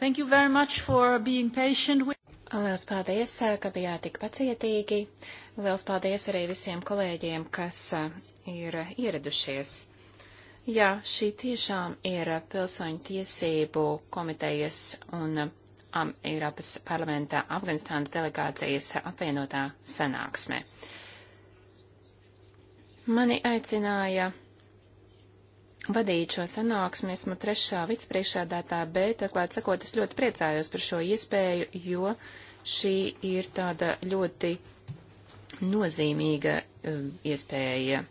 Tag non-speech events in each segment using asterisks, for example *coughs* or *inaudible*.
Thank you very much for being patient. With... Liels paldies, eh, ka bijāt tik pacietīgi. Liels paldies arī visiem kolēģiem, kas eh, ir ieradušies. Jā, šī tiešām ir pilsoņu tiesību komitejas un um, Eiropas parlamenta Afganistānas delegācijas apvienotā sanāksmē. Mani aicināja vadīt šo sanāksmi. Esmu trešā vicepriekšādātāja, bet, atklāt sakot, es ļoti priecājos par šo iespēju, jo šī ir tāda ļoti nozīmīga um, iespēja.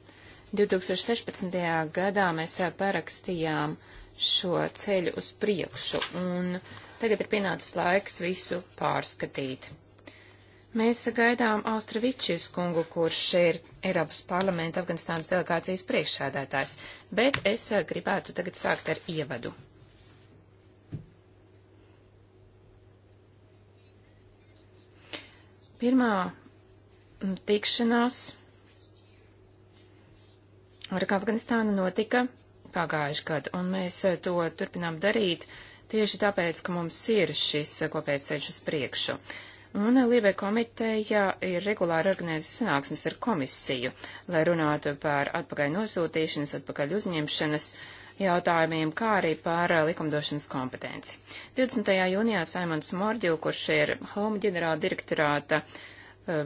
2016. gadā mēs uh, parakstījām šo ceļu uz priekšu, un tagad ir pienācis laiks visu pārskatīt. Mēs gaidām Austravičs kungu, kurš ir Eiropas parlamenta Afganistānas delegācijas priekšsēdētājs, bet es gribētu tagad sākt ar ievadu. Pirmā tikšanās ar Afganistānu notika pagājuši gadu, un mēs to turpinām darīt tieši tāpēc, ka mums ir šis kopējais ceļš uz priekšu. Uh, Un Liebe komiteja ir regulāri organizējusi sanāksmes ar komisiju, lai runātu par atpakaļ nosūtīšanas, atpakaļ uzņemšanas jautājumiem, kā arī par likumdošanas kompetenci. 20. jūnijā Saimons Morģu, kurš ir Home ģenerāla direktorāta uh,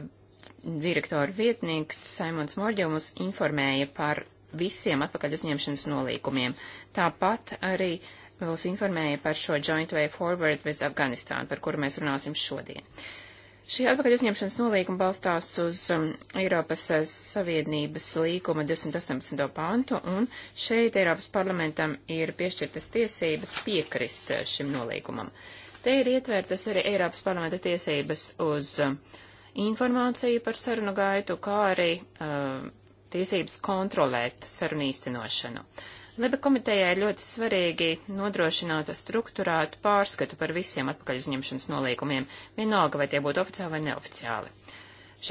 direktora vietnieks, Saimons Morģu mums informēja par visiem atpakaļ uzņemšanas nolīkumiem. Tāpat arī uh, mūs informēja par šo Joint Way Forward bez Afganistānu, par kuru mēs runāsim šodien. Šī atpakaļ uzņemšanas nolīguma balstās uz um, Eiropas uh, Savienības līguma 218. pantu, un šeit Eiropas parlamentam ir piešķirtas tiesības piekrist uh, šim nolīgumam. Te ir ietvērtas arī Eiropas parlamenta tiesības uz um, informāciju par sarunu gaitu, kā arī um, tiesības kontrolēt sarunu īstenošanu. Uh, Liba komitejai ir ļoti svarīgi nodrošināt struktūrētu pārskatu par visiem atpakaļuzņemšanas nolīgumiem, vienalga vai tie būtu oficiāli vai neoficiāli.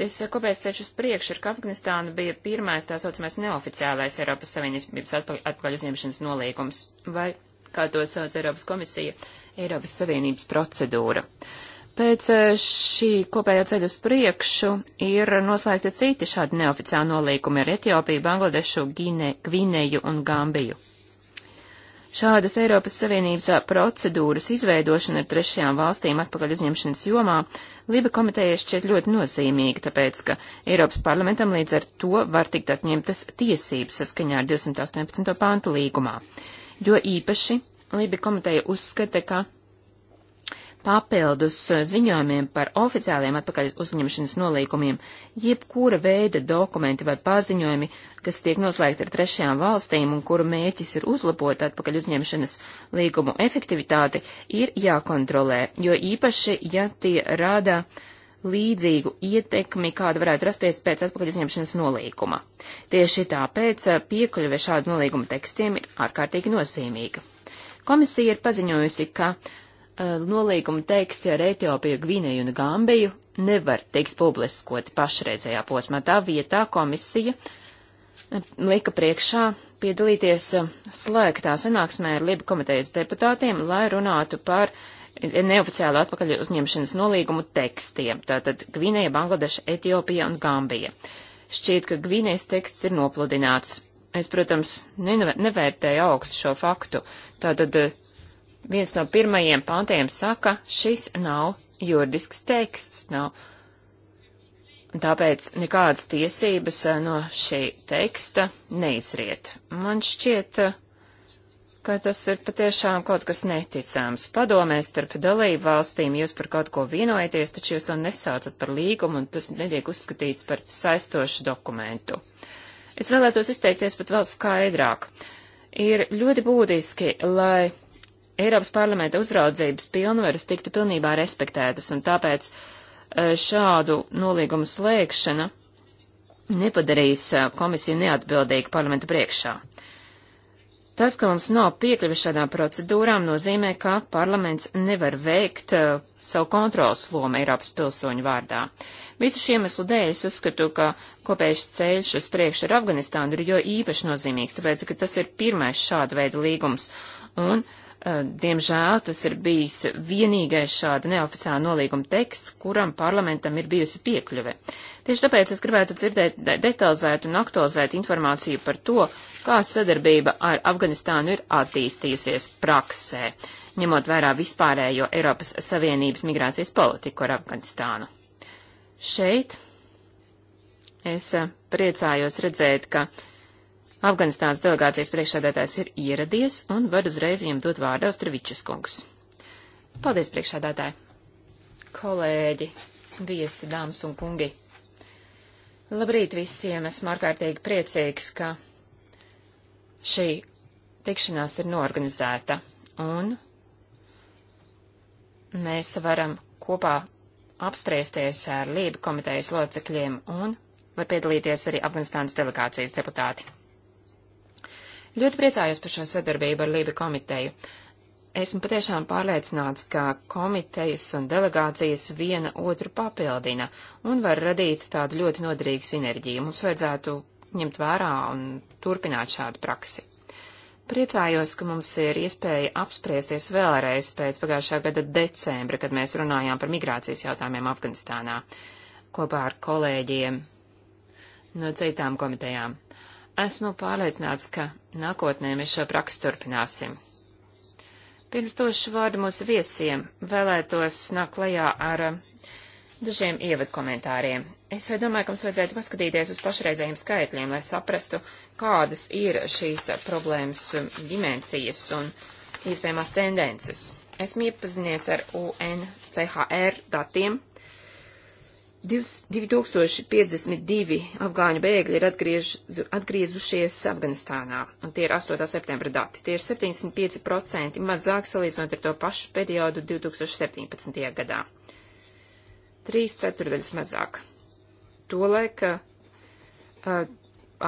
Šis kopējais ceļš uz priekšu ar Afganistānu bija pirmais tā saucamais neoficiālais Eiropas Savienības atpakaļuzņemšanas nolīgums, vai, kā to sauc Eiropas komisija, Eiropas Savienības procedūra. Uh, Pēc eh, šī kopējā ceļa uz priekšu ir noslēgti citi šādi neoficiāli nolīkumi ar Etiopiju, Bangladešu, Gine, Gvineju un Gambiju. Šādas Eiropas Savienības eh, procedūras izveidošana ar trešajām valstīm atpakaļ uzņemšanas jomā Liba komiteja šķiet ļoti nozīmīga, tāpēc, ka Eiropas parlamentam līdz ar to var tikt atņemtas tiesības saskaņā ar 218. pāntu līgumā, jo īpaši Liba komiteja uzskata, ka papildus eh, ziņojumiem par oficiāliem atpakaļ uzņemšanas nolīkumiem, jebkura veida dokumenti vai paziņojumi, kas tiek noslēgti ar trešajām valstīm un kuru mēķis ir uzlabot atpakaļ uzņemšanas līgumu efektivitāti, ir jākontrolē, jo īpaši, ja tie rāda līdzīgu ietekmi, kāda varētu rasties pēc atpakaļ uzņemšanas nolīguma. Tieši tāpēc eh, piekļuve šādu nolīgumu tekstiem ir ārkārtīgi nozīmīga. Komisija ir paziņojusi, ka uh, Eh, nolīguma teksti ar Etiopiju, Gvinēju un Gambiju nevar tikt publiskoti pašreizējā posmā. Tā vietā komisija eh, lika priekšā piedalīties eh, slēgtā sanāksmē ar Liepa komitejas deputātiem, lai runātu par neoficiālu atpakaļ uzņemšanas nolīgumu tekstiem. Tātad Gvinēja, Bangladeša, Etiopija un Gambija. Šķiet, ka Gvinējas teksts ir nopludināts. Es, protams, nevērtēju augstu šo faktu. Tātad viens no pirmajiem pantiem saka, šis nav juridisks teksts, nav. Un tāpēc nekādas tiesības eh, no šī teksta neizriet. Man šķiet, eh, ka tas ir patiešām kaut kas neticams. Padomēs starp dalību valstīm jūs par kaut ko vienojaties, taču jūs to nesaucat par līgumu un tas netiek uzskatīts par saistošu dokumentu. Es vēlētos izteikties pat vēl skaidrāk. Ir ļoti būtiski, lai Eiropas parlamenta uzraudzības pilnvaras tiktu pilnībā respektētas, un tāpēc eh, šādu nolīgumu slēgšana nepadarīs eh, komisiju neatbildīgu parlamenta priekšā. Tas, ka mums nav piekļuvi šādām procedūrām, nozīmē, ka parlaments nevar veikt uh, savu kontrolas lomu Eiropas pilsoņu vārdā. Visu šiem iemeslu dēļ es uzskatu, ka kopējais ceļš uz priekšu ar Afganistānu ir jo īpaši nozīmīgs, tāpēc, ka tas ir pirmais šāda veida līgums, un uh, Eh, diemžēl tas ir bijis vienīgais šāda neoficiāla nolīguma teksts, kuram parlamentam ir bijusi piekļuve. Tieši tāpēc es gribētu dzirdēt detalizētu un aktualizētu informāciju par to, kā sadarbība ar Afganistānu ir attīstījusies praksē, ņemot vērā vispārējo Eiropas Savienības migrācijas politiku ar Afganistānu. Šeit es eh, priecājos redzēt, ka Afganistānas delegācijas priekšsēdētājs ir ieradies un var uzreiz viņam dot vārdu Austravičus kungs. Paldies, priekšsēdētāji! Kolēģi, viesi, dāmas un kungi! Labrīt visiem! Esmu ārkārtīgi priecīgs, ka šī tikšanās ir norganizēta un mēs varam kopā apspriesties ar Lība komitejas locekļiem un var piedalīties arī Afganistānas delegācijas deputāti. Ļoti priecājos par šo sadarbību ar Lība komiteju. Esmu patiešām pārliecināts, ka komitejas un delegācijas viena otru papildina un var radīt tādu ļoti noderīgu sinerģiju. Mums vajadzētu ņemt vērā un turpināt šādu praksi. Priecājos, ka mums ir iespēja apspriesties vēlreiz pēc pagājušā gada decembra, kad mēs runājām par migrācijas jautājumiem Afganistānā kopā ar kolēģiem no citām komitejām. Esmu pārliecināts, ka nākotnē mēs šo praksi turpināsim. Pirms došu vārdu mūsu viesiem, vēlētos nākt klajā ar um, dažiem ievadkomentāriem. Es domāju, ka mums vajadzētu paskatīties uz pašreizējiem skaitļiem, lai saprastu, kādas ir šīs problēmas um, dimensijas un iespējamās tendences. Esmu iepazinies ar UNCHR datiem, 2052 afgāņu bēgļi ir atgriež, atgriezušies Afganistānā, un tie ir 8. septembra dati. Tie ir 75% mazāk salīdzinot ar to pašu periodu 2017. gadā. Trīs ceturdaļas mazāk. Tolaik uh,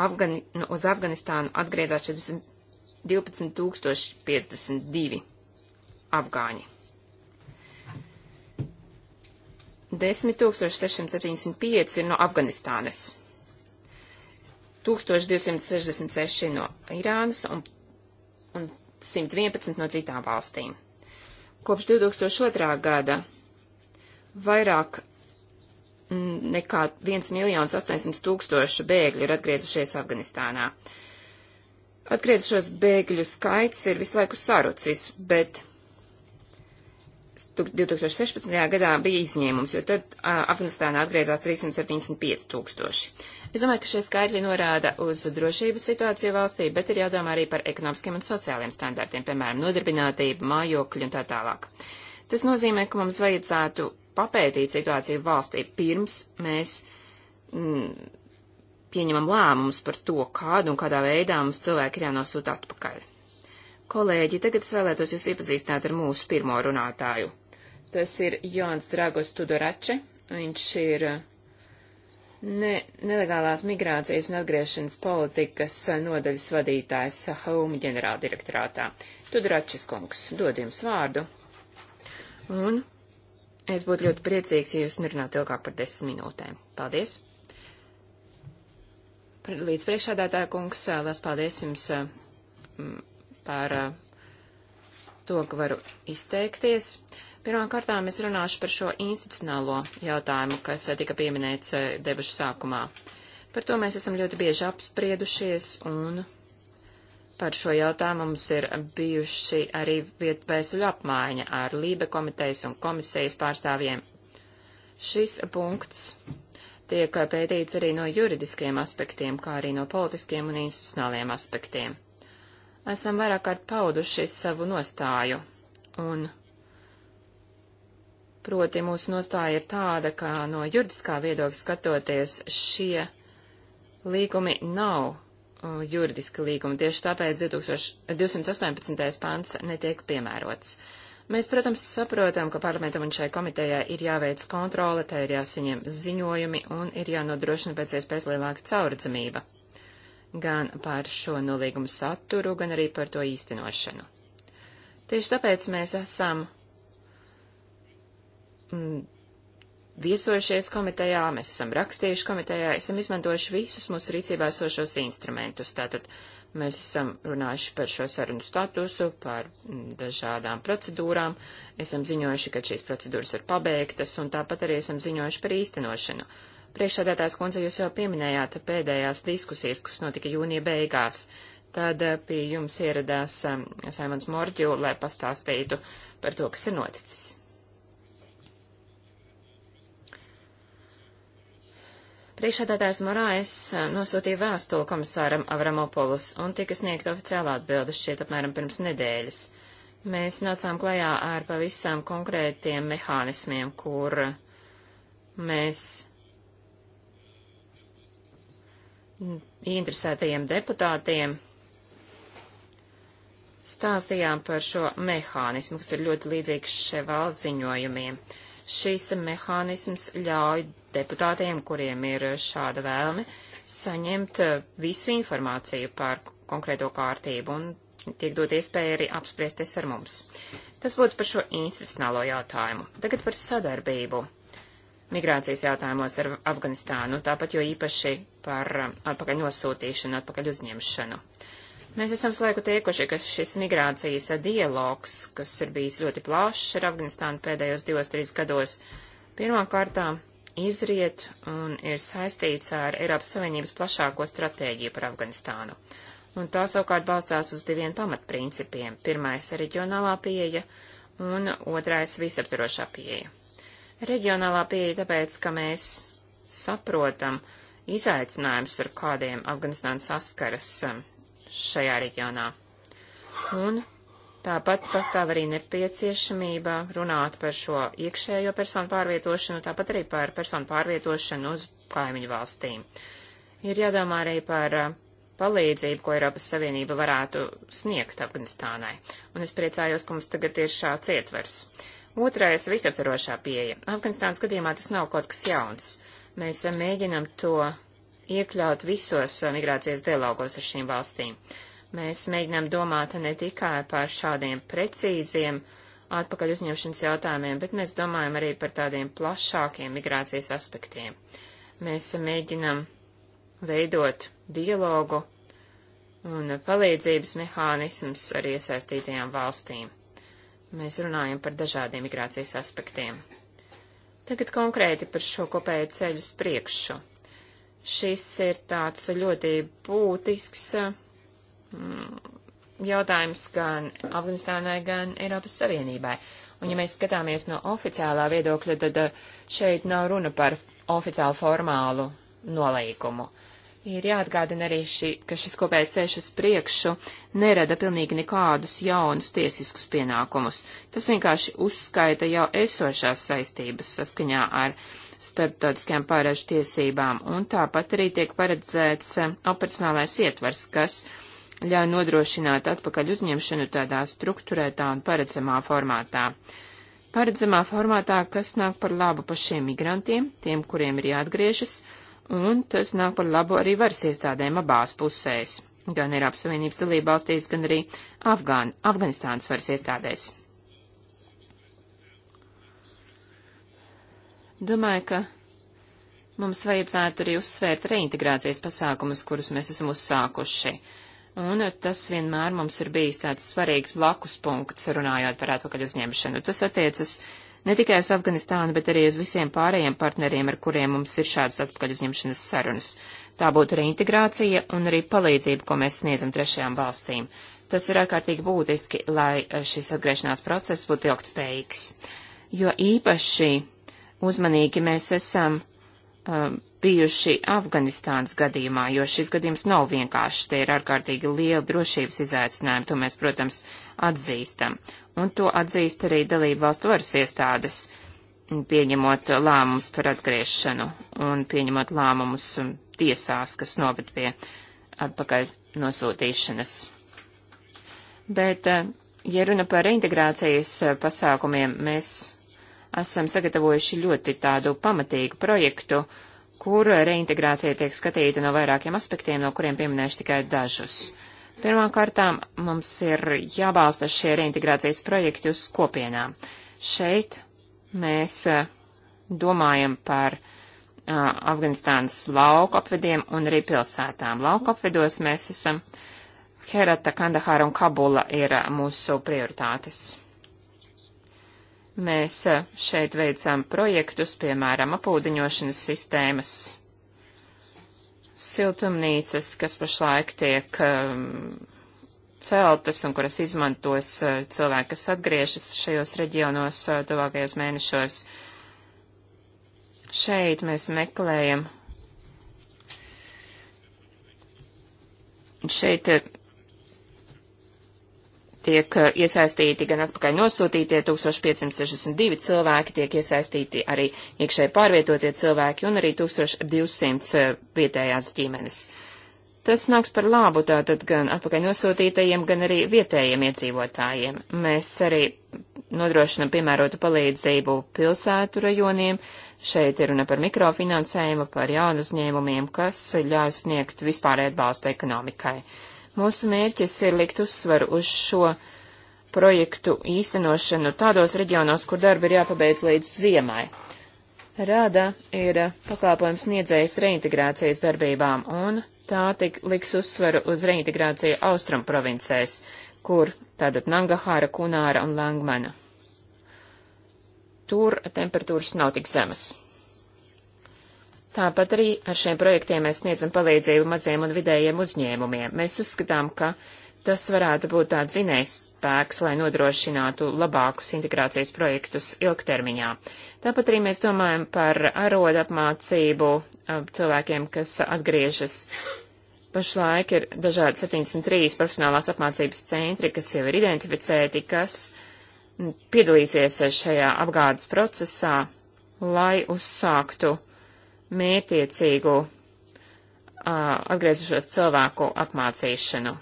Afgani, no, nu, uz Afganistānu atgriezās 12 052 afgāņi. 10675 ir no Afganistānas, 1266 no Irānas un, un 111 no citām valstīm. Kopš 2002. gada vairāk nekā 1 miljons 800 tūkstošu bēgļu ir atgriezušies Afganistānā. Atgriezušos bēgļu skaits ir visu laiku sarucis, bet 2016. gadā bija izņēmums, jo tad a, Afganistānā atgriezās 375 tūkstoši. Es domāju, ka šie skaidri norāda uz drošības situāciju valstī, bet ir jādomā arī par ekonomiskiem un sociāliem standartiem, piemēram, nodarbinātību, mājokļu un tā tālāk. Tas nozīmē, ka mums vajadzētu papētīt situāciju valstī pirms mēs mm, pieņemam lēmumus par to, kādu un kādā veidā mums cilvēki ir jānosūta atpakaļ. Kolēģi, tagad es vēlētos jūs iepazīstināt ar mūsu pirmo runātāju. Tas ir Joans Dragos Tudorače. Viņš ir uh, ne, nelegālās migrācijas un atgriešanas politikas uh, nodaļas vadītājs uh, Home ģenerāldirektorātā. Tudoračes kungs, dod jums vārdu. Un es būtu ļoti priecīgs, ja jūs nerunātu ilgāk par desmit minūtēm. Paldies! Līdz priekšādātāja kungs, lās paldies jums par eh, to, ka varu izteikties. Pirmkārt, es runāšu par šo institucionālo jautājumu, kas eh, tika pieminēts eh, debašu sākumā. Par to mēs esam ļoti bieži apspriedušies, un par šo jautājumu mums ir bijuši arī vietvēsuļu apmaiņa ar Lībe komitejas un komisijas pārstāvjiem. Šis punkts tiek pētīts arī no juridiskiem aspektiem, kā arī no politiskiem un institucionāliem aspektiem esam vairāk kārt pauduši savu nostāju, un proti mūsu nostāja ir tāda, ka no juridiskā viedokļa skatoties šie līgumi nav uh, juridiski līgumi, tieši tāpēc 218. pants netiek piemērots. Mēs, protams, saprotam, ka parlamentam un šai komitejai ir jāveic kontrole, tai ir jāsaņem ziņojumi un ir jānodrošina pēc iespējas lielāka caurdzamība gan par šo nolīgumu saturu, gan arī par to īstenošanu. Tieši tāpēc mēs esam mm, viesojušies komitejā, mēs esam rakstījuši komitejā, esam izmantojuši visus mūsu rīcībā sošos instrumentus. Tātad mēs esam runājuši par šo sarunu statusu, par mm, dažādām procedūrām, esam ziņojuši, ka šīs procedūras ir pabeigtas, un tāpat arī esam ziņojuši par īstenošanu. Uh, Priekšsēdētājs kundze, jūs jau pieminējāt pēdējās diskusijas, kas notika jūnija beigās. Tad eh, pie jums ieradās um, Saimons Morģu, lai pastāstītu par to, kas ir noticis. Priekšādātājs Morājas eh, nosūtīja vēstuli komisāram Avramopolus un tika sniegta oficiāla atbilde šķiet apmēram pirms nedēļas. Mēs nācām klajā ar pavisam konkrētiem mehānismiem, kur mēs interesētajiem deputātiem stāstījām par šo mehānismu, kas ir ļoti līdzīgs Ševal ziņojumiem. Šis mehānisms ļauj deputātiem, kuriem ir šāda vēlme, saņemt eh, visu informāciju par konkrēto kārtību un tiek dot iespēja arī apspriesties ar mums. Tas būtu par šo institucionālo jautājumu. Tagad par sadarbību migrācijas jautājumos ar Afganistānu, tāpat jo īpaši par atpakaļ nosūtīšanu, atpakaļ uzņemšanu. Mēs esam slēgu teikuši, ka šis migrācijas dialogs, kas ir bijis ļoti plašs ar Afganistānu pēdējos divos, trīs gados, pirmkārtā izriet un ir saistīts ar Eiropas Savienības plašāko stratēģiju par Afganistānu. Un tā savukārt balstās uz diviem pamatprincipiem. Pirmais ir reģionālā pieeja un otrais visaptvarošā pieeja. Reģionālā pieeja tāpēc, ka mēs saprotam, uh, izaicinājumus, ar kādiem Afganistāna saskaras um, šajā reģionā. Un tāpat pastāv arī nepieciešamība runāt par šo iekšējo personu pārvietošanu, tāpat arī par personu pārvietošanu uz kaimiņu valstīm. Ir jādomā arī par uh, palīdzību, ko Eiropas Savienība varētu sniegt Afganistānai, un es priecājos, ka mums tagad ir šāds ietvers. Otrais - visaptvarošā pieeja. Afganistānas gadījumā tas nav kaut kas jauns. Mēs eh, mēģinam to iekļaut visos eh, migrācijas dialogos ar šīm valstīm. Mēs mēģinām domāt ne tikai par šādiem precīziem atpakaļ uzņemšanas jautājumiem, bet mēs domājam arī par tādiem plašākiem migrācijas aspektiem. Mēs eh, mēģinam veidot dialogu un palīdzības mehānismus arī iesaistītajām valstīm. Mēs runājam par dažādiem migrācijas aspektiem. Tagad konkrēti par šo kopēju ceļu uz priekšu. Šis ir tāds ļoti būtisks mm, jautājums gan Afganistānai, gan Eiropas Savienībai. Un ja mēs skatāmies no oficiālā viedokļa, tad eh, šeit nav runa par oficiālu formālu nolīkumu. Uh, Ir jāatgādina arī, šī, ka šis kopējais ceļš uz priekšu nerada pilnīgi nekādus jaunus tiesiskus pienākumus. Tas vienkārši uzskaita jau esošās saistības saskaņā ar starptautiskajām pārēžu tiesībām, un tāpat arī tiek paredzēts eh, operacionālais ietvars, kas ļauj nodrošināt atpakaļ uzņemšanu tādā struktūrētā un paredzamā formātā. Paredzamā formātā, kas nāk par labu pašiem migrantiem, tiem, kuriem ir jāatgriežas, un tas nāk par labu arī varas iestādēm abās pusēs, gan Eiropas Savienības dalībvalstīs, gan arī Afgan, Afganistānas varas iestādēs. Domāju, ka mums vajadzētu arī uzsvērt reintegrācijas pasākumus, kurus mēs esam uzsākuši. Un tas vienmēr mums ir bijis tāds svarīgs blakus punkts, runājot par atpakaļ uzņemšanu. Tas attiecas ne tikai uz Afganistānu, bet arī uz visiem pārējiem partneriem, ar kuriem mums ir šādas atpakaļ uzņemšanas sarunas. Tā būtu arī integrācija un arī palīdzība, ko mēs sniedzam trešajām valstīm. Tas ir ārkārtīgi būtiski, lai eh, šis atgriešanās process būtu ilgtspējīgs. Jo īpaši uzmanīgi mēs esam um, bijuši Afganistānas gadījumā, jo šis gadījums nav vienkāršs, te ir ārkārtīgi liela drošības izaicinājuma, to mēs, protams, atzīstam. Un to atzīst arī dalību valstu varas iestādes, pieņemot lēmumus par atgriešanu un pieņemot lēmumus tiesās, kas noved pie atpakaļ nosūtīšanas. Bet, uh, ja runa par integrācijas uh, pasākumiem, mēs esam sagatavojuši ļoti tādu pamatīgu projektu, kur reintegrācija tiek skatīta no vairākiem aspektiem, no kuriem pieminēšu tikai dažus. Pirmkārtām mums ir jābalsta šie reintegrācijas projekti uz kopienām. Šeit mēs eh, domājam par uh, Afganistānas lauku apvidiem un arī pilsētām. Lauku apvidos mēs esam Herata, Kandahāra un Kabula ir eh, mūsu prioritātes. Mēs eh, šeit veicām projektus, piemēram, apūdiņošanas sistēmas, siltumnīcas, kas pašlaik tiek um, celtas un kuras izmantos uh, cilvēki, kas atgriežas šajos reģionos uh, tuvākajos mēnešos. Šeit mēs meklējam. Šeit tiek eh, iesaistīti gan atpakaļ nosūtītie 1562 cilvēki, tiek iesaistīti arī iekšēji pārvietotie cilvēki un arī 1200 eh, vietējās ģimenes. Tas nāks par labu tātad gan atpakaļ nosūtītajiem, gan arī vietējiem iedzīvotājiem. Mēs arī nodrošinam piemērotu palīdzību pilsētu rajoniem. Šeit ir runa par mikrofinansējumu, par jaunu uzņēmumiem, kas ļauj sniegt vispārēju atbalstu ekonomikai. Uh, Mūsu mērķis ir likt uzsvaru uz šo projektu īstenošanu tādos reģionos, kur darbi ir jāpabeidz līdz ziemai. Rāda ir pakāpojums sniedzējs reintegrācijas darbībām, un tā tik liks uzsvaru uz reintegrāciju austrum provincēs, kur tātad Nangahāra, Kunāra un Langmana. Tur temperatūras nav tik zemas. Tāpat arī ar šiem projektiem mēs sniedzam palīdzību maziem un vidējiem uzņēmumiem. Mēs uzskatām, ka tas varētu būt tāds zinējs spēks, lai nodrošinātu labākus integrācijas projektus ilgtermiņā. Tāpat arī mēs domājam par arodu apmācību cilvēkiem, kas atgriežas. Pašlaik ir dažādi 73 profesionālās apmācības centri, kas jau ir identificēti, kas piedalīsies šajā apgādes procesā, lai uzsāktu uh, mētiecīgu atgriezušos cilvēku apmācīšanu.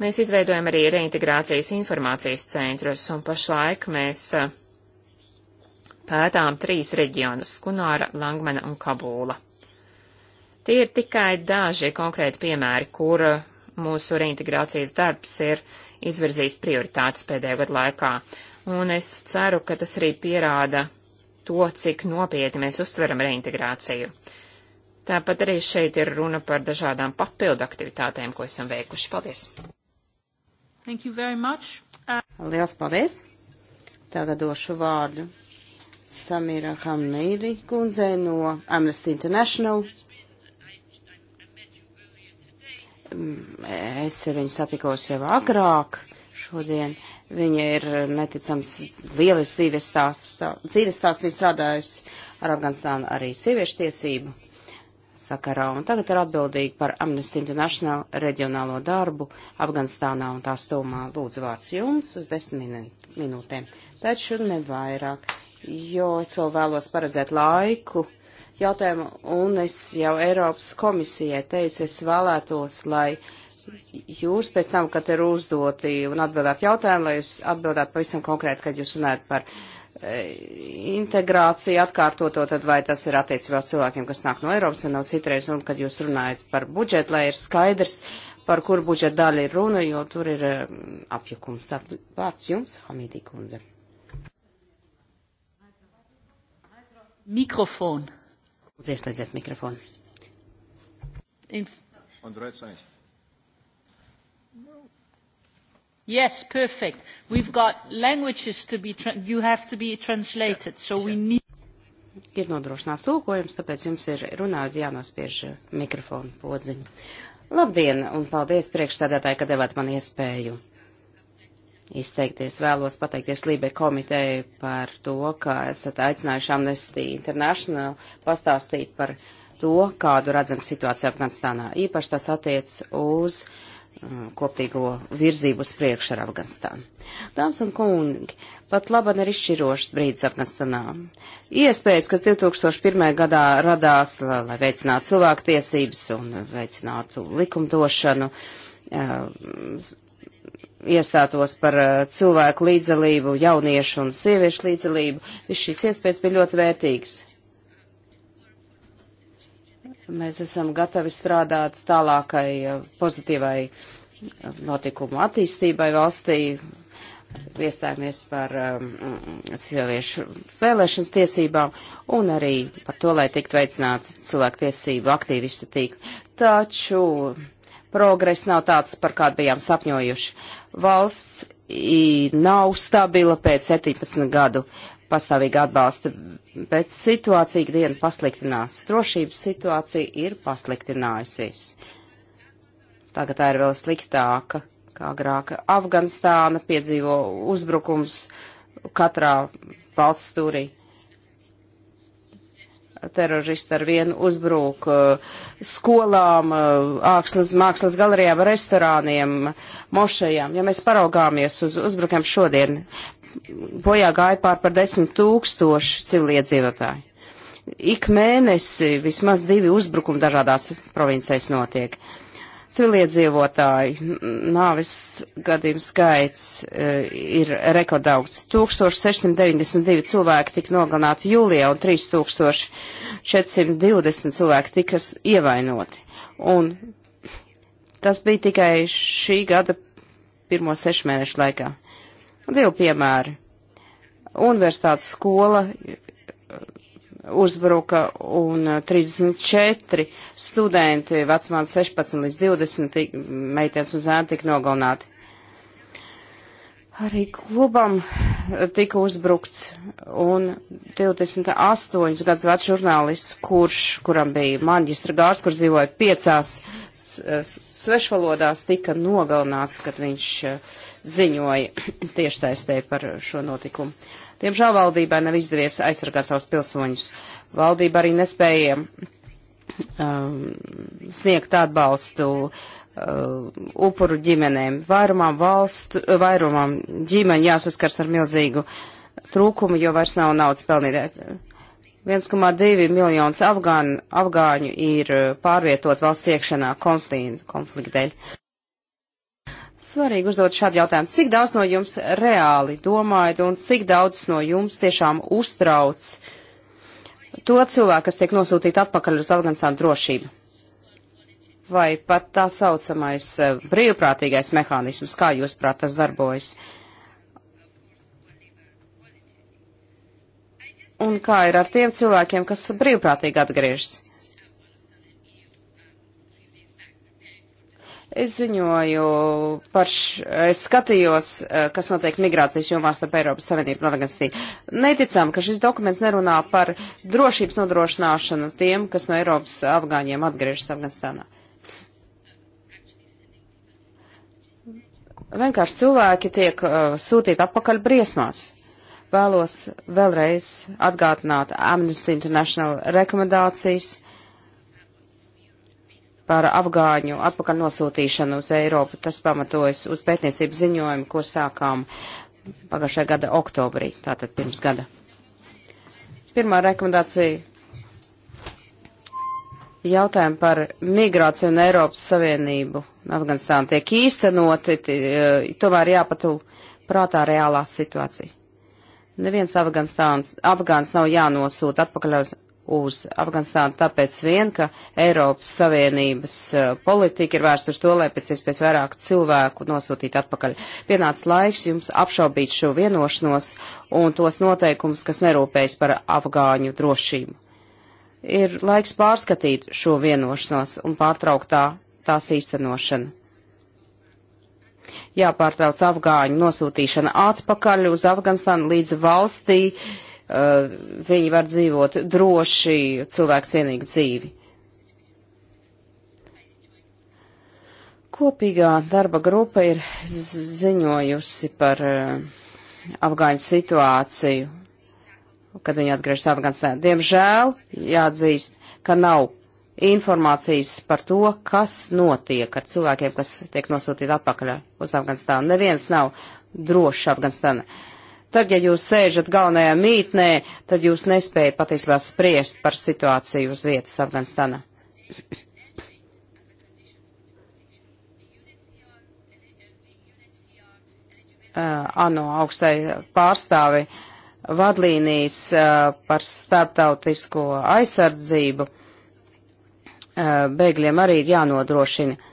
Mēs izveidojam arī reintegrācijas informācijas centrus, un pašlaik mēs pētām trīs reģionus - Kunāra, Langmena un Kabūla. Tie ir tikai daži konkrēti piemēri, kur mūsu reintegrācijas darbs ir izvirzījis prioritātes pēdējo gadu laikā, un es ceru, ka tas arī pierāda to, cik nopietni mēs uztveram reintegrāciju. Tāpat arī šeit ir runa par dažādām papildu aktivitātēm, ko esam veikuši. Paldies! Thank you very much. Uh... Liels paldies! Tagad došu vārdu Samira Hamneiri kundzei no Amnesty International. Mm, es ar viņu satikos jau agrāk šodien. Uh, Viņa ir neticams lielis dzīves stāsts, tā, dzīves stāsts viņa strādājusi ar Afganistānu arī sieviešu tiesību sakarā, un tagad ir atbildīga par Amnesty International reģionālo darbu Afganistānā un tā stumā. Lūdzu vārds jums uz desmit minūtēm, taču ne vairāk, jo es vēl vēlos paredzēt laiku jautājumu, un es jau Eiropas komisijai teicu, es vēlētos, lai jūs pēc tam, kad ir uzdoti un atbildēt jautājumu, lai jūs atbildētu pavisam konkrēti, kad jūs runājat par e, integrāciju atkārtoto, tad vai tas ir attiecībā uz cilvēkiem, kas nāk no Eiropas un nav citreiz, un kad jūs runājat par budžetu, lai ir skaidrs, par kur budžeta daļa ir runa, jo tur ir e, apjukums. Tātad vārds jums, Hamidī kundze. Mikrofon. Ieslēdziet mikrofonu. Inf On the right side. Yes, perfect. We've got languages to be, you have to be translated, so we need. Ir nodrošināts tulkojums, tāpēc jums ir runājot jānospiež mikrofonu podziņu. Labdien un paldies priekšsēdētāji, ka devāt man iespēju izteikties. Vēlos pateikties Lībe komiteju par to, ka esat aicinājuši Amnesty International pastāstīt par to, kādu redzam situāciju Afganistānā. Īpaši tas attiec uz uh, Mm, kopīgo virzību uz priekšu ar Afganistānu. Dāmas un kungi, pat laban ir izšķirošs brīdis Afganistānā. Iespējas, kas 2001. gadā radās, lai, lai veicinātu cilvēktiesības un veicinātu likumdošanu, iestātos par cilvēku līdzdalību, jauniešu un sieviešu līdzdalību, viss šīs iespējas bija ļoti vērtīgas. Mēs esam gatavi strādāt tālākai eh, pozitīvai eh, notikumu attīstībai valstī. Iestājāmies par um, sieviešu vēlēšanas tiesībām un arī par to, lai tiktu veicināti cilvēktiesību aktīvistu tīkli. Taču progress nav tāds, par kādu bijām sapņojuši. Valsts nav stabila pēc 17 gadu pastāvīga atbalsta, bet situācija ikdiena pasliktinās. Drošības situācija ir pasliktinājusies. Tagad tā ir vēl sliktāka, kā agrāk. Afganistāna piedzīvo uzbrukums katrā valsts stūrī. Teroristi ar vienu uzbrūk uh, skolām, uh, ākslas, mākslas galerijām, restorāniem, mošajām. Ja mēs paraugāmies uz uzbrukiem šodien, bojā gāja pār par desmit tūkstoši civiliedzīvotāji. Ik mēnesi vismaz divi uzbrukumi dažādās provincēs notiek. Civiliedzīvotāji nāvis gadījumu skaits uh, ir rekordaugs. 1692 cilvēki tika nogalināti jūlijā un 3420 cilvēki tika ievainoti. Un tas bija tikai šī gada pirmo sešu mēnešu laikā. Divi piemēri. Universitātes skola uh, uzbruka un 34 uh, studenti vecumā 16 līdz 20 meitenes un zēni tika nogalināti. Arī klubam uh, tika uzbrukts un 28 gadus vecs žurnālists, kurš, kuram bija maģistra gārds, kurš dzīvoja piecās svešvalodās, tika nogalināts, kad viņš uh, ziņoja *clears throat* tiešsaistē par šo notikumu. Diemžēl valdībai nav izdevies aizsargāt savus pilsoņus. Valdība arī nespēja um, sniegt atbalstu uh, upuru ģimenēm. Vairumām valstu, vairumām ģimeņu jāsaskars ar milzīgu trūkumu, jo vairs nav naudas pelnīt. 1,2 miljonus afgāņu, afgāņu ir uh, pārvietot valsts iekšanā konflikta dēļ. Svarīgi uzdot šādu jautājumu. Cik daudz no jums reāli domājat un cik daudz no jums tiešām uztrauc to cilvēku, kas tiek nosūtīti atpakaļ uz Afganistānu drošību? Vai pat tā saucamais e, brīvprātīgais mehānisms, kā jūs prāt tas darbojas? Un kā ir ar tiem cilvēkiem, kas brīvprātīgi atgriežas? Es ziņoju par š, es skatījos, eh, kas notiek migrācijas jomā starp Eiropas Savienību un Afganistīnu. Neticam, ka šis dokuments nerunā par drošības nodrošināšanu tiem, kas no Eiropas afgāņiem atgriežas Afganistānā. Vienkārši cilvēki tiek uh, sūtīti atpakaļ briesmās. Vēlos vēlreiz atgādināt Amnesty International rekomendācijas par afgāņu atpakaļ nosūtīšanu uz Eiropu. Tas pamatojas uz pētniecības ziņojumu, ko sākām pagājušajā gada oktobrī, tātad pirms gada. Pirmā rekomendācija jautājumi par migrāciju un Eiropas Savienību un Afganistānu tiek īstenoti, e, tomēr jāpatul prātā reālā situācija. Neviens Afganistāns, Afgāns nav jānosūta atpakaļ uz uz Afganistānu tāpēc vien, ka Eiropas Savienības eh, politika ir vērsta uz to, lai pēc iespējas vairāk cilvēku nosūtītu atpakaļ. Pienācis laiks jums apšaubīt šo vienošanos un tos noteikumus, kas nerūpējas par afgāņu drošību. Ir laiks pārskatīt šo vienošanos un pārtraukt tā, tās īstenošanu jāpārtrauc afgāņu nosūtīšana atpakaļ uz Afganistānu līdz valstī, Eh, viņi var dzīvot droši, cilvēku cienīgu dzīvi. Kopīgā darba grupa ir ziņojusi par eh, afgāņu situāciju, kad viņi atgriežas Afganistānā. Diemžēl jāatzīst, ka nav informācijas par to, kas notiek ar cilvēkiem, kas tiek nosūtīti atpakaļ uz Afganistānu. Neviens nav drošs Afganistānā. Uh, Tad, ja jūs sēžat galvenajā mītnē, tad jūs nespējat patiesībā spriest par situāciju uz vietas Afganistānā. Uh, ANO augstai pārstāvi vadlīnijas uh, par starptautisko aizsardzību uh, bēgļiem arī ir jānodrošina.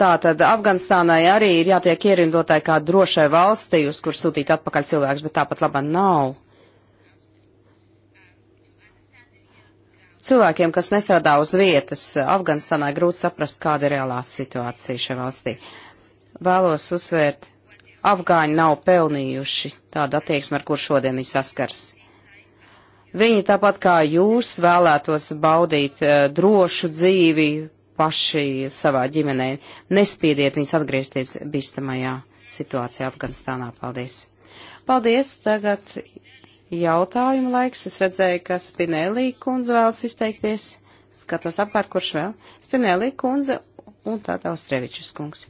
Tātad Afganistānai arī ir jātiek ierindotai kā drošai valstī, uz kur sūtīt atpakaļ cilvēks, bet tāpat labā nav. Cilvēkiem, kas nestrādā uz vietas, Afganistānai grūti saprast, kāda ir reālā situācija šajā valstī. Vēlos uzsvērt, afgāņi nav pelnījuši tādu attieksmi, ar kur šodien viņi saskars. Viņi tāpat kā jūs vēlētos baudīt uh, drošu dzīvi, paši savā ģimenē. Nespiediet viņus atgriezties bīstamajā situācijā Afganistānā. Paldies! Paldies! Tagad jautājumu laiks. Es redzēju, ka Spinelī kundze vēlas izteikties. Skatos apkārt, kurš vēl. Spinelī kundze un tātā Ostrevičus kungs.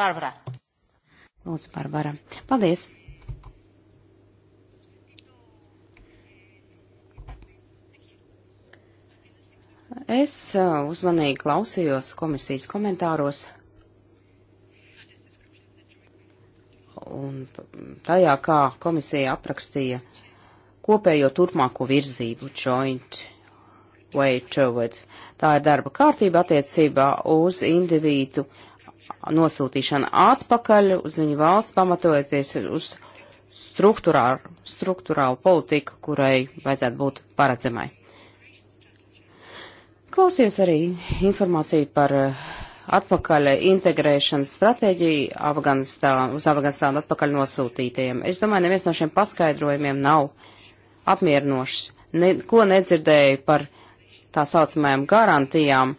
Barbara. Lūdzu, Barbara. Paldies! Es uh, uzmanīgi klausījos komisijas komentāros. Un tajā, kā komisija aprakstīja kopējo turpmāko virzību joint way toward. Tā ir darba kārtība attiecībā uz individu nosūtīšanu atpakaļ uz viņu valsts, pamatojoties uz struktūrālu, struktūrālu politiku, kurai vajadzētu būt paredzamai. Klausījos arī informāciju par eh, atpakaļ integrēšanas stratēģiju Afganistānu, uz Afganistānu atpakaļ nosūtītajiem. Es domāju, neviens no šiem paskaidrojumiem nav apmierinošs. Ne, ko nedzirdēju par tā saucamajām garantijām,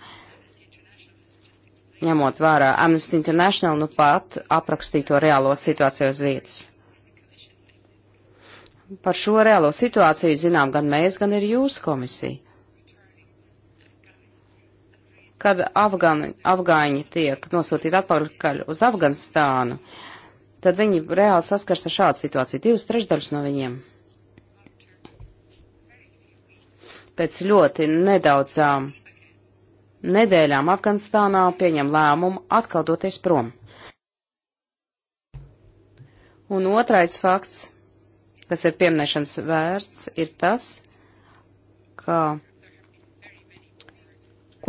ņemot vērā Amnesty International nu pat aprakstīto reālo situāciju uz vietas. Par šo reālo situāciju zinām gan mēs, gan ir jūsu komisija kad Afgani, afgāņi tiek nosūtīti atpakaļ uz Afganistānu, tad viņi reāli saskars ar šādu situāciju. Divas trešdaļas no viņiem. Pēc ļoti nedaudzām nedēļām Afganistānā pieņem lēmumu atkal doties prom. Un otrais fakts, kas ir pieminēšanas vērts, ir tas, ka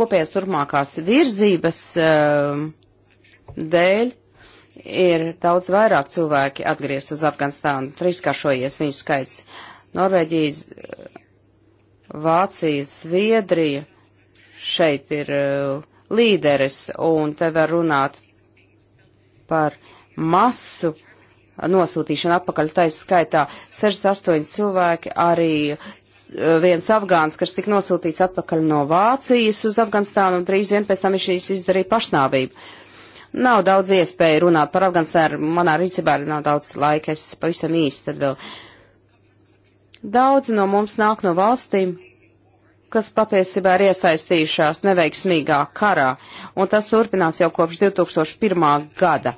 kopējās turpmākās virzības eh, dēļ ir daudz vairāk cilvēki atgriezt uz Afganistānu, trīskāršojies viņu skaits. Norvēģijas, eh, Vācija, Zviedrija šeit ir eh, līderis, un te var runāt par masu nosūtīšanu atpakaļ taisa skaitā. 68 cilvēki arī Eh, viens afgāns, kas tika nosūtīts atpakaļ no Vācijas uz Afganistānu, un drīz vien pēc tam viņš izdarīja pašnāvību. Nav daudz iespēju runāt par Afganistānu, manā rīcībā arī nav daudz laika, es pavisam īsti tad vēl. Daudzi no mums nāk no valstīm, kas patiesībā ir iesaistījušās neveiksmīgā karā, un tas turpinās jau kopš 2001. gada.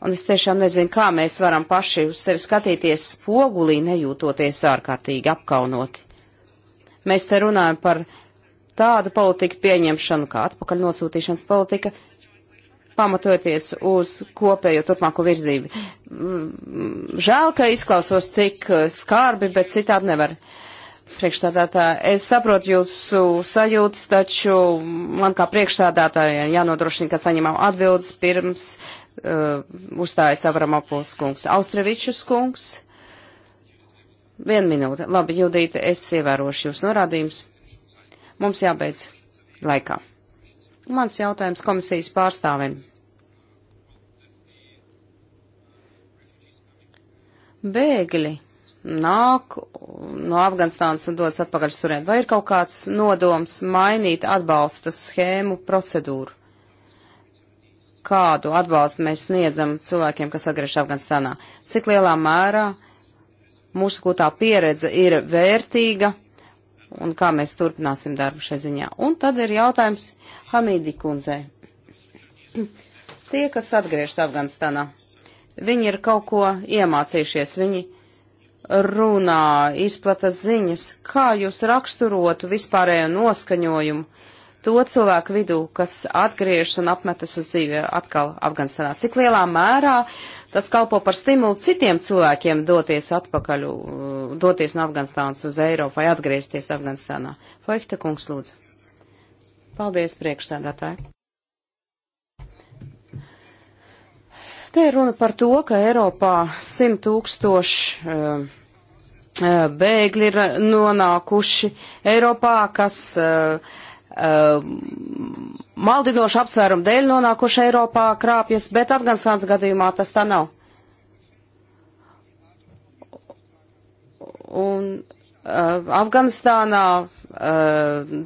Un es tiešām nezinu, kā mēs varam paši uz sevi skatīties spogulī, nejūtoties ārkārtīgi apkaunoti. Mēs te runājam par tādu politiku pieņemšanu, kā atpakaļ nosūtīšanas politika, pamatoties uz kopējo turpmāko virzību. Mm, žēl, ka izklausos tik uh, skarbi, bet citādi nevar. Priekšstādātāji, es saprotu jūsu sajūtas, taču man kā priekšstādātājai jānodrošina, ka saņemam atbildes pirms uh, uzstājas Avramopuls kungs. Austrevičus kungs. Vienu minūte. Labi, Judīte, es ievērošu jūs norādījumus. Mums jābeidz laikā. Mans jautājums komisijas pārstāvim. Bēgļi nāk no Afganistānas un dodas atpakaļ turēt. Vai ir kaut kāds nodoms mainīt atbalsta schēmu procedūru? kādu atbalstu mēs sniedzam cilvēkiem, kas atgriežas Afganistānā. Cik lielā mērā mūsu gūtā pieredze ir vērtīga un kā mēs turpināsim darbu šai ziņā. Un tad ir jautājums Hamīdi kundzei. *clears throat* Tie, kas atgriežas Afganistānā, viņi ir kaut ko iemācījušies, viņi runā, izplata ziņas, kā jūs raksturotu vispārējo noskaņojumu to cilvēku vidū, kas atgriežas un apmetas uz dzīvi atkal Afganistānā. Cik lielā mērā tas kalpo par stimulu citiem cilvēkiem doties atpakaļ, uh, doties no Afganistānas uz Eiropu vai atgriezties Afganistānā? Foihta kungs, lūdzu. Paldies, priekšsēdētāji. Te ir runa par to, ka Eiropā 100 tūkstoši uh, uh, bēgļi ir nonākuši Eiropā, kas uh, Um, maldinošu apsvērumu dēļ nonākuši Eiropā krāpjas, bet Afganistānas gadījumā tas tā nav. Un uh, Afganistānā uh,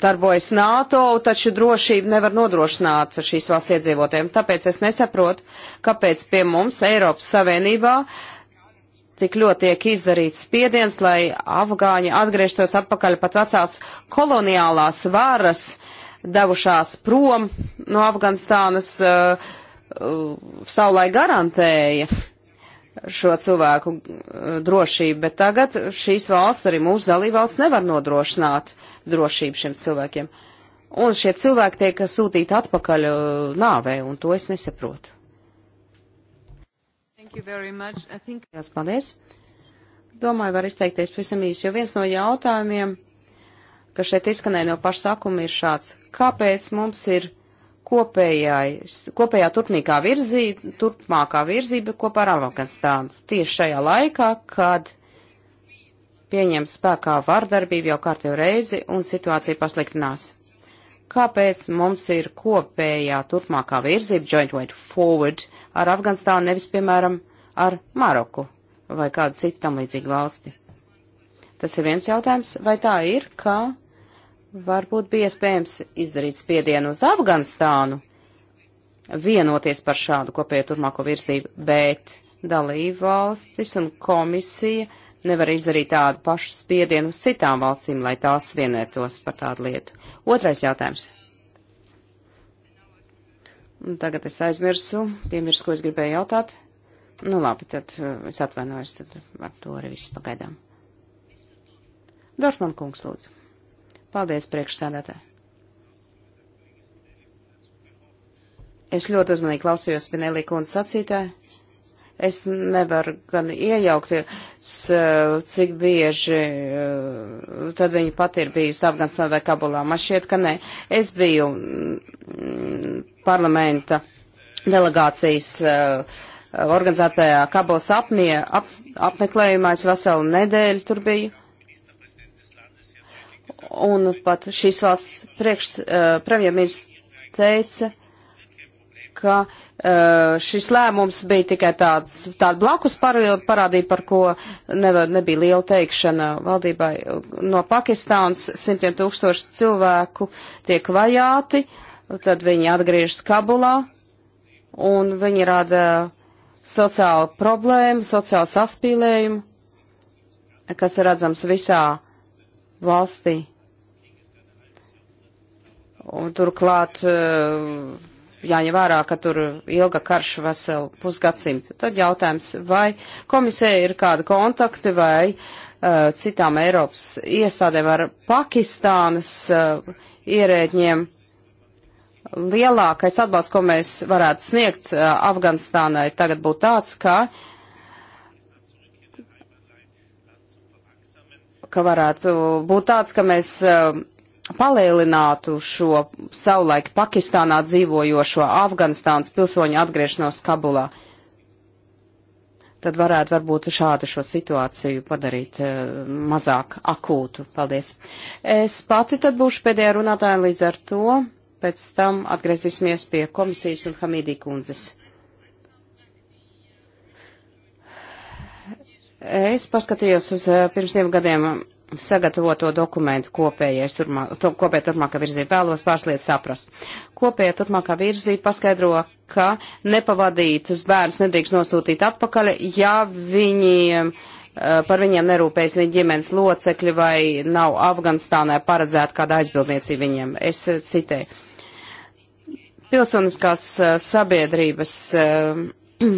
darbojas NATO, taču drošību nevar nodrošināt šīs valsts iedzīvotājiem. Tāpēc es nesaprotu, kāpēc pie mums Eiropas Savienībā uh, tik ļoti tiek izdarīts spiediens, lai afgāņi atgriežtos atpakaļ pat vecās koloniālās varas, devušās prom no Afganistānas, uh, eh, uh, eh, savulai garantēja šo cilvēku eh, drošību, bet tagad šīs valsts, arī mūsu dalībvalsts, nevar nodrošināt drošību šiem cilvēkiem. Un šie cilvēki tiek sūtīti atpakaļ nāvē, un to es nesaprotu. Think... Jās, paldies. Domāju, var izteikties pavisam īsi, jo viens no jautājumiem, kas šeit izskanēja no pašsākuma, ir šāds. Kāpēc mums ir kopējais, kopējā turpmākā virzība, turpmākā virzība kopā ar Afganistānu. Tieši šajā laikā, kad pieņem spēkā vardarbību jau kārtējo reizi un situācija pasliktinās. Kāpēc mums ir kopējā turpmākā virzība, joint way forward, ar Afganistānu, nevis, piemēram, ar Maroku vai kādu citu tam līdzīgu valsti. Tas ir viens jautājums, vai tā ir, ka varbūt bija iespējams izdarīt spiedienu uz Afganistānu, vienoties par šādu kopēju turmāko virzību, bet dalību valstis un komisija nevar izdarīt tādu pašu spiedienu uz citām valstīm, lai tās vienētos par tādu lietu. Otrais jautājums. Un tagad es aizmirsu, piemirsu, ko es gribēju jautāt. Nu labi, tad eh, es atvainojos, tad ar to arī viss pagaidām. Dorfman kungs, lūdzu. Paldies, priekšsēdētāji. Es ļoti uzmanīgi klausījos Spinelī kundas sacītāju. Es nevaru gan iejaukties, eh, cik bieži eh, tad viņa pat ir bijusi Afganistānā vai Kabulā. Man šķiet, ka nē. Es biju mm, parlamenta delegācijas eh, organizētajā Kabulas apmie, ap, apmeklējumā. Es veselu nedēļu tur biju un pat šīs valsts priekš, uh, premjerministrs teica, ka eh, šis lēmums bija tikai tāds, tāda blakus parādība, par ko ne, nebija liela teikšana valdībai. No Pakistāns simtiem tūkstoši cilvēku tiek vajāti, tad viņi atgriežas Kabulā un viņi rada sociālu problēmu, sociālu saspīlējumu, kas ir redzams visā valstī. Un turklāt uh, jāņem vērā, ka tur ilga karš veselu pusgadsimtu. Tad jautājums, vai komisija ir kāda kontakti vai uh, citām Eiropas iestādēm ar Pakistānas uh, ierēģiem. Lielākais atbalsts, ko mēs varētu sniegt uh, Afganistānai, tagad būtu tāds, ka uh, ka varētu būt tāds, ka mēs uh, palielinātu šo savulaik Pakistānā dzīvojošo Afganistānas pilsoņu atgriešanos Kabulā. Tad varētu varbūt šādu šo situāciju padarīt uh, mazāk akūtu. Paldies. Es pati tad būšu pēdējā runātāja līdz ar to. Pēc tam atgriezīsimies pie komisijas un Hamidī kundzes. Es paskatījos uz uh, pirms diviem gadiem sagatavoto dokumentu kopējais, turmā, to, kopēja turpmākā virzība. Vēlos pāris lietas saprast. Kopējā turpmākā virzība paskaidro, ka nepavadītus bērnus nedrīkst nosūtīt atpakaļ, ja viņiem eh, par viņiem nerūpējas viņa ģimenes locekļi vai nav Afganistānā paredzēta kāda aizbildniecība viņiem. Es eh, citēju. Pilsoniskās eh, sabiedrības *clears throat*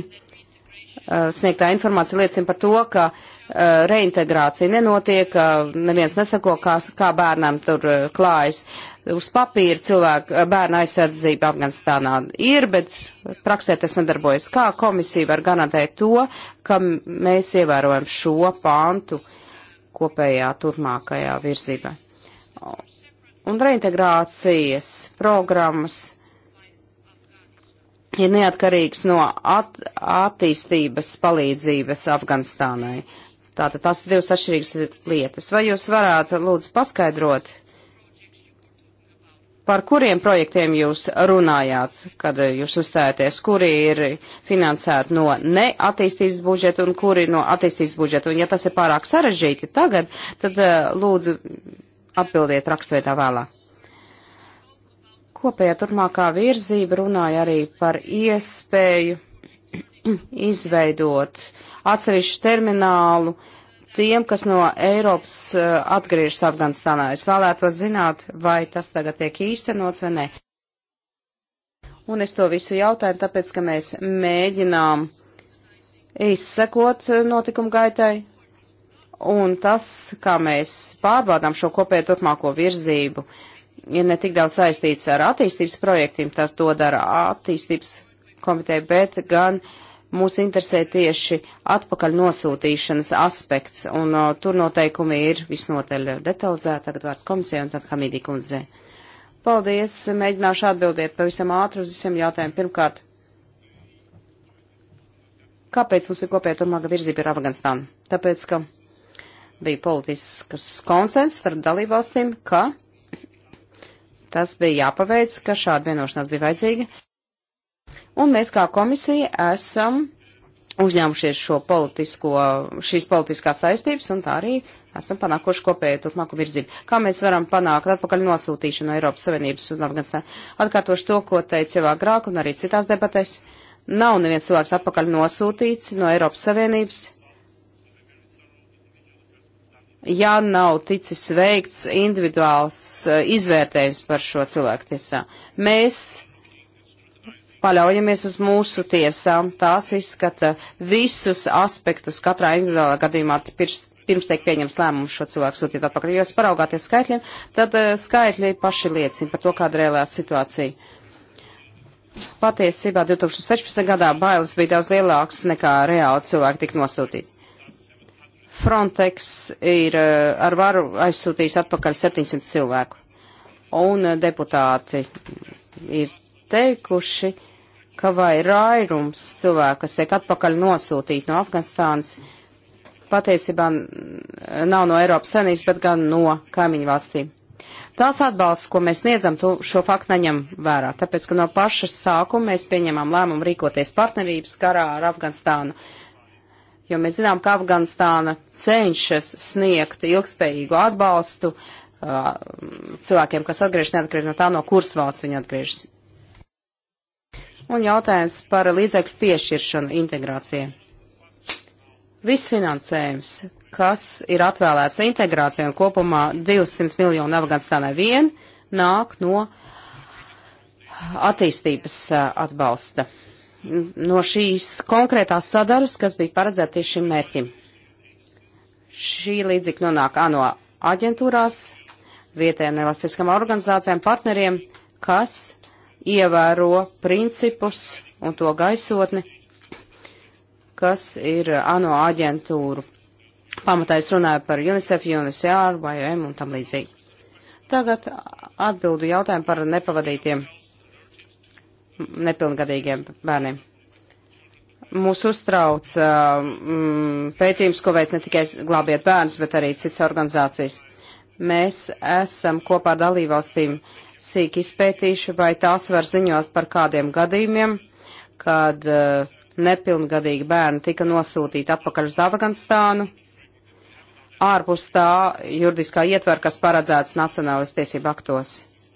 sniegtā informācija liecina par to, ka uh, Eh, reintegrācija nenotiek, neviens nesako, kā, kā bērnam tur eh, klājas. Uz papīra cilvēku eh, bērna aizsardzība Afganistānā ir, bet praksē tas nedarbojas. Kā komisija var garantēt to, ka mēs ievērojam šo pāntu kopējā turpmākajā virzībā? Un reintegrācijas programmas ir neatkarīgs no at attīstības palīdzības Afganistānai. Uh, Tātad tās divas atšķirīgas lietas. Vai jūs varētu lūdzu paskaidrot, par kuriem projektiem jūs runājāt, kad jūs uzstājāties, kuri ir finansēti no neattīstības budžeta un kuri no attīstības budžeta? Un ja tas ir pārāk sarežģīti tagad, tad eh, lūdzu atbildiet rakstveidā vēlāk. Kopējā turpmākā virzība runāja arī par iespēju *clears throat* izveidot uh, atsevišķu terminālu tiem, kas no Eiropas eh, atgriežas Afganistānā. Es vēlētos zināt, vai tas tagad tiek īstenots vai nē. Un es to visu jautāju, tāpēc, ka mēs mēģinām izsekot eh, notikumu gaitai, un tas, kā mēs pārbaudām šo kopēju turpmāko virzību, ir ne tik daudz saistīts ar attīstības projektiem, tas to dara attīstības komiteja, bet gan Mūs interesē tieši atpakaļ nosūtīšanas aspekts, un uh, tur noteikumi ir visnotaļ detalizēti. Tagad vārds komisijai un tad Hamidī kundzei. Paldies, mēģināšu atbildēt pavisam ātri uz visiem jautājumiem. Pirmkārt, kāpēc mums ir kopēja turmāka virzība ar Afganistānu? Tāpēc, ka bija politisks konsens starp dalībvalstīm, ka tas bija jāpaveic, ka šāda vienošanās bija vajadzīga. Un mēs kā komisija esam uzņēmušies šo politisko, šīs politiskās saistības un tā arī esam panākuši kopēju turpmāku virzību. Kā mēs varam panākt atpakaļ nosūtīšanu no Eiropas Savienības un Afganistāna? Atkārtošu to, ko teicu jau agrāk un arī citās debatēs. Nav neviens cilvēks atpakaļ nosūtīts no Eiropas Savienības. Ja nav ticis veikts individuāls eh, izvērtējums par šo cilvēku tiesā, mēs paļaujamies uz mūsu tiesām. Tās izskata visus aspektus katrā individuālā gadījumā pirms, pirms tiek pieņems lēmums šo cilvēku sūtīt atpakaļ. Ja jūs paraugāties skaitļiem, tad uh, skaitļi paši liecina par to, kāda reālā situācija. Patiesībā 2016. gadā bailes bija daudz lielākas nekā reāli cilvēki tik nosūtīti. Frontex ir uh, ar varu aizsūtījis atpakaļ 700 cilvēku. Un uh, deputāti ir teikuši, ka vai rairums cilvēku, kas tiek atpakaļ nosūtīti no Afganistānas, patiesībā nav no Eiropas senības, bet gan no kaimiņu valstīm. Tās atbalsts, ko mēs sniedzam, to šo faktu neņem vērā, tāpēc, ka no paša sākuma mēs pieņemam lēmumu rīkoties partnerības karā ar Afganistānu, jo mēs zinām, ka Afganistāna cenšas sniegt ilgspējīgu atbalstu uh, cilvēkiem, kas atgriežas neatkarīgi no tā, no kuras valsts viņi atgriežas. Un jautājums par līdzekļu piešķiršanu integrācijai. Viss finansējums, kas ir atvēlēts integrācijai un kopumā 200 miljonu Afganistānai vien, nāk no attīstības atbalsta. No šīs konkrētās sadaras, kas bija paredzēta tieši šim mērķim. Šī līdzekļa nonāk ANO aģentūrās, vietējām nevalstiskām organizācijām, partneriem, kas ievēro principus un to gaisotni, kas ir ANO aģentūru. Pamatā es runāju par UNICEF, UNICEF, YM un tam līdzīgi. Tagad atbildu jautājumu par nepavadītiem nepilngadīgiem bērniem. Mūs uztrauc um, pētījums, ko veids ne tikai glābiet bērns, bet arī citas organizācijas. Mēs esam kopā ar dalībvalstīm uh, sīk izpētīšu, vai tās var ziņot par kādiem gadījumiem, kad uh, nepilngadīgi bērni tika nosūtīti atpakaļ uz Afganistānu. Ārpus tā juridiskā ietver, kas paredzēts nacionālas tiesību aktos,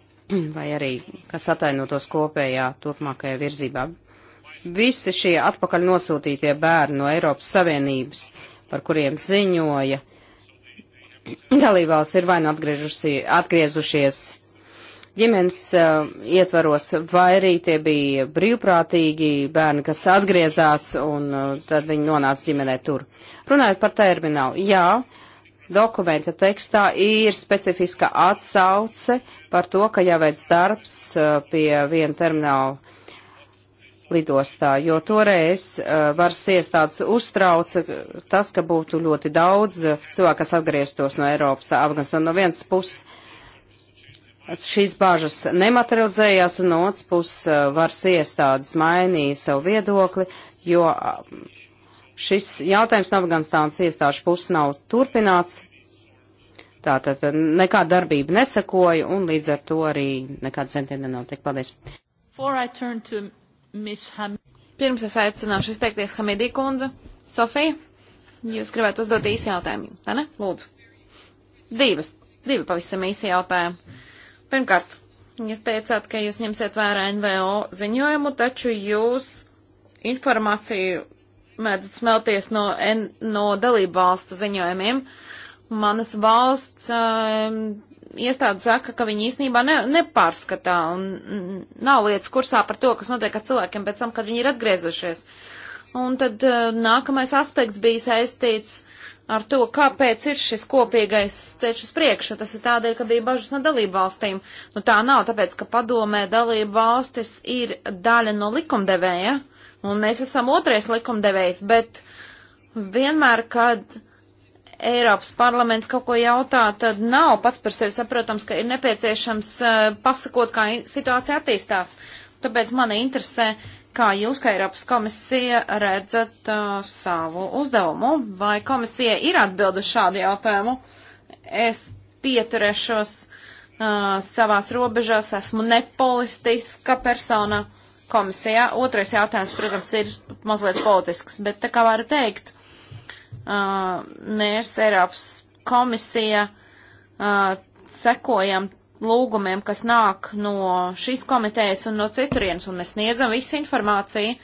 *clears throat* vai arī kas atainotos kopējā turpmākajā virzībā. Visi šie atpakaļ nosūtītie bērni no Eiropas Savienības, par kuriem ziņoja, *clears throat* dalībvalsts ir vai nu atgriežušies ģimenes uh, ietvaros, vai arī tie bija brīvprātīgi bērni, kas atgriezās un uh, tad viņi nonāca ģimenē tur. Runājot par terminālu, jā, dokumenta tekstā ir specifiska atsauce par to, ka jāveic darbs uh, pie viena termināla lidostā, jo toreiz uh, varas iestādes uztrauca tas, ka būtu ļoti daudz cilvēku, kas atgrieztos no Eiropas, Afganistāna no vienas puses šīs bāžas nematerializējās, un no otras puses eh, varas iestādes mainīja savu viedokli, jo eh, šis jautājums no Afganistānas iestāžu puses nav turpināts. Tātad eh, nekāda darbība nesekoja, un līdz ar to arī nekāda centiena nenotiek. Paldies. Pirms es aicināšu izteikties Hamidī kundze. Sofija, jūs gribētu uzdot īsi jautājumu, vai ne? Lūdzu. Divas, divi pavisam īsi jautājumi. Pirmkārt, jūs teicāt, ka jūs ņemsiet vērā NVO ziņojumu, taču jūs informāciju mēdzat smelties no, N, no dalību valstu ziņojumiem. Manas valsts um, ehm, iestādes saka, ka viņi īstenībā ne, nepārskatā un nav lietas kursā par to, kas notiek ar cilvēkiem pēc tam, kad viņi ir atgriezušies. Un tad uh, nākamais aspekts bija saistīts ar to, kāpēc ir šis kopīgais ceļš uz priekšu. Tas ir tādēļ, ka bija bažas no dalību valstīm. Nu tā nav, tāpēc, ka padomē dalību valstis ir daļa no likumdevēja, un mēs esam otrais likumdevējs, bet vienmēr, kad Eiropas parlaments kaut ko jautā, tad nav pats par sevi saprotams, ka ir nepieciešams uh, pasakot, kā situācija attīstās. Tāpēc mani interesē, uh, Kā jūs, kā Eiropas komisija, redzat uh, savu uzdevumu? Vai komisija ir atbildu šādu jautājumu? Es pieturēšos uh, savās robežās, esmu nepolistiska persona komisijā. Otrais jautājums, protams, ir mazliet politisks, bet tā kā var teikt, uh, mēs Eiropas komisija uh, sekojam lūgumiem, kas nāk no šīs komitejas un no citurienes, un mēs sniedzam visu informāciju,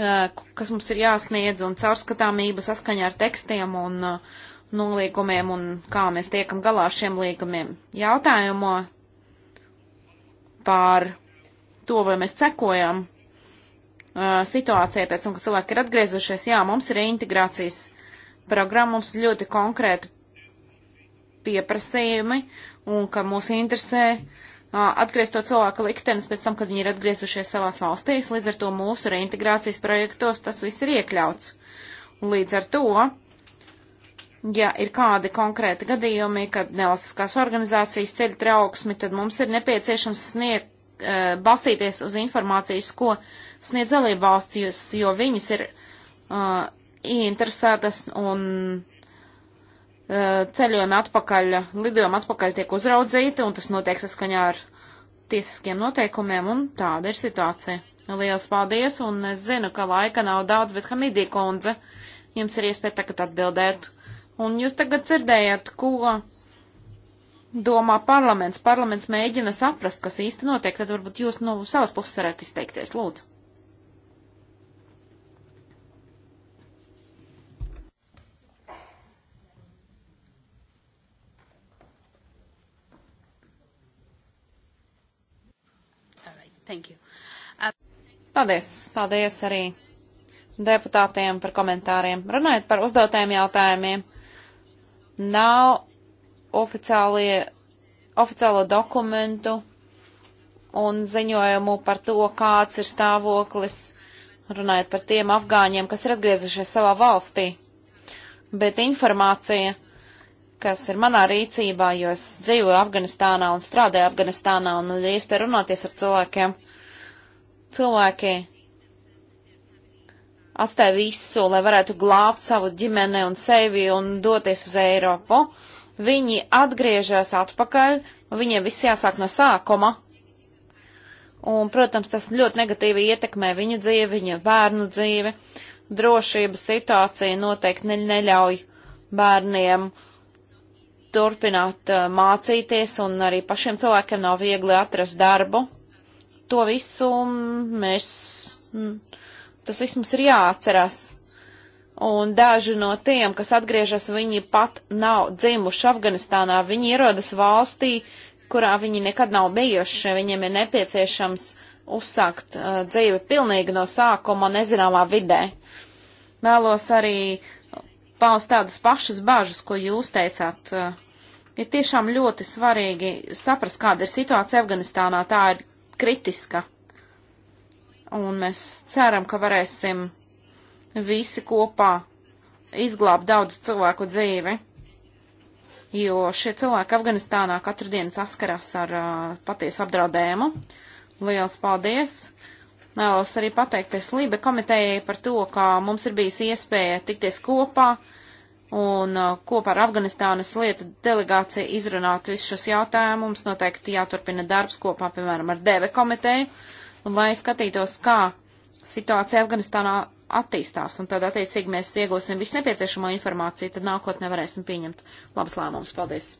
eh, kas mums ir jāsniedz, un caurskatāmību saskaņā ar tekstiem un eh, nolīgumiem, un kā mēs tiekam galā ar šiem līgumiem. Jautājumu par to, vai mēs cekojam eh, situācijai pēc tam, ka cilvēki ir atgriezušies, jā, mums ir integrācijas programma, mums ļoti konkrēti pieprasījumi un ka mūs interesē atgriezt to cilvēku liktenis pēc tam, kad viņi ir atgriezušies savās valstīs, līdz ar to mūsu reintegrācijas projektos tas viss ir iekļauts. Un līdz ar to, ja ir kādi konkrēti gadījumi, kad nevalstiskās organizācijas ceļ trauksmi, tad mums ir nepieciešams sniegt, balstīties uz informācijas, ko sniedz dalība valsts, jo viņas ir uh, interesētas un Eh, ceļojumi atpakaļ, lidojumi atpakaļ tiek uzraudzīti, un tas notiek saskaņā ar tiesiskiem noteikumiem, un tāda ir situācija. Lielas paldies, un es zinu, ka laika nav daudz, bet Hamidī kundze, jums ir iespēja tagad atbildēt. Un jūs tagad dzirdējat, ko domā parlaments. Parlaments mēģina saprast, kas īsti notiek, tad varbūt jūs no savas puses varētu izteikties, lūdzu. Thank you. Uh... Paldies. Paldies arī deputātiem par komentāriem. Runājot par uzdotajiem jautājumiem, nav oficiālie, oficiālo dokumentu un ziņojumu par to, kāds ir stāvoklis, runājot par tiem afgāņiem, kas ir atgriezušies savā valstī. Bet informācija kas ir manā rīcībā, jo es dzīvoju Afganistānā un strādāju Afganistānā un man ir iespēja runāties ar cilvēkiem. Cilvēki atstāja visu, lai varētu glābt savu ģimeni un sevi un doties uz Eiropu. Viņi atgriežas atpakaļ, viņiem viss jāsāk no sākuma. Un, protams, tas ļoti negatīvi ietekmē viņu dzīvi, viņu bērnu dzīvi. Drošības situācija noteikti neļauj bērniem uh, turpināt uh, mācīties, un arī pašiem cilvēkiem nav viegli atrast darbu. To visu mēs, mm, tas viss mums ir jāatcerās. Un daži no tiem, kas atgriežas, viņi pat nav dzimuši Afganistānā, viņi ierodas valstī, kurā viņi nekad nav bijuši, viņiem ir nepieciešams uzsākt uh, dzīvi pilnīgi no sākuma nezināmā vidē. Vēlos arī uh, paust tādas pašas bažas, ko jūs teicāt. Eh, ir tiešām ļoti svarīgi saprast, kāda ir situācija Afganistānā. Tā ir kritiska. Un mēs ceram, ka varēsim visi kopā izglābt daudz cilvēku dzīvi. Jo šie cilvēki Afganistānā katru dienu saskarās ar uh, patiesu apdraudējumu. Liels paldies! Vēlos arī pateikties Lībe komitejai par to, ka mums ir bijis iespēja tikties kopā un uh, kopā ar Afganistānas lietu delegāciju izrunāt visus šos jautājumus. Noteikti jāturpina darbs kopā, piemēram, ar Deve komiteju, un lai skatītos, kā situācija Afganistānā attīstās, un tad attiecīgi mēs iegūsim visu nepieciešamo informāciju, tad nākotnē varēsim pieņemt labus lēmumus. Paldies!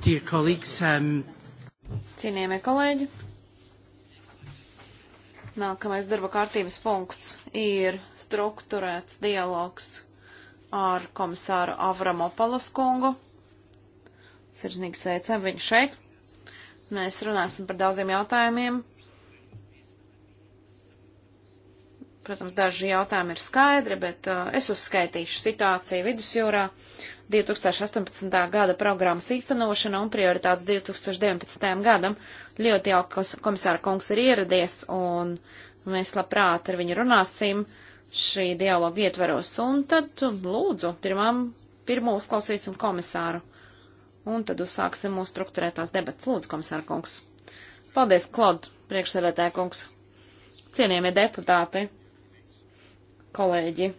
Dear colleagues, um... Cienījamie kolēģi, nākamais darba kārtības punkts ir strukturēts dialogs ar komisāru Avramopalas kungu. Sirsnīgi sveicam viņu šeit. Mēs runāsim par daudziem jautājumiem. Protams, daži jautājumi ir skaidri, bet uh, es uzskaitīšu situāciju vidusjūrā 2018. gada programmas īstenošana un prioritātes 2019. gadam. Ļoti jauki komisāra kungs ir ieradies un mēs labprāt ar viņu runāsim šī dialoga ietveros. Un tad lūdzu pirmām, pirmo uzklausīsim komisāru. Un tad uzsāksim mūsu struktūrētās debatas. Lūdzu, komisāra kungs. Paldies, Klod, priekšsēdētāja kungs. Cienījamie deputāti, kolēģi.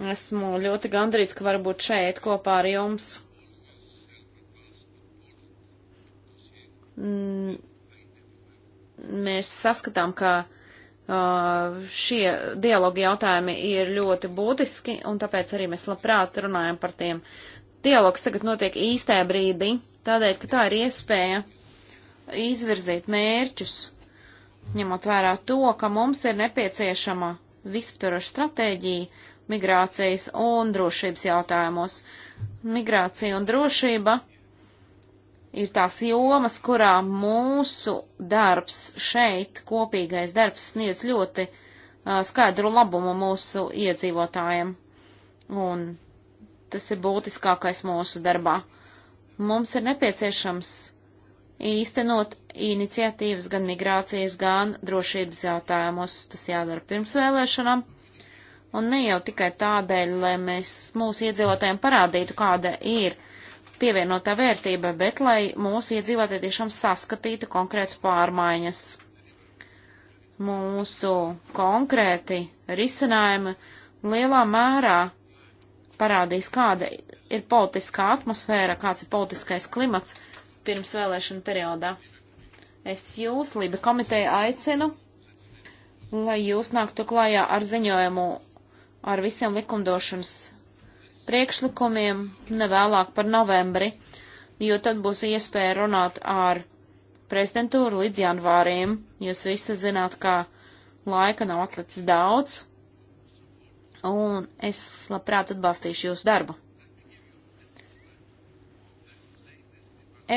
Esmu ļoti gandrīz, ka varu būt šeit kopā ar jums. Mm, mēs saskatām, ka šie dialogi jautājumi ir ļoti būtiski, un tāpēc arī mēs labprāt runājam par tiem. Dialogs tagad notiek īstajā brīdī, tādēļ, ka tā ir iespēja izvirzīt mērķus, ņemot vērā to, ka mums ir nepieciešama vispturoša stratēģija, migrācijas un drošības jautājumos. Migrācija un drošība ir tās jomas, kurā mūsu darbs šeit, kopīgais darbs, sniedz ļoti uh, skaidru labumu mūsu iedzīvotājiem. Un tas ir būtiskākais mūsu darbā. Mums ir nepieciešams īstenot iniciatīvas gan migrācijas, gan drošības jautājumos. Tas jādara pirms vēlēšanām. Un ne jau tikai tādēļ, lai mēs mūsu iedzīvotājiem parādītu, kāda ir pievienotā vērtība, bet lai mūsu iedzīvotāji tiešām saskatītu konkrētas pārmaiņas. Mūsu konkrēti risinājumi lielā mērā parādīs, kāda ir politiskā atmosfēra, kāds ir politiskais klimats pirms vēlēšana periodā. Es jūs, Lība komiteja, aicinu, lai jūs nāktu klājā ar ziņojumu ar visiem likumdošanas priekšlikumiem nevēlāk par novembri, jo tad būs iespēja runāt ar prezidentūru līdz janvārim. Jūs visi zināt, ka laika nav atlicis daudz, un es labprāt atbalstīšu jūsu darbu.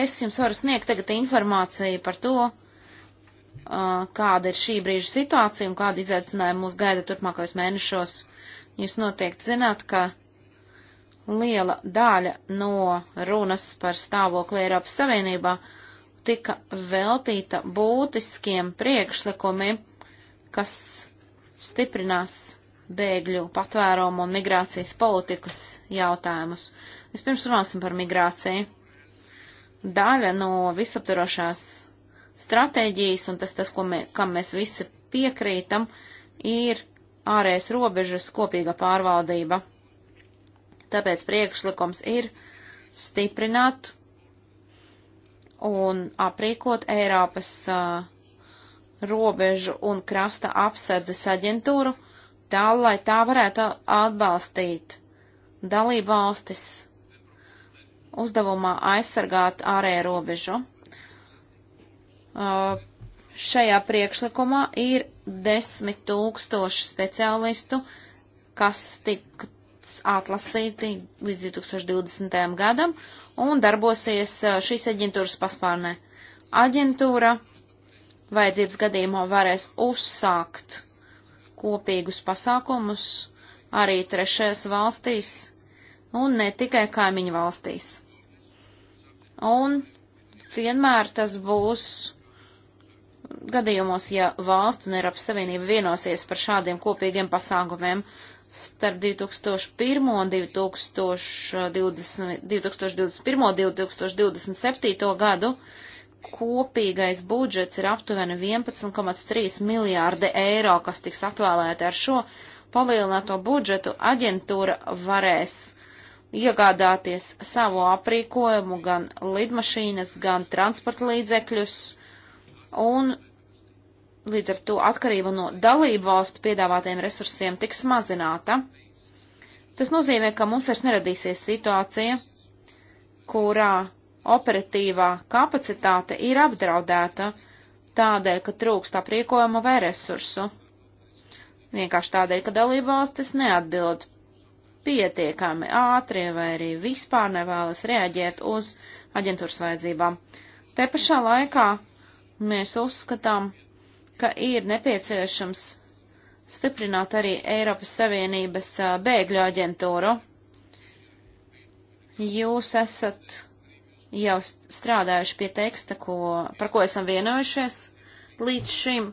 Es jums varu sniegt tagad informāciju par to, kāda ir šī brīža situācija un kāda izaicinājuma mūs gaida turpmākajos mēnešos Jūs noteikti zināt, ka liela daļa no runas par stāvokli Eiropas Savienībā tika veltīta būtiskiem priekšlikumiem, kas stiprinās bēgļu patvērumu un migrācijas politikas jautājumus. Vispirms runāsim par migrāciju. Daļa no visaptvarošās stratēģijas, un tas, tas ko mē, kam mēs visi piekrītam, ir ārējas robežas kopīga pārvaldība. Tāpēc priekšlikums ir stiprināt un aprīkot Eiropas uh, robežu un krasta apsardzes aģentūru, tā lai tā varētu atbalstīt dalību valstis uzdevumā aizsargāt ārēju robežu. Uh, Šajā priekšlikumā ir desmit tūkstoši speciālistu, kas tiks atlasīti līdz 2020. gadam un darbosies šīs aģentūras paspārnē. Aģentūra vajadzības gadījumā varēs uzsākt kopīgus pasākumus arī trešajās valstīs un ne tikai kaimiņu valstīs. Un vienmēr tas būs gadījumos, ja valsts un Eiropas Savienība vienosies par šādiem kopīgiem pasākumiem starp 2001 un 2020, 2021 un 2027 gadu, kopīgais budžets ir aptuveni 11,3 miljārdi eiro, kas tiks atvēlēti ar šo palielināto budžetu. Aģentūra varēs iegādāties savu aprīkojumu, gan lidmašīnas, gan transporta līdzekļus un līdz ar to atkarība no dalību valstu piedāvātiem resursiem tiks mazināta. Tas nozīmē, ka mums vairs neradīsies situācija, kurā operatīvā kapacitāte ir apdraudēta tādēļ, ka trūkst aprīkojuma vai resursu. Vienkārši tādēļ, ka dalībvalstis neatbild pietiekami ātri vai arī vispār nevēlas reaģēt uz aģentūras vajadzībām. Te pašā laikā Mēs uzskatām, ka ir nepieciešams stiprināt arī Eiropas Savienības bēgļu aģentūru. Jūs esat jau strādājuši pie teksta, ko, par ko esam vienojušies. Līdz šim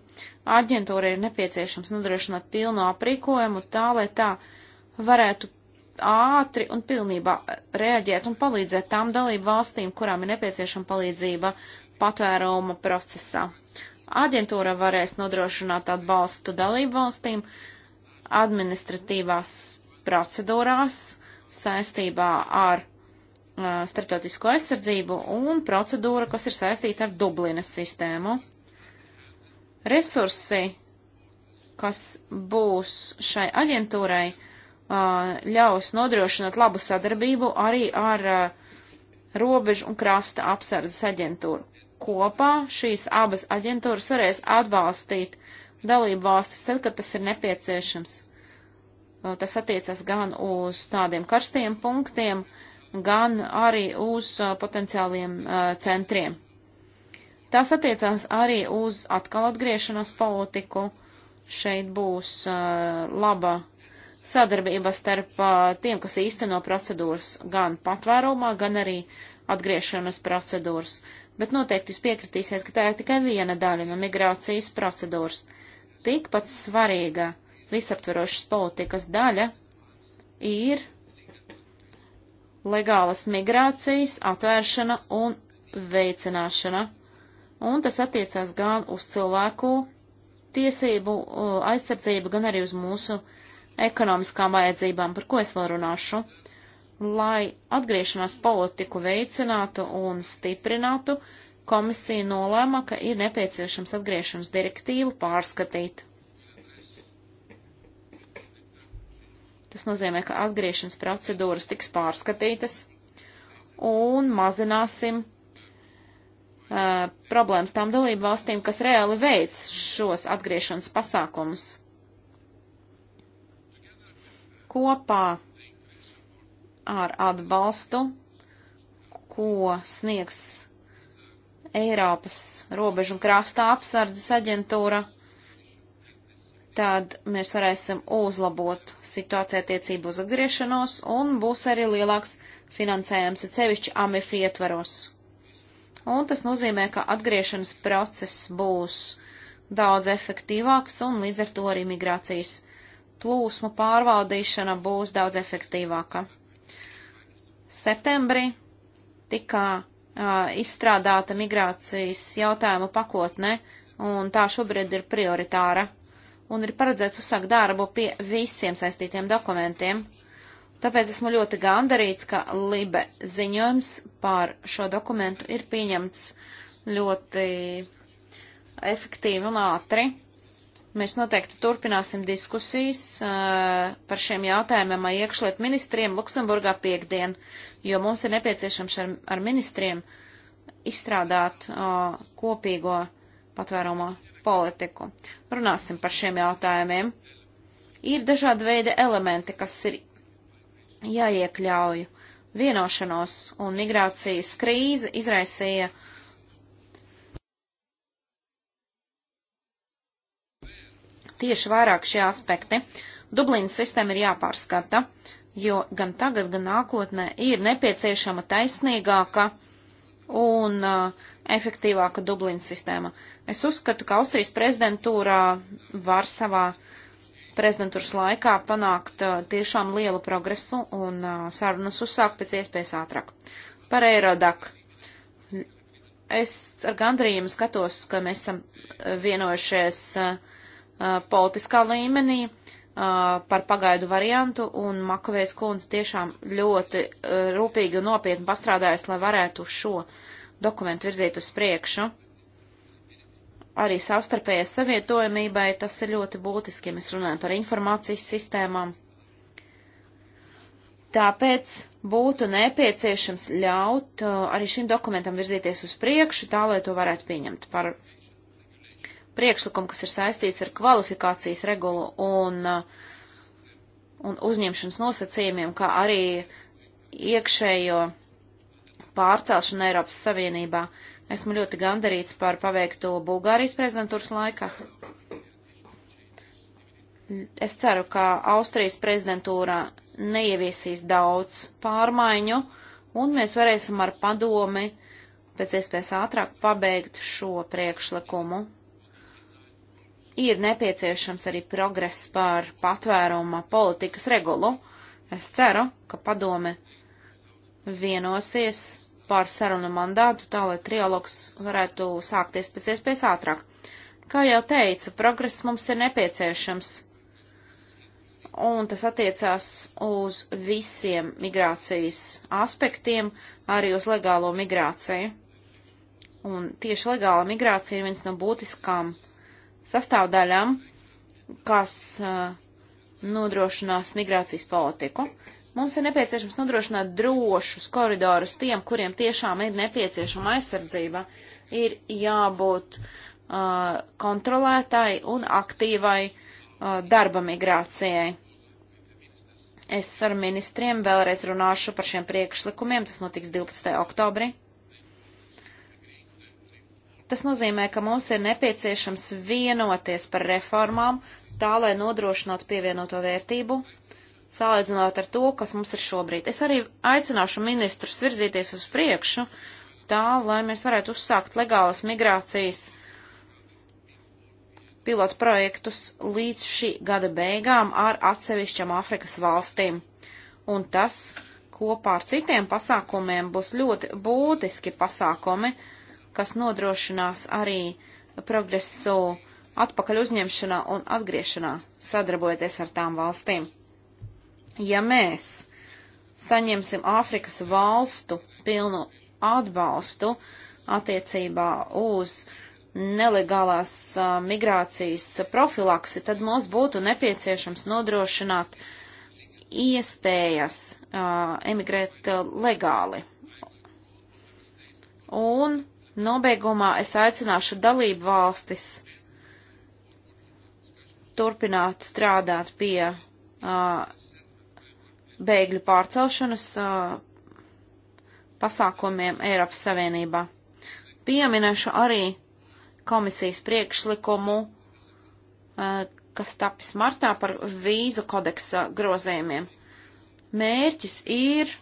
aģentūra ir nepieciešams nodrošināt pilnu aprīkojumu tā, lai tā varētu ātri un pilnībā reaģēt un palīdzēt tām dalību valstīm, kurām ir nepieciešama palīdzība, patvēruma procesā. Aģentūra varēs nodrošināt atbalstu dalību valstīm administratīvās procedūrās saistībā ar uh, starptautisko aizsardzību un procedūru, kas ir saistīta ar Dublinas sistēmu. Resursi, kas būs šai aģentūrai, uh, ļaus nodrošināt labu sadarbību arī ar uh, robežu un krasta apsardzes aģentūru kopā šīs abas aģentūras varēs atbalstīt dalību valstis, tad, kad tas ir nepieciešams. Tas attiecas gan uz tādiem karstiem punktiem, gan arī uz potenciāliem centriem. Tas attiecās arī uz atkal atgriešanos politiku. Šeit būs laba sadarbība starp tiem, kas īsteno procedūras gan patvērumā, gan arī atgriešanas procedūras. Uh, bet noteikti jūs piekritīsiet, ka tā ir tikai viena daļa no migrācijas procedūras. Tikpat svarīga visaptverošas politikas daļa ir legālas migrācijas atvēršana un veicināšana, un tas attiecās gan uz cilvēku tiesību aizsardzību, gan arī uz mūsu ekonomiskām vajadzībām, par ko es vēl runāšu. Lai atgriešanās politiku veicinātu un stiprinātu, komisija nolēma, ka ir nepieciešams atgriešanas direktīvu pārskatīt. Tas nozīmē, ka atgriešanas procedūras tiks pārskatītas un mazināsim uh, problēmas tām dalību valstīm, kas reāli veic šos atgriešanas pasākumus. Kopā ar atbalstu, ko sniegs Eiropas robežu un krasta apsardzes aģentūra, tad mēs varēsim uzlabot situāciju attiecību uz atgriešanos un būs arī lielāks finansējums, ir sevišķi AMIFI ietvaros. Un tas nozīmē, ka atgriešanas process būs daudz efektīvāks un līdz ar to arī migrācijas plūsma pārvaldīšana būs daudz efektīvāka septembrī tika uh, izstrādāta migrācijas jautājumu pakotne, un tā šobrīd ir prioritāra, un ir paredzēts uzsākt darbu pie visiem saistītiem dokumentiem. Tāpēc esmu ļoti gandarīts, ka Libe ziņojums par šo dokumentu ir pieņemts ļoti efektīvi un ātri. Mēs noteikti turpināsim diskusijas uh, par šiem jautājumiem ar iekšliet ministriem Luksemburgā piekdien, jo mums ir nepieciešams ar, ar ministriem izstrādāt uh, kopīgo patvērumu politiku. Runāsim par šiem jautājumiem. Ir dažādi veidi elementi, kas ir jāiekļauj. Vienošanos un migrācijas krīze izraisīja uh, tieši vairāk šie aspekti. Dublīnas sistēma ir jāpārskata, jo gan tagad, gan nākotnē ir nepieciešama taisnīgāka un uh, efektīvāka Dublīnas sistēma. Es uzskatu, ka Austrijas prezidentūrā var savā prezidentūras laikā panākt uh, tiešām lielu progresu un uh, sarunas uzsākt pēc iespējas ātrāk. Par Eirodaku es ar gandrījumu skatos, ka mēs esam uh, vienojušies uh, politiskā līmenī par pagaidu variantu, un Makavējas kundze tiešām ļoti rūpīgi un nopietni pastrādājas, lai varētu šo dokumentu virzīt uz priekšu. Arī savstarpējai savietojamībai tas ir ļoti būtiski, ja mēs runājam par informācijas sistēmām. Tāpēc būtu nepieciešams ļaut arī šim dokumentam virzīties uz priekšu, tā lai to varētu pieņemt par priekšlikumu, kas ir saistīts ar kvalifikācijas regulu un, uh, un uzņemšanas nosacījumiem, kā arī iekšējo pārcelšanu Eiropas Savienībā. Esmu ļoti gandarīts par paveikto Bulgārijas prezidentūras laikā. Es ceru, ka Austrijas prezidentūra neieviesīs daudz pārmaiņu, un mēs varēsim ar padomi pēc iespējas ātrāk pabeigt šo priekšlikumu ir nepieciešams arī progress pār patvēruma politikas regulu. Es ceru, ka padome vienosies pār sarunu mandātu tā, lai trialogs varētu sākties pēc iespējas ātrāk. Kā jau teicu, progress mums ir nepieciešams, un tas attiecās uz visiem migrācijas aspektiem, arī uz legālo migrāciju. Un tieši legāla migrācija ir viens no būtiskām uh, sastāvdaļām, kas uh, nodrošinās migrācijas politiku. Mums ir nepieciešams nodrošināt drošus koridorus tiem, kuriem tiešām ir nepieciešama aizsardzība. Ir jābūt uh, kontrolētai un aktīvai uh, darba migrācijai. Es ar ministriem vēlreiz runāšu par šiem priekšlikumiem, tas notiks 12. oktobrī. Tas nozīmē, ka mums ir nepieciešams vienoties par reformām, tā lai nodrošinātu pievienoto vērtību, salīdzinot ar to, kas mums ir šobrīd. Es arī aicināšu ministrus virzīties uz priekšu, tā lai mēs varētu uzsākt legālas migrācijas pilotu projektus līdz šī gada beigām ar atsevišķam Āfrikas valstīm. Un tas kopā ar citiem pasākumiem būs ļoti būtiski pasākumi, uh, kas nodrošinās arī progresu atpakaļ uzņemšanā un atgriešanā, sadarbojoties ar tām valstīm. Ja mēs saņemsim Āfrikas valstu pilnu atbalstu attiecībā uz nelegālās a, migrācijas profilaksi, tad mums būtu nepieciešams nodrošināt iespējas a, emigrēt a, legāli. Un Nobeigumā es aicināšu dalību valstis turpināt strādāt pie uh, bēgļu pārcelšanas uh, pasākumiem Eiropas Savienībā. Pieminēšu arī komisijas priekšlikumu, uh, kas tapis martā par vīzu kodeksa grozējumiem. Mērķis ir,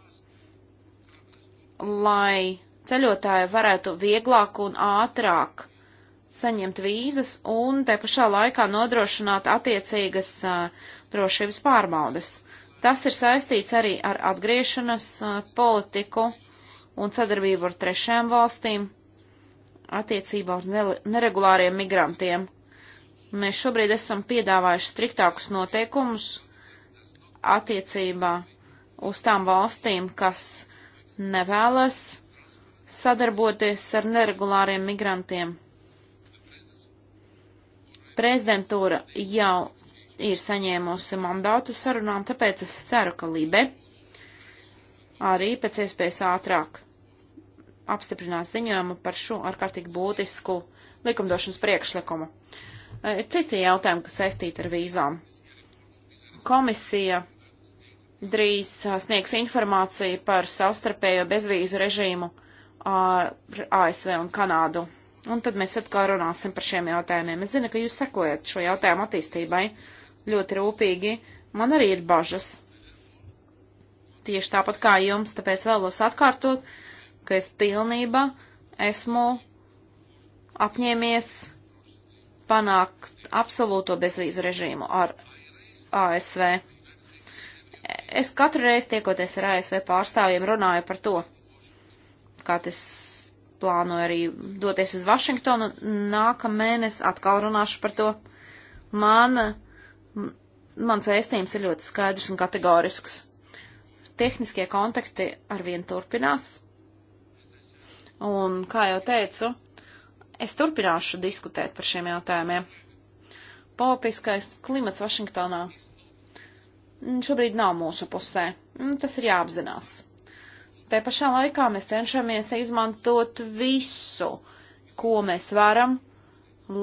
lai ceļotāji varētu vieglāk un ātrāk saņemt vīzas un te pašā laikā nodrošināt attiecīgas uh, drošības pārbaudes. Tas ir saistīts arī ar atgriešanas uh, politiku un sadarbību ar trešajām valstīm attiecībā ar neregulāriem migrantiem. Mēs šobrīd esam piedāvājuši striktākus noteikumus attiecībā uz tām valstīm, kas nevēlas sadarboties ar neregulāriem migrantiem. Prezidentūra jau ir saņēmusi mandātu sarunām, tāpēc es ceru, ka Libe arī pēc iespējas ātrāk apstiprinās ziņojumu par šo ārkārtīgi būtisku likumdošanas priekšlikumu. E, ir citi jautājumi, kas saistīti ar vīzām. Komisija drīz sniegs informāciju par savstarpējo bezvīzu režīmu ar ASV un Kanādu. Un tad mēs atkal runāsim par šiem jautājumiem. Es zinu, ka jūs sekojat šo jautājumu attīstībai ļoti rūpīgi. Man arī ir bažas. Tieši tāpat kā jums, tāpēc vēlos atkārtot, ka es pilnībā esmu apņēmies panākt absolūto bezvīzu režīmu ar ASV. Es katru reizi tiekoties ar ASV pārstāvjiem runāju par to, Turklāt es plānoju arī doties uz Vašingtonu. Nākamēnes atkal runāšu par to. Mana, mans vēstījums ir ļoti skaidrs un kategorisks. Tehniskie kontakti arvien turpinās. Un, kā jau teicu, es turpināšu diskutēt par šiem jautājumiem. Politiskais klimats Vašingtonā šobrīd nav mūsu pusē. Mm, tas ir jāapzinās. Te pašā laikā mēs cenšamies izmantot visu, ko mēs varam,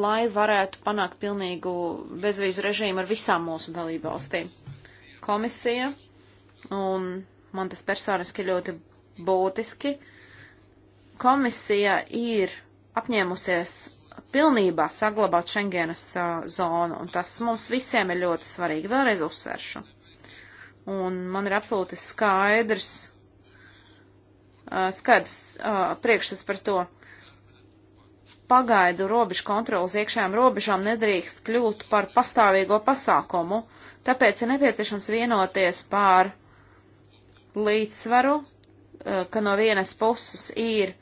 lai varētu panākt pilnīgu bezvīzu režīmu ar visām mūsu dalību valstīm. Komisija, un man tas personiski ļoti būtiski, komisija ir apņēmusies pilnībā saglabāt Schengenas uh, zonu, un tas mums visiem ir ļoti svarīgi. Vēlreiz uzsveršu. Un man ir absolūti skaidrs, skaidrs priekšstats par to. Pagaidu robežu kontrolas iekšējām robežām nedrīkst kļūt par pastāvīgo pasākumu, tāpēc ir nepieciešams vienoties pār līdzsvaru, ka no vienas puses ir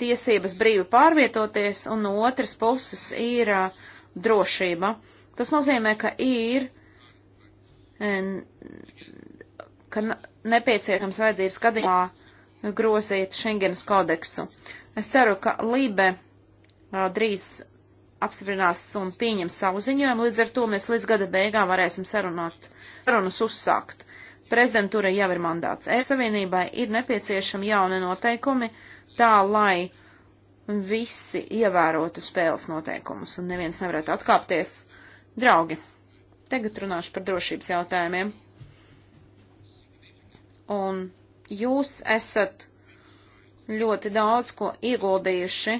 tiesības brīvi pārvietoties, un no otras puses ir uh, drošība. Tas nozīmē, ka ir, en, ka nepieciešams vajadzības gadījumā grozīt Schengenas kodeksu. Es ceru, ka Lībe drīz apstiprinās un pieņems savu ziņojumu, līdz ar to mēs līdz gada beigām varēsim sarunāt, sarunas uzsākt. Prezidentūra jau ir mandāts. Es savienībai ir nepieciešami jauni noteikumi, tā lai visi ievērotu spēles noteikumus un neviens nevarētu atkāpties. Draugi, tagad runāšu par drošības jautājumiem un jūs esat ļoti daudz ko ieguldījuši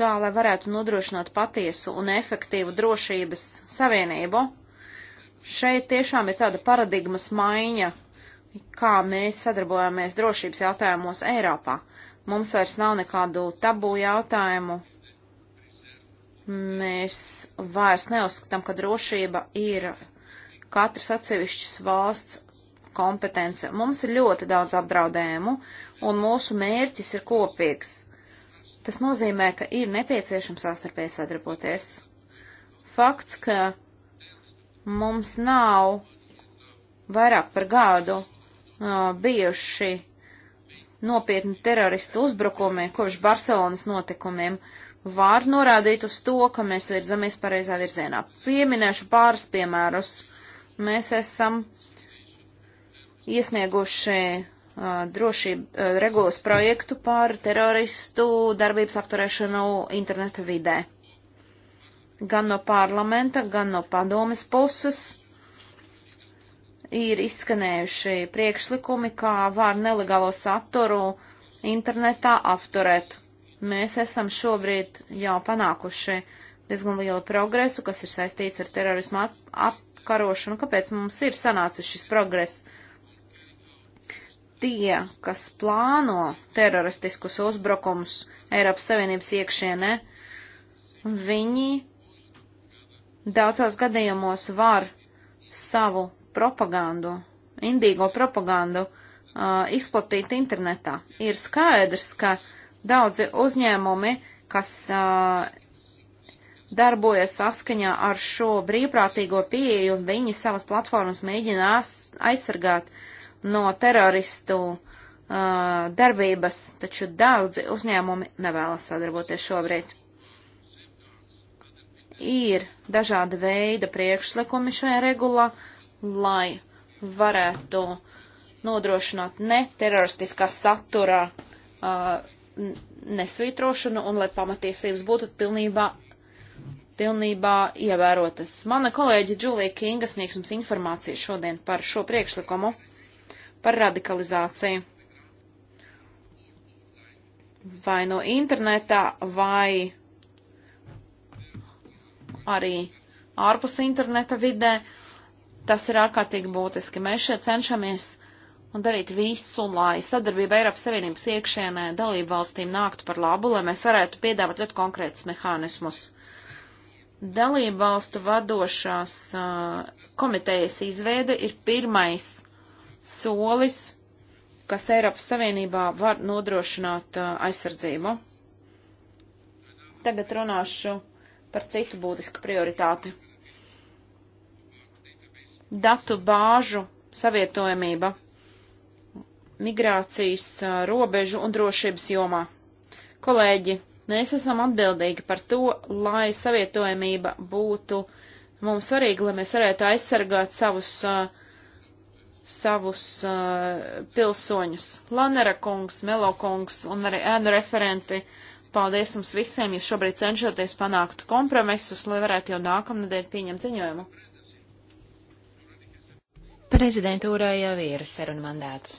tā, lai varētu nodrošināt patiesu un efektīvu drošības savienību. Šeit tiešām ir tāda paradigmas maiņa, kā mēs sadarbojamies drošības jautājumos Eiropā. Mums vairs nav nekādu tabu jautājumu. Mēs vairs neuzskatām, ka drošība ir katras atsevišķas valsts kompetence. Mums ir ļoti daudz apdraudējumu, un mūsu mērķis ir kopīgs. Tas nozīmē, ka ir nepieciešams sastarpēji sadarboties. Fakts, ka mums nav vairāk par gadu uh, bijuši nopietni teroristu uzbrukumi kopš Barcelonas notikumiem, var norādīt uz to, ka mēs virzamies pareizā virzienā. Pieminēšu pāris piemērus. Mēs esam iesnieguši uh, drošību uh, regulas projektu par teroristu darbības apturēšanu interneta vidē. Gan no parlamenta, gan no padomes puses ir izskanējuši priekšlikumi, kā var nelegālo saturu internetā apturēt. Mēs esam šobrīd jau panākuši diezgan lielu progresu, kas ir saistīts ar terorismu apkarošanu. Kāpēc mums ir sanācis šis progress? tie, kas plāno teroristiskus uzbrukums Eiropas Savienības iekšienē, viņi daudzos gadījumos var savu propagandu, indīgo propagandu uh, izplatīt internetā. Ir skaidrs, ka daudzi uzņēmumi, kas uh, darbojas saskaņā ar šo brīvprātīgo pieeju, viņi savas platformas mēģina aizsargāt uh, no teroristu uh, darbības, taču daudzi uzņēmumi nevēlas sadarboties šobrīd. Ir dažāda veida priekšlikumi šajā regulā, lai varētu nodrošināt ne teroristiskā satura uh, nesvītrošanu un lai pamatiesības būtu pilnībā, pilnībā ievērotas. Mana kolēģe Džulija Kinga sniegs mums informāciju šodien par šo priekšlikumu par radikalizāciju. Vai no internetā, vai arī ārpus interneta vidē. Tas ir ārkārtīgi būtiski. Mēs šeit cenšamies un darīt visu, lai sadarbība Eiropas Savienības iekšēnē dalību valstīm nāktu par labu, lai mēs varētu piedāvāt ļoti konkrētus mehānismus. Dalību valstu vadošās uh, komitejas izveide ir pirmais solis, kas Eiropas Savienībā var nodrošināt uh, aizsardzību. Tagad runāšu par citu būtisku prioritāti. Datu bāžu savietojamība migrācijas, uh, robežu un drošības jomā. Kolēģi, mēs esam atbildīgi par to, lai savietojamība būtu mums svarīga, lai mēs varētu aizsargāt savus uh, savus uh, pilsoņus. Lanera kungs, Melo kungs un arī ēnu referenti, paldies jums visiem, ja šobrīd cenšaties panākt kompromisus, lai varētu jau nākamnedēļ pieņemt ziņojumu. Prezidentūrai jau ir saruna mandāts.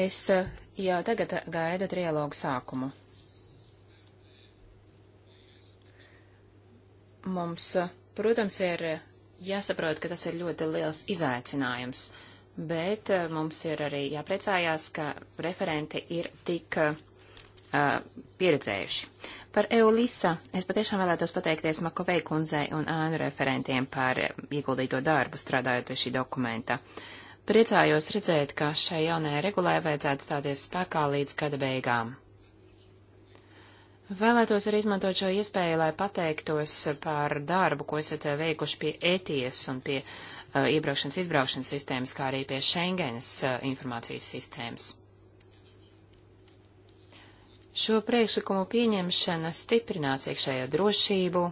Es eh, jau tagad gaidu trialogu sākumu. Mums, eh, protams, ir jāsaprot, ka tas ir ļoti liels izaicinājums. Uh, bet eh, mums ir arī jāpriecājās, ka referenti ir tik uh, pieredzējuši. Par Eulisa es patiešām vēlētos pateikties Makovei kundzei un ēnu referentiem par eh, ieguldīto darbu strādājot pie šī dokumenta. Priecājos redzēt, ka šai jaunajai regulai vajadzētu stāties spēkā līdz gada beigām. Vēlētos arī izmantot šo iespēju, lai pateiktos par darbu, ko esat veikuši pie ETIES un pie uh, Uh, iebraukšanas izbraukšanas sistēmas, kā arī pie Schengenas uh, informācijas sistēmas. Šo priekšlikumu pieņemšana stiprinās iekšējo drošību,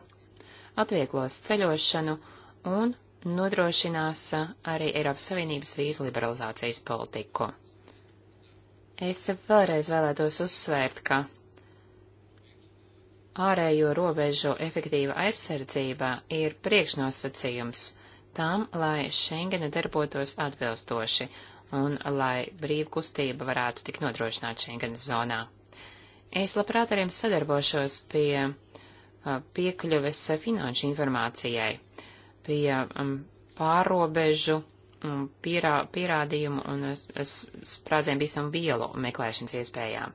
atvieglos ceļošanu un nodrošinās uh, arī Eiropas Savienības vīzu liberalizācijas politiku. Es vēlreiz vēlētos uzsvērt, ka ārējo robežu efektīva aizsardzība ir priekšnosacījums tam, lai Schengene darbotos atbilstoši un lai brīvkustība varētu tik nodrošināt Schengenas zonā. Es labprāt ar jums sadarbošos pie piekļuves finanšu informācijai, pie pārobežu pierā, pierādījumu un sprādzienu visam vielu meklēšanas iespējām.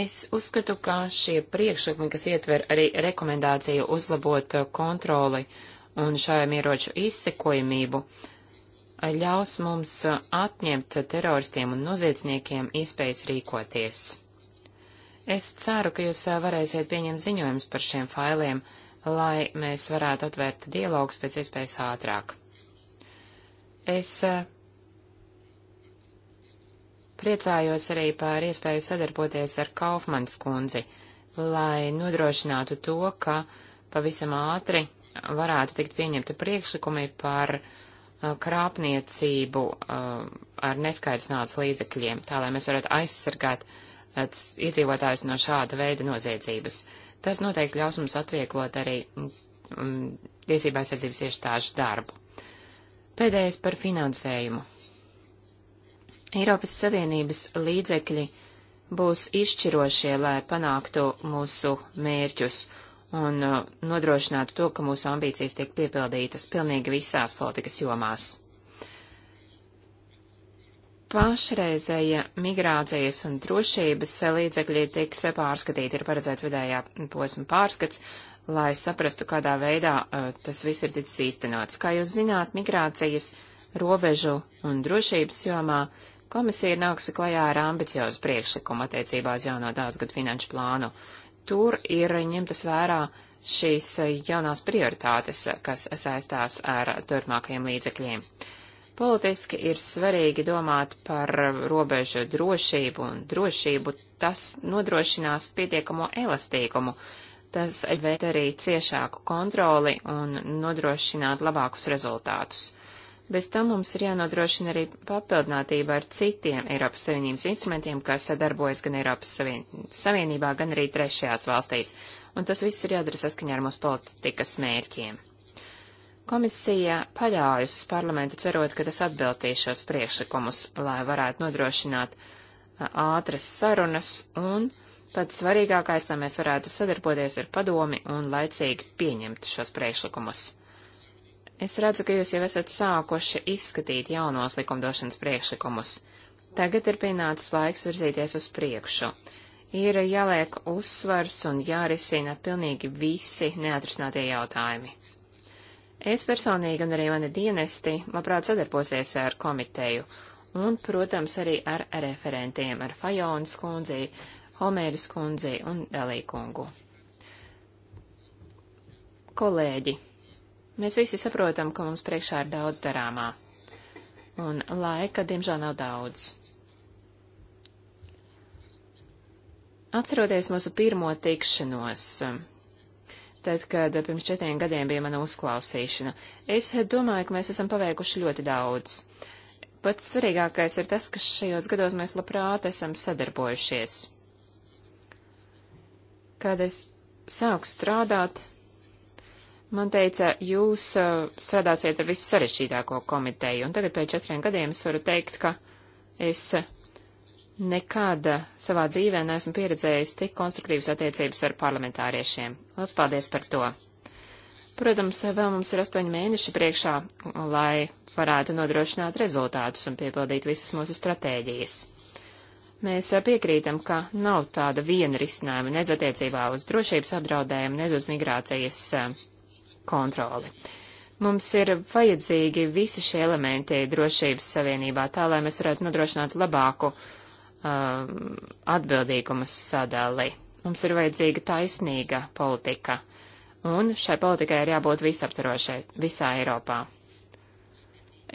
Es uzskatu, ka šie priekšlikumi, kas ietver arī rekomendāciju uzlabot kontroli uh, un šaujamieroču izsekojamību eh, ļaus mums eh, atņemt teroristiem un noziedzniekiem iespējas rīkoties. Es ceru, ka jūs eh, varēsiet pieņemt ziņojums par šiem failiem, lai mēs varētu atvērt dialogus pēc iespējas ātrāk. Es priecājos arī par iespēju sadarboties ar Kaufmanas kundzi, lai nodrošinātu to, ka pavisam ātri varētu tikt pieņemta priekšlikumi par uh, krāpniecību uh, ar neskaidrs naudas līdzekļiem, tā lai mēs varētu aizsargāt uh, iedzīvotājus no šāda veida noziedzības. Tas noteikti ļaus mums atvieglot arī mm, mm, tiesībā aizsardzības iestāžu darbu. Pēdējais par finansējumu. Eiropas Savienības līdzekļi būs izšķirošie, lai panāktu mūsu mērķus un uh, nodrošinātu to, ka mūsu ambīcijas tiek piepildītas pilnīgi visās politikas jomās. Pašreizēja migrācijas un drošības līdzekļi tiks pārskatīti, ir paredzēts vidējā posma pārskats, lai saprastu, kādā veidā uh, tas viss ir ticis īstenots. Kā jūs zināt, migrācijas, robežu un drošības jomā komisija ir nākusi klajā ar ambiciozu priekšlikumu attiecībā uz jauno daudzgadu finanšu plānu, uh, tur ir ņemtas vērā šīs jaunās prioritātes, kas saistās ar turpmākajiem līdzekļiem. Politiski ir svarīgi domāt par robežu drošību un drošību. Tas nodrošinās pietiekamo elastīgumu. Tas veid arī ciešāku kontroli un nodrošināt labākus rezultātus. Bez tam mums ir jānodrošina arī papildinātība ar citiem Eiropas Savienības instrumentiem, kas sadarbojas gan Eiropas savien... Savienībā, gan arī trešajās valstīs, un tas viss ir jādara saskaņā ar mūsu politikas mērķiem. Komisija paļaujas uz parlamentu cerot, ka tas atbilstīs šos priekšlikumus, lai varētu nodrošināt ātras sarunas un pats svarīgākais, lai mēs varētu sadarboties ar padomi un laicīgi pieņemt šos priekšlikumus. Es redzu, ka jūs jau esat sākuši izskatīt jaunos likumdošanas priekšlikumus. Tagad ir pienācis laiks virzīties uz priekšu. Ir jāliek uzsvars un jārisina pilnīgi visi neatrisinātie jautājumi. Es personīgi un arī mani dienesti labprāt sadarbosies ar komiteju un, protams, arī ar referentiem, ar Fajonas kundzi, Holmēras kundzi un Dalīkungu. Kolēģi! Mēs visi saprotam, ka mums priekšā ir daudz darāmā. Un laika, diemžēl, nav daudz. Atceroties mūsu pirmo tikšanos, tad, kad pirms četriem gadiem bija mana uzklausīšana, es domāju, ka mēs esam paveikuši ļoti daudz. Pats svarīgākais ir tas, ka šajos gados mēs labprāt esam sadarbojušies. Kad es sāku strādāt, Man teica, jūs uh, strādāsiet ar viss sarešķītāko komiteju, un tagad pēc četriem gadiem es varu teikt, ka es uh, nekad uh, savā dzīvē neesmu pieredzējis tik konstruktīvas attiecības ar parlamentāriešiem. Lielas paldies par to! Protams, vēl mums ir astoņi mēneši priekšā, lai varētu nodrošināt rezultātus un piepildīt visas mūsu stratēģijas. Mēs piekrītam, ka nav tāda viena risinājuma nedz attiecībā uz drošības apdraudējumu, nedz uz migrācijas kontroli. Mums ir vajadzīgi visi šie elementi drošības savienībā, tā lai mēs varētu nodrošināt labāku um, atbildīgumu sadali. Mums ir vajadzīga taisnīga politika, un šai politikai ir jābūt visaptarošai visā Eiropā.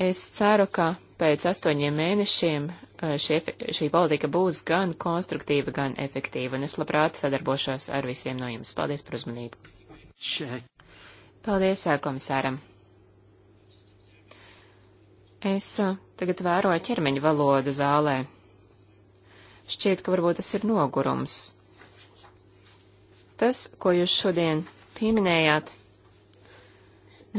Es ceru, ka pēc astoņiem mēnešiem uh, šie, šī politika būs gan konstruktīva, gan efektīva, un es labprāt sadarbošos ar visiem no jums. Paldies par uzmanību. Check. Paldies, komisāram. Es tagad vēroju ķermeņa valodu zālē. Šķiet, ka varbūt tas ir nogurums. Tas, ko jūs šodien pieminējāt,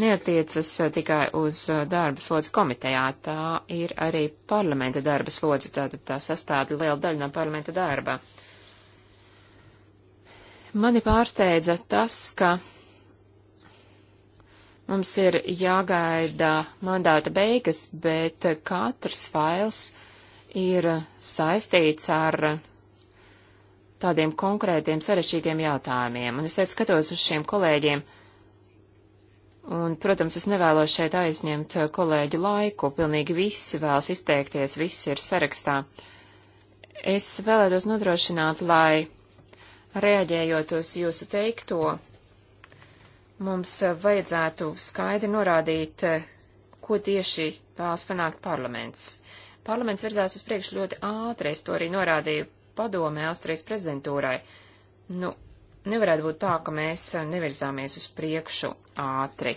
neatiecas tikai uz darba slodzes komitejā, tā ir arī parlamenta darba slodze, tātad tā sastāda liela daļa no parlamenta darba. Mani pārsteidza tas, ka Mums ir jāgaida mandāta beigas, bet katrs fails ir saistīts ar tādiem konkrētiem sarešķītiem jautājumiem. Un es šeit skatos uz šiem kolēģiem. Un, protams, es nevēlos šeit aizņemt kolēģu laiku, pilnīgi visi vēlas izteikties, visi ir sarakstā. Es vēlētos nodrošināt, lai reaģējot uz jūsu teikto, Mums eh, vajadzētu skaidri norādīt, eh, ko tieši vēlas panākt parlaments. Parlaments virzās uz priekšu ļoti ātri, es to arī norādīju padomē Austrijas prezidentūrai. Nu, nevarētu būt tā, ka mēs eh, nevirzāmies uz priekšu ātri.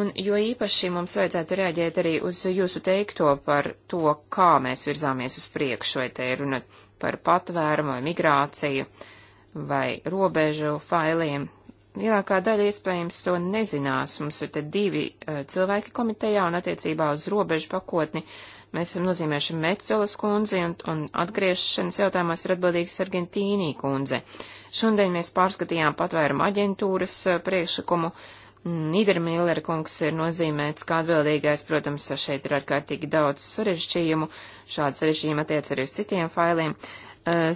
Un jo īpaši mums vajadzētu reaģēt arī uz jūsu teikto par to, kā mēs virzāmies uz priekšu, vai te ir runa par patvērumu vai migrāciju vai robežu failiem, Lielākā daļa iespējams to nezinās. Mums ir te divi uh, cilvēki komitejā un attiecībā uz robežu pakotni. Mēs esam nozīmējuši Metzolas kundzi un, un atgriešanas jautājumos ir atbildīgs Argentīnī kundze. Šodien mēs pārskatījām patvērumu aģentūras uh, priekšlikumu. Nīdermīlera kungs ir nozīmēts kā atbildīgais, protams, šeit ir ārkārtīgi daudz sarežģījumu, šāds sarežģījumi attiec arī uz citiem failiem. Uh,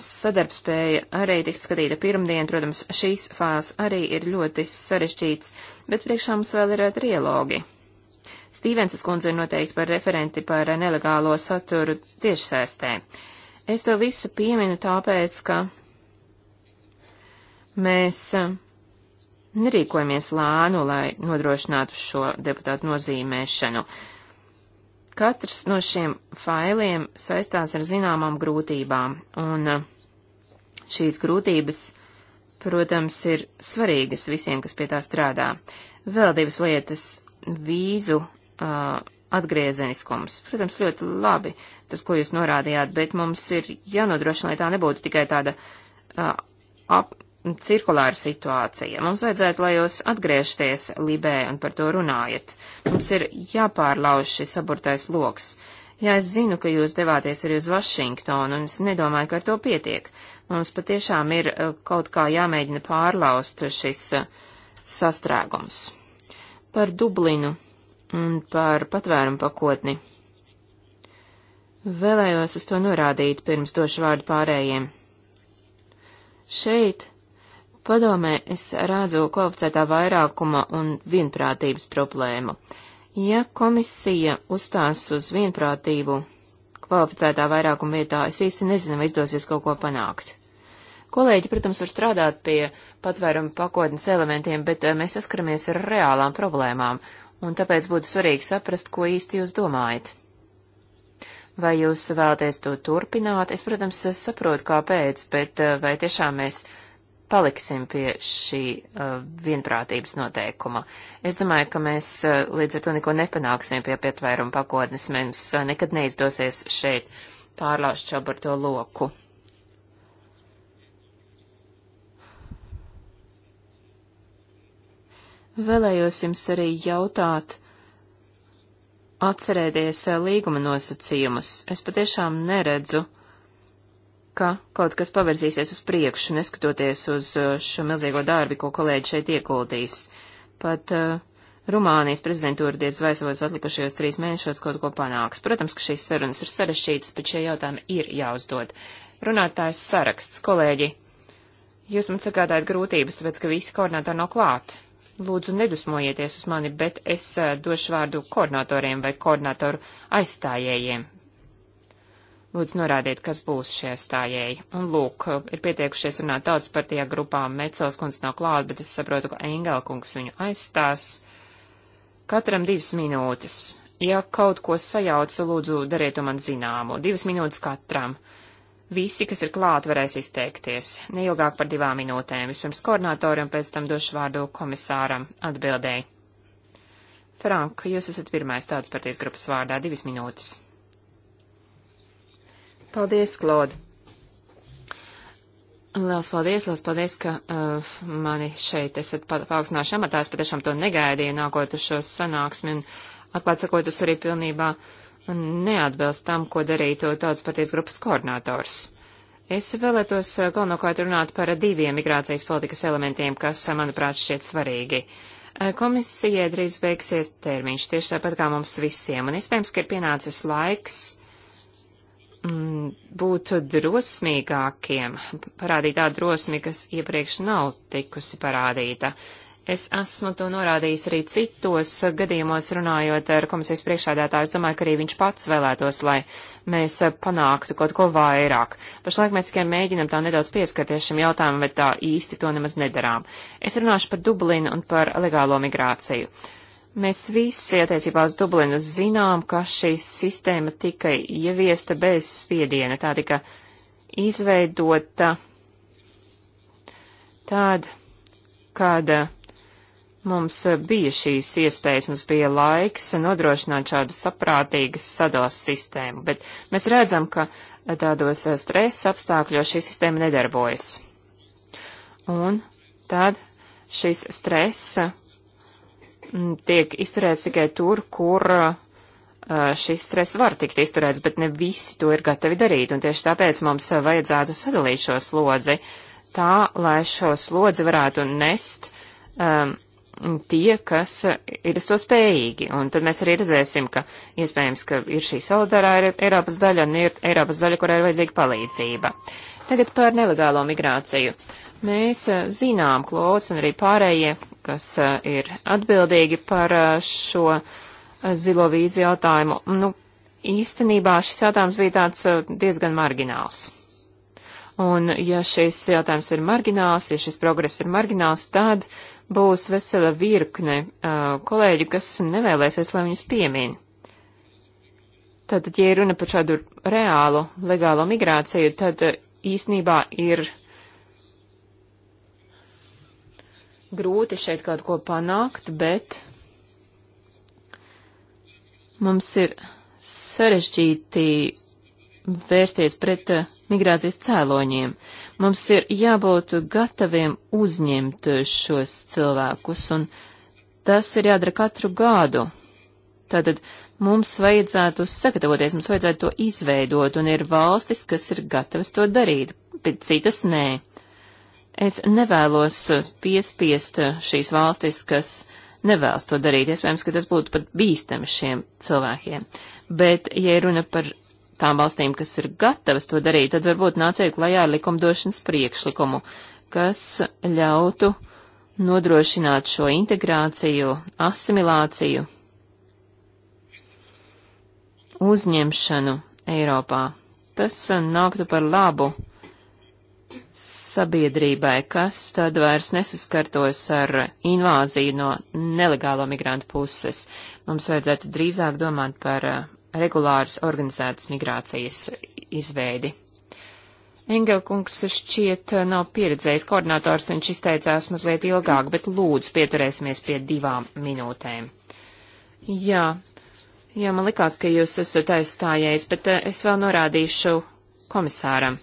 sadarbspēja arī tiks skatīta pirmdien, protams, šīs fāzes arī ir ļoti sarežģīts, bet priekšā mums vēl ir trilogi. Stīvensas kundze ir noteikti par referenti par nelegālo saturu tiešsēstē. Es to visu pieminu tāpēc, ka mēs eh, nerīkojamies lēnu, lai nodrošinātu šo deputātu nozīmēšanu. Uh, Katrs no šiem failiem saistās ar zināmām grūtībām, un uh, šīs grūtības, protams, ir svarīgas visiem, kas pie tā strādā. Vēl divas lietas - vīzu uh, atgriezeniskums. Protams, ļoti labi tas, ko jūs norādījāt, bet mums ir jānodrošina, lai tā nebūtu tikai tāda uh, ap, cirkulāra situācija. Mums vajadzētu, lai jūs atgriežties Libē un par to runājat. Mums ir jāpārlauž šis saburtais loks. Jā, es zinu, ka jūs devāties arī uz Vašingtonu, un es nedomāju, ka ar to pietiek. Mums patiešām ir uh, kaut kā jāmēģina pārlaust šis uh, sastrēgums. Par Dublinu un par patvērumu pakotni. Vēlējos uz to norādīt, pirms došu vārdu pārējiem. Šeit Padomē es redzu kvalificētā vairākuma un vienprātības problēmu. Ja komisija uzstās uz vienprātību kvalificētā vairākuma vietā, es īsti nezinu, vai izdosies kaut ko panākt. Kolēģi, protams, var strādāt pie patvēruma pakotnes elementiem, bet eh, mēs saskaramies ar reālām problēmām, un tāpēc būtu svarīgi saprast, ko īsti jūs domājat. Vai jūs vēlaties to turpināt? Es, protams, saprotu, kāpēc, bet eh, vai tiešām mēs paliksim pie šī uh, vienprātības noteikuma. Es domāju, ka mēs uh, līdz ar to neko nepanāksim pie pietvērumu pakotnes. Mums uh, nekad neizdosies šeit pārlauzt čoburto loku. Vēlējos jums arī jautāt, atcerēties uh, līguma nosacījumus. Es patiešām neredzu, uh, ka kaut kas pavirzīsies uz priekšu, neskatoties uz uh, šo milzīgo darbi, ko kolēģi šeit ieguldīs. Pat uh, Rumānijas prezidentūra diez vai savos atlikušajos trīs mēnešos kaut ko panāks. Protams, ka šīs sarunas ir sarešķītas, bet šie jautājumi ir jāuzdod. Runātājs saraksts, kolēģi, jūs man sagādājat grūtības, tāpēc, ka visi koordinātori nav klāt. Lūdzu, nedusmojieties uz mani, bet es uh, došu vārdu koordinatoriem vai koordinatoru aizstājējiem, Lūdzu, norādiet, kas būs šie stājēji. Un lūk, ir pieteikušies runāt tautas partijā grupām. Mecels kundze nav klāt, bet es saprotu, ka Engelkungs viņu aizstās. Katram divas minūtes. Ja kaut ko sajaucu, lūdzu, dariet to man zināmu. Divas minūtes katram. Visi, kas ir klāt, varēs izteikties. Neilgāk par divām minūtēm. Vispirms koordinātoram, pēc tam došu vārdu komisāram atbildēji. Frank, jūs esat pirmais tāds partijas grupas vārdā divas minūtes. Paldies, Klod! Liels paldies, liels paldies, ka uh, mani šeit esat pa, paaugstinājuši amatā. Es patiešām to negaidīju, nākot uz šo sanāksmi. Un, atklāt sakot, tas arī pilnībā neatbilst tam, ko darītu tautas partijas grupas koordinators. Es vēlētos uh, galvenokārt runāt par diviem migrācijas politikas elementiem, kas, uh, manuprāt, šķiet svarīgi. Uh, komisijai drīz beigsies termiņš, tieši tāpat kā mums visiem, un iespējams, ka ir pienācis laiks mm, būt drosmīgākiem, parādīt tādu drosmi, kas iepriekš nav tikusi parādīta. Es esmu to norādījis arī citos gadījumos runājot ar komisijas priekšādātāju. Es domāju, ka arī viņš pats vēlētos, lai mēs panāktu kaut ko vairāk. Pašlaik mēs tikai mēģinam tā nedaudz pieskarties šim jautājumam, bet tā īsti to nemaz nedarām. Es runāšu par Dublinu un par legālo migrāciju. Uh, Mēs visi attiecībā uz Dublinu zinām, ka šī sistēma tika ieviesta bez spiediena, tā tika izveidota tad, kad uh, mums bija šīs iespējas, mums bija laiks nodrošināt šādu saprātīgas sadalas sistēmu, bet mēs redzam, ka tādos uh, stresa apstākļos šī sistēma nedarbojas. Un tad šis stresa tiek izturēts tikai tur, kur uh, šis stress var tikt izturēts, bet ne visi to ir gatavi darīt, un tieši tāpēc mums uh, vajadzētu sadalīt šo slodzi tā, lai šo slodzi varētu nest um, tie, kas uh, ir uz to spējīgi. Un tad mēs arī redzēsim, ka iespējams, ka ir šī solidārā Eiropas daļa un ir Eiropas daļa, kurai ir vajadzīga palīdzība. Tagad par nelegālo migrāciju. Mēs zinām, Klots un arī pārējie, kas eh, ir atbildīgi par eh, šo eh, zilo vīzu jautājumu. Nu, īstenībā šis jautājums bija tāds diezgan margināls. Un ja šis jautājums ir margināls, ja šis progress ir margināls, tad būs vesela virkne uh, kolēģi, kas nevēlēsies, lai viņus piemin. Tātad, ja ir runa par šādu reālu, legālo migrāciju, tad īstenībā ir grūti šeit kaut ko panākt, bet mums ir sarežģīti vērsties pret eh, migrācijas cēloņiem. Mums ir jābūt gataviem uzņemt eh, šos cilvēkus, un tas ir jādara katru gadu. Tātad mums vajadzētu sagatavoties, mums vajadzētu to izveidot, un ir valstis, kas ir gatavas to darīt, bet citas nē. Es nevēlos uh, piespiest uh, šīs valstis, kas nevēlas to darīt. Iespējams, ka tas būtu pat bīstami šiem cilvēkiem. Bet, ja runa par tām valstīm, kas ir gatavas to darīt, tad varbūt nāciet klajā ar likumdošanas priekšlikumu, kas ļautu nodrošināt šo integrāciju, asimilāciju, uzņemšanu Eiropā. Tas uh, nāktu par labu sabiedrībai, kas tad vairs nesaskartos ar invāziju no nelegālo migrantu puses. Mums vajadzētu drīzāk domāt par eh, regulāras organizētas migrācijas izveidi. Engelkungs šķiet eh, nav pieredzējis koordinators, viņš izteicās mazliet ilgāk, bet lūdzu pieturēsimies pie divām minūtēm. Jā, jā, man likās, ka jūs esat aizstājies, bet eh, es vēl norādīšu komisāram.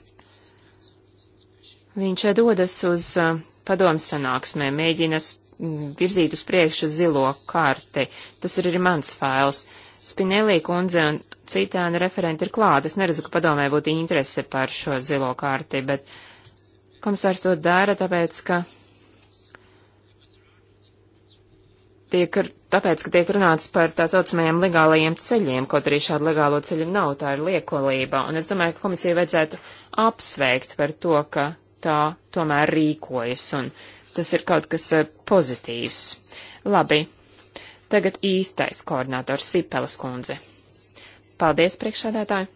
Viņš eh, dodas uz eh, padomu sanāksmē, mēģina mm, virzīt uz priekšu zilo karti. Tas ir arī mans fails. Spinelī kundze un citāna referenti ir klāt. Es neredzu, ka padomē būtu interese par šo zilo karti, bet komisārs to dara, tāpēc, ka tiek, tāpēc, ka tiek runāts par tā saucamajiem legālajiem ceļiem, kaut arī šādu legālo ceļu nav, tā ir liekolība. Un es domāju, ka komisija vajadzētu apsveikt par to, ka tā tomēr rīkojas, un tas ir kaut kas eh, pozitīvs. Labi, tagad īstais koordinators Sipelas kundze. Paldies, priekšsēdētāji!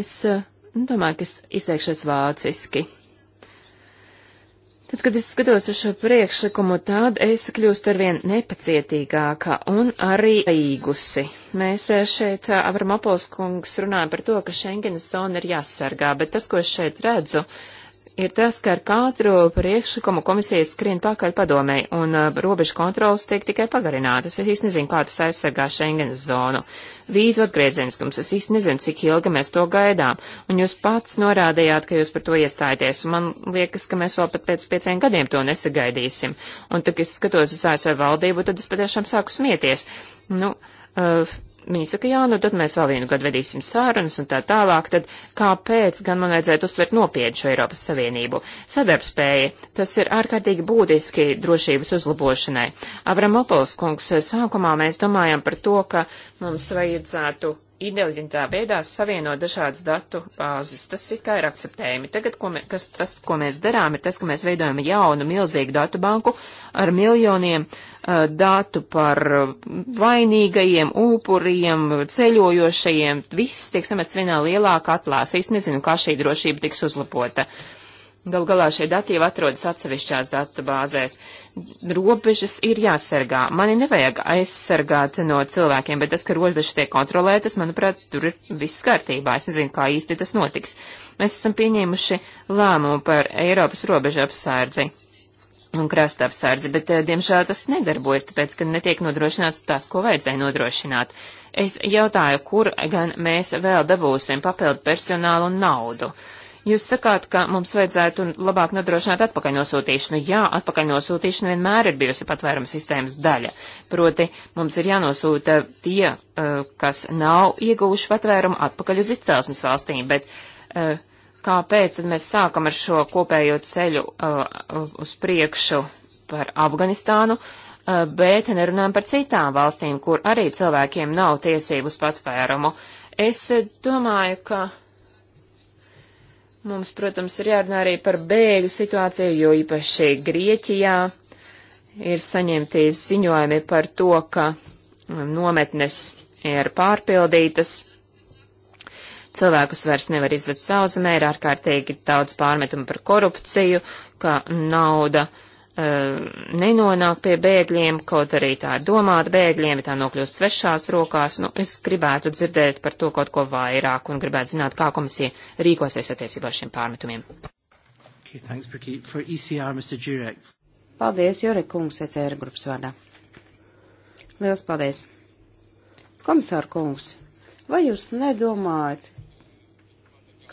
Es eh, nu, domāju, ka es izteikšos vāciski. Tad, kad es skatos uz šo priekšlikumu, tad es kļūstu arvien nepacietīgāka un arī īgusi. Mēs eh, šeit, Avramopols kungs, runājam par to, ka Schengenas zona ir jāsargā, bet tas, ko es šeit redzu, uh, ir tas, ka ar katru priekšlikumu komisija skrien pakaļ padomēji, un uh, robežu kontrolas tiek tikai pagarinātas. Es īsti nezinu, kā tas aizsargā Schengenas zonu. Vīzu atgriezieniskums, es īsti nezinu, cik ilgi mēs to gaidām, un jūs pats norādījāt, ka jūs par to iestājaties. Man liekas, ka mēs vēl pat pēc pieciem gadiem to nesagaidīsim. Un tad, kad es skatos uz ASV valdību, tad es patiešām sāku smieties. Nu, uh, viņi saka, jā, nu tad mēs vēl vienu gadu vedīsim sārunas un tā tālāk, tad kāpēc gan man vajadzētu uzsvert nopietnu šo Eiropas Savienību? Sadarbspēja, tas ir ārkārtīgi būtiski drošības uzlabošanai. Avramopols kungs, sākumā mēs domājam par to, ka mums vajadzētu identitā veidā savienot dažādas datu bāzes. Tas ir kā ir akceptējami. Tagad, ko mē, kas, tas, ko mēs darām, ir tas, ka mēs veidojam jaunu milzīgu datu banku ar miljoniem uh, Uh, datu par uh, vainīgajiem, upuriem, ceļojošajiem. Viss tiek samets vienā lielā katlā. Es īsti nezinu, kā šī drošība tiks uzlabota. Gal galā šie dati jau atrodas atsevišķās datu bāzēs. Robežas ir jāsargā. Mani nevajag aizsargāt no cilvēkiem, bet tas, ka robežas tiek kontrolētas, manuprāt, tur ir viss kārtībā. Es nezinu, kā īsti tas notiks. Mēs esam pieņēmuši lēmumu par Eiropas robežu apsārdzi un krasta apsardze, bet, eh, diemžēl, tas nedarbojas, tāpēc, ka netiek nodrošināts tas, ko vajadzēja nodrošināt. Es jautāju, kur gan mēs vēl dabūsim papildu personālu un naudu. Jūs sakāt, ka mums vajadzētu labāk nodrošināt atpakaļnosūtīšanu. Jā, atpakaļnosūtīšana vienmēr ir bijusi patvērums sistēmas daļa. Proti, mums ir jānosūta tie, eh, kas nav ieguvuši patvērumu atpakaļ uz izcelsmes valstīm, bet eh, kāpēc mēs sākam ar šo kopējo ceļu uh, uz priekšu par Afganistānu, uh, bet nerunājam par citām valstīm, kur arī cilvēkiem nav tiesību uz patvērumu. Es eh, domāju, ka mums, protams, ir jārunā arī par bēgļu situāciju, jo īpaši Grieķijā ir saņemti ziņojumi par to, ka nometnes ir pārpildītas Cilvēkus vairs nevar izvest sauzemē, ir ārkārtīgi daudz pārmetumu par korupciju, ka nauda uh, nenonāk pie bēgļiem, kaut arī tā ir domāta bēgļiem, ja tā nokļūst svešās rokās. Nu, es gribētu dzirdēt par to kaut ko vairāk un gribētu zināt, kā komisija rīkosies attiecībā ar šiem pārmetumiem. Okay, thanks, Brigitte. For ECR, Mr. Jurek. Paldies, Jurek kungs, ECR grupas vārdā. Liels paldies. Komisār kungs, vai jūs nedomājat,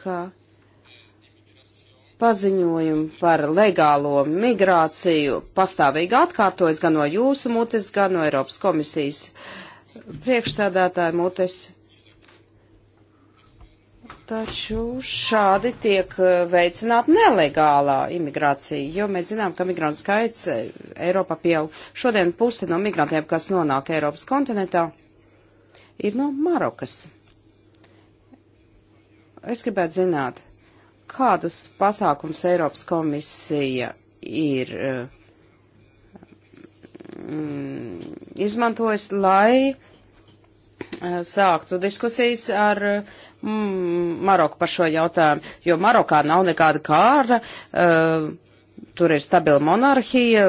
ka paziņojumi par legālo migrāciju pastāvīgi atkārtojas gan no jūsu mutes, gan no Eiropas komisijas priekšstādātāja mutes. Taču šādi tiek eh, veicināta nelegālā imigrācija, jo mēs zinām, ka migrantu skaits eh, Eiropā pieaug. Šodien puse no migrantiem, kas nonāk Eiropas kontinentā, ir no Marokas. Es gribētu zināt, kādus pasākums Eiropas komisija ir mm, izmantojis, lai eh, sāktu diskusijas ar mm, Maroku par šo jautājumu, jo Marokā nav nekāda kāra, uh, eh, tur ir stabila monarhija,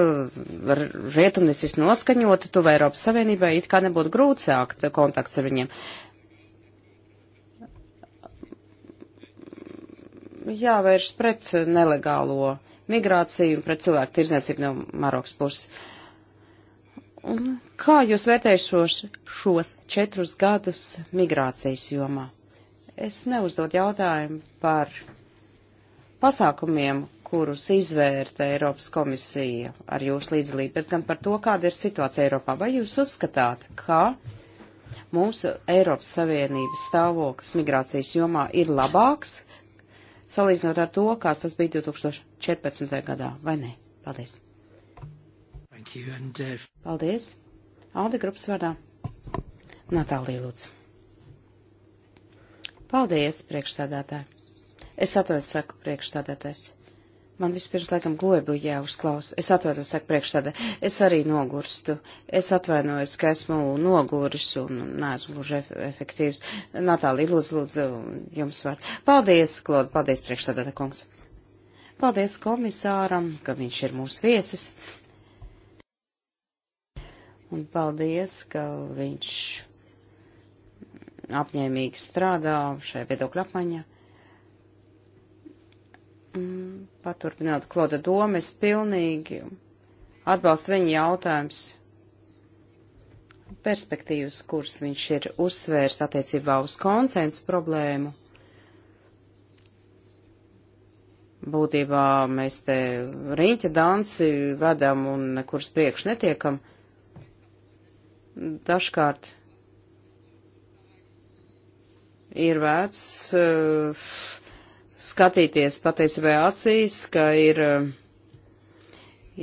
rietumnesis noskaņota, tuva Eiropas Savienībai it kā nebūtu grūti sākt kontakts ar viņiem. Uh, jāvērš pret nelegālo migrāciju un pret cilvēku tirzniecību no Marokas puses. Un kā jūs vērtējat šos, šos četrus gadus migrācijas jomā? Es neuzdod jautājumu par pasākumiem, kurus izvērta Eiropas komisija ar jūsu līdzdalību, bet gan par to, kāda ir situācija Eiropā. Vai jūs uzskatāt, ka mūsu Eiropas Savienības stāvoklis migrācijas jomā ir labāks salīdzinot ar to, kāds tas bija 2014. gadā, vai ne? Paldies! And, uh... Paldies! Aldi grupas vārdā. Natālija Lūdzu. Paldies, priekšsēdētāji. Es atvainojos, saku priekšsēdētājs. Man vispirms, laikam, goebu jāuzklaus. Es atvainojos, saka priekšsēdē. Es arī nogurstu. Es atvainojos, ka esmu noguris un neesmu gluži efektīvs. Natālija, lūdzu, lūdzu, jums var. Paldies, Klod, paldies, priekšsēdētā kungs. Paldies komisāram, ka viņš ir mūsu viesis. Un paldies, ka viņš apņēmīgi strādā šajā viedokļa apmaiņā paturpināt Kloda domu, es pilnīgi atbalstu viņa jautājums perspektīvas, kuras viņš ir uzsvērs attiecībā uz konsensu problēmu. Būtībā mēs te riņķa dansi vedam un nekuras priekš netiekam. Dažkārt ir vērts uh, skatīties patiesībā acīs, ka ir eh,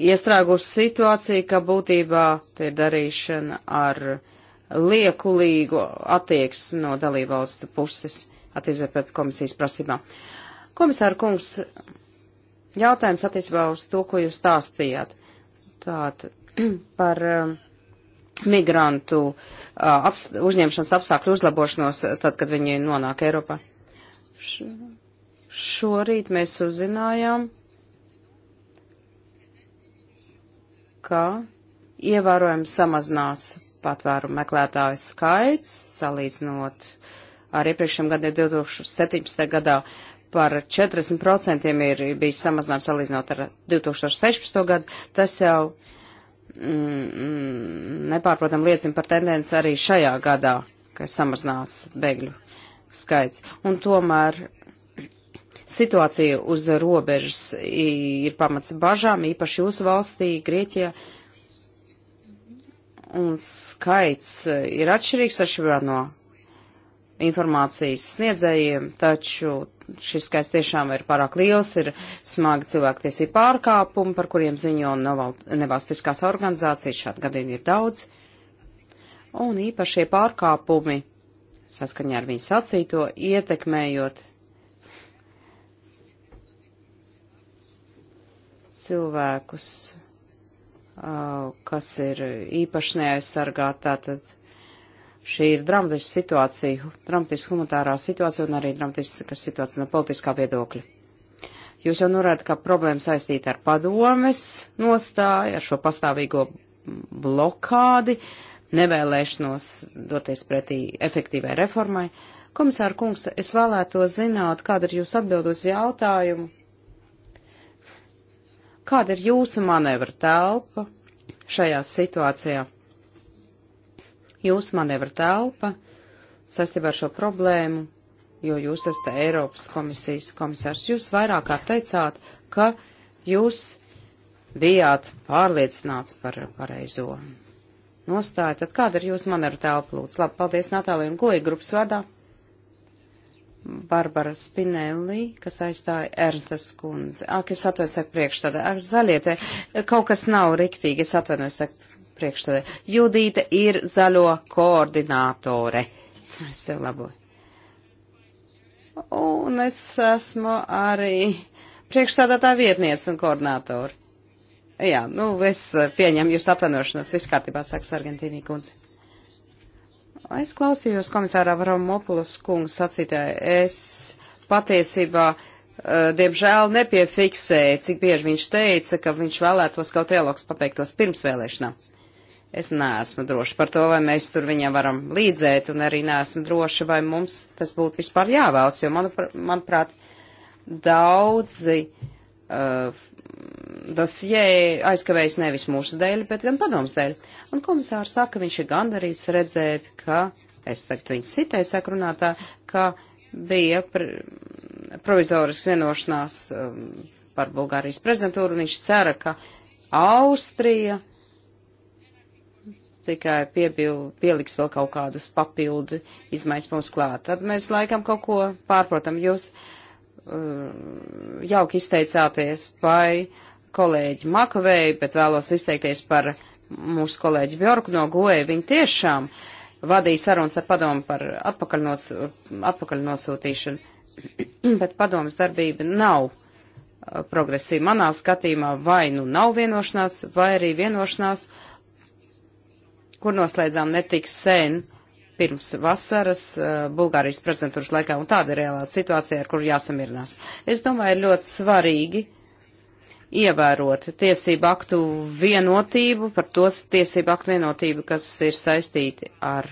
iestrāgusi situācija, ka būtībā te ir darīšana ar liekulīgu attieksmi no dalībvalstu puses attiecībā pret komisijas prasībām. Komisāra kungs, jautājums attiecībā uz to, ko jūs stāstījāt. Tātad *clears throat* par eh, migrantu eh, apst uzņemšanas apstākļu uzlabošanos, tad, kad viņi nonāk Eiropā. Šorīt mēs uzzinājām, ka ievērojami samazinās patvērumu meklētāju skaits, salīdzinot ar iepriekšējiem gadiem 2017. gadā par 40% ir bijis samazinājums salīdzinot ar 2016. gadu. Tas jau mm, nepārprotam liecina par tendenci arī šajā gadā, ka samazinās bēgļu skaits. Un tomēr situācija uz robežas ir pamats bažām, īpaši jūsu valstī, Grieķijā. Un skaits ir atšķirīgs atšķirībā no informācijas sniedzējiem, taču šis skaits tiešām ir pārāk liels, ir smagi cilvēktiesība pārkāpumi, par kuriem ziņo nevalstiskās organizācijas, šādi gadījumi ir daudz. Un īpašie pārkāpumi, saskaņā ar viņu sacīto, ietekmējot cilvēkus, uh, kas ir īpaši neaizsargāti. Tātad šī ir dramatiska situācija, dramatiska humanitārā situācija un arī dramatiska situācija no politiskā viedokļa. Jūs jau norādāt, ka problēma saistīta ar padomes nostāju, ar šo pastāvīgo blokādi, nevēlēšanos doties pretī efektīvai reformai. Komisāra kungs, es vēlētos zināt, kāda ir jūs atbild uz jautājumu, Kāda ir jūsu manevra telpa šajā situācijā? Jūsu manevra telpa saistībā ar šo problēmu, jo jūs esat Eiropas komisijas komisārs, jūs vairāk kā teicāt, ka jūs bijāt pārliecināts par pareizo nostāju. Tad kāda ir jūsu manevra telpa, lūdzu? Labi, paldies Natālija un Goja grupas vārdā. Barbara Spinelli, kas aizstāja Ernstas kundzi. Ak, es atvainojos, saka priekšstādē. Ak, zaļie te, kaut kas nav riktīgi, es atvainojos, saka priekšstādē. Judīte ir zaļo koordinātore. Es tev laboju. Un es esmu arī priekšstādātā vietniece un koordinātori. Jā, nu, es pieņemu jūs atvainošanos. Viss kārtībā, saka Sargentīnī kundze. Es klausījos komisārā Varomopulas kungas sacītē. Es patiesībā, eh, diemžēl, nepiefiksēju, cik bieži viņš teica, ka viņš vēlētos, ka trialogs pabeigtos pirms vēlēšanām. Es neesmu droši par to, vai mēs tur viņam varam līdzēt, un arī neesmu droši, vai mums tas būtu vispār jāvēlc, jo, manuprāt, daudzi uh, dosjē aizkavējas nevis mūsu dēļ, bet gan padoms dēļ. Un komisārs saka, ka viņš ir gandarīts redzēt, ka, es tagad viņu citēju, saka runātā, ka bija provizorisks vienošanās um, par Bulgārijas prezidentūru, un viņš cera, ka Austrija tikai piebil, pieliks vēl kaut kādus papildu izmaiņas mums klāt. Tad mēs laikam kaut ko pārprotam. Jūs uh, jauki izteicāties, vai kolēģi Makavēju, bet vēlos izteikties par mūsu kolēģi Bjorku no Goeja. Viņa tiešām vadīja sarunas ar padomu par atpakaļnos, atpakaļnosūtīšanu, *clears throat* bet padomas darbība nav uh, progresīva. Manā skatījumā vai nu nav vienošanās, vai arī vienošanās, kur noslēdzām netik sen pirms vasaras uh, Bulgārijas prezidentūras laikā, un tāda ir reālā situācija, ar kuru jāsamirinās. Es domāju, ir ļoti svarīgi uh, ievērot tiesību aktu vienotību, par tos tiesību aktu vienotību, kas ir saistīti ar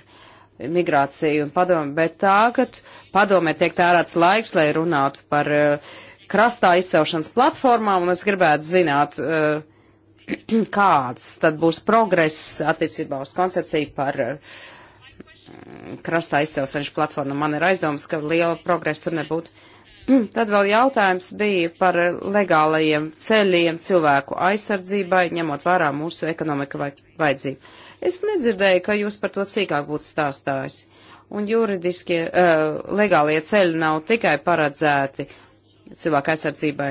migrāciju un padomu, bet tagad padomē tiek tērēts laiks, lai runātu par uh, krastā izcelšanas platformām, un es gribētu zināt, uh, *clears throat* kāds tad būs progress attiecībā uz koncepciju par uh, krastā izcelšanas platformu. Man ir aizdomas, ka liela progresa tur nebūtu. Mm, tad vēl jautājums bija par legālajiem ceļiem cilvēku aizsardzībai, ņemot vērā mūsu ekonomika vai, vajadzību. Es nedzirdēju, ka jūs par to sīkāk būtu stāstājis. Un juridiskie, uh, legālie ceļi nav tikai paredzēti cilvēku aizsardzībai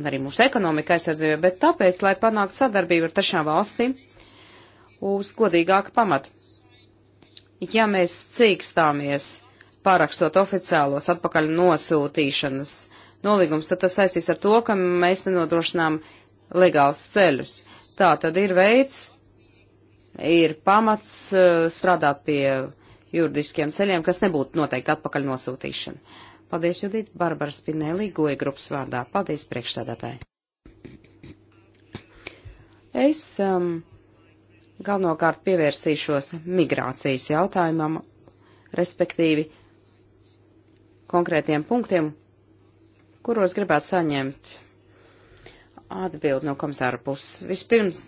un arī mūsu ekonomika aizsardzībai, bet tāpēc, lai panāktu sadarbību ar trešām valstīm uz godīgāku pamatu. Ja mēs cīkstāmies pārakstot oficiālos atpakaļ nosūtīšanas nolīgums, tad tas saistīs ar to, ka mēs nenodrošinām legāls ceļus. Tā tad ir veids, ir pamats eh, strādāt pie juridiskiem ceļiem, kas nebūtu noteikti atpakaļ nosūtīšana. Paldies, Judīt, Barbara Spinelli, goja grupas vārdā. Paldies, priekšsēdētāji. Es um, galvenokārt pievērsīšos migrācijas jautājumam, respektīvi konkrētiem punktiem, kuros gribētu saņemt atbildi no komisāra puses. Vispirms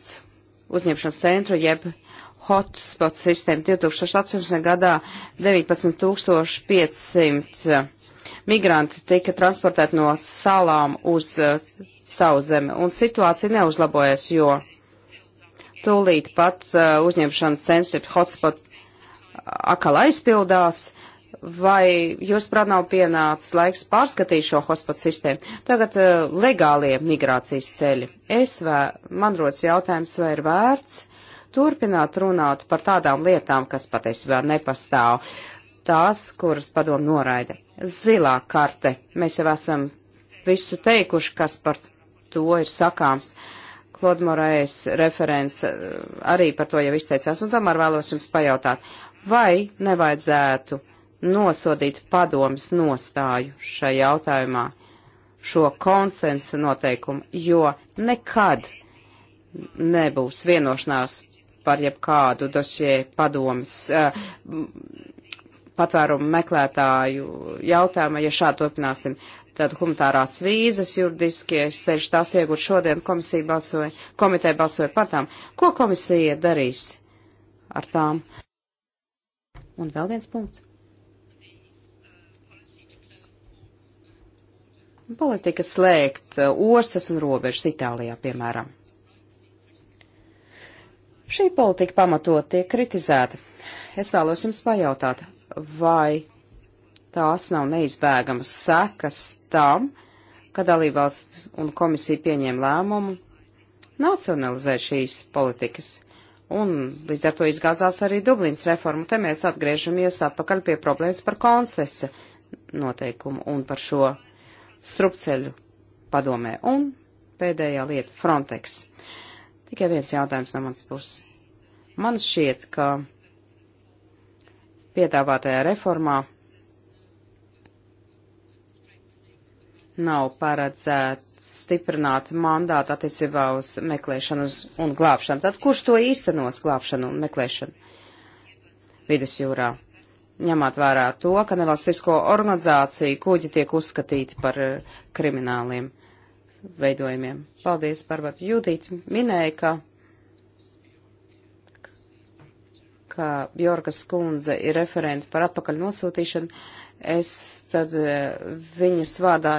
uzņemšanas centru jeb hotspot sistēmu 2018. gadā 19500 migranti tika transportēti no salām uz uh, savu zemi, un situācija neuzlabojas, jo tūlīt pat uh, uzņemšanas centrs jeb hotspot eh, akal aizpildās, uh, vai jūs, prāt, nav pienācis laiks pārskatīt šo hospot sistēmu? Tagad uh, legālie migrācijas ceļi. Es vē, man rodas jautājums, vai ir vērts turpināt runāt par tādām lietām, kas patiesībā nepastāv. Tās, kuras padomu noraida. Zilā karte. Mēs jau esam visu teikuši, kas par to ir sakāms. Klodmorējas referents eh, arī par to jau izteicās, un tomēr vēlos jums pajautāt, vai nevajadzētu uh, nosodīt padomas nostāju šajā jautājumā, šo konsensu noteikumu, jo nekad nebūs vienošanās par jebkādu dosie padomas uh, patvērumu meklētāju jautājumu, ja šādi turpināsim. Tad humanitārās vīzas juridiskie ceļš tās iegūt šodien komisija balsoja, komiteja balsoja par tām. Ko komisija darīs ar tām? Un vēl viens punkts. politika slēgt uh, ostas un robežas Itālijā, piemēram. Šī politika pamatot tiek kritizēta. Es vēlos jums pajautāt, vai tās nav neizbēgamas sekas tam, ka dalībvalsts un komisija pieņēma lēmumu nacionalizēt šīs politikas. Un līdz ar to izgāzās arī Dublīnas reforma. Te mēs atgriežamies atpakaļ pie problēmas par koncese noteikumu un par šo strupceļu padomē. Un pēdējā lieta - Frontex. Tikai viens jautājums no manas puses. Man šķiet, ka piedāvātajā reformā nav paredzēts stiprināt mandātu attiecībā uz meklēšanu un glābšanu. Tad kurš to īstenos glābšanu un meklēšanu vidusjūrā? ņemot vērā to, ka nevalstisko organizāciju kuģi tiek uzskatīti par eh, krimināliem veidojumiem. Paldies, Barbat. Judīti minēja, ka, ka Bjorkas kundze ir referenti par atpakaļ nosūtīšanu. Es tad eh, viņas vārdā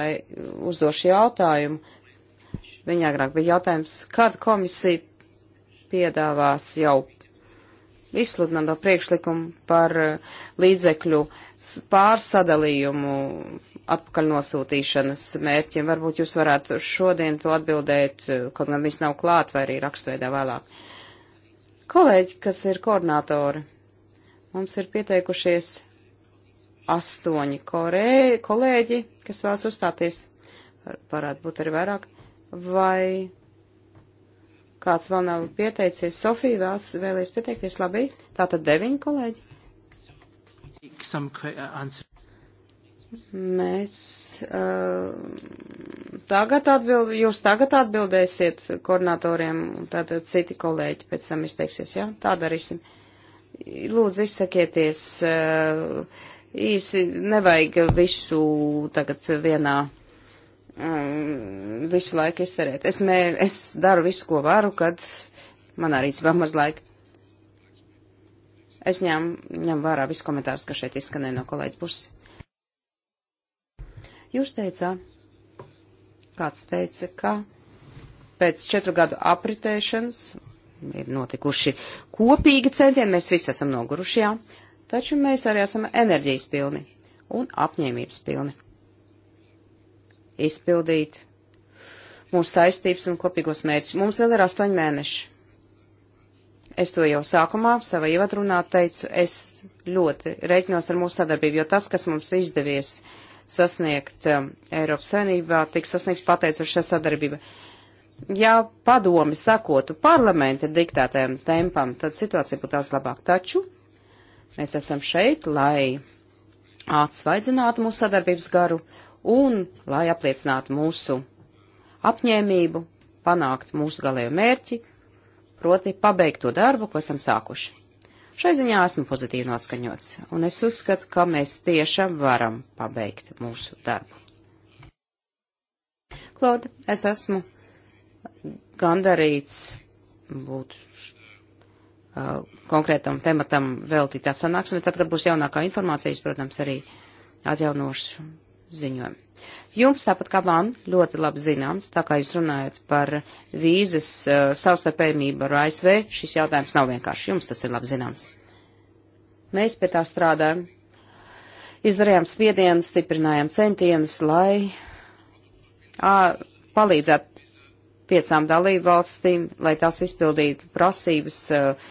uzdošu jautājumu. Viņa agrāk bija jautājums, kad komisija piedāvās jau izsludinām vēl priekšlikumu par eh, līdzekļu pārsadalījumu atpakaļ nosūtīšanas mērķiem. Varbūt jūs varētu šodien to atbildēt, eh, kaut gan viņš nav klāt vai arī rakstveidā vēlāk. Kolēģi, kas ir koordinātori, mums ir pieteikušies astoņi korē, kolēģi, kas vēlas uzstāties. Varētu būt arī vairāk. Vai Kāds vēl nav pieteicies? Sofija vēlas vēlies pieteikties. Labi, tātad deviņi kolēģi. Uh, Mēs uh, tagad atbild, jūs tagad atbildēsiet koordinatoriem, un tad citi kolēģi pēc tam izteiksies, jā? Ja? Tā darīsim. Lūdzu, izsakieties uh, īsi, nevajag visu tagad vienā um, visu laiku izterēt. Es, mē, es daru visu, ko varu, kad manā rīcībā maz laika. Es ņemu ņem vērā visu komentārus, kas šeit izskanēja no kolēģa puses. Jūs teicāt, kāds teica, ka pēc četru gadu apritēšanas ir notikuši kopīgi centieni, mēs visi esam noguruši, jā, taču mēs arī esam enerģijas pilni un apņēmības pilni izpildīt mūsu saistības un kopīgos mērķus. Mums vēl ir astoņi mēneši. Es to jau sākumā savā ievadrunā teicu, es ļoti reiķinos ar mūsu sadarbību, jo tas, kas mums izdevies sasniegt um, Eiropas Savienībā, tiks sasniegts pateicoši šai sadarbībai. Ja padomi sakotu parlamenta diktētajam tempam, tad situācija būtu daudz labāka. Taču mēs esam šeit, lai atsvaidzinātu mūsu sadarbības garu un lai apliecinātu mūsu apņēmību panākt mūsu galējo mērķi, proti pabeigt to darbu, ko esam sākuši. Šai ziņā esmu pozitīvi noskaņots, un es uzskatu, ka mēs tiešām varam pabeigt mūsu darbu. Klauda, es esmu gandarīts būt uh, konkrētam tematam veltītā sanāksme, tad, kad būs jaunākā informācija, es, protams, arī atjaunošu ziņojumu. Jums tāpat kā man ļoti labi zināms, tā kā jūs runājat par vīzes uh, savstarpējumību ar ASV, šis jautājums nav vienkārši. Jums tas ir labi zināms. Mēs pie tā strādājam. Izdarījām spiedienu, stiprinājām centienus, lai ā, palīdzētu piecām dalību valstīm, lai tās izpildītu prasības, uh,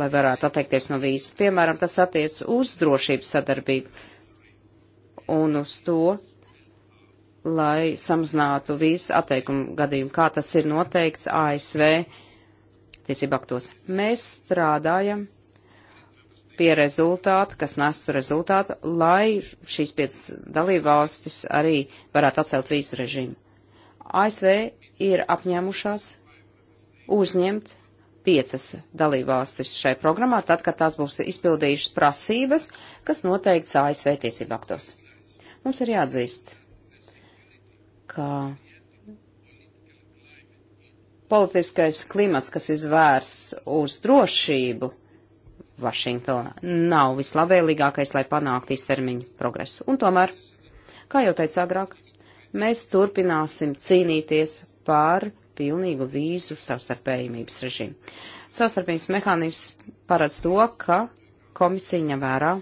lai varētu atteikties no vīzes. Piemēram, tas attiec uz drošības sadarbību un uz to, lai samazinātu visu atteikumu gadījumu, kā tas ir noteikts ASV tiesību aktos. Mēs strādājam pie rezultāta, kas nestu rezultātu, lai šīs piec dalībvalstis arī varētu atcelt vīzu režīmu. ASV ir apņēmušās uzņemt piecas dalībvalstis šai programmā, tad, kad tās būs izpildījušas prasības, kas noteikts ASV tiesību aktos. Mums ir jāatzīst, ka politiskais klimats, kas izvērs uz drošību Vašingtonā, nav vislabvēlīgākais, lai panāktu īstermiņu progresu. Un tomēr, kā jau teicu agrāk, mēs turpināsim cīnīties par pilnīgu vīzu savstarpējumības režīmu. Savstarpējums mehānisms paredz to, ka komisija ņem vērā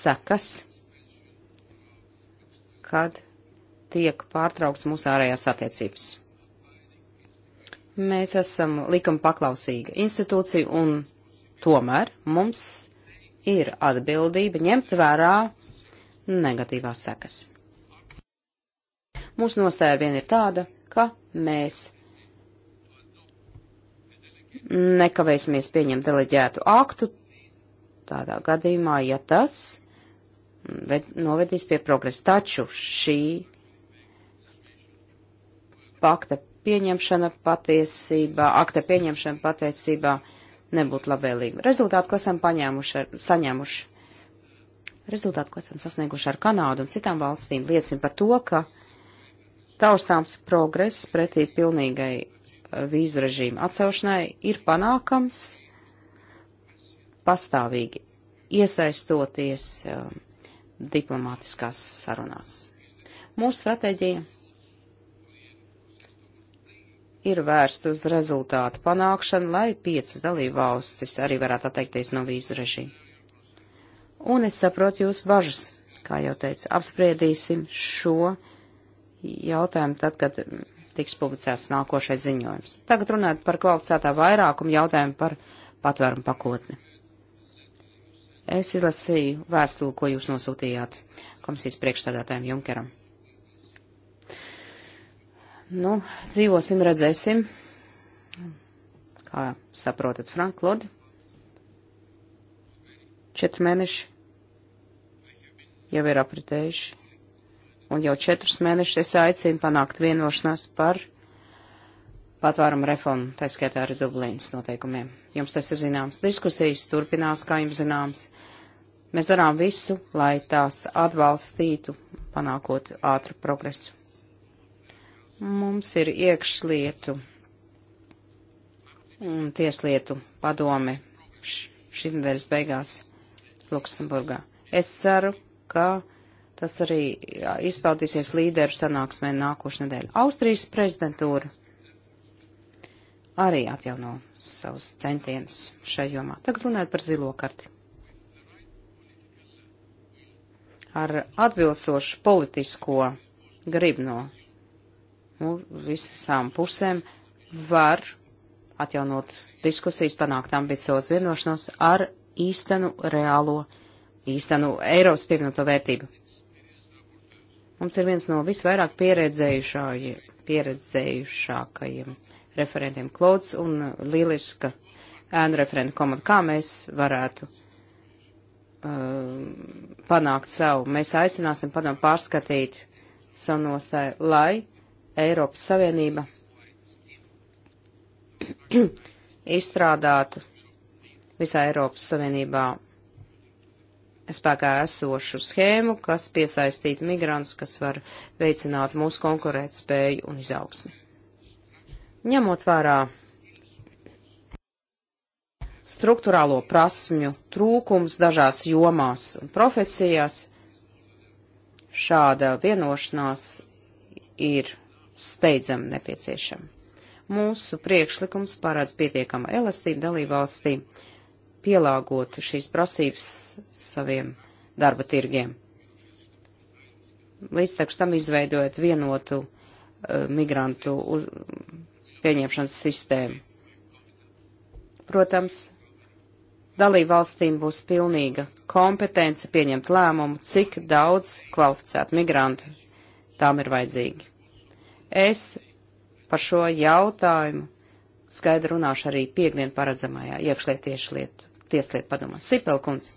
sekas kad tiek pārtraukts mūsu ārējās attiecības. Mēs esam likuma paklausīga institūcija un tomēr mums ir atbildība ņemt vērā negatīvās sekas. Mūsu nostāja vien ir tāda, ka mēs nekavēsimies pieņemt deleģētu aktu tādā gadījumā, ja tas ved, novedīs pie progresa. Taču šī pakta pieņemšana patiesībā, akta pieņemšana patiesībā nebūtu labvēlīga. Rezultāti, ko esam paņēmuši, ar, saņēmuši, rezultāti, ko esam sasnieguši ar Kanādu un citām valstīm, liecina par to, ka taustāms progress pretī pilnīgai eh, vīzu režīmu atcelšanai ir panākams pastāvīgi iesaistoties um, diplomātiskās sarunās. Mūsu stratēģija ir vērsta uz rezultātu panākšanu, lai piecas dalībvalstis arī varētu atteikties no vīzu režīma. Un es saprotu jūs bažas, kā jau teicu, apspriedīsim šo jautājumu tad, kad tiks publicēts nākošais ziņojums. Tagad runājot par kvalificētā vairākumu jautājumu par patvērumu pakotni. Es izlasīju vēstuli, ko jūs nosūtījāt komisijas priekšstādātājiem Junkeram. Nu, dzīvosim, redzēsim. Kā saprotat, Frank Lodi? Četri mēneši jau ir apritējuši. Un jau četrus mēnešus es aicinu panākt vienošanās par patvērumu reformu, tā skaitā arī Dublīnas noteikumiem. Jums tas ir zināms. Diskusijas turpinās, kā jums zināms. Mēs darām visu, lai tās atbalstītu, panākot ātru progresu. Mums ir iekšlietu un tieslietu padome šī nedēļas beigās Luksemburgā. Es ceru, ka tas arī izpaudīsies līderu sanāksmē nākošu nedēļu. Austrijas prezidentūra arī atjauno savus centienus šajomā. Tagad runājot par zilo karti. ar atbilstošu politisko gribu no nu, visām pusēm var atjaunot diskusijas, panākt ambiciozu vienošanos ar īstenu reālo, īstenu Eiropas pievienoto vērtību. Mums ir viens no visvairāk pieredzējušākajiem referentiem Klods un lieliska ēnu referenta komanda. Kā mēs varētu Um, panākt savu. Mēs aicināsim padomu pārskatīt savu nostāju, lai Eiropas Savienība *clears throat* izstrādātu visā Eiropas Savienībā spēkā esošu schēmu, kas piesaistītu migrantus, kas var veicināt mūsu konkurētspēju un izaugsmi. Ņemot vērā struktūrālo prasmju trūkums dažās jomās un profesijās. Šāda vienošanās ir steidzam nepieciešama. Mūsu priekšlikums parāds pietiekama elastība dalībvalstī pielāgot šīs prasības saviem darba tirgiem. Līdz tam izveidojot vienotu uh, migrantu uz, pieņemšanas sistēmu. Protams, dalību valstīm būs pilnīga kompetence pieņemt lēmumu, cik daudz kvalificētu migrantu tām ir vajadzīgi. Es par šo jautājumu skaidri runāšu arī piekdien paredzamajā iekšlietiešu lietu tieslietu padomā. Sipelkunds,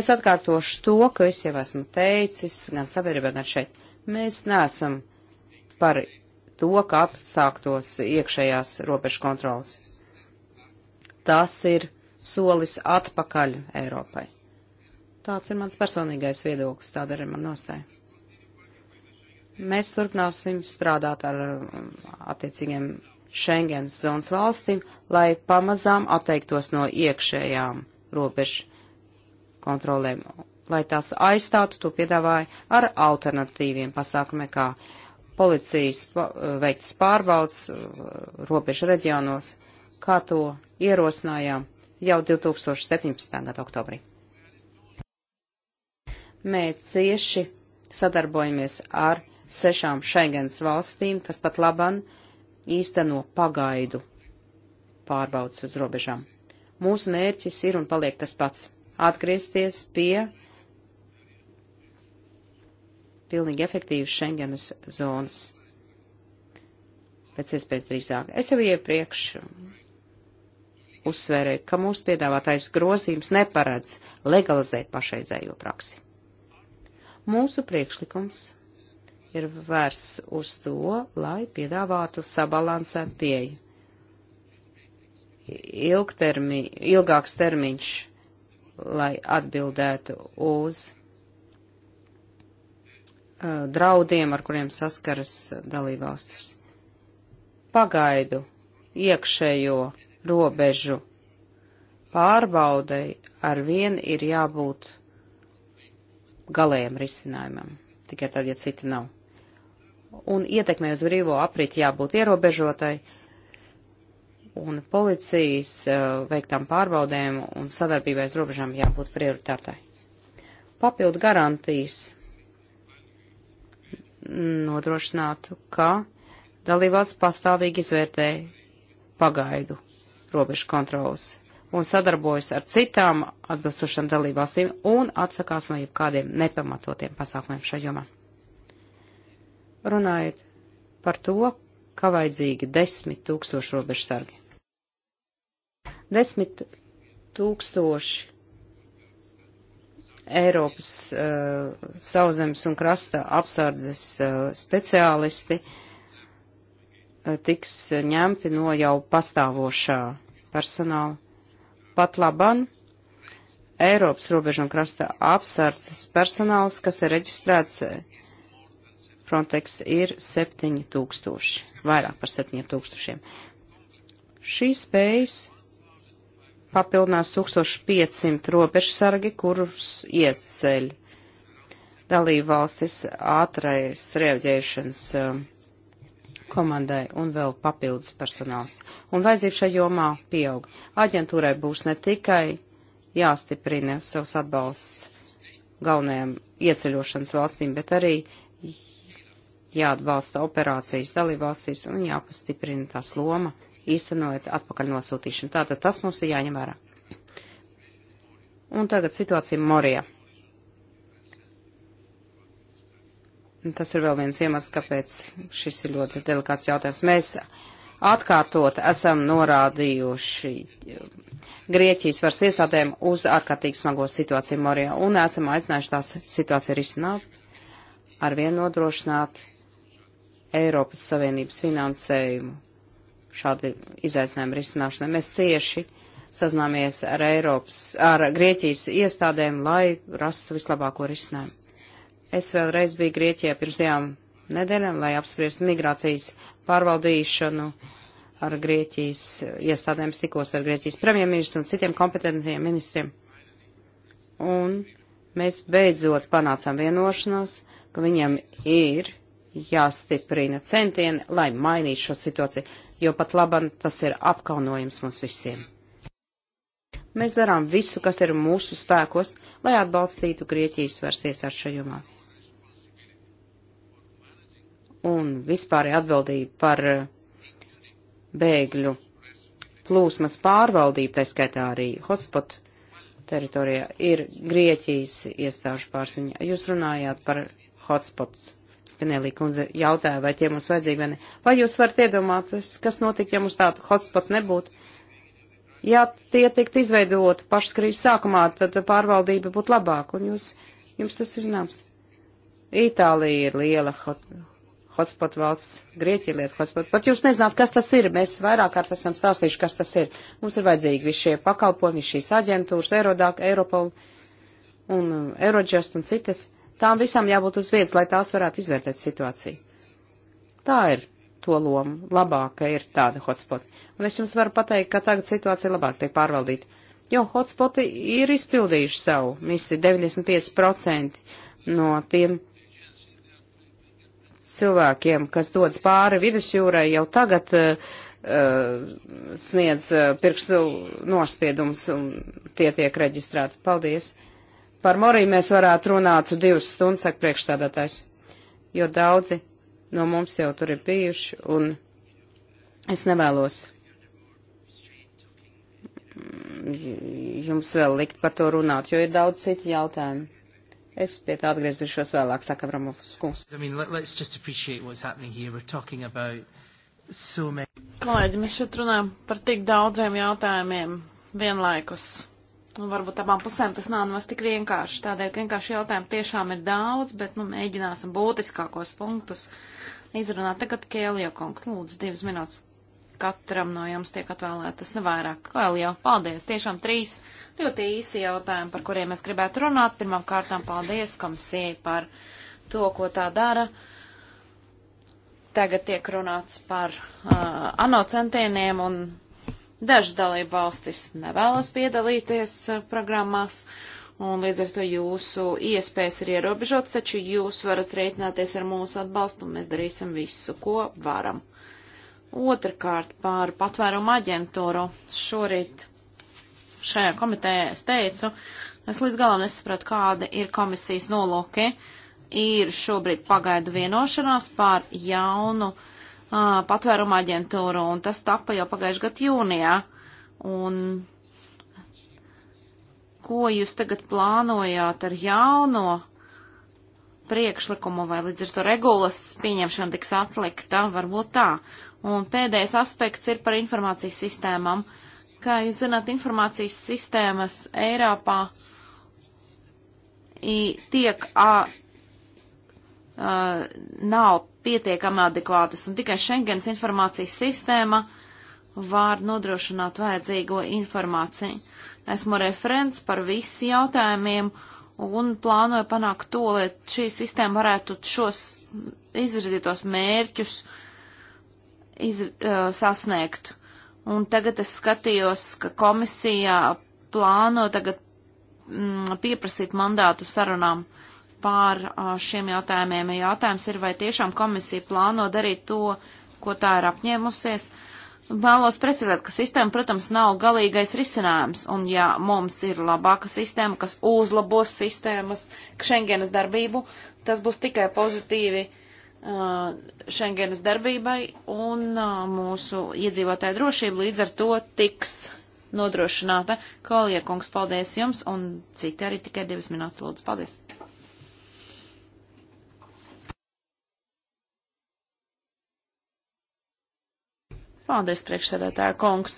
es atkārtošu to, ko es jau esmu teicis, gan sabiedrībā, gan šeit. Mēs neesam par to, ka atsāktos iekšējās robežu kontrolas. Tas ir solis atpakaļ Eiropai. Tāds ir mans personīgais viedoklis, tāda arī man nostāja. Mēs turpināsim strādāt ar um, attiecīgiem Schengens zonas valstīm, lai pamazām atteiktos no iekšējām robežu kontrolēm, lai tās aizstātu, to piedāvāja ar alternatīviem pasākumiem, kā policijas uh, veiktas pārbaudas uh, robežu reģionos, kā to ierosinājām jau 2017. gada oktobrī. Mēs cieši sadarbojamies ar sešām Schengens valstīm, kas pat laban īsteno pagaidu pārbaudas uz robežām. Mūsu mērķis ir un paliek tas pats - atgriezties pie pilnīgi efektīvas Schengenas zonas. Pēc iespējas drīzāk. Es jau iepriekš uzsvēra, ka mūsu piedāvātais grozījums neparedz legalizēt pašreizējo praksi. Mūsu priekšlikums ir vērsts uz to, lai piedāvātu sabalansētu pieeju. Ilgtermi, ilgāks termiņš, lai atbildētu uz uh, draudiem, ar kuriem saskaras dalībvalstis. Pagaidu iekšējo robežu pārbaudei ar vienu ir jābūt galējam risinājumam, tikai tad, ja citi nav. Un ietekmē uz brīvo apriti jābūt ierobežotai, un policijas uh, veiktām pārbaudēm un sadarbībai uz robežām jābūt prioritātai. Papildu garantijas nodrošinātu, ka dalībvalsts pastāvīgi izvērtē pagaidu robežu kontrolas un sadarbojas ar citām atbilstošām dalībvalstīm un atsakās no jebkādiem nepamatotiem pasākumiem šajā jomā. Runājot par to, ka vajadzīgi desmit tūkstoši robežsargi. Desmit tūkstoši Eiropas uh, sauzemes un krasta apsardzes uh, speciālisti uh, Eh, tiks ņemti no jau pastāvošā personāla. Pat laban Eiropas robežu un krasta apsardzes personāls, kas ir reģistrēts eh, Frontex, ir 7000, vairāk par 7000. Šīs spējas papildinās 1500 robežsargi, kurus ieceļ dalībvalstis ātrais reaģēšanas um, komandai un vēl papildus personāls. Un vajadzība šajā jomā pieaug. Aģentūrai būs ne tikai jāstiprina savs atbalsts galvenajām ieceļošanas valstīm, bet arī jāatbalsta operācijas dalībvalstīs un jāpastiprina tās loma, īstenojot atpakaļ nosūtīšanu. Tātad tas mums ir jāņem vērā. Un tagad situācija Morijā. Tas ir vēl viens iemesls, kāpēc šis ir ļoti delikāts jautājums. Mēs atkārtot esam norādījuši Grieķijas varas iestādēm uz ārkārtīgi smago situāciju Morijā un esam aicinājuši tās situāciju risināt, arvien nodrošināt Eiropas Savienības finansējumu šādi izaicinājumi risināšanai. Mēs cieši sazināmies ar Eiropas, ar Grieķijas iestādēm, lai rastu vislabāko risinājumu. Es vēlreiz biju Grieķijā pirms tajām nedēļām, lai apspriestu migrācijas pārvaldīšanu ar Grieķijas iestādēm, tikos ar Grieķijas premjerministru un citiem kompetentiem ministriem. Un mēs beidzot panācām vienošanos, ka viņam ir jāstiprina centieni, lai mainītu šo situāciju, jo pat labam tas ir apkaunojums mums visiem. Mēs darām visu, kas ir mūsu spēkos, lai atbalstītu Grieķijas varas iestāšajumā un vispārēja atbildība par eh, bēgļu plūsmas pārvaldību, tā skaitā arī hotspot teritorijā, ir Grieķijas iestāžu pārsiņa. Jūs runājāt par hotspot. Spinelī kundze jautāja, vai tie mums vajadzīgi vai ne. Vai jūs varat iedomāties, kas notika, ja mums tādu hotspot nebūtu? Ja tie tiktu izveidoti pašas krīzes sākumā, tad pārvaldība būtu labāka, un jūs, jums tas ir zināms. Itālija ir liela hot, hotspot valsts, Grieķija lieta hotspot. Pat jūs nezināt, kas tas ir. Mēs vairāk kārt esam stāstījuši, kas tas ir. Mums ir vajadzīgi visi šie pakalpojumi, šīs aģentūras, Eirodāk, Eiropol un um, Eurojust un citas. Tām visām jābūt uz vietas, lai tās varētu izvērtēt situāciju. Tā ir to lomu. Labāka ir tāda hotspot. Un es jums varu pateikt, ka tagad situācija labāk tiek pārvaldīta. Jo hotspoti ir izpildījuši savu misiju 95% no tiem cilvēkiem, kas dodas pāri vidusjūrai, jau tagad uh, uh sniedz uh, pirkstu nospiedumus un tie tiek reģistrēti. Paldies! Par Moriju mēs varētu runāt divas stundas, saka priekšsādātājs, jo daudzi no mums jau tur ir bijuši, un es nevēlos jums vēl likt par to runāt, jo ir daudz citu jautājumu. Es pie tā atgriezīšos vēlāk, saka Vramovs kungs. I mean, let, so many... Kolēģi, mēs šeit runājam par tik daudziem jautājumiem vienlaikus. Un nu, varbūt abām pusēm tas nav nemaz tik vienkārši. Tādēļ vienkārši jautājumu tiešām ir daudz, bet nu, mēģināsim būtiskākos punktus izrunāt. Tagad Kēlija kungs, lūdzu, divas minūtes katram no jums tiek atvēlētas nevairāk. Kēlija, paldies, tiešām trīs. Ļoti īsi jautājumi, par kuriem es gribētu runāt. Pirmām kārtām paldies komisijai par to, ko tā dara. Tagad tiek runāts par uh, ANO centieniem un dažas dalība valstis nevēlas piedalīties uh, programmās. Un līdz ar to jūsu iespējas ir ierobežotas, taču jūs varat rēķināties ar mūsu atbalstu un mēs darīsim visu, ko varam. Otrakārt par patvērumu aģentūru. Šorīt šajā komitejā es teicu, es līdz galam nesapratu, kāda ir komisijas nolūki. Ir šobrīd pagaidu vienošanās par jaunu uh, patvērumu aģentūru, un tas tapa jau pagājušajā gadā jūnijā. Un ko jūs tagad plānojāt ar jauno priekšlikumu, vai līdz ar to regulas pieņemšana tiks atlikta, varbūt tā. Un pēdējais aspekts ir par informācijas sistēmām. Uh, Kā jūs zināt, informācijas sistēmas Eiropā tiek a, a, nav pietiekami adekvātas, un tikai Schengens informācijas sistēma var nodrošināt vajadzīgo informāciju. Esmu referents par visi jautājumiem un plānoju panākt to, lai šī sistēma varētu šos izvirzītos mērķus iz, uh, sasniegt. Un tagad es skatījos, ka komisijā plāno tagad mm, pieprasīt mandātu sarunām pār šiem jautājumiem. Jautājums ir, vai tiešām komisija plāno darīt to, ko tā ir apņēmusies. Vēlos precizēt, ka sistēma, protams, nav galīgais risinājums, un ja mums ir labāka sistēma, kas uzlabos sistēmas Schengenas darbību, tas būs tikai pozitīvi Uh, Schengenas darbībai un uh, mūsu iedzīvotāju drošību līdz ar to tiks nodrošināta. Koliekungs, paldies jums un citi arī tikai divas minūtes lūdzu. Paldies! Paldies, priekšsēdētāja kungs!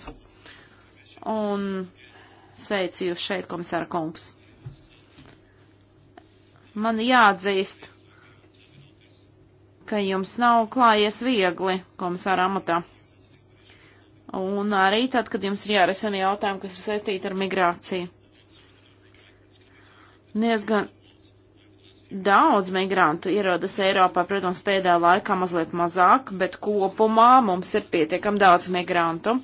Un sveicu jūs šeit, komisāra kungs! Man jāatzīst, ka jums nav klājies viegli komisāra amatā. Un arī tad, kad jums ir jārisina jautājumi, kas ir saistīti ar migrāciju. Niezgan daudz migrantu ierodas Eiropā, protams, pēdējā laikā mazliet mazāk, bet kopumā mums ir pietiekam daudz migrantu.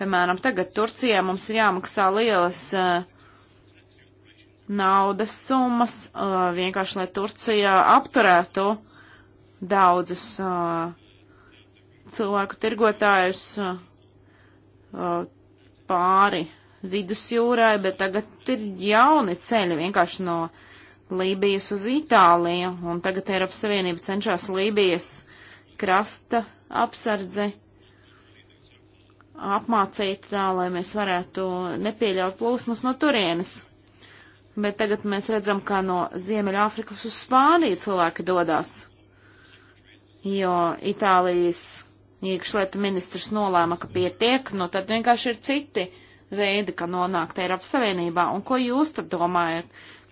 Piemēram, tagad Turcijā mums ir jāmaksā lielas uh, naudas summas, uh, vienkārši lai Turcija apturētu uh, daudzus uh, cilvēku tirgotājus uh, pāri vidusjūrai, bet tagad ir jauni ceļi vienkārši no Lībijas uz Itāliju, un tagad Eiropas Savienība cenšas Lībijas krasta apsardzi apmācīt tā, lai mēs varētu nepieļaut plūsmas no turienes. Bet tagad mēs redzam, kā no Ziemeļāfrikas uz Spāniju cilvēki dodās jo Itālijas iekšlietu ministrs nolēma, ka pietiek, nu tad vienkārši ir citi veidi, kā nonākt Eiropas Savienībā. Un ko jūs tad domājat?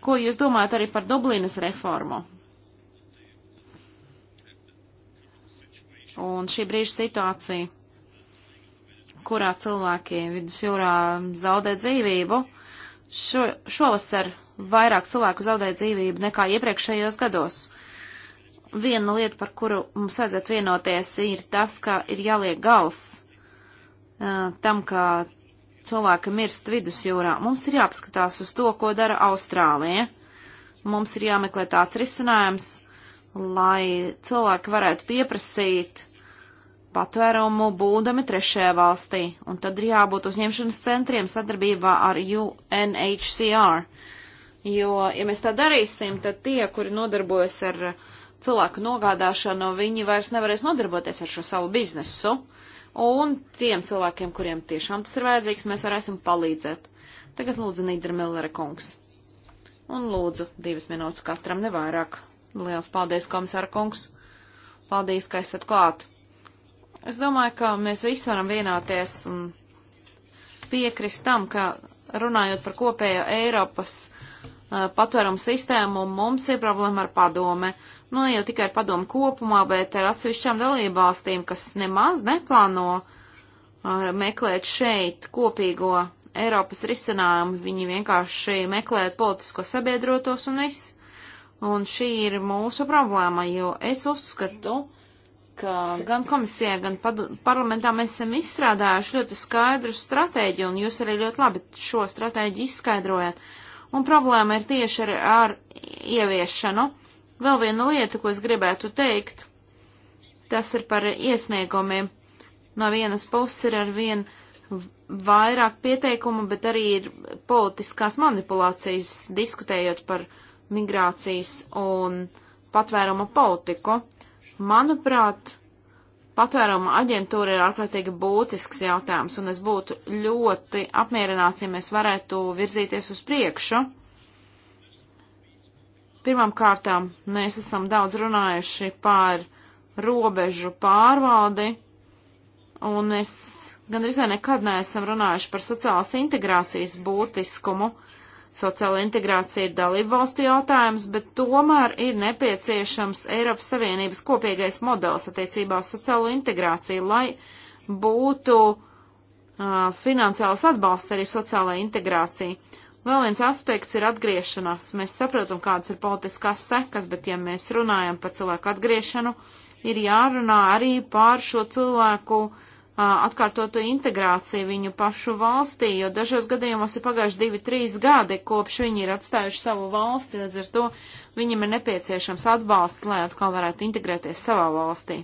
Ko jūs domājat arī par Dublīnas reformu? Un šī brīža situācija, kurā cilvēki vidusjūrā zaudē dzīvību, šo, šovasar vairāk cilvēku zaudē dzīvību nekā iepriekšējos gados viena lieta, par kuru mums vajadzētu vienoties, ir tas, ka ir jāliek gals uh, tam, ka cilvēki mirst vidusjūrā. Mums ir jāapskatās uz to, ko dara Austrālija. Mums ir jāmeklē tāds risinājums, lai cilvēki varētu pieprasīt patvērumu būdami trešajā valstī, un tad ir jābūt uzņemšanas centriem sadarbībā ar UNHCR. Jo, ja mēs tā darīsim, tad tie, kuri nodarbojas ar uh, cilvēku nogādāšanu, viņi vairs nevarēs nodarboties ar šo savu biznesu. Un tiem cilvēkiem, kuriem tiešām tas ir vajadzīgs, mēs varēsim palīdzēt. Tagad lūdzu Nīdermillera kungs. Un lūdzu divas minūtes katram nevairāk. Liels paldies, komisāra kungs. Paldies, ka esat klāt. Es domāju, ka mēs visi varam vienoties un piekrist tam, ka runājot par kopējo Eiropas Uh, patvērumu sistēmu, un mums ir problēma ar padome. Nu, ne jau tikai ar padomu kopumā, bet ar atsevišķām dalībvalstīm, kas nemaz neplāno uh, meklēt šeit kopīgo Eiropas risinājumu. Viņi vienkārši meklē politisko sabiedrotos un viss. Un šī ir mūsu problēma, jo es uzskatu, ka gan komisijā, gan parlamentā mēs esam izstrādājuši ļoti skaidru stratēģiju, un jūs arī ļoti labi šo stratēģiju izskaidrojat. Uh, un problēma ir tieši ar, ar ieviešanu. Vēl viena lieta, ko es gribētu teikt, tas ir par iesniegumiem. No vienas puses ir ar vien vairāk pieteikumu, bet arī ir politiskās manipulācijas diskutējot par migrācijas un patvēruma politiku. Manuprāt, Patvēruma aģentūra ir ārkārtīgi būtisks jautājums, un es būtu ļoti apmierināts, ja mēs varētu virzīties uz priekšu. Pirmām kārtām mēs esam daudz runājuši par robežu pārvaldi, un mēs gandrīz vai nekad neesam runājuši par sociālas integrācijas būtiskumu. Sociāla integrācija ir dalību valstu jautājums, bet tomēr ir nepieciešams Eiropas Savienības kopīgais modelis attiecībā uz sociālo integrāciju, lai būtu uh, finansiāls atbalsts arī sociālai integrācijai. Vēl viens aspekts ir atgriešanās. Mēs saprotam, kādas ir politiskās sekas, bet ja mēs runājam par cilvēku atgriešanu, ir jārunā arī par šo cilvēku uh, atkārtotu integrāciju viņu pašu valstī, jo dažos gadījumos ir pagājuši divi, trīs gadi, kopš viņi ir atstājuši savu valsti, līdz ar to viņam ir nepieciešams atbalsts, lai atkal varētu integrēties savā valstī.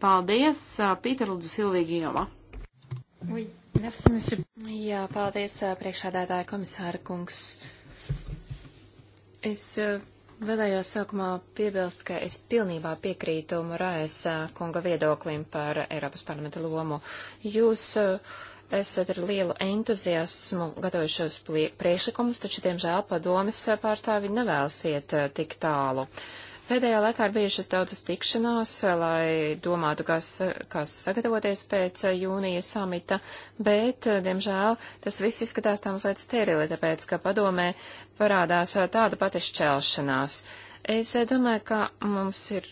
Paldies, Pīter Lūdzu Silvīgijova. Oui, merci, monsieur. Jā, paldies, priekšādātāja komisāra kungs. Es Vēlējos sākumā piebilst, ka es pilnībā piekrītu Morais kunga viedoklim par Eiropas parlamenta lomu. Jūs esat ar lielu entuziasmu gatavojušos priekšlikumus, taču, diemžēl, padomas pārstāvi nevēlas iet tik tālu. Uh, Pēdējā laikā ir bijušas daudzas tikšanās, eh, lai domātu, kas, eh, kas sagatavoties pēc eh, jūnija samita, bet, diemžēl, tas viss izskatās tā mazliet sterili, tāpēc, ka padomē parādās tāda pati šķelšanās. Es domāju, ka mums ir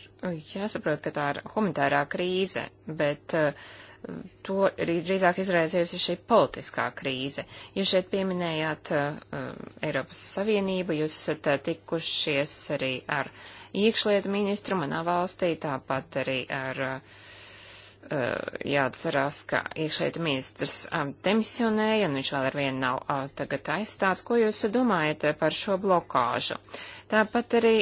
jāsaprot, ka tā ir humanitārā krīze, bet uh, to arī drīzāk izraisījusi šī politiskā krīze. Jūs šeit pieminējāt uh, uh, Eiropas Savienību, jūs esat uh, tikušies arī ar iekšlietu ministru manā valstī, tāpat arī ar uh, Eh, jāatcerās, ka iekšēta ministrs eh, demisionēja un viņš vēl ar vienu nav eh, tagad aizstāts. Ko jūs domājat par šo blokāžu? Tāpat arī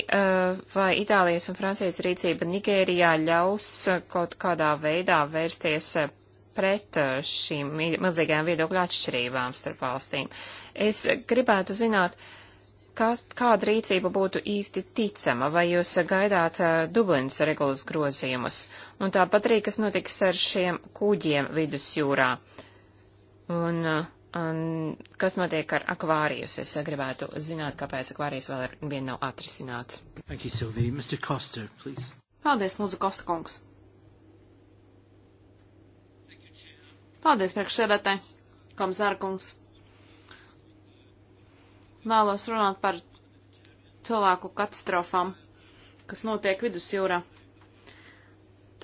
vai Itālijas un Francijas rīcība Nigērijā ļaus kaut kādā veidā vērsties pret šīm milzīgajām viedokļu atšķirībām starp valstīm? Es gribētu zināt, uh, kas, kāda rīcība būtu īsti ticama, vai jūs gaidāt uh, Dublinas regulas grozījumus, un tāpat arī, kas notiks ar šiem kuģiem vidusjūrā, un, uh, un kas notiek ar akvārijus. Es gribētu zināt, kāpēc akvārijas vēl ar vienu nav atrisināts. Thank you, Sylvie. Mr. Koster, please. Paldies, lūdzu, Kosta kungs. Paldies, priekšsēdētāji, komisāra kungs. Vēlos runāt par cilvēku katastrofām, kas notiek vidusjūrā.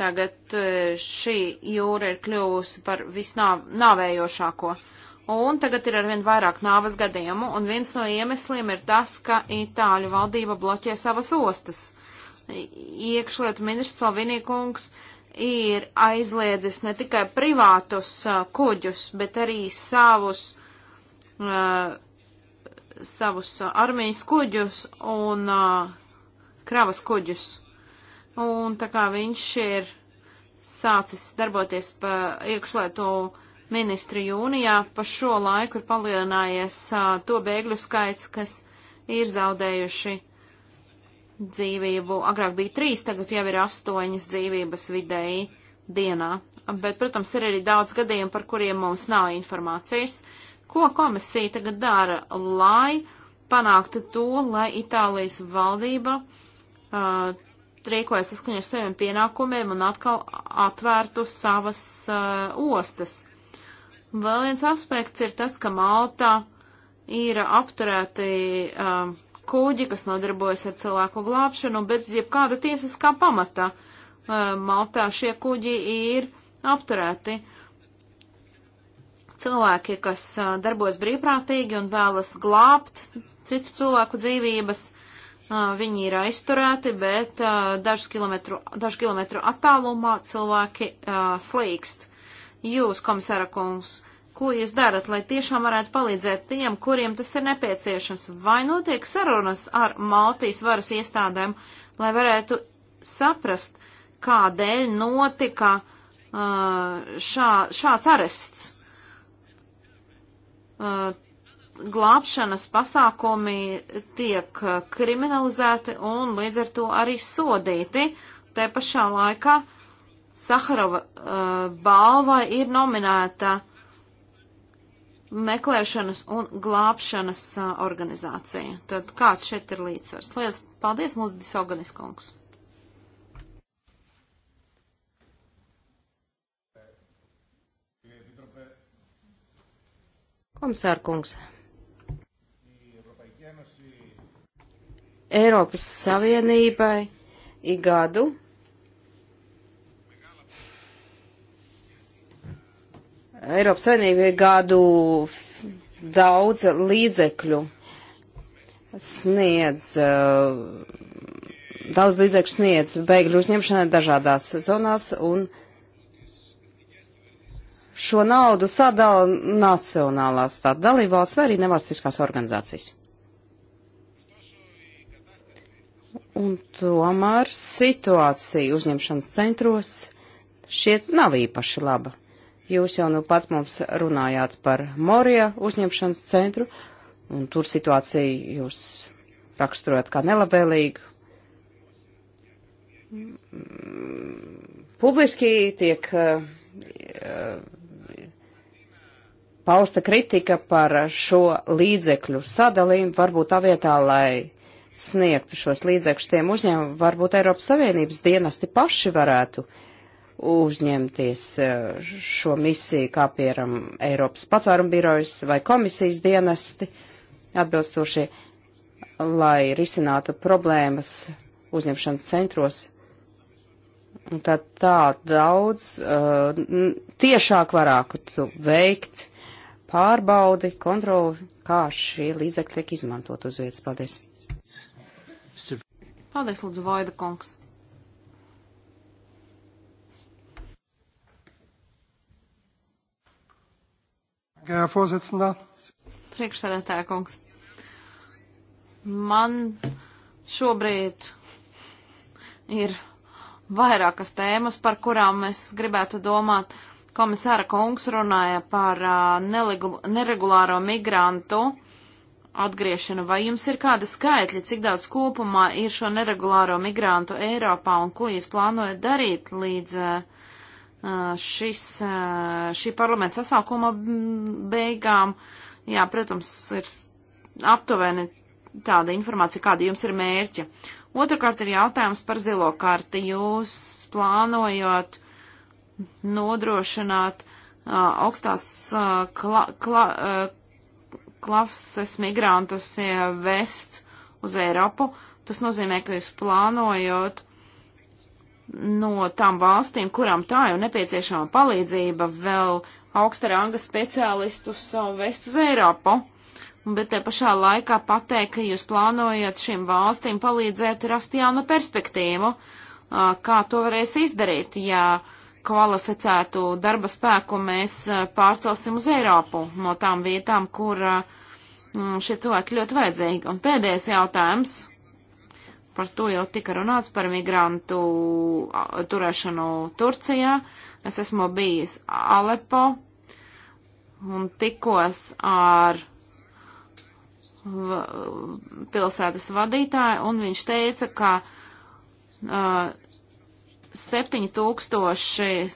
Tagad e, šī jūra ir kļuvusi par visnāvējošāko. Un tagad ir arvien vairāk nāvas gadījumu, un viens no iemesliem ir tas, ka Itāļu valdība bloķē savas ostas. Iekšlietu ministrs Salvinīkungs ir aizliedzis ne tikai privātus uh, kuģus, bet arī savus uh, savus uh, armijas kuģus un uh, kravas kuģus. Un tā kā viņš ir sācis darboties pa iekšlietu ministri jūnijā, pa šo laiku ir palielinājies uh, to bēgļu skaits, kas ir zaudējuši dzīvību. Agrāk bija trīs, tagad jau ir astoņas dzīvības vidēji dienā. Bet, protams, ir arī daudz gadījumu, par kuriem mums nav informācijas. Uh, Ko komisija tagad dara, lai panāktu to, lai Itālijas valdība uh, rīkojas saskaņā ar saviem pienākumiem un atkal atvērtu savas uh, ostas? Vēl viens aspekts ir tas, ka Maltā ir apturēti uh, kuģi, kas nodarbojas ar cilvēku glābšanu, bet jebkāda tiesiskā pamata uh, Maltā šie kuģi ir apturēti. Uh, cilvēki, kas darbos brīvprātīgi un vēlas glābt citu cilvēku dzīvības, viņi ir aizturēti, bet dažu kilometru, dažu kilometru attālumā cilvēki slīkst. Jūs, komisāra kungs, ko jūs darat, lai tiešām varētu palīdzēt tiem, kuriem tas ir nepieciešams? Vai notiek sarunas ar Maltijas varas iestādēm, lai varētu saprast, kādēļ notika uh, šā, šāds arests? uh, glābšanas pasākumi tiek kriminalizēti un līdz ar to arī sodīti. Te pašā laikā Saharova uh, balva ir nominēta meklēšanas un glābšanas uh, organizācija. Tad kāds šeit ir līdzsvars? Lielas paldies, Lūdzu, Disoganiskungs. Komisārkungs. Eiropas Savienībai ik gadu Eiropas Savienībai gadu daudz līdzekļu sniedz, eh, daudz līdzekļu sniedz bēgļu uzņemšanai dažādās zonās un šo naudu sadala nacionālās tā dalībvalsts vai arī nevalstiskās organizācijas. Un tomēr situācija uzņemšanas centros šiet nav īpaši laba. Jūs jau nu pat mums runājāt par Morija uzņemšanas centru, un tur situāciju jūs raksturojat kā nelabēlīgu. Mm, publiski tiek uh, pausta kritika par šo līdzekļu sadalījumu, varbūt tā vietā, lai sniegtu šos līdzekļus tiem uzņēmumiem, varbūt Eiropas Savienības dienesti paši varētu uzņemties eh, šo misiju, kā piemēram Eiropas patvērumu birojas vai komisijas dienesti atbilstošie, lai risinātu problēmas uzņemšanas centros. Un tad tā daudz uh, tiešāk varētu veikt pārbaudi, kontroli, kā šie līdzekļi tiek izmantot uz vietas. Paldies! Paldies, Lūdzu, Vaida kungs! Priekšsēdētāja kungs, man šobrīd ir vairākas tēmas, par kurām es gribētu domāt. Uh, Komisāra kungs runāja par uh, neregulāro migrantu atgriešanu. Vai jums ir kāda skaitļa, cik daudz kopumā ir šo neregulāro migrantu Eiropā un ko jūs plānojat darīt līdz uh, šis, uh, šī parlamenta sasaukuma beigām? Jā, protams, ir aptuveni tāda informācija, kāda jums ir mērķa. Otrakārt ir jautājums par zilo karti. Jūs plānojot nodrošināt uh, augstās uh, kla, kla, uh, klases migrantus uh, vest uz Eiropu. Tas nozīmē, ka jūs plānojot no tām valstīm, kurām tā jau nepieciešama palīdzība, vēl augsta ranga speciālistus uh, vest uz Eiropu. Bet te pašā laikā pateikt, ka jūs plānojat šīm valstīm palīdzēt rast jaunu perspektīvu, uh, kā to varēs izdarīt, ja uh, kvalificētu darba spēku mēs eh, pārcelsim uz Eiropu no tām vietām, kur eh, mm, šie cilvēki ļoti vajadzīgi. Un pēdējais jautājums. Par to jau tika runāts par migrantu turēšanu Turcijā. Es esmu bijis Alepo un tikos ar pilsētas vadītāju, un viņš teica, ka uh, 7500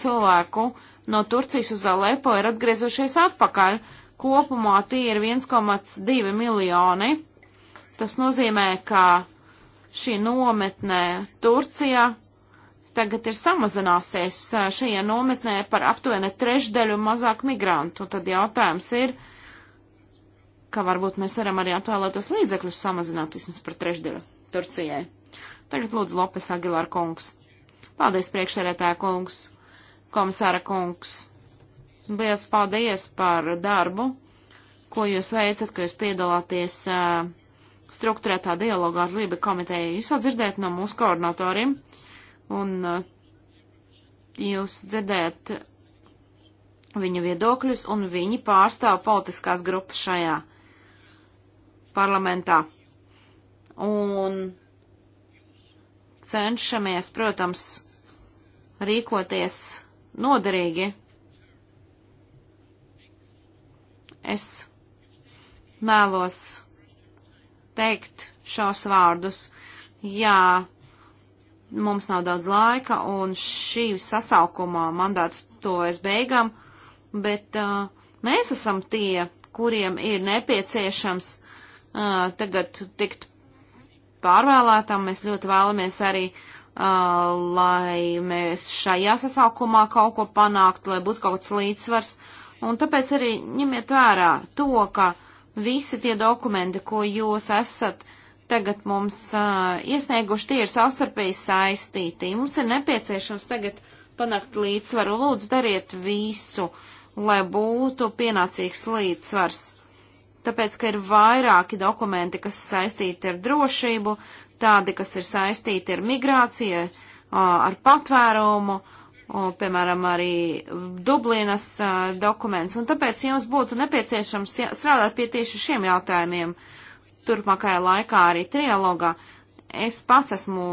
cilvēku no Turcijas uz Alepo ir atgriezušies atpakaļ. Kopumā tie ir 1,2 miljoni. Tas nozīmē, ka šī nometnē Turcijā tagad ir samazināsies šajā nometnē par aptuveni trešdaļu mazāk migrantu. Tad jautājums ir, ka varbūt mēs varam arī atvēlētos līdzekļus samazināt vismaz par trešdaļu Turcijai. Tagad lūdzu Lopes Agilār kungs. Paldies, priekšsēdētāja kungs, komisāra kungs. Liels paldies par darbu, ko jūs veicat, ka jūs piedalāties uh, struktūrētā dialogā ar Lība komiteju. Jūs jau dzirdējat no mūsu koordinatoriem, un uh, jūs dzirdējat viņu viedokļus, un viņi pārstāv politiskās grupas šajā parlamentā. Un cenšamies, protams, rīkoties noderīgi. Es mēlos teikt šos vārdus. Jā, mums nav daudz laika, un šī sasaukuma mandāts to es beigām, bet uh, mēs esam tie, kuriem ir nepieciešams uh, tagad tikt pārvēlētam. Mēs ļoti vēlamies arī, uh, lai mēs šajā sasaukumā kaut ko panāktu, lai būtu kaut kāds līdzsvars. Un tāpēc arī ņemiet vērā to, ka visi tie dokumenti, ko jūs esat tagad mums uh, iesnieguši, tie ir savstarpēji saistīti. Mums ir nepieciešams tagad panākt līdzsvaru. Lūdzu, dariet visu, lai būtu pienācīgs līdzsvars tāpēc, ka ir vairāki dokumenti, kas saistīti ar drošību, tādi, kas ir saistīti ar migrāciju, ar patvērumu, piemēram, arī Dublinas dokuments, un tāpēc jums būtu nepieciešams strādāt pie tieši šiem jautājumiem turpmākajā laikā arī trialogā. Es pats esmu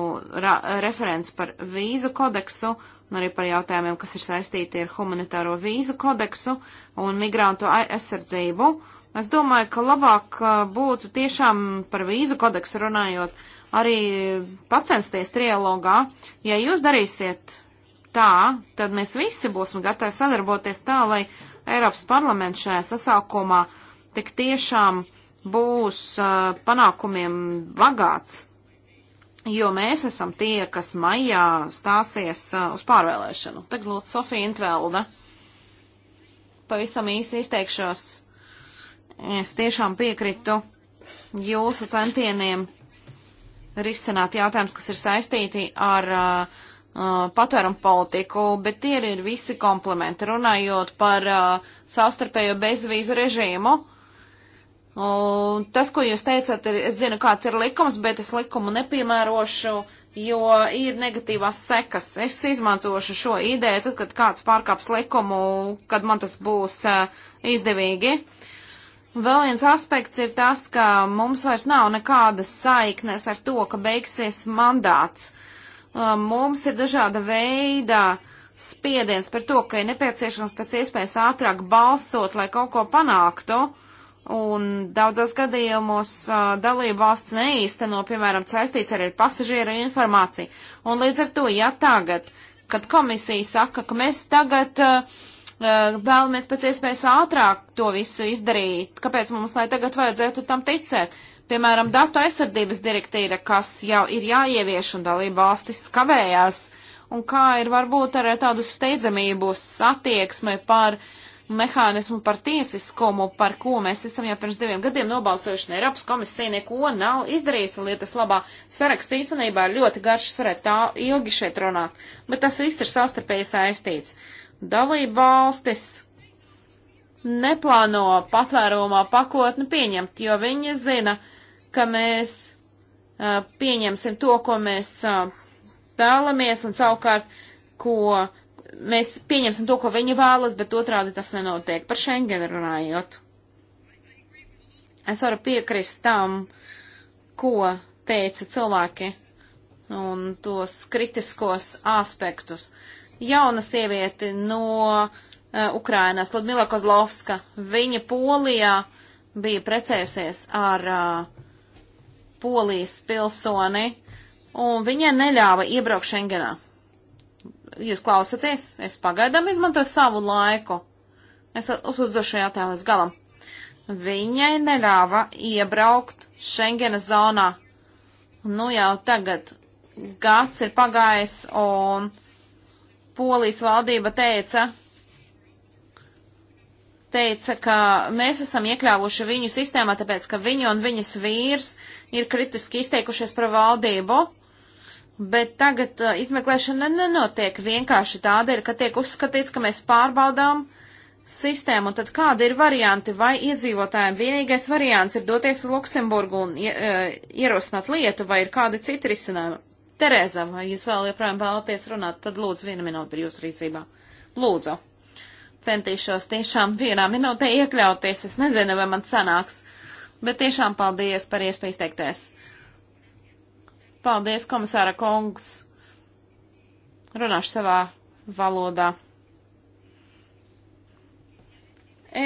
referents par vīzu kodeksu un arī par jautājumiem, kas ir saistīti ar humanitāro vīzu kodeksu un migrantu aizsardzību. Uh, Es domāju, ka labāk uh, būtu tiešām par vīzu kodeksu runājot, arī pacensties trialogā. Ja jūs darīsiet tā, tad mēs visi būsim gatavi sadarboties tā, lai Eiropas parlaments šajā sasaukumā tik tiešām būs uh, panākumiem bagāts, jo mēs esam tie, kas maijā stāsies uh, uz pārvēlēšanu. Tagad lūdzu Sofija Intvelda. Pavisam īsi izteikšos Es tiešām piekritu jūsu centieniem risināt jautājumus, kas ir saistīti ar uh, uh patvērumu politiku, bet tie ir visi komplementi. Runājot par uh, savstarpējo bezvīzu režīmu, uh, tas, ko jūs teicat, ir, es zinu, kāds ir likums, bet es likumu nepiemērošu, jo ir negatīvās sekas. Es izmantošu šo ideju, tad, kad kāds pārkāps likumu, kad man tas būs uh, izdevīgi. Uh, Un vēl viens aspekts ir tas, ka mums vairs nav nekādas saiknes ar to, ka beigsies mandāts. Uh, mums ir dažāda veida spiediens par to, ka ir nepieciešams pēc iespējas ātrāk balsot, lai kaut ko panāktu. Un daudzos gadījumos uh, dalība valsts neīsteno, piemēram, saistīts arī ar pasažieru informāciju. Un līdz ar to, ja tagad, kad komisija saka, ka mēs tagad uh, Eh, vēlamies pēc iespējas ātrāk to visu izdarīt. Kāpēc mums lai tagad vajadzētu tam ticēt? Piemēram, datu aizsardzības direktīva, kas jau ir jāievieš un dalība valstis kavējās, un kā ir varbūt ar tādu steidzamību satieksmi par mehānismu par tiesiskumu, par ko mēs esam jau pirms diviem gadiem nobalsojuši, ne Eiropas komisija neko nav izdarījusi lietas labā. Saraksts īstenībā ir ļoti garš, es varētu tā ilgi šeit runāt, bet tas viss ir savstarpēji saistīts. Dalība valstis neplāno patvērumā pakotni pieņemt, jo viņi zina, ka mēs uh, pieņemsim to, ko mēs uh, vēlamies, un savukārt, ko mēs pieņemsim to, ko viņi vēlas, bet otrādi tas nenotiek. Par Schengen runājot. Es varu piekrist tam, ko teica cilvēki un tos kritiskos aspektus. Uh, jauna sievieti no uh, Ukrainas, Ludmila Kozlovska. Viņa Polijā bija precējusies ar uh, Polijas pilsoni, un viņa neļāva iebraukt Schengenā. Jūs klausaties, es pagaidām izmantoju savu laiku. Es uzdodu šo jautājumu līdz galam. Viņai neļāva iebraukt Schengenas zonā. Nu jau tagad gads ir pagājis, un Polijas valdība teica, teica, ka mēs esam iekļāvuši viņu sistēmā, tāpēc, ka viņi un viņas vīrs ir kritiski izteikušies par valdību, bet tagad uh, izmeklēšana nenotiek vienkārši tādēļ, ka tiek uzskatīts, ka mēs pārbaudām sistēmu, un tad kādi ir varianti vai iedzīvotājiem? Vienīgais variants ir doties uz Luksemburgu un uh, ierosināt lietu, vai ir kādi citi risinājumi. Tereza, vai jūs vēl joprojām vēlaties runāt, tad lūdzu viena minūte ir jūsu rīcībā. Lūdzu. Centīšos tiešām vienā minūtē iekļauties. Es nezinu, vai man sanāks, bet tiešām paldies par iespēju izteikties. Paldies, komisāra kungs. Runāšu savā valodā.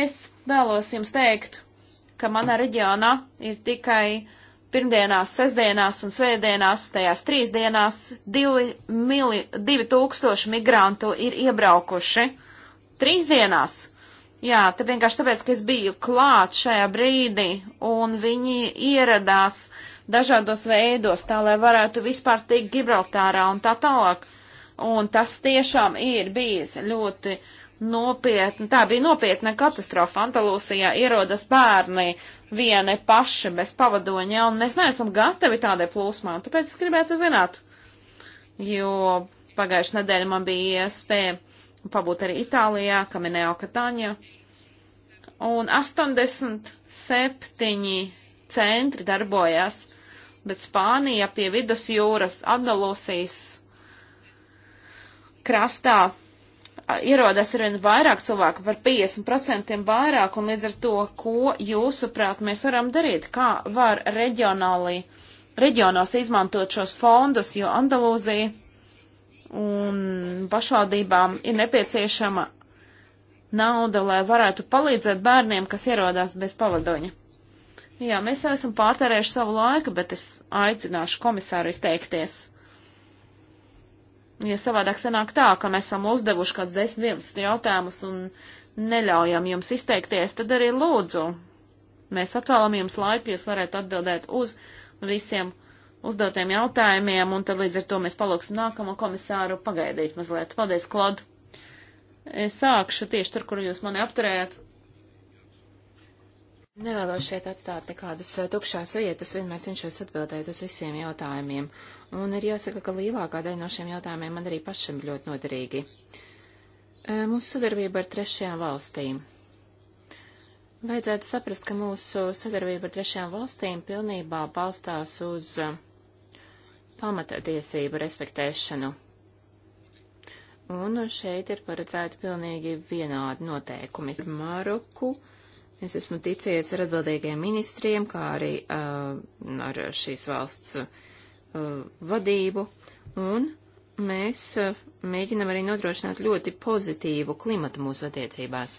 Es vēlos jums teikt, ka manā reģionā ir tikai pirmdienās, sestdienās un svētdienās, tajās trīs dienās, divi, mili, divi tūkstoši migrantu ir iebraukuši. Trīs dienās! Jā, te vienkārši tāpēc, ka es biju klāt šajā brīdī, un viņi ieradās dažādos veidos, tā lai varētu vispār tikt Gibraltārā un tā tālāk. Un tas tiešām ir bijis ļoti uh, nopietna, tā bija nopietna katastrofa. Antalūsijā ierodas bērni vieni paši bez pavadoņa, un mēs neesam gatavi tādai plūsmā, un tāpēc es gribētu zināt, jo pagājušajā nedēļā man bija iespēja pabūt arī Itālijā, Kamineo Katāņā, un 87 centri darbojās, bet Spānija pie vidus jūras Andalūsijas krastā ierodas arvien vairāk cilvēku, par 50% vairāk, un līdz ar to, ko jūsuprāt mēs varam darīt, kā var reģionāli, reģionos izmantot šos fondus, jo Andalūzija un pašvaldībām ir nepieciešama nauda, lai varētu palīdzēt bērniem, kas ierodās bez pavadoņa. Jā, mēs jau esam pārtērējuši savu laiku, bet es aicināšu komisāru izteikties. Jo savādāk sanāk tā, ka mēs esam uzdevuši kāds 10, 11 jautājumus un neļaujam jums izteikties, tad arī lūdzu. Mēs atvēlam jums laiku, jūs varētu atbildēt uz visiem uzdotiem jautājumiem, un tad līdz ar to mēs palūksim nākamo komisāru pagaidīt mazliet. Paldies, Klod! Es sākšu tieši tur, kur jūs mani apturējāt. Nevēlos šeit atstāt nekādas eh, tukšās vietas, vienmēr cenšos atbildēt uz visiem jautājumiem, un ir jāsaka, ka lielākā daļa no šiem jautājumiem man arī pašam ļoti noderīgi. Eh, mūsu sadarbība ar trešajām valstīm. Vajadzētu saprast, ka mūsu sadarbība ar trešajām valstīm pilnībā balstās uz eh, pamatiesību respektēšanu. Un šeit ir paredzēti pilnīgi vienādi noteikumi. Maroku Es esmu ticies ar atbildīgiem ministriem, kā arī uh, ar šīs valsts uh, vadību, un mēs uh, mēģinam arī nodrošināt ļoti pozitīvu klimatu mūsu attiecībās.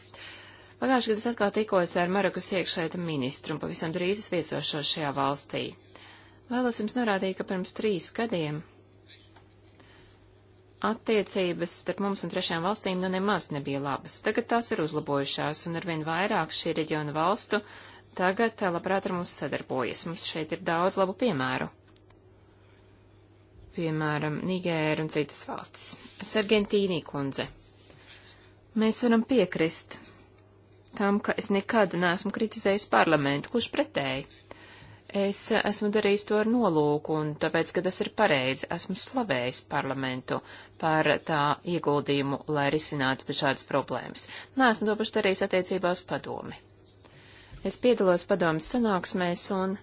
Pagājušajā gadā es atkal tikos ar Marokas iekšlietu ministru un pavisam drīz es viesošos šajā valstī. Vēlos jums norādīt, ka pirms trīs gadiem attiecības starp mums un trešām valstīm nu nemaz nebija labas. Tagad tās ir uzlabojušās, un arvien vairāk šī reģiona valstu tagad eh, labprāt ar mums sadarbojas. Mums šeit ir daudz labu piemēru. Piemēram, Nigēra un citas valstis. Sargentīnī kundze. Mēs varam piekrist tam, ka es nekad neesmu kritizējis parlamentu, kurš pretēji. Es esmu darījis to ar nolūku, un tāpēc, ka tas ir pareizi, esmu slavējis parlamentu par tā ieguldījumu, lai risinātu dažādas problēmas. Nē, esmu to pašu darījis attiecībā uz padomi. Es piedalos padomas sanāksmēs, un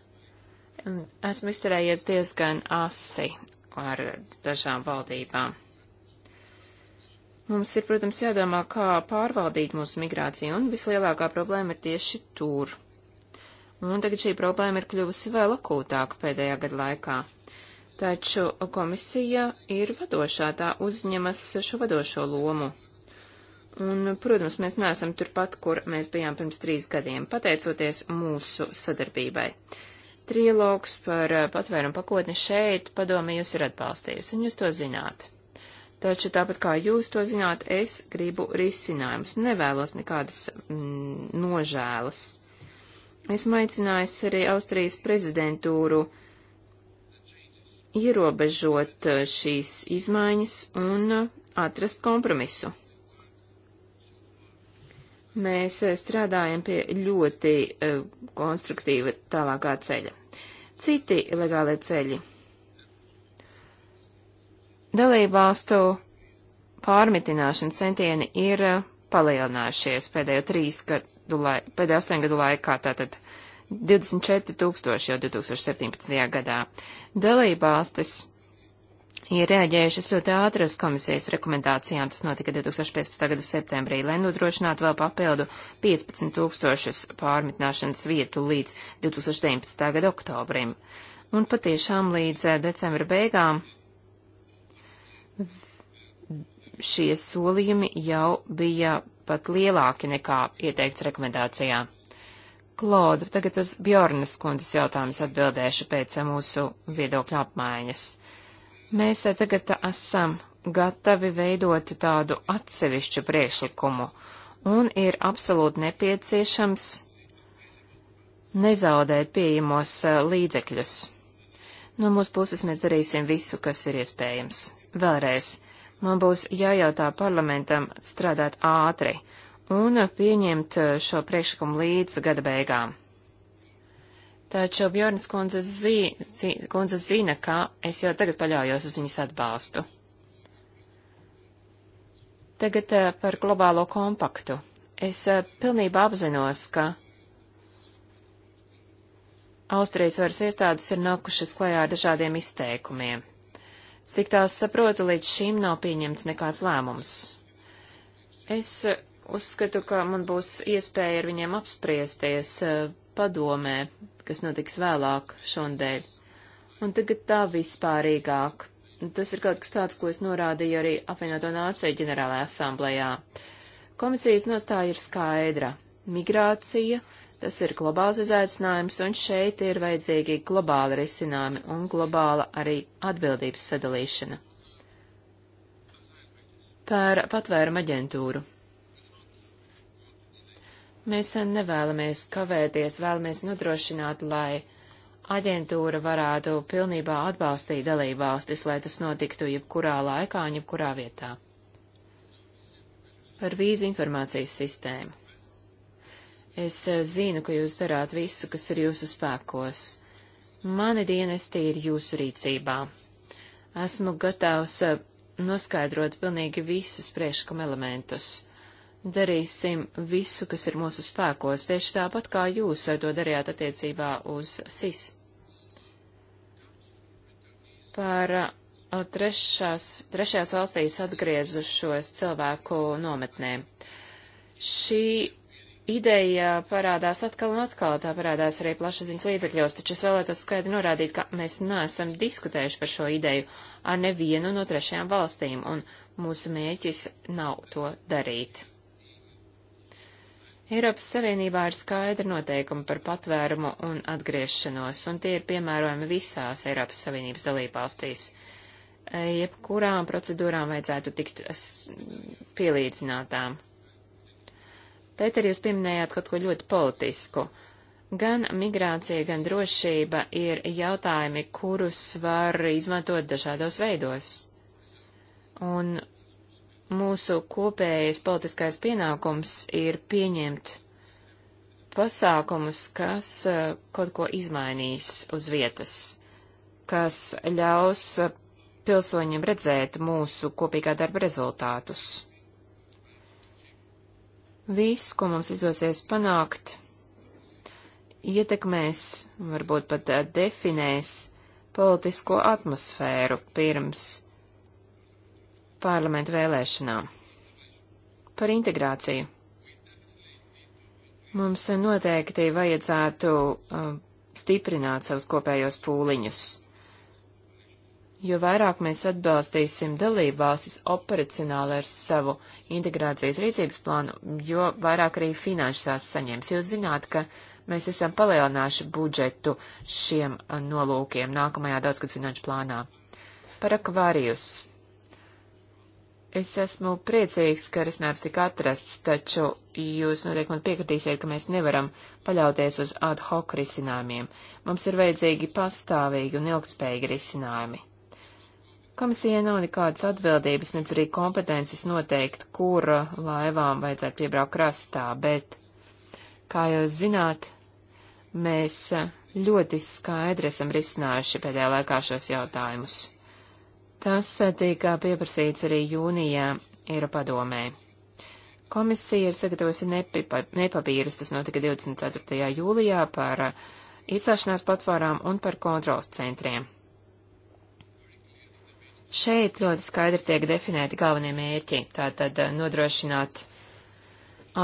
esmu izturējies diezgan asi ar dažām valdībām. Mums ir, protams, jādomā, kā pārvaldīt mūsu migrāciju, un vislielākā problēma ir tieši tur un tagad šī problēma ir kļuvusi vēl akūtāka pēdējā gada laikā. Taču komisija ir vadošā, tā uzņemas šo vadošo lomu. Un, protams, mēs neesam turpat, kur mēs bijām pirms trīs gadiem, pateicoties mūsu sadarbībai. Trilogs par eh, patvērumu pakotni šeit padomi jūs ir atbalstījusi, un jūs to zināt. Taču tāpat kā jūs to zināt, es gribu risinājumus, nevēlos nekādas mm, nožēlas. Esmu aicinājis arī Austrijas prezidentūru ierobežot eh, šīs izmaiņas un eh, atrast kompromisu. Mēs eh, strādājam pie ļoti uh, konstruktīva tālākā ceļa. Citi legālie ceļi. Dalībvalstu pārmitināšanas centieni ir palielinājušies pēdējo trīs gadu, gadu, lai, pēdējo 8 gadu laikā, tātad 24 tūkstoši jau 2017. gadā. Dalībvalstis ir reaģējušas ļoti ātri uz komisijas rekomendācijām. Tas notika 2015. gada septembrī, lai nodrošinātu vēl papildu 15 tūkstošus pārmitināšanas vietu līdz 2019. gada oktobrim. Un patiešām līdz eh, decembra beigām šie solījumi jau bija pat lielāki nekā ieteikts rekomendācijā. Klauda, tagad uz Bjornas kundzes jautājumus atbildēšu pēc eh, mūsu viedokļa apmaiņas. Mēs eh, tagad esam gatavi veidot tādu atsevišķu priekšlikumu, un ir absolūti nepieciešams nezaudēt pieejamos eh, līdzekļus. No mūsu puses mēs darīsim visu, kas ir iespējams. Vēlreiz. Man būs jājautā parlamentam strādāt ātri un pieņemt eh, šo priekšlikumu līdz gada beigām. Taču Bjornas kundze, zi, zi, kundze zina, ka es jau tagad paļaujos uz viņas atbalstu. Tagad eh, par globālo kompaktu. Es eh, pilnībā apzinos, ka Austrijas varas iestādes ir nākušas klajā ar dažādiem izteikumiem. Cik tās saprotu, līdz šim nav pieņemts nekāds lēmums. Es eh, uzskatu, ka man būs iespēja ar viņiem apspriesties eh, padomē, kas notiks vēlāk šondēļ. Un tagad tā vispārīgāk. Tas ir kaut kas tāds, ko es norādīju arī apvienoto nāciju ģenerālajā asamblējā. Komisijas nostāja ir skaidra. Migrācija Tas ir globāls izaicinājums, un šeit ir vajadzīgi globāli risinājumi un globāla arī atbildības sadalīšana. Par patvērumu aģentūru. Mēs nevēlamies kavēties, vēlamies nodrošināt, lai aģentūra varētu pilnībā atbalstīt dalībvalstis, lai tas notiktu jebkurā laikā un jebkurā vietā. Par vīzu informācijas sistēmu. Es eh, zinu, ka jūs darāt visu, kas ir jūsu spēkos. Mani dienesti ir jūsu rīcībā. Esmu gatavs eh, noskaidrot pilnīgi visus priekšlikuma elementus. Darīsim visu, kas ir mūsu spēkos, tieši tāpat kā jūs to darījāt attiecībā uz SIS. Par eh, trešās, trešajās valstīs atgriezušos cilvēku nometnēm. Šī ideja parādās atkal un atkal, tā parādās arī plašsaziņas līdzekļos, taču es vēlētos skaidri norādīt, ka mēs neesam diskutējuši par šo ideju ar nevienu no trešajām valstīm, un mūsu mērķis nav to darīt. Eiropas Savienībā ir skaidri noteikumi par patvērumu un atgriešanos, un tie ir piemērojami visās Eiropas Savienības dalībvalstīs. Jebkurām procedūrām vajadzētu tikt pielīdzinātām. Pēter, jūs pieminējāt kaut ko ļoti politisku. Gan migrācija, gan drošība ir jautājumi, kurus var izmantot dažādos veidos. Un mūsu kopējais politiskais pienākums ir pieņemt pasākumus, kas uh, kaut ko izmainīs uz vietas, kas ļaus uh, pilsoņiem redzēt mūsu kopīgā darba rezultātus. Viss, ko mums izdosies panākt, ietekmēs, varbūt pat eh, definēs politisko atmosfēru pirms parlamentu vēlēšanām. Par integrāciju. Mums noteikti vajadzētu uh, stiprināt savus kopējos pūliņus jo vairāk mēs atbalstīsim dalībvalstis operacionāli ar savu integrācijas rīcības plānu, jo vairāk arī finanšu tās saņems. Jūs zināt, ka mēs esam palielinājuši budžetu šiem nolūkiem nākamajā daudzgad finanšu plānā. Par akvārijus. Es esmu priecīgs, ka risinājums tika atrasts, taču jūs noteikti man piekritīsiet, ka mēs nevaram paļauties uz ad hoc risinājumiem. Mums ir vajadzīgi pastāvīgi un ilgtspējīgi risinājumi. Komisijai nav nekādas atbildības, nec arī kompetences noteikt, kur laivām vajadzētu piebraukt krastā, bet, kā jūs zināt, mēs ļoti skaidri esam risinājuši pēdējā laikā šos jautājumus. Tas tika pieprasīts arī jūnijā Eiropadomē. Komisija ir sagatavojusi nepapīrus, tas notika 24. jūlijā par izsāšanās platformām un par kontrols centriem. Šeit ļoti skaidri tiek definēti galvenie mērķi, tātad eh, nodrošināt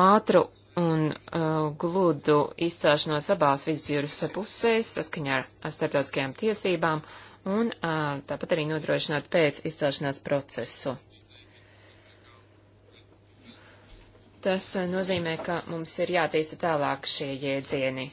ātru un uh, gludu izcelšanos abās vidusjūras pusēs saskaņā ar starptautiskajām tiesībām un uh, tāpat arī nodrošināt pēc izcelšanās procesu. Tas uh, nozīmē, ka mums ir jātīsta tālāk šie jēdzieni.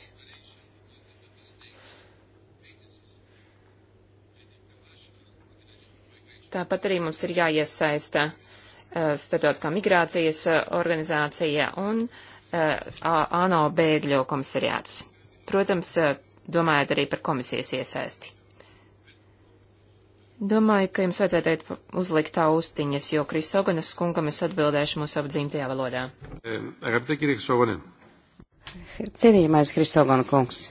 Tāpat arī mums ir jāiesaista eh, starptautiskā migrācijas eh, organizācija un eh, ANO bēgļu komisariāts. Protams, domājot arī par komisijas iesaisti. Domāju, ka jums vajadzētu uzlikt austiņas, jo Krisoganas kungam es atbildēšu mūsu apdzimtajā valodā. Cienījamais Krisogana kungs,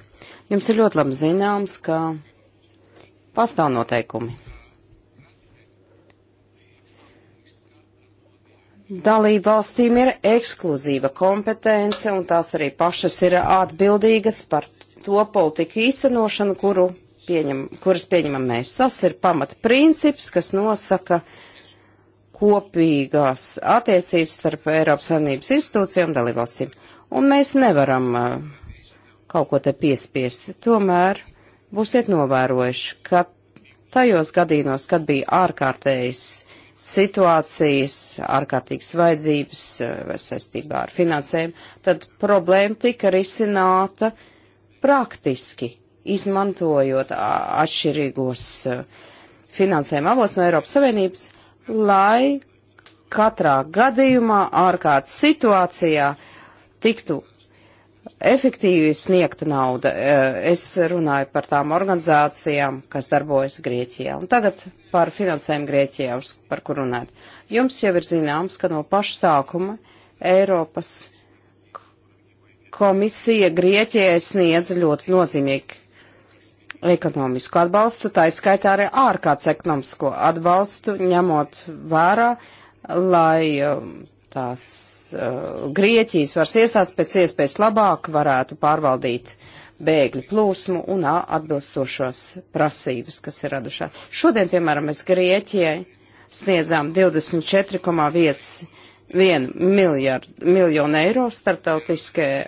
jums ir ļoti labi zināms, ka pastāv noteikumi Dalība valstīm ir ekskluzīva kompetence, un tās arī pašas ir atbildīgas par to politiku īstenošanu, kuru pieņem, kuras pieņemam mēs. Tas ir pamatprincips, kas nosaka kopīgās attiecības starp Eiropas Savienības institūcijām un dalībvalstīm. Un mēs nevaram uh, kaut ko te piespiest. Tomēr būsiet novērojuši, ka tajos gadījumos, kad bija ārkārtējs uh, situācijas, ārkārtīgas vajadzības eh, vai saistībā ar finansēm, tad problēma tika risināta praktiski, izmantojot atšķirīgos eh, finansējuma avots no Eiropas Savienības, lai katrā gadījumā ārkārtas situācijā tiktu efektīvi sniegta nauda. Eh, es runāju par tām organizācijām, kas darbojas Grieķijā. Un tagad par finansējumu Grieķijā, par kur runāt. Jums jau ir zināms, ka no paša sākuma Eiropas komisija Grieķijai sniedz ļoti nozīmīgi ekonomisku atbalstu, tā izskaitā arī ārkārtas ekonomisko atbalstu, ņemot vērā, lai um, tās uh, Grieķijas varas iestādes pēc iespējas labāk varētu pārvaldīt bēgļu plūsmu un uh, atbilstošos prasības, kas ir radušā. Šodien, piemēram, mēs Grieķijai sniedzām 24,1 miljonu eiro starptautiskajai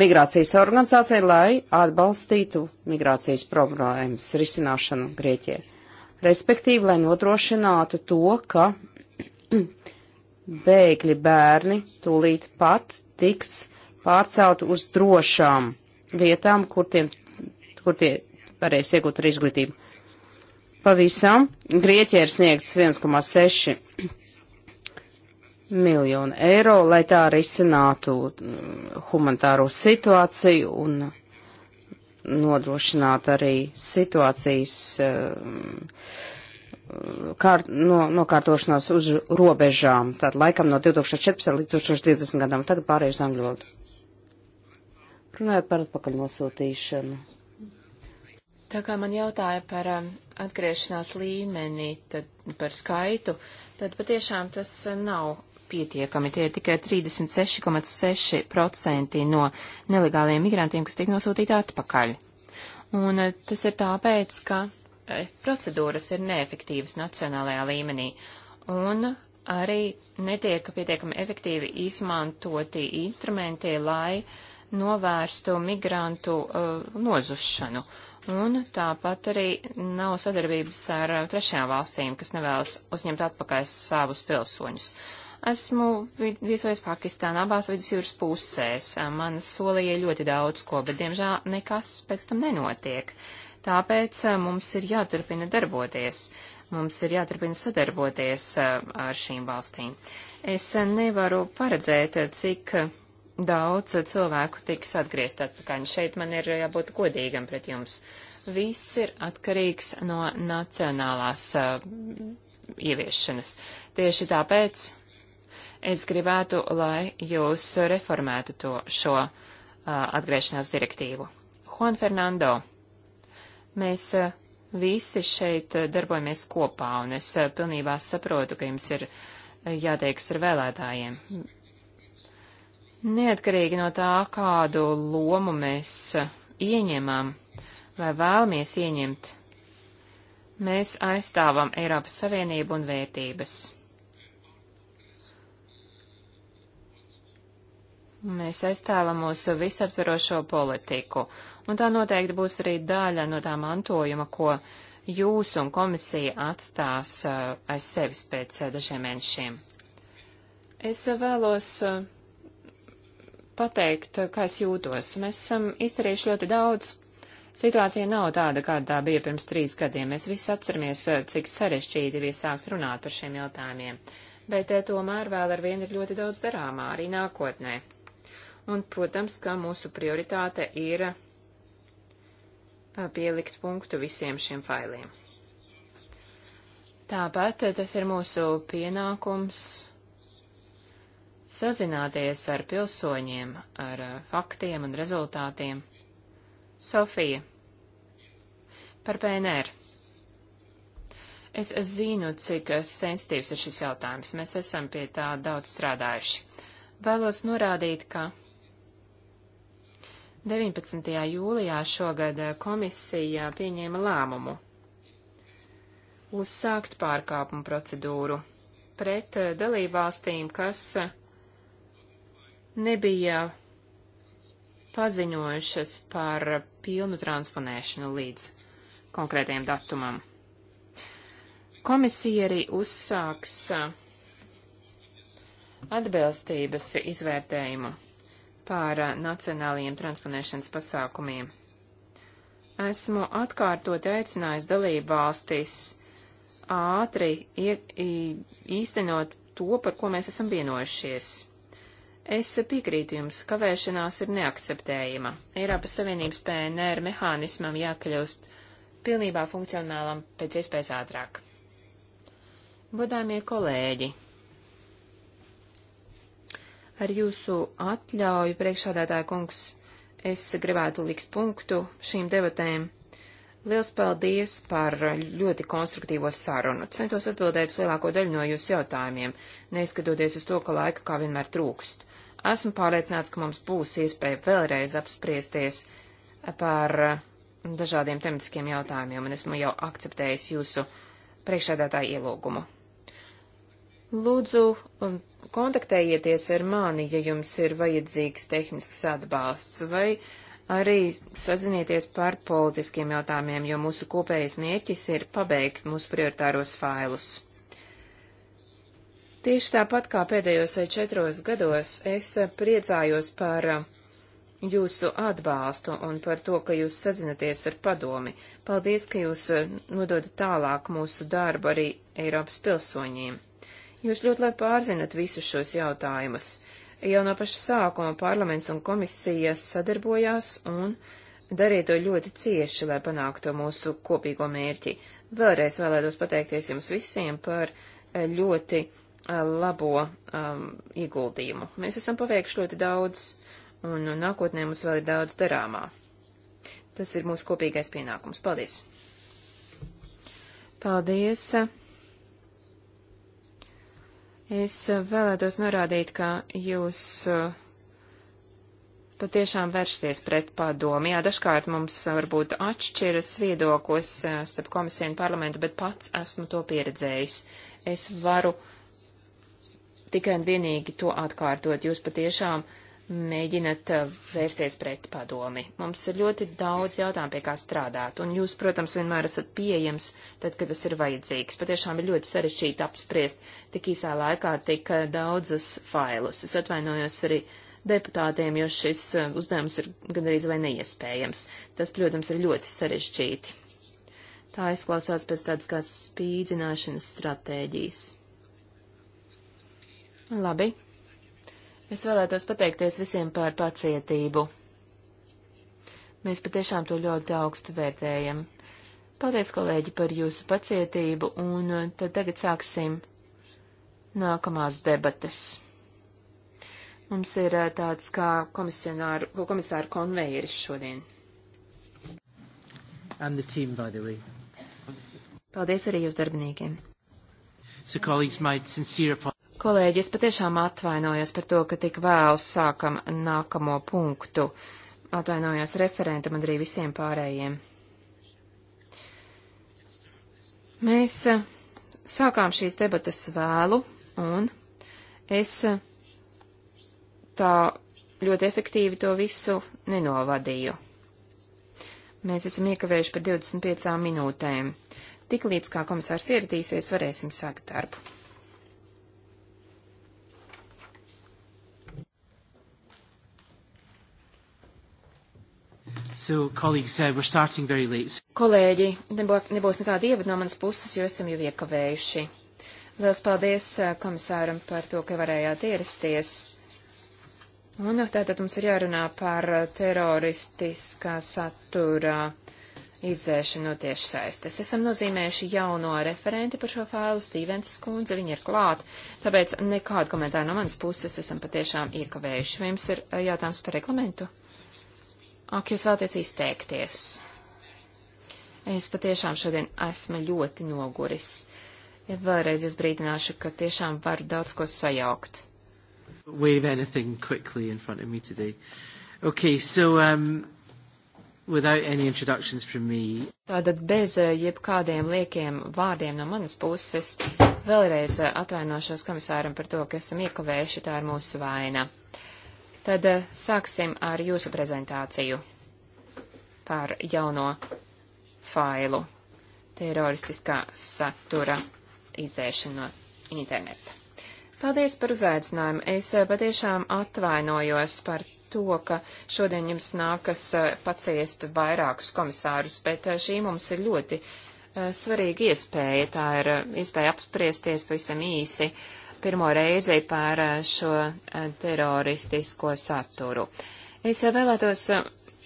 migrācijas organizācijai, lai atbalstītu migrācijas problēmas risināšanu Grieķijai. Respektīvi, lai nodrošinātu to, ka bēgļi bērni tūlīt pat tiks pārcelt uz drošām vietām, kur, tiem, kur tie varēs iegūt ar izglītību. Pavisam Grieķija ir sniegts 1,6 miljonu eiro, lai tā risinātu mm, humanitāro situāciju un nodrošinātu arī situācijas uh, kārt, no, nokārtošanās uz robežām, tad laikam no 2014 līdz 2020 gadam, tagad pārējais angļu valodu. Runājot par atpakaļ nosūtīšanu. Tā kā man jautāja par um, atgriešanās līmeni, tad par skaitu, tad patiešām tas uh, nav pietiekami. Tie ir tikai 36,6% no nelegāliem migrantiem, kas tiek nosūtīti atpakaļ. Un uh, tas ir tāpēc, ka Eh, procedūras ir neefektīvas nacionālajā līmenī un arī netiek pietiekami efektīvi izmantoti instrumenti, lai novērstu migrantu uh, nozušanu. Un tāpat arī nav sadarbības ar uh, trešajām valstīm, kas nevēlas uzņemt atpakaļ savus pilsoņus. Esmu viesojies Pakistānā abās vidusjūras pusēs. Man solīja ļoti daudz ko, bet diemžēl nekas pēc tam nenotiek. Uh, Tāpēc eh, mums ir jāturpina darboties. Mums ir jāturpina sadarboties eh, ar šīm valstīm. Es eh, nevaru paredzēt, cik daudz cilvēku tiks atgriezt atpakaļ. Šeit man ir jābūt godīgam pret jums. Viss ir atkarīgs no nacionālās uh, ieviešanas. Tieši tāpēc es gribētu, lai jūs reformētu to, šo uh, atgriešanās direktīvu. Juan Fernando, Mēs eh, visi šeit eh, darbojamies kopā, un es eh, pilnībā saprotu, ka jums ir jātiekas ar vēlētājiem. Neatkarīgi no tā, kādu lomu mēs ieņemam vai vēlamies ieņemt, mēs aizstāvam Eiropas Savienību un vērtības. Mēs aizstāvam mūsu visaptverošo politiku. Uh, un tā noteikti būs arī daļa no tā mantojuma, ko jūs un komisija atstās eh, aiz sevis pēc eh, dažiem mēnešiem. Es eh, vēlos pateikt, kā es jūtos. Mēs esam izdarījuši ļoti daudz. Situācija nav tāda, kāda tā bija pirms trīs gadiem. Mēs visi atceramies, cik sarežģīti bija sākt runāt par šiem jautājumiem. Bet tomēr vēl ar vienu ir ļoti daudz darāmā arī nākotnē. Un, protams, ka mūsu prioritāte ir pielikt punktu visiem šiem failiem. Tāpat tas ir mūsu pienākums sazināties ar pilsoņiem, ar faktiem un rezultātiem. Sofija, par PNR. Es zinu, cik sensitīvs ir šis jautājums. Mēs esam pie tā daudz strādājuši. Vēlos norādīt, ka 19. jūlijā šogad eh, komisija pieņēma lēmumu uzsākt pārkāpumu procedūru pret eh, dalībvalstīm, kas eh, nebija paziņojušas par pilnu transponēšanu līdz konkrētajam datumam. Komisija arī uzsāks atbilstības izvērtējumu par eh, nacionālajiem transponēšanas pasākumiem. Esmu atkārtot aicinājis dalību valstis ātri ie, īstenot to, par ko mēs esam vienojušies. Es piekrītu jums, kavēšanās ir neakceptējama. Eiropas Savienības PNR mehānismam jākļūst pilnībā funkcionālam pēc iespējas ātrāk. Godāmie kolēģi, Ar jūsu atļauju, priekšādātāja kungs, es gribētu likt punktu šīm debatēm. Liels paldies par ļoti konstruktīvo sarunu. Centos atbildēt uz lielāko daļu no jūsu jautājumiem, neskatoties uz to, ka laika kā vienmēr trūkst. Esmu pārliecināts, ka mums būs iespēja vēlreiz apspriesties par dažādiem tematiskiem jautājumiem, un esmu jau akceptējis jūsu priekšsēdētāju ielūgumu. Lūdzu, um, kontaktējieties ar mani, ja jums ir vajadzīgs tehnisks atbalsts, vai arī sazinieties par politiskiem jautājumiem, jo mūsu kopējais mērķis ir pabeigt mūsu prioritāros failus. Tieši tāpat kā pēdējos eh, četros gados, es eh, priecājos par eh, jūsu atbalstu un par to, ka jūs sazinaties ar padomi. Paldies, ka jūs nododat tālāk mūsu darbu arī Eiropas pilsoņiem. Jūs ļoti labi pārzinat visus šos jautājumus. Jau no paša sākuma parlaments un komisijas sadarbojās un darīja to ļoti cieši, lai panāktu mūsu kopīgo mērķi. Vēlreiz vēlētos pateikties jums visiem par eh, ļoti eh, labo um, ieguldījumu. Mēs esam paveikuši ļoti daudz, un nākotnē mums vēl ir daudz darāmā. Tas ir mūsu kopīgais pienākums. Paldies! Paldies! Es vēlētos norādīt, ka jūs uh, patiešām vēršaties pret padomi. Jā, dažkārt mums uh, varbūt atšķiras viedoklis uh, starp komisiju un parlamentu, bet pats esmu to pieredzējis. Es varu tikai un vienīgi to atkārtot. Jūs patiešām uh, mēģinat eh, vērsties pret padomi. Mums ir ļoti daudz jautājumu, pie kā strādāt, un jūs, protams, vienmēr esat pieejams, tad, kad tas ir vajadzīgs. Patiešām ir ļoti sarežģīti apspriest tik īsā laikā tik eh, daudzus failus. Es atvainojos arī deputātiem, jo šis eh, uzdevums ir gandrīz vai neiespējams. Tas, protams, ir ļoti sarežģīti. Tā izklausās pēc tādas kā spīdzināšanas stratēģijas. Labi. Es vēlētos pateikties visiem par pacietību. Mēs patiešām to ļoti augstu vērtējam. Paldies, kolēģi, par jūsu pacietību, un tad tagad sāksim nākamās debates. Mums ir tāds kā komisāru, komisāru konvejeris šodien. Team, Paldies arī jūsu darbiniekiem. So, colleagues, my sincere apologies. Kolēģi, es patiešām atvainojos par to, ka tik vēl sākam nākamo punktu. Atvainojos referentam un arī visiem pārējiem. Mēs eh, sākām šīs debatas vēlu un es eh, tā ļoti efektīvi to visu nenovadīju. Mēs esam iekavējuši par 25 minūtēm. Tiklīdz kā komisārs ieradīsies, varēsim sākt darbu. So, colleagues, uh, we're starting very late. Kolēģi, nebū, nebūs nekāda ievada no manas puses, jo esam jau iekavējuši. Lielas paldies uh, komisāram par to, ka varējāt ierasties. Un nu, tātad mums ir jārunā par uh, teroristiskā satura izdzēšanu no tiešsaistes. Esam nozīmējuši jauno referenti par šo failu, Stīvens Skundze, viņa ir klāt, tāpēc nekādu komentāru no manas puses esam patiešām iekavējuši. Vai jums ir uh, jautājums par reglamentu? Ak, jūs vēlaties izteikties. Es patiešām šodien esmu ļoti noguris. Ja vēlreiz jūs brīdināšu, ka tiešām varu daudz ko sajaukt. Wave anything quickly in front of me today. Okay, so um, without any introductions from me. Tātad bez uh, jebkādiem liekiem vārdiem no manas puses vēlreiz uh, atvainošos komisāram par to, ka esam iekavējuši, tā ir mūsu vaina. Tad eh, sāksim ar jūsu prezentāciju par jauno failu teroristiskā satura izēšanu no interneta. Paldies par uzaicinājumu. Es eh, patiešām atvainojos par to, ka šodien jums nākas eh, paciest vairākus komisārus, bet šī mums ir ļoti svarīga iespēja. Tā ir iespēja apspriesties pavisam īsi. Uh, pirmo reizi par eh, šo eh, teroristisko saturu. Es eh, vēlētos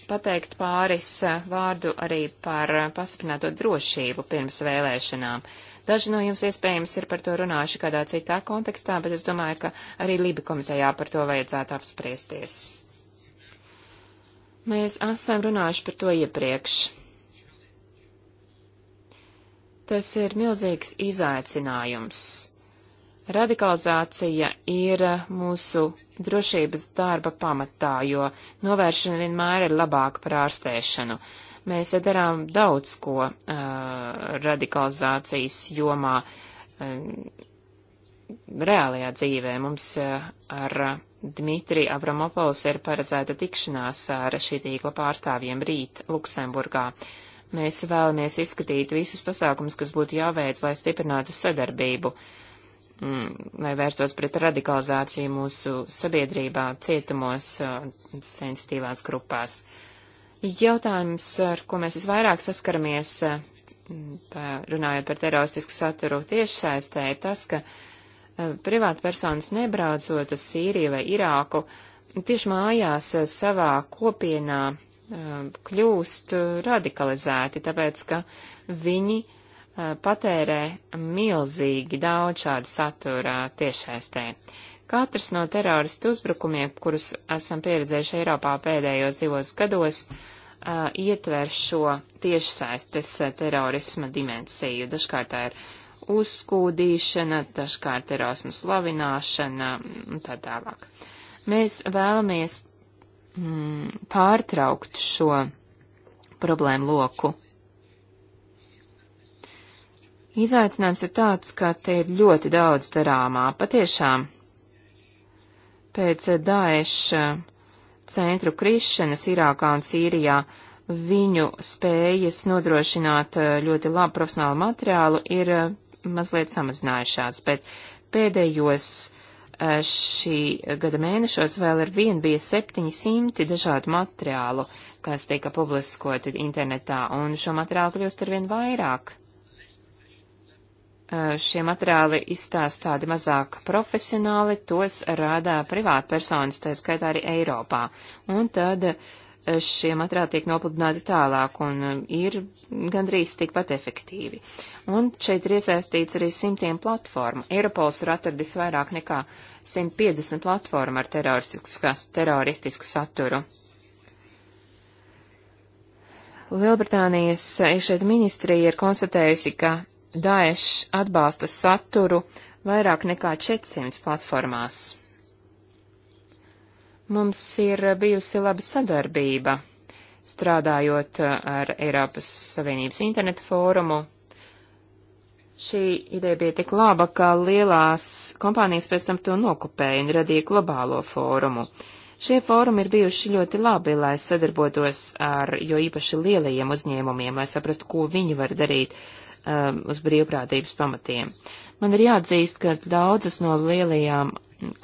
pateikt pāris vārdu arī par pastiprināto drošību pirms vēlēšanām. Daži no jums iespējams ir par to runājuši kādā citā kontekstā, bet es domāju, ka arī Libi komitejā par to vajadzētu apspriesties. Mēs esam runājuši par to iepriekš. Tas ir milzīgs izaicinājums. Radikalizācija ir eh, mūsu drošības darba pamatā, jo novēršana vienmēr ir labāka par ārstēšanu. Mēs darām daudz ko uh, radikalizācijas jomā uh, reālajā dzīvē. Mums uh, ar Dmitri Avramopols ir paredzēta tikšanās ar šī tīkla pārstāvjiem rīt Luksemburgā. Mēs vēlamies izskatīt visus pasākumus, kas būtu jāveic, lai stiprinātu sadarbību. Uh, Mm, lai vērstos pret radikalizāciju mūsu sabiedrībā, cietumos, uh, sensitīvās grupās. Jautājums, ar ko mēs visvairāk saskaramies, uh, mm, runājot par teroristisku saturu tiešsaistē, ir tas, ka uh, privātpersonas nebraucot uz Sīriju vai Irāku, tieši mājās savā kopienā kļūst radikalizēti, tāpēc, ka viņi uh, Eh, patērē milzīgi daudz šādu satura tiešsaistē. Katrs no teroristu uzbrukumiem, kurus esam pieredzējuši Eiropā pēdējos divos gados, uh, ietver šo tiešsaistes eh, terorisma dimensiju. Dažkārt tā ir uzskūdīšana, dažkārt terorisma slavināšana mm, un tā tālāk. Mēs vēlamies mm, pārtraukt šo problēmu loku Izaicinājums ir tāds, ka te ir ļoti daudz darāmā, patiešām. Pēc eh, Daeša eh, centru krišanas Irākā un Sīrijā viņu spējas nodrošināt eh, ļoti labu profesionālu materiālu ir mazliet samazinājušās, bet pēdējos šī gada mēnešos vēl ar vienu bija 700 dažādu materiālu, kas tika publiskoti internetā, un šo materiālu kļūst ar vien vairāk šie materiāli izstāsta tādi mazāk profesionāli, tos rādā privātpersonas, tā skaitā arī Eiropā. Un tad šie materiāli tiek nopludināti tālāk un ir gandrīz tikpat efektīvi. Un šeit ir iesaistīts arī simtiem platformu. Eiropols ir atradis vairāk nekā 150 platformu ar teroristisku saturu. Lielbritānijas iekšēt ministrija ir konstatējusi, ka Daesh atbalsta saturu vairāk nekā 400 platformās. Mums ir bijusi laba sadarbība, strādājot uh, ar Eiropas Savienības internetu fórumu. Šī ideja bija tik laba, ka lielās kompānijas pēc tam to nokopēja un radīja globālo fórumu. Šie fórumi ir bijuši ļoti labi, lai sadarbotos ar jo īpaši lielajiem uzņēmumiem, lai saprastu, ko viņi var darīt, um, uz brīvprātības pamatiem. Man ir jāatzīst, ka daudzas no lielajām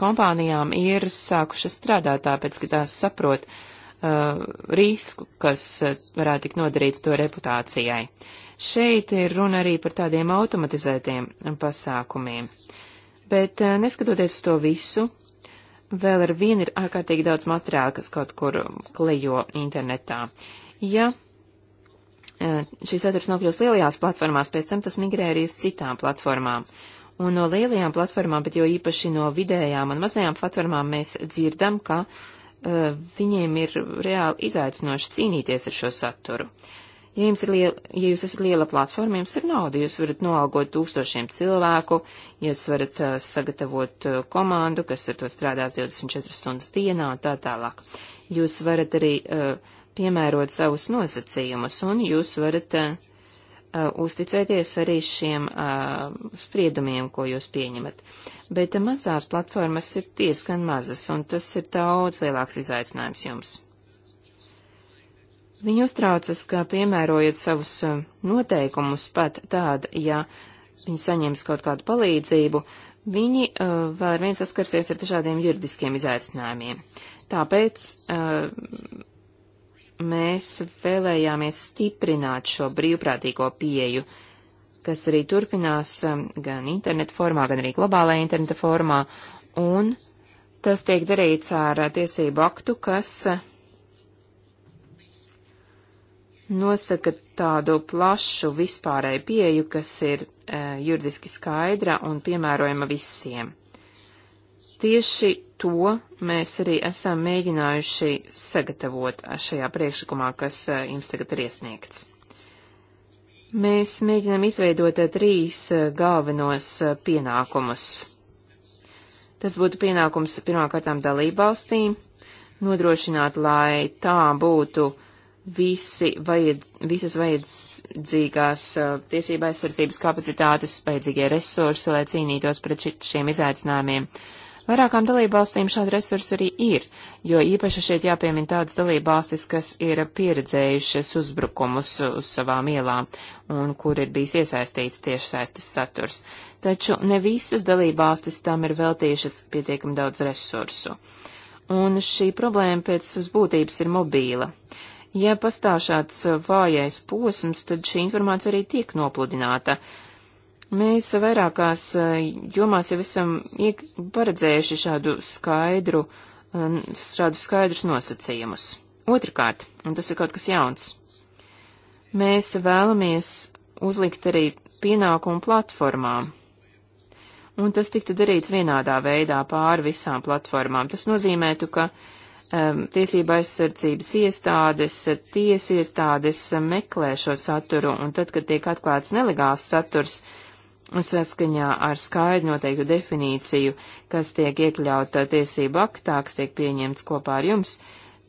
kompānijām ir sākušas strādāt tāpēc, ka tās saprot uh, risku, kas uh, varētu tik nodarīts to reputācijai. Šeit ir runa arī par tādiem automatizētiem pasākumiem. Bet uh, neskatoties uz to visu, vēl ar vienu ir ārkārtīgi daudz materiāla, kas kaut kur klejo internetā. Ja šis saturs nokļūst lielajās platformās, pēc tam tas migrē arī uz citām platformām. Un no lielajām platformām, bet jo īpaši no vidējām un mazajām platformām mēs dzirdam, ka uh, viņiem ir reāli izaicinoši cīnīties ar šo saturu. Ja, jums ir liela, ja jūs esat liela platforma, jums ir nauda, jūs varat noalgot tūkstošiem cilvēku, jūs varat uh, sagatavot uh, komandu, kas ar to strādās 24 stundas dienā un tā tālāk. Jūs varat arī uh, piemērot savus nosacījumus, un jūs varat uh, uzticēties arī šiem uh, spriedumiem, ko jūs pieņemat. Bet uh, mazās platformas ir diezgan mazas, un tas ir daudz lielāks izaicinājums jums. Viņi uztraucas, ka piemērojot savus noteikumus, pat tāda, ja viņi saņems kaut kādu palīdzību, viņi uh, vēl ar vien saskarsies ar dažādiem juridiskiem izaicinājumiem. Tāpēc uh, mēs vēlējāmies stiprināt šo brīvprātīgo pieju, kas arī turpinās um, gan interneta formā, gan arī globālajā interneta formā, un tas tiek darīts ar uh, tiesību aktu, kas uh, nosaka tādu plašu vispārēju pieju, kas ir e, juridiski skaidra un piemērojama visiem. Tieši to mēs arī esam mēģinājuši sagatavot šajā priekšlikumā, kas eh, jums tagad ir iesniegts. Mēs mēģinām izveidot eh, trīs eh, galvenos pienākumus. Tas būtu pienākums pirmkārtām dalībvalstīm nodrošināt, lai tā būtu visi vajadz, visas vajadzīgās uh, tiesība aizsardzības kapacitātes, vajadzīgie resursi, lai cīnītos pret ši, šiem izaicinājumiem. Uh, Vairākām dalībvalstīm šādi resursi arī ir, jo īpaši šeit jāpiemina tādas dalībvalstis, kas ir pieredzējušas uzbrukumus uz savām ielām un kur ir bijis iesaistīts tieši saistis saturs. Taču ne visas dalībvalstis tam ir veltījušas pietiekami daudz resursu. Un šī problēma pēc savas būtības ir mobīla. Ja pastāv šāds vājais posms, tad šī informācija arī tiek nopludināta. Uh, Mēs vairākās eh, jomās jau esam paredzējuši šādu skaidru, eh, šādu skaidrus nosacījumus. Otrakārt, un tas ir kaut kas jauns, mēs vēlamies uzlikt arī pienākumu platformām. Un tas tiktu darīts vienādā veidā pāri visām platformām. Tas nozīmētu, ka um, tiesība aizsardzības iestādes, tiesu iestādes meklē šo saturu, un tad, kad tiek atklāts nelegāls saturs, uh, saskaņā ar skaidru noteiktu definīciju, kas tiek iekļauta tiesību aktā, kas tiek pieņemts kopā ar jums,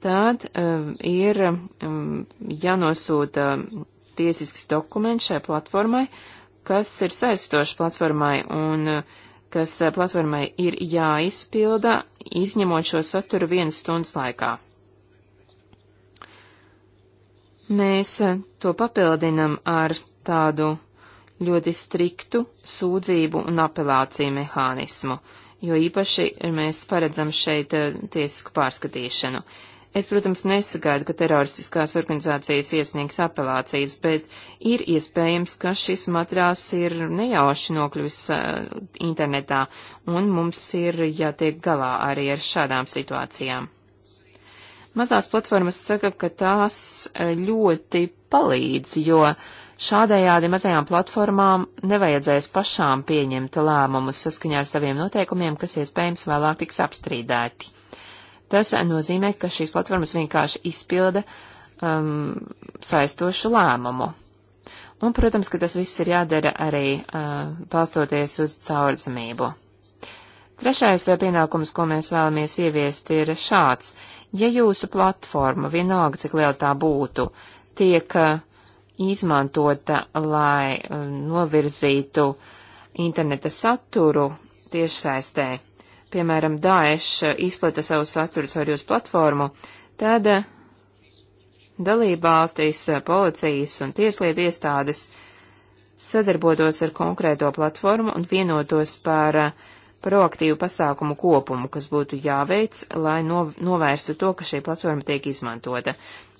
tad um, ir um, jānosūta tiesisks dokuments šai platformai, kas ir saistošs platformai un uh, kas uh, platformai ir jāizpilda, izņemot šo saturu vienas stundas laikā. Mēs uh, to papildinam ar tādu ļoti striktu sūdzību un apelāciju mehānismu, jo īpaši mēs paredzam šeit eh, tiesisku pārskatīšanu. Es, protams, nesagaidu, ka teroristiskās organizācijas iesniegs apelācijas, bet ir iespējams, ka šis matrās ir nejauši nokļuvis uh, internetā, un mums ir jātiek galā arī ar šādām situācijām. Mazās platformas saka, ka tās eh, ļoti palīdz, jo uh, Šādējādi mazajām platformām nevajadzēs pašām pieņemt lēmumus saskaņā ar saviem noteikumiem, kas iespējams vēlāk tiks apstrīdēti. Tas nozīmē, ka šīs platformas vienkārši izpilda um, saistošu lēmumu. Un, protams, ka tas viss ir jādara arī uh, balstoties uz caurdzamību. Trešais uh, pienākums, ko mēs vēlamies ieviest, ir šāds. Ja jūsu platforma, vienalga cik liela tā būtu, tiek uh, izmantota, lai um, novirzītu interneta saturu tiešsaistē, piemēram, Daesh izplata savu saturu caur jūsu platformu, tad uh, dalībvalstīs uh, policijas un tieslietu iestādes sadarbotos ar konkrēto platformu un vienotos par uh, proaktīvu pasākumu kopumu, kas būtu jāveic, lai no, novērstu to, ka šī platforma tiek izmantota.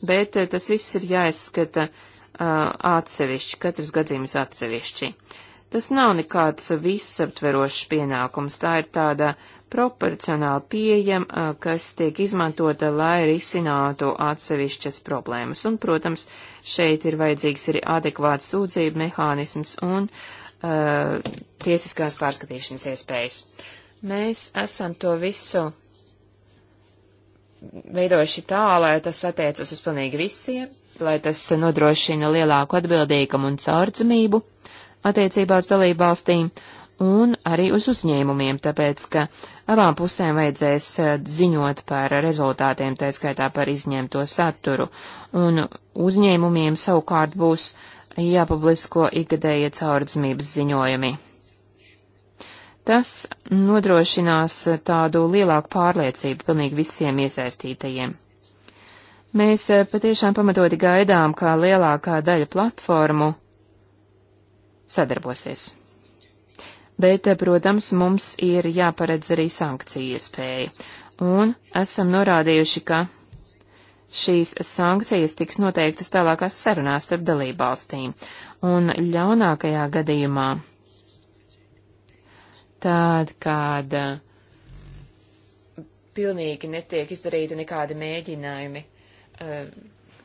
Bet tas viss ir jāizskata uh, atsevišķi, katrs gadījums atsevišķi. Tas nav nekāds visaptverošs pienākums, tā ir tāda proporcionāla pieejama, kas tiek izmantota, lai risinātu atsevišķas problēmas. Un, protams, šeit ir vajadzīgs arī adekvāts sūdzību mehānisms un uh, tiesiskās pārskatīšanas iespējas. Mēs esam to visu veidojuši tā, lai tas attiecas uz pilnīgi visiem, lai tas nodrošina lielāku atbildīgumu un caurdzamību attiecībās dalību valstīm un arī uz uzņēmumiem, tāpēc, ka abām pusēm vajadzēs eh, ziņot par rezultātiem, tā skaitā par izņemto saturu, un uzņēmumiem savukārt būs jāpublisko ikgadēja caurdzamības ziņojumi. Tas nodrošinās tādu lielāku pārliecību pilnīgi visiem iesaistītajiem. Mēs eh, patiešām pamatoti gaidām, kā lielākā daļa platformu sadarbosies. Bet, eh, protams, mums ir jāparedz arī sankciju iespēja, un esam norādījuši, ka šīs sankcijas tiks noteiktas tālākās sarunās starp dalībvalstīm, un ļaunākajā gadījumā tad, kad uh, pilnīgi netiek izdarīti nekādi mēģinājumi uh,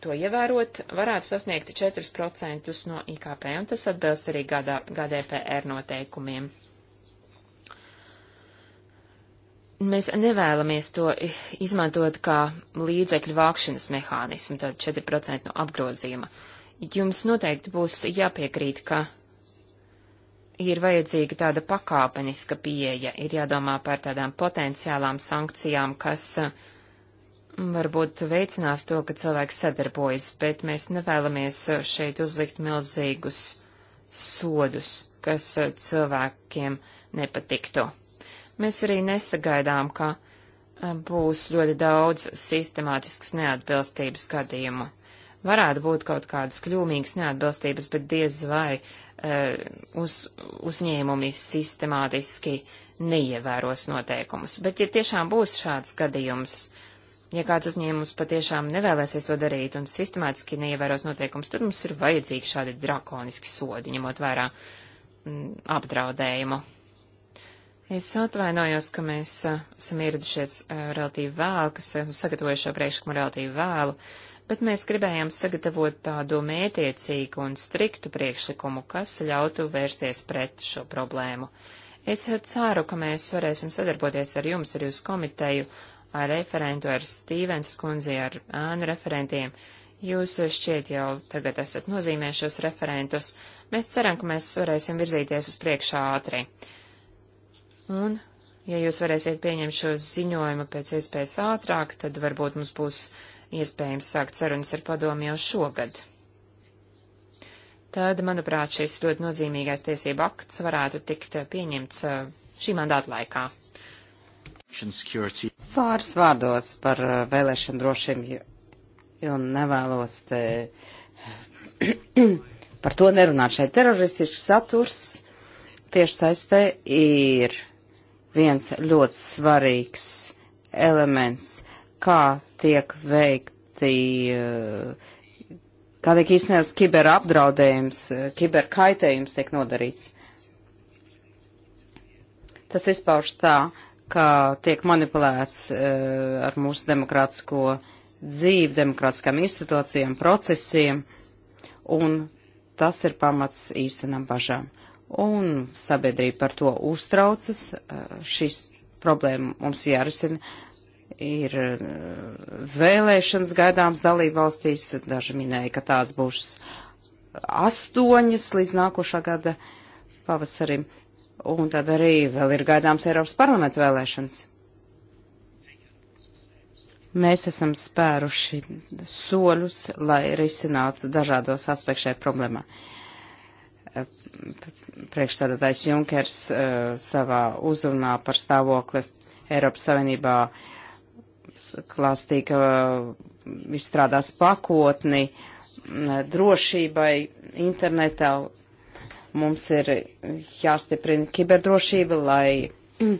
to ievērot, varētu sasniegt 4% no IKP, un tas atbilst arī GDPR noteikumiem. Mēs nevēlamies to izmantot kā līdzekļu vākšanas mehānismu, tad 4% no apgrozījuma. Jums noteikti būs jāpiekrīt, ka ir vajadzīga tāda pakāpeniska pieeja, ir jādomā par tādām potenciālām sankcijām, kas mm, varbūt veicinās to, ka cilvēks sadarbojas, bet mēs nevēlamies šeit uzlikt milzīgus sodus, kas cilvēkiem nepatiktu. Mēs arī nesagaidām, ka mm, būs ļoti daudz sistemātisks neatbilstības gadījumu varētu būt kaut kādas kļūmīgas neatbilstības, bet diez vai uh, uz, uzņēmumi sistemātiski neievēros noteikumus. Bet ja tiešām būs šāds gadījums, ja kāds uzņēmums patiešām nevēlēsies to darīt un sistemātiski neievēros noteikumus, tad mums ir vajadzīgi šādi drakoniski sodi, ņemot vērā m, mm, apdraudējumu. Es atvainojos, ka mēs eh, esam ieradušies eh, relatīvi vēlu, kas sagatavoju šo priekšlikumu relatīvi vēlu. Uh, bet mēs gribējām sagatavot tādu mētiecīgu un striktu priekšlikumu, kas ļautu vērsties pret šo problēmu. Es ceru, ka mēs varēsim sadarboties ar jums, ar jūsu komiteju, ar referentu, ar Stīvens kundzi, ar ānu referentiem. Jūs šķiet jau tagad esat nozīmējušos referentus. Mēs ceram, ka mēs varēsim virzīties uz priekšā ātri. Un ja jūs varēsiet pieņemt šo ziņojumu pēc iespējas ātrāk, tad varbūt mums būs iespējams sākt sarunas ar padomu jau šogad. Tad, manuprāt, šis ļoti nozīmīgais tiesība akts varētu tikt eh, pieņemts eh, šī mandāta laikā. Pāris vārdos par eh, vēlēšanu drošību, jo nevēlos te *clears throat* par to nerunāt. Šeit teroristisks saturs tieši saistē ir viens ļoti svarīgs elements kā tiek veikti, kā tiek īstenots kiberapdraudējums, kiberkaitējums tiek nodarīts. Tas izpauž tā, ka tiek manipulēts eh, ar mūsu demokrātisko dzīvi, demokrātiskām institūcijām, procesiem, un tas ir pamats īstenam bažām. Un sabiedrība par to uztraucas, eh, šis problēma mums jārisina ir eh, vēlēšanas gaidāms dalību valstīs, daži minēja, ka tās būs astoņas līdz nākošā gada pavasarim, un tad arī vēl ir gaidāms Eiropas parlamenta vēlēšanas. Mēs esam spēruši soļus, lai risinātu dažādos aspektus šai problēmai priekšstādātais Junkers uh, savā uzrunā par stāvokli Eiropas Savienībā klāstī, ka izstrādās pakotni drošībai internetā. Mums ir jāstiprina kiberdrošība, lai mm.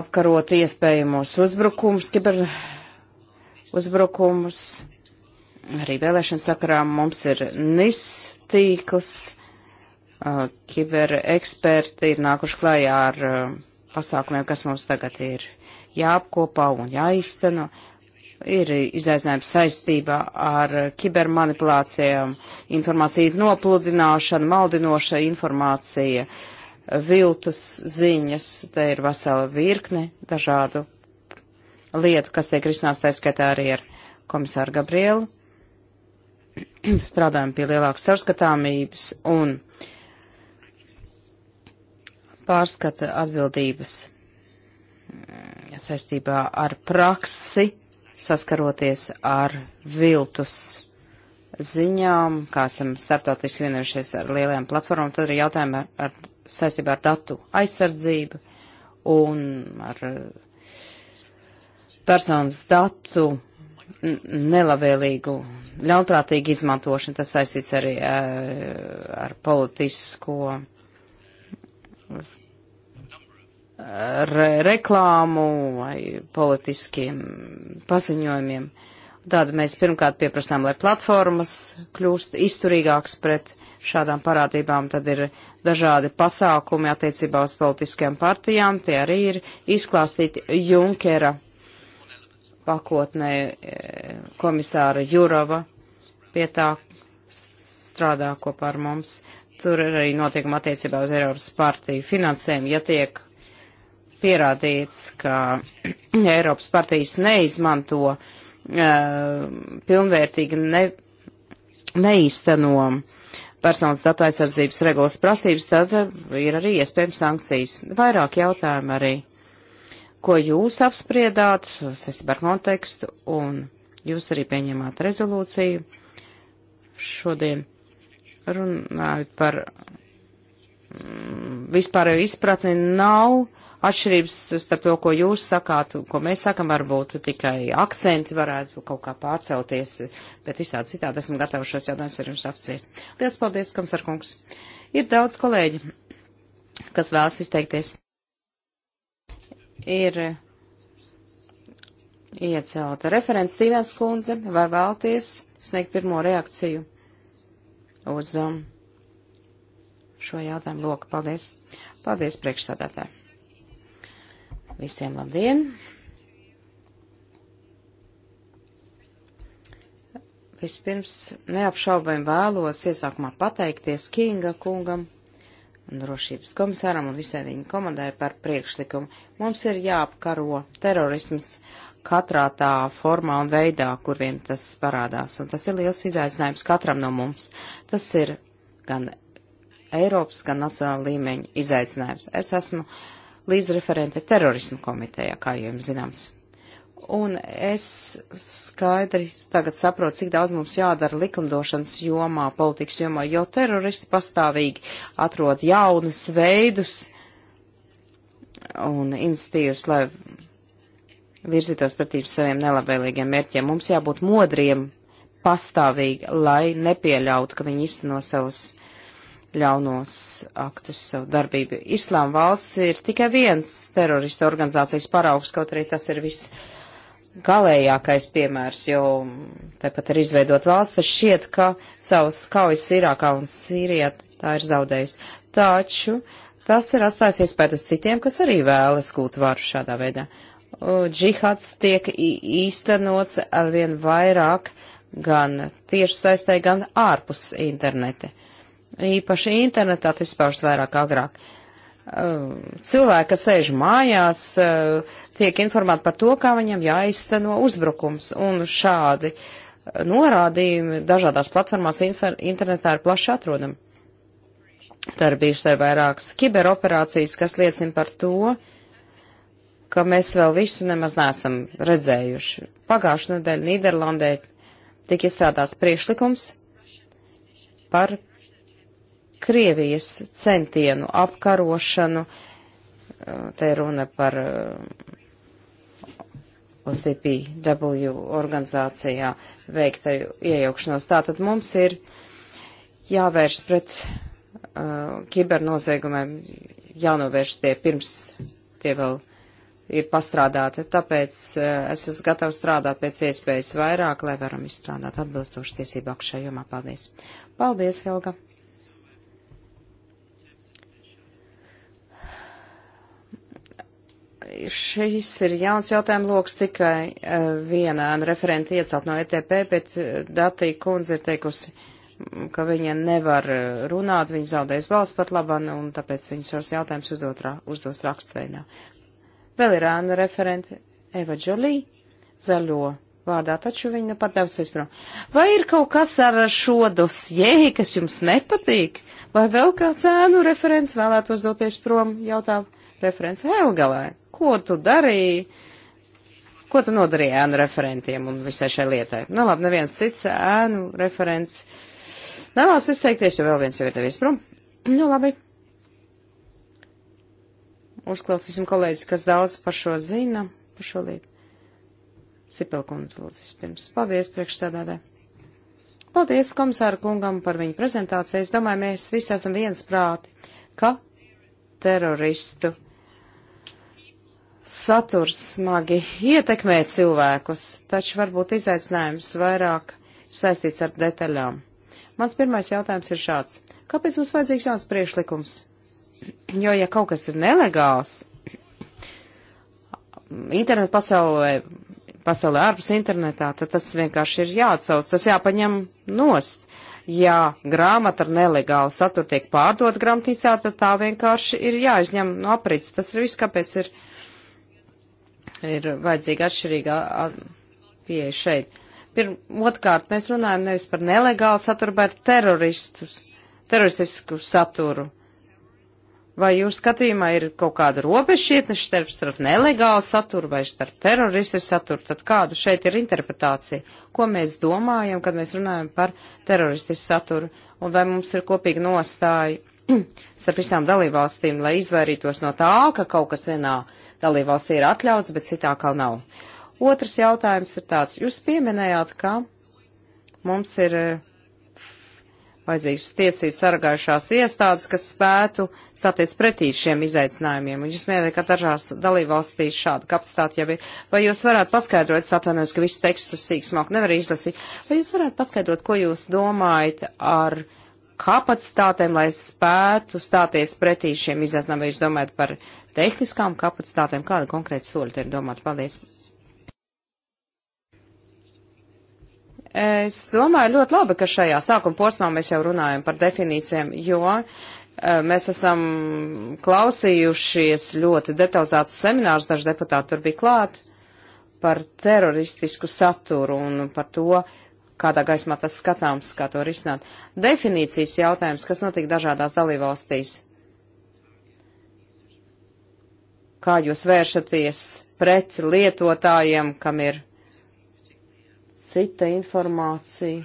apkarot iespējamos uzbrukums, kiber uzbrukums. Arī vēlēšanu sakarā mums ir NIS tīkls, kibereksperti ir nākuši klājā ar uh, pasākumiem, kas mums tagad ir jāapkopā un jāizteno. Ir izaicinājums saistībā ar kibermanipulācijām, informāciju nopludināšanu, maldinoša informācija, viltus ziņas, te ir vesela virkne dažādu lietu, kas tiek risināts, tā skaitā arī ar komisāru Gabrielu. *clears throat* Strādājam pie lielākas sarskatāmības un pārskata atbildības mm, saistībā ar praksi, saskaroties ar viltus ziņām, kā esam starptautiski vienojušies ar lielajām platformām, tad ir jautājumi ar, ar, saistībā ar datu aizsardzību un ar eh, personas datu nelabvēlīgu, ļaunprātīgu izmantošanu. Tas saistīts arī eh, ar politisko re reklāmu vai politiskiem paziņojumiem. Tad mēs pirmkārt pieprasām, lai platformas kļūst izturīgāks pret šādām parādībām, tad ir dažādi pasākumi attiecībā uz politiskajām partijām, tie arī ir izklāstīti Junkera pakotnē e, komisāra Jurava pie tā strādā kopā ar mums. Tur arī notiekuma attiecībā uz Eiropas partiju finansēm, ja tiek pierādīts, ka Eiropas partijas neizmanto uh, pilnvērtīgi ne, neīsteno personas datu aizsardzības regulas prasības, tad ir arī iespējams sankcijas. Vairāk jautājumu arī, ko jūs apspriedāt saistībā ar kontekstu, un jūs arī pieņemāt rezolūciju šodien runājot par mm, vispārēju izpratni nav atšķirības starp to, ko jūs sakāt, ko mēs sakam, varbūt tikai akcenti varētu kaut kā pārcelties, bet visādi citādi esmu gatava šos jautājumus ar jums apspriest. Lielas paldies, Kamsarkungs. Ir daudz kolēģi, kas vēlas izteikties. Ir iecelta referents Stīvens Kundze, vai vēlties sniegt pirmo reakciju uz um, šo jautājumu loku. Paldies. Paldies, priekšsādātāji. Visiem labdien! Vispirms neapšaubami vēlos iesākumā pateikties Kinga kungam un drošības komisāram un visai viņa komandai par priekšlikumu. Mums ir jāapkaro terorisms katrā tā formā un veidā, kur vien tas parādās. Un tas ir liels izaicinājums katram no mums. Tas ir gan Eiropas, gan nacionāla līmeņa izaicinājums. Es esmu uh, līdzreferente terorismu komitejā, kā jums zināms. Un es skaidri tagad saprotu, cik daudz mums jādara likumdošanas jomā, politikas jomā, jo teroristi pastāvīgi atrod jaunus veidus un institīvas, lai virzītos pretīm saviem nelabvēlīgiem mērķiem. Mums jābūt modriem pastāvīgi, lai nepieļautu, ka viņi izteno savus ļaunos aktus savu darbību. Islām valsts ir tikai viens terorista organizācijas paraugs, kaut arī tas ir viss galējākais piemērs, jo tāpat ir izveidot valsts, tas šķiet, ka savas kaujas Irākā un Sīrijā tā ir zaudējusi. Taču tas ir atstājis iespēju uz citiem, kas arī vēlas gūt varu šādā veidā. Džihads tiek īstenots arvien vairāk gan tieši saistē, gan ārpus interneta īpaši internetā, tas izpaužas vairāk agrāk. Ehm, cilvēki, kas sēž mājās, ehm, tiek informēti par to, kā viņam jāizteno uzbrukums, un šādi ehm, norādījumi dažādās platformās internetā ir plaši atrodami. Tā ir bijušas arī vairākas kiberoperācijas, kas liecina par to, ka mēs vēl visu nemaz neesam redzējuši. Pagājušā nedēļa Nīderlandē tika izstrādāts priekšlikums par Krievijas centienu apkarošanu. Eh, te runa par eh, OCPW organizācijā veiktaju iejaukšanos. Tātad mums ir jāvērš pret uh, kibernoziegumiem, jānovērš tie pirms tie vēl ir pastrādāti. Tāpēc uh, es esmu gatavs strādāt pēc iespējas vairāk, lai varam izstrādāt atbilstoši tiesību akšējumā. Paldies! Paldies, Helga! Šis ir jauns jautājums loks tikai eh, vienā referenta iecelt no ETP, bet eh, Datī kundze ir teikusi, mm, ka viņa nevar eh, runāt, viņa zaudēs balsts pat laban, un tāpēc viņas šos jautājumus uzdot, uzdos rakstveidā. Vēl ir āna referenta Eva Džolī, zaļo vārdā, taču viņa pat devsies prom. Vai ir kaut kas ar šo dosjē, kas jums nepatīk? Vai vēl kāds ēnu referents vēlētos doties prom? Jautā referents Helgalē. Ko tu darīji? Ko tu nodarīji ēnu referentiem un visai šai lietai? Nu labi, neviens cits ēnu referents nevēlas izteikties, jo vēl viens jau ir devies prom. *clears throat* Nu labi. Uzklausīsim kolēģis, kas daudz par šo zina, par šo lietu. Sipelkundze, lūdzu, vispirms. Paldies, priekšsēdētāji. Paldies komisāru kungam par viņu prezentāciju. Es domāju, mēs visi esam viensprāti, ka teroristu saturs smagi ietekmē cilvēkus, taču varbūt izaicinājums vairāk saistīts ar detaļām. Mans pirmais jautājums ir šāds. Kāpēc mums vajadzīgs jauns priešlikums? Jo, ja kaut kas ir nelegāls, internetu pasaulē, pasaulē ārpus internetā, tad tas vienkārši ir jāatsauc, tas jāpaņem nost. Ja grāmata ar nelegālu saturu tiek pārdot grāmatīcā, tad tā vienkārši ir jāizņem no aprits. Tas ir viss, kāpēc ir uh, ir vajadzīga atšķirīga pieeja šeit. Pirmkārt, mēs runājam nevis par nelegālu saturu, bet teroristus, teroristisku saturu. Vai jūs skatījumā ir kaut kāda robežšķietne starp, starp nelegālu saturu vai starp teroristu saturu? Tad kāda šeit ir interpretācija? Ko mēs domājam, kad mēs runājam par teroristu saturu? Un vai mums ir kopīga nostāja *clears throat* starp visām dalībvalstīm, lai izvairītos no tā, ka kaut kas vienā uh, dalībvalstī ir atļauts, bet citā kā nav. Otrs jautājums ir tāds. Jūs pieminējāt, ka mums ir eh, vajadzīgs tiesīs sargājušās iestādes, kas spētu stāties pretī šiem izaicinājumiem. Un jūs mērķi, ka dažās dalībvalstīs šāda kapacitāte jau ir. Vai jūs varētu paskaidrot, es atvainojos, ka visu tekstu sīksmāk nevar izlasīt, vai jūs varētu paskaidrot, ko jūs domājat ar kapacitātēm, lai spētu stāties pretī šiem izaicinājumiem, vai jūs domājat par tehniskām kapacitātēm, kāda konkrēta soļa te ir domāta. Paldies! Es domāju, ļoti labi, ka šajā sākuma posmā mēs jau runājam par definīcijām, jo eh, mēs esam klausījušies ļoti detalizētas seminārus, daži deputāti tur bija klāt, par teroristisku saturu un par to, kādā gaismā tas skatāms, kā to risināt. Definīcijas jautājums, kas notiek dažādās dalībvalstīs. kā jūs vēršaties pret lietotājiem, kam ir cita informācija.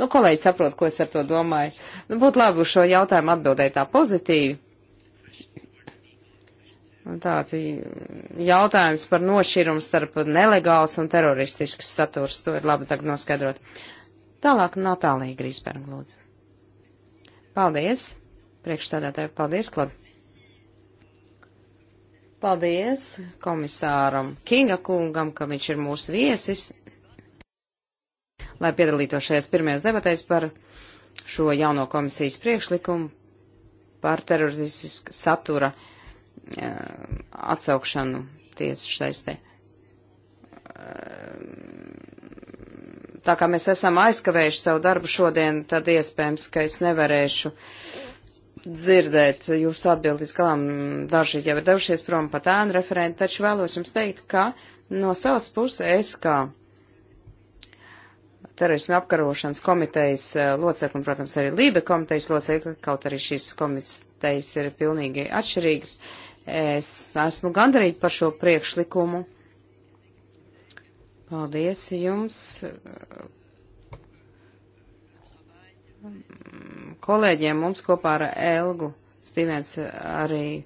Nu, kolēģi saprot, ko es ar to domāju. Nu, būtu labi uz šo jautājumu atbildēt tā pozitīvi. Un tāds jautājums par nošķirumu starp nelegāls un teroristisks saturs. To ir labi tagad noskaidrot. Tālāk Natālija Grīsberga lūdzu. Paldies, priekšstādātāji, paldies, Klabi. Paldies komisāram Kinga kungam, ka viņš ir mūsu viesis, lai piedalītos šajās pirmajās debatēs par šo jauno komisijas priekšlikumu par teroristiska satura uh, atsaukšanu tiesas saistē. Uh, tā kā mēs esam aizkavējuši savu darbu šodien, tad iespējams, ka es nevarēšu uh, dzirdēt jūsu atbildi līdz galam. Daži jau ir devušies prom pat ēnu referenti, taču vēlos jums teikt, ka no savas puses es kā terorismu apkarošanas komitejas eh, locekli, un, protams, arī Lībe komitejas locekli, kaut arī šīs komitejas ir pilnīgi atšķirīgas, es esmu gandarīti par šo priekšlikumu. Paldies jums kolēģiem mums kopā ar Elgu Stīvens arī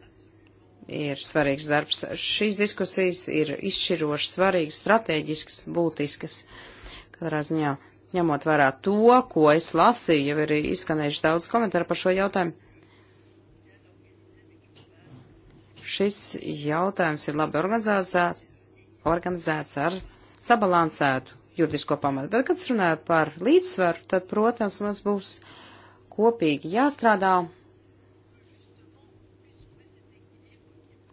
ir svarīgs darbs. Šīs diskusijas ir izšķiroši svarīgas, strateģiskas, būtiskas. Katrā ziņā, ņemot vērā to, ko es lasīju, jau ir izskanējuši daudz komentāru par šo jautājumu. Šis jautājums ir labi organizēts, organizēts ar sabalansētu juridisko pamatu. Bet, kad runāju par līdzsvaru, tad, protams, mums būs kopīgi jāstrādā,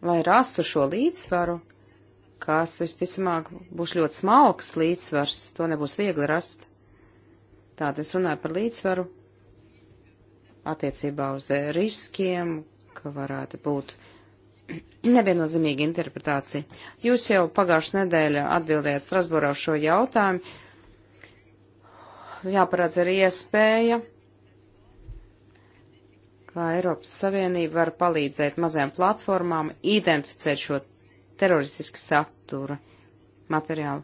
lai rastu šo līdzsvaru, kas visticamāk būs ļoti smalks līdzsvars, to nebūs viegli rast. Tātad es runāju par līdzsvaru attiecībā uz riskiem, ka varētu būt *clears throat* neviennozīmīga interpretācija. Jūs jau pagājušā nedēļa atbildējāt Strasbūrā uz šo jautājumu. Jāparādz arī iespēja kā Eiropas Savienība var palīdzēt mazajām platformām identificēt šo teroristiski satura materiālu.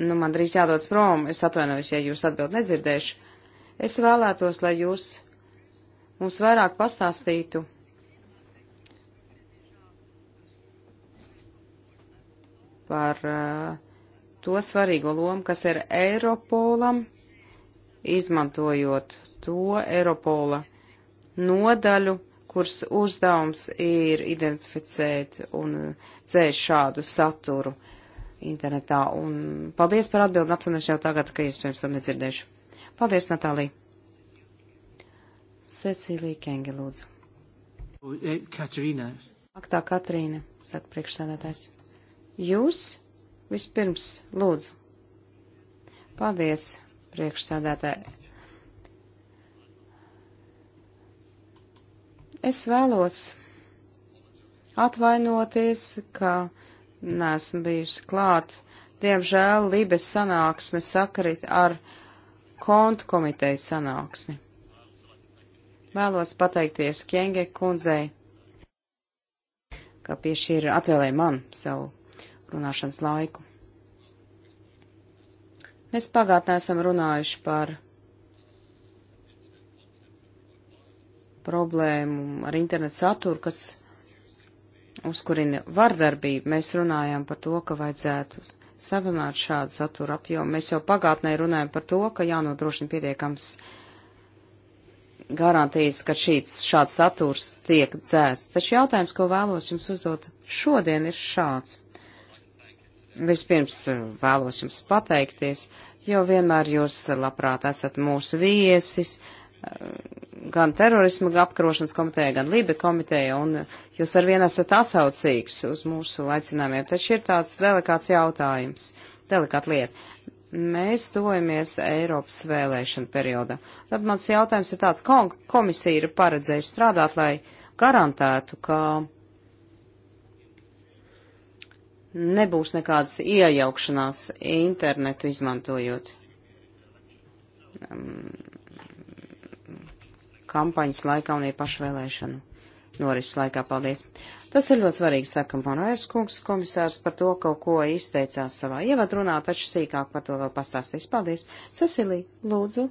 Nu, man drīz jādodas prom, es atvainojos, ja jūs atbild nedzirdēšu. Es vēlētos, lai jūs mums vairāk pastāstītu. par uh, to svarīgo lomu, kas ir Eiropolam, izmantojot to Eiropola uh, nodaļu, kuras uzdevums ir identificēt un dzēst šādu saturu internetā. Un paldies par atbildi, atvainojos jau tagad, ka iespējams to nedzirdēšu. Paldies, Natālija. Cecīlija Kenge, lūdzu. Oh, eh, Katrīna. Ak tā, Katrīna, saka priekšsēdētājs. Jūs vispirms, lūdzu. Paldies, priekšsēdētāji. Es vēlos atvainoties, ka neesmu bijusi klāt. Diemžēl Libes sanāksme sakrit ar kontu komiteju sanāksmi. Vēlos pateikties Kienge kundzei, ka piešķīra atvēlēja man savu runāšanas laiku. Mēs pagātnē esam runājuši par problēmu ar internetu saturu, kas uzkurina vardarbību. Mēs runājām par to, ka vajadzētu samazināt šādu saturu apjomu. Mēs jau pagātnē runājām par to, ka jānodrošina pietiekams garantijas, ka šīs, šāds saturs tiek dzēsts. Taču jautājums, ko vēlos jums uzdot šodien, ir šāds. Vispirms eh, vēlos jums pateikties, jo vienmēr jūs eh, labprāt esat mūsu viesis, eh, gan terorisma apkarošanas komiteja, gan Lībe komiteja, un jūs ar vienu esat atsaucīgs uz mūsu aicinājumiem. Taču ir tāds delikāts jautājums, delikāta lieta. Mēs tojamies Eiropas vēlēšana periodā. Tad mans jautājums ir tāds, ko komisija ir paredzējusi strādāt, lai garantētu, ka nebūs nekādas iejaukšanās internetu izmantojot. Um, kampaņas laikā un iepašu vēlēšanu norises laikā. Paldies! Tas ir ļoti svarīgi, saka Monais kungs, komisārs par to kaut ko izteicās savā ievadrunā, taču sīkāk par to vēl pastāstīs. Paldies! Cecilija, lūdzu!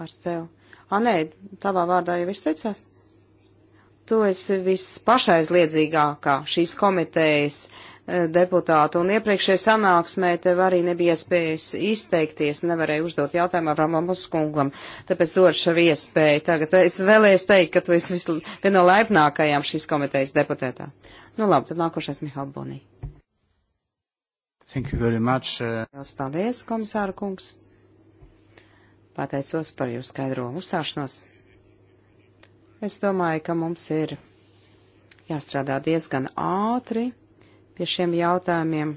Vārds tev! A, nē, tavā vārdā jau izteicās? Tu esi vispašaizliedzīgākā šīs komitejas uh, Eh, deputātu. Un iepriekšējā sanāksmē tev arī nebija iespējas izteikties, nevarēja uzdot jautājumu Avramomus kungam. Tāpēc došu šavu iespēju. Tagad es vēlējos teikt, ka tu esi viena no laipnākajām šīs komitejas deputētā. Nu labi, tad nākošais Mihal Bonī. Thank you very much. Eh. Lielas paldies, komisāra kungs. Pateicos par jūsu skaidro uzstāšanos. Es domāju, ka mums ir jāstrādā diezgan ātri pie šiem jautājumiem,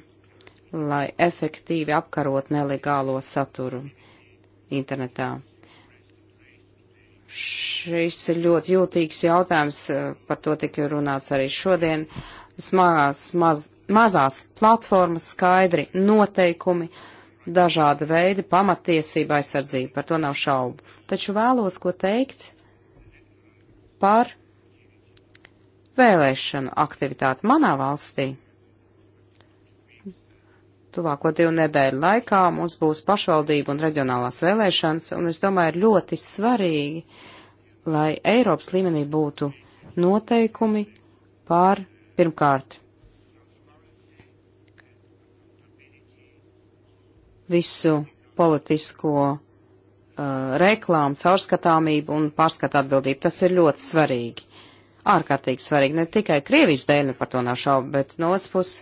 lai efektīvi apkarot nelegālo saturu internetā. Šis ir ļoti jūtīgs jautājums, par to tika runāts arī šodien. Smagās, maz, mazās platformas skaidri noteikumi, dažāda veida pamatiesība aizsardzība, par to nav šaubu. Taču vēlos ko teikt par vēlēšanu aktivitāti manā valstī tuvāko divu nedēļu laikā mums būs pašvaldību un reģionālās vēlēšanas, un es domāju, ir ļoti svarīgi, lai Eiropas līmenī būtu noteikumi pār pirmkārt visu politisko uh, reklāmu, caurskatāmību un pārskatu atbildību. Tas ir ļoti svarīgi. Ārkārtīgi svarīgi. Ne tikai Krievijas dēļ, nu, par to nav šaubu, bet no otras puses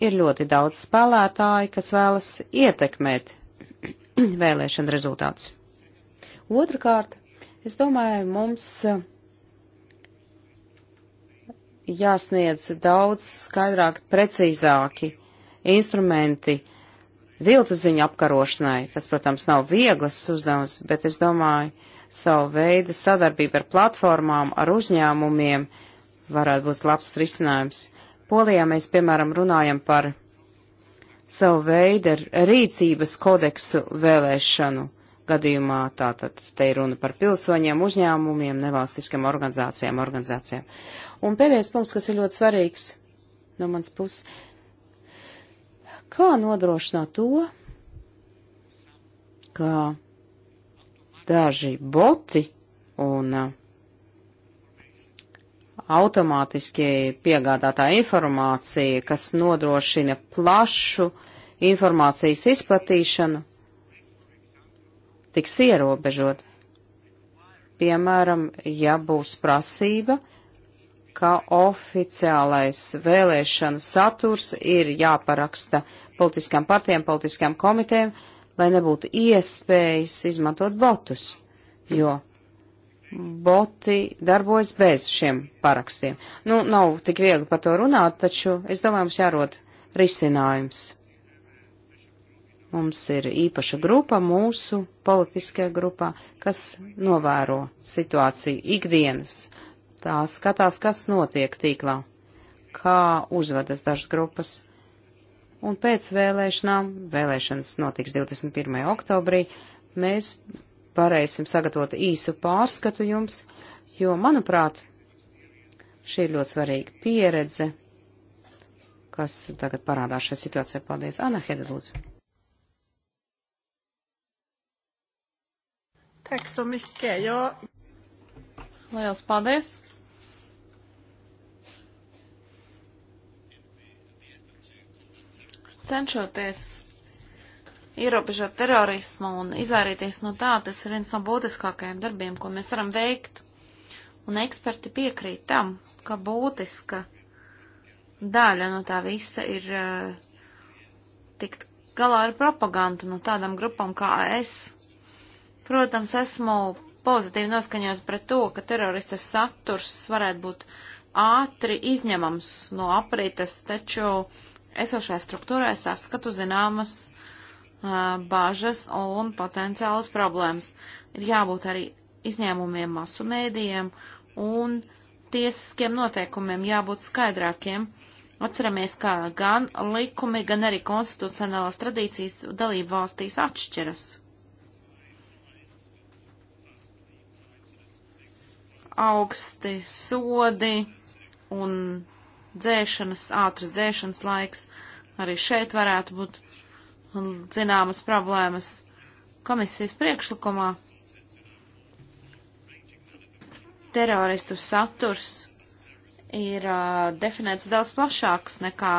ir ļoti daudz spēlētāji, kas vēlas ietekmēt *clears throat* vēlēšana rezultātus. Otrakārt, es domāju, mums eh, jāsniedz daudz skaidrāk, precīzāki instrumenti viltu ziņu apkarošanai. Tas, protams, nav vieglas uzdevums, bet es domāju, savu veidu sadarbība ar platformām, ar uzņēmumiem varētu būt labs risinājums. Polijā mēs, piemēram, runājam par savu veidu rīcības kodeksu vēlēšanu gadījumā. Tātad te ir runa par pilsoņiem, uzņēmumiem, nevalstiskām organizācijām, organizācijām. Un pēdējais punkts, kas ir ļoti svarīgs no mans puses. Kā nodrošināt to, ka daži boti un uh, automātiski piegādātā informācija, kas nodrošina plašu informācijas izplatīšanu, tiks ierobežot. Piemēram, ja būs prasība, ka oficiālais vēlēšanu saturs ir jāparaksta politiskām partijām, politiskām komitēm, lai nebūtu iespējas izmantot botus, jo boti darbojas bez šiem parakstiem. Nu, nav tik viegli par to runāt, taču es domāju, mums jārod risinājums. Mums ir īpaša grupa mūsu politiskajā grupā, kas novēro situāciju ikdienas. Tā skatās, kas notiek tīklā, kā uzvedas dažas grupas. Un pēc vēlēšanām, vēlēšanas notiks 21. oktobrī, mēs varēsim sagatavot īsu pārskatu jums, jo, manuprāt, šī ir ļoti svarīga pieredze, kas tagad parādās šajā situācijā. Paldies, Anna Hede, lūdzu. Tack så mycket. Jag... Liels paldies! Cenšoties ierobežot terorismu un izvairīties no tā, tas ir viens no būtiskākajiem darbiem, ko mēs varam veikt. Un eksperti piekrīt tam, ka būtiska daļa no tā visa ir uh, tikt galā ar propagandu no tādām grupām kā es. Protams, esmu pozitīvi noskaņot pret to, ka terorista saturs varētu būt ātri izņemams no aprites, taču esošajā struktūrā es saskatu zināmas bāžas un potenciālas problēmas. Ir jābūt arī izņēmumiem masu mēdījiem un tiesiskiem noteikumiem jābūt skaidrākiem. Atceramies, ka gan likumi, gan arī konstitucionālās tradīcijas dalību valstīs atšķiras. Augsti sodi un dzēšanas, ātras dzēšanas laiks arī šeit varētu būt un zināmas problēmas komisijas priekšlikumā. Teroristu saturs ir uh, definēts daudz plašāks nekā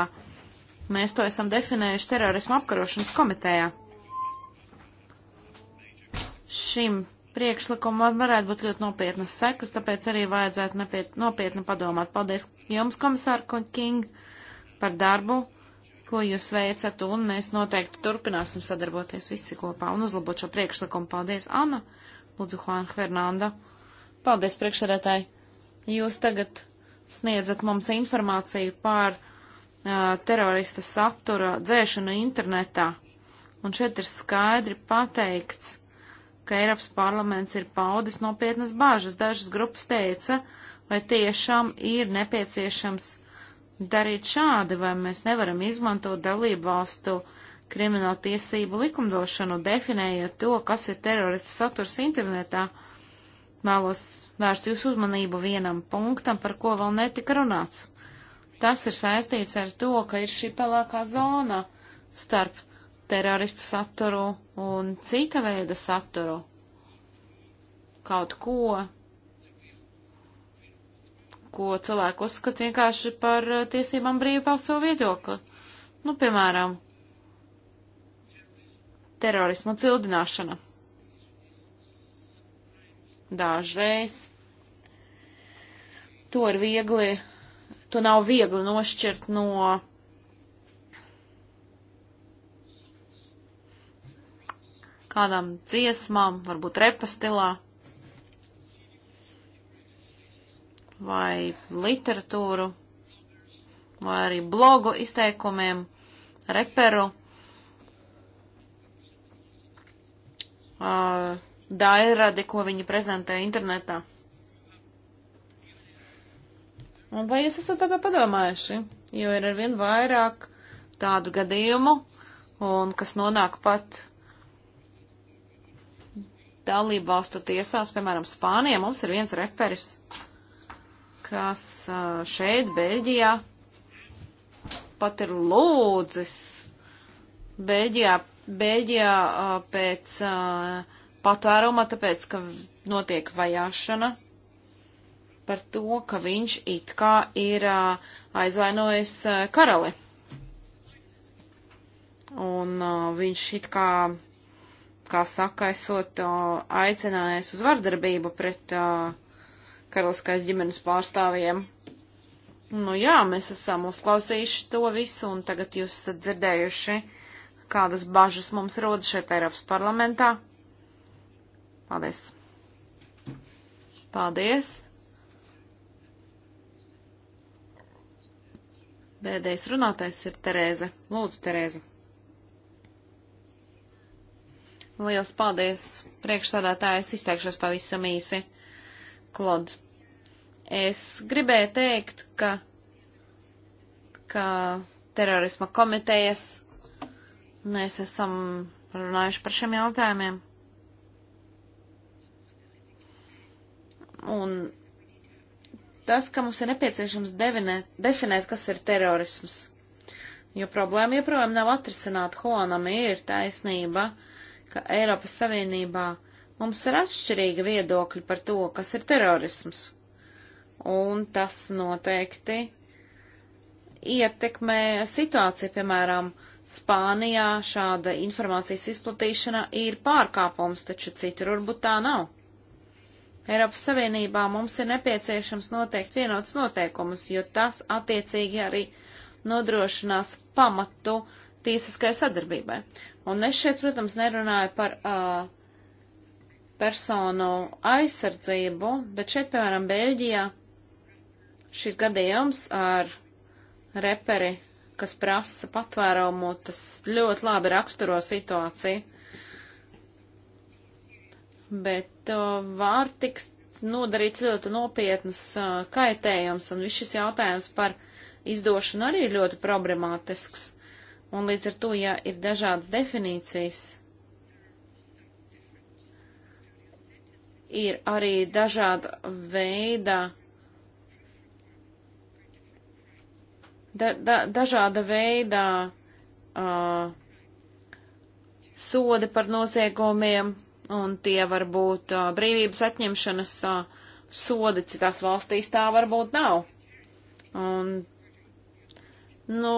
mēs to esam definējuši terorismu apkarošanas komitejā. Šim priekšlikumam varētu būt ļoti nopietnas sekas, tāpēc arī vajadzētu nepiet, nopietni padomāt. Paldies jums, komisāra King, par darbu ko jūs veicat, un mēs noteikti turpināsim sadarboties visi kopā un uzlabot šo priekšlikumu. Paldies, Anna! Lūdzu, Juan Hernanda! Paldies, priekšsēdētāji! Jūs tagad sniedzat mums informāciju par uh, terorista satura dzēšanu internetā, un šeit ir skaidri pateikts, ka Eiropas parlaments ir paudis nopietnas bāžas. Dažas grupas teica, vai tiešām ir nepieciešams darīt šādi, vai mēs nevaram izmantot dalību valstu kriminālu tiesību likumdošanu, definējot to, kas ir terorista saturs internetā. Vēlos vērst jūsu uzmanību vienam punktam, par ko vēl netika runāts. Tas ir saistīts ar to, ka ir šī pelēkā zona starp teroristu saturu un cita veida saturu. Kaut ko, ko cilvēku uzskata vienkārši par eh, tiesībām brīvi paust savu viedokli. Nu, piemēram, terorisma cildināšana. Dažreiz to ir viegli, to nav viegli nošķirt no kādām dziesmām, varbūt repastilā. vai literatūru, vai arī blogu izteikumiem, reperu. Uh, dairadi, ko viņi prezentē internetā. Un vai jūs esat par to padomājuši? Jo ir arvien vairāk tādu gadījumu, un kas nonāk pat dalību valstu tiesās, piemēram, Spānijā mums ir viens reperis, kas šeit, Beļģijā, pat ir lūdzis. Beļģijā, Beļģijā pēc patvēruma, tāpēc, ka notiek vajāšana par to, ka viņš it kā ir aizvainojis karali. Un viņš it kā, kā saka, esot aicinājis uz vardarbību pret uh, karaliskais ģimenes pārstāvjiem. Nu jā, mēs esam uzklausījuši to visu, un tagad jūs esat dzirdējuši, kādas bažas mums rodas šeit Eiropas parlamentā. Paldies! Paldies! Bēdējais runātais ir Terēze. Lūdzu, Terēze. Liels paldies! Priekšsādātājs izteikšos pavisam īsi. Klod, Es gribēju teikt, ka, ka terorisma komitejas mēs esam runājuši par šiem jautājumiem. Un tas, ka mums ir nepieciešams devinēt, definēt, kas ir terorisms. Jo problēma joprojām nav atrisināta. Honam ir taisnība, ka Eiropas Savienībā mums ir atšķirīga viedokļa par to, kas ir terorisms un tas noteikti ietekmē situāciju, piemēram, Spānijā šāda informācijas izplatīšana ir pārkāpums, taču citur varbūt tā nav. Eiropas Savienībā mums ir nepieciešams noteikt vienots noteikumus, jo tas attiecīgi arī nodrošinās pamatu tiesiskai sadarbībai. Un es šeit, protams, nerunāju par uh, personu aizsardzību, bet šeit, piemēram, Beļģijā Šis gadījums ar reperi, kas prasa patvērumu, tas ļoti labi raksturo situāciju. Bet uh, var tikt nodarīts ļoti nopietnas uh, kaitējums, un viss šis jautājums par izdošanu arī ir ļoti problemātisks. Un līdz ar to, ja ir dažādas definīcijas, ir arī dažāda veida da, da, dažāda veidā uh, sodi par noziegumiem, un tie var būt uh, brīvības atņemšanas uh, sodi, citās valstīs tā varbūt nav. Un, nu,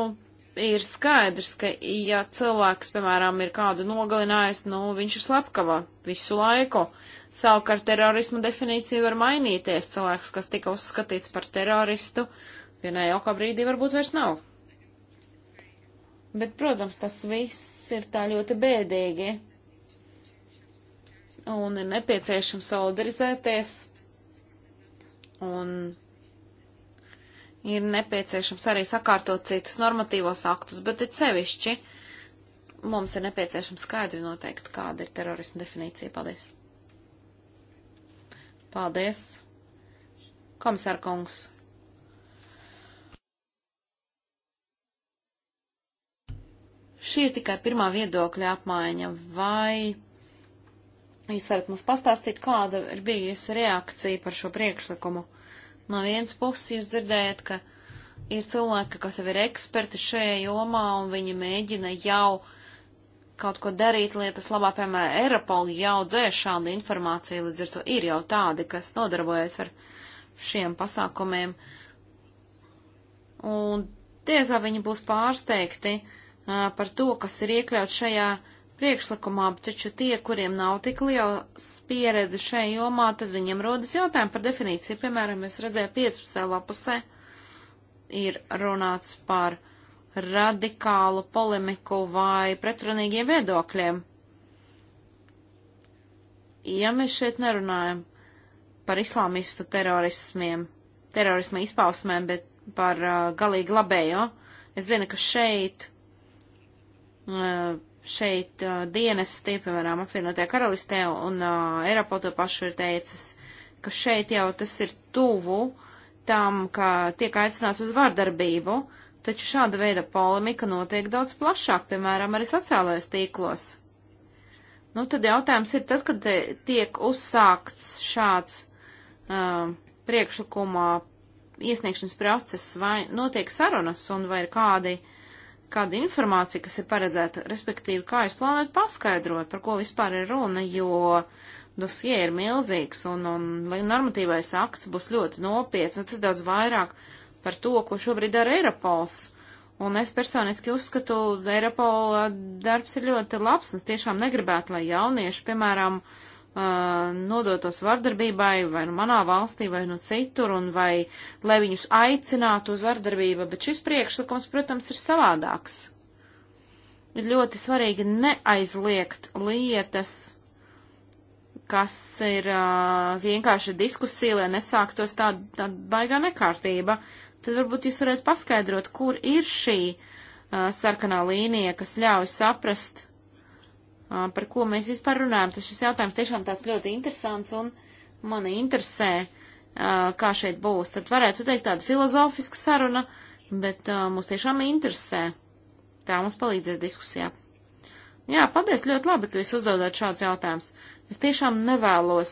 ir skaidrs, ka, ja cilvēks, piemēram, ir kādu nogalinājis, nu, viņš ir slepkava visu laiku. Savukārt terorismu definīcija var mainīties. Cilvēks, kas tika uzskatīts par teroristu, uh, pie nejaukā brīdī varbūt vairs nav. Bet, protams, tas viss ir tā ļoti bēdīgi. Un ir nepieciešams solidarizēties. Un ir nepieciešams arī sakārtot citus normatīvos aktus, bet it sevišķi mums ir nepieciešams skaidri noteikt, kāda ir terorisma definīcija. Paldies! Paldies, komisārkungs! Šī ir tikai pirmā viedokļa apmaiņa. Vai jūs varat mums pastāstīt, kāda ir bijusi reakcija par šo priekšlikumu? No vienas puses jūs dzirdējat, ka ir cilvēki, kas jau ir eksperti šajā jomā, un viņi mēģina jau kaut ko darīt lietas labā, piemēram, Eiropola jau dzēš šādu informāciju, līdz ar to ir jau tādi, kas nodarbojas ar šiem pasākumiem. Un diez vai viņi būs pārsteigti, par to, kas ir iekļauts šajā priekšlikumā, taču tie, kuriem nav tik liela pieredze šajā jomā, tad viņiem rodas jautājumi par definīciju. Piemēram, es redzēju 15. lapusē ir runāts par radikālu polemiku vai pretrunīgiem viedokļiem. Ja mēs šeit nerunājam par islāmistu terorismiem, terorisma izpausmēm, bet par uh, galīgi labējo, es zinu, ka šeit Eh, šeit uh, dienesti, piemēram, apvienotajā karalistē, un uh, Eiropā to pašu ir teicis, ka šeit jau tas ir tuvu tam, ka tiek aicināts uz vardarbību, taču šāda veida polemika notiek daudz plašāk, piemēram, arī sociālajos tīklos. Nu, tad jautājums ir, tad, kad tiek uzsākts šāds uh, priekšlikuma iesniegšanas process, vai notiek sarunas un vai ir kādi uh, kāda informācija, kas ir paredzēta, respektīvi, kā jūs plānojat paskaidrot, par ko vispār ir runa, jo dosie ir milzīgs un, un normatīvais akts būs ļoti nopietns, un tas daudz vairāk par to, ko šobrīd dara Eiropols. Un es personiski uzskatu, Eiropola darbs ir ļoti labs, un es tiešām negribētu, lai jaunieši, piemēram, uh, Uh, nodotos vardarbībai vai nu manā valstī vai nu citur un vai lai viņus aicinātu uz vardarbību, bet šis priekšlikums, protams, ir savādāks. Ir ļoti svarīgi neaizliegt lietas, kas ir uh, vienkārši diskusija, lai nesāktos tāda, tāda baigā nekārtība. Tad varbūt jūs varētu paskaidrot, kur ir šī uh, sarkanā līnija, kas ļauj saprast, uh, par ko mēs vispār runājam. Tas šis jautājums tiešām tāds ļoti interesants un mani interesē, kā šeit būs. Tad varētu teikt tāda filozofiska saruna, bet mūs tiešām interesē. Tā mums palīdzēs diskusijā. Jā, paldies ļoti labi, ka jūs uzdodat šāds jautājums. Es tiešām nevēlos,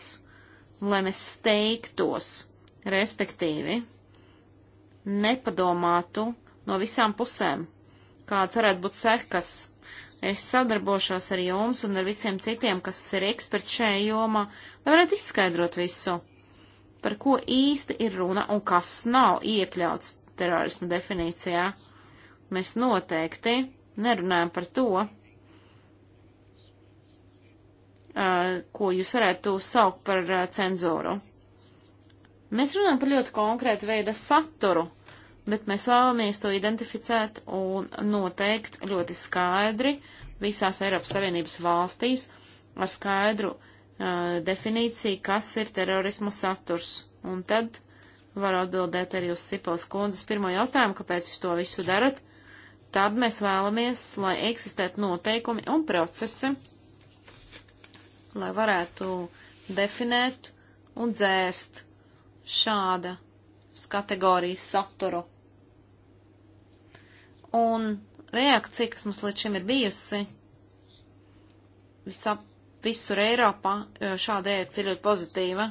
lai mēs steigtos, respektīvi, nepadomātu no visām pusēm, kāds varētu būt sekas Es sadarbošos ar jums un ar visiem citiem, kas ir eksperti šajā jomā, lai varētu izskaidrot visu, par ko īsti ir runa un kas nav iekļauts terorisma definīcijā. Mēs noteikti nerunājam par to, ko jūs varētu saukt par cenzūru. Mēs runājam par ļoti konkrētu veidu saturu bet mēs vēlamies to identificēt un noteikt ļoti skaidri visās Eiropas Savienības valstīs ar skaidru uh, definīciju, kas ir terorisma saturs. Un tad varu atbildēt arī uz Sipels kundzes pirmo jautājumu, kāpēc jūs to visu darat. Tad mēs vēlamies, lai eksistētu noteikumi un procesi, lai varētu definēt un dzēst šāda kategorijas saturu Un reakcija, kas mums līdz šim ir bijusi visā, visur Eiropā, e, šāda reakcija ir ļoti pozitīva.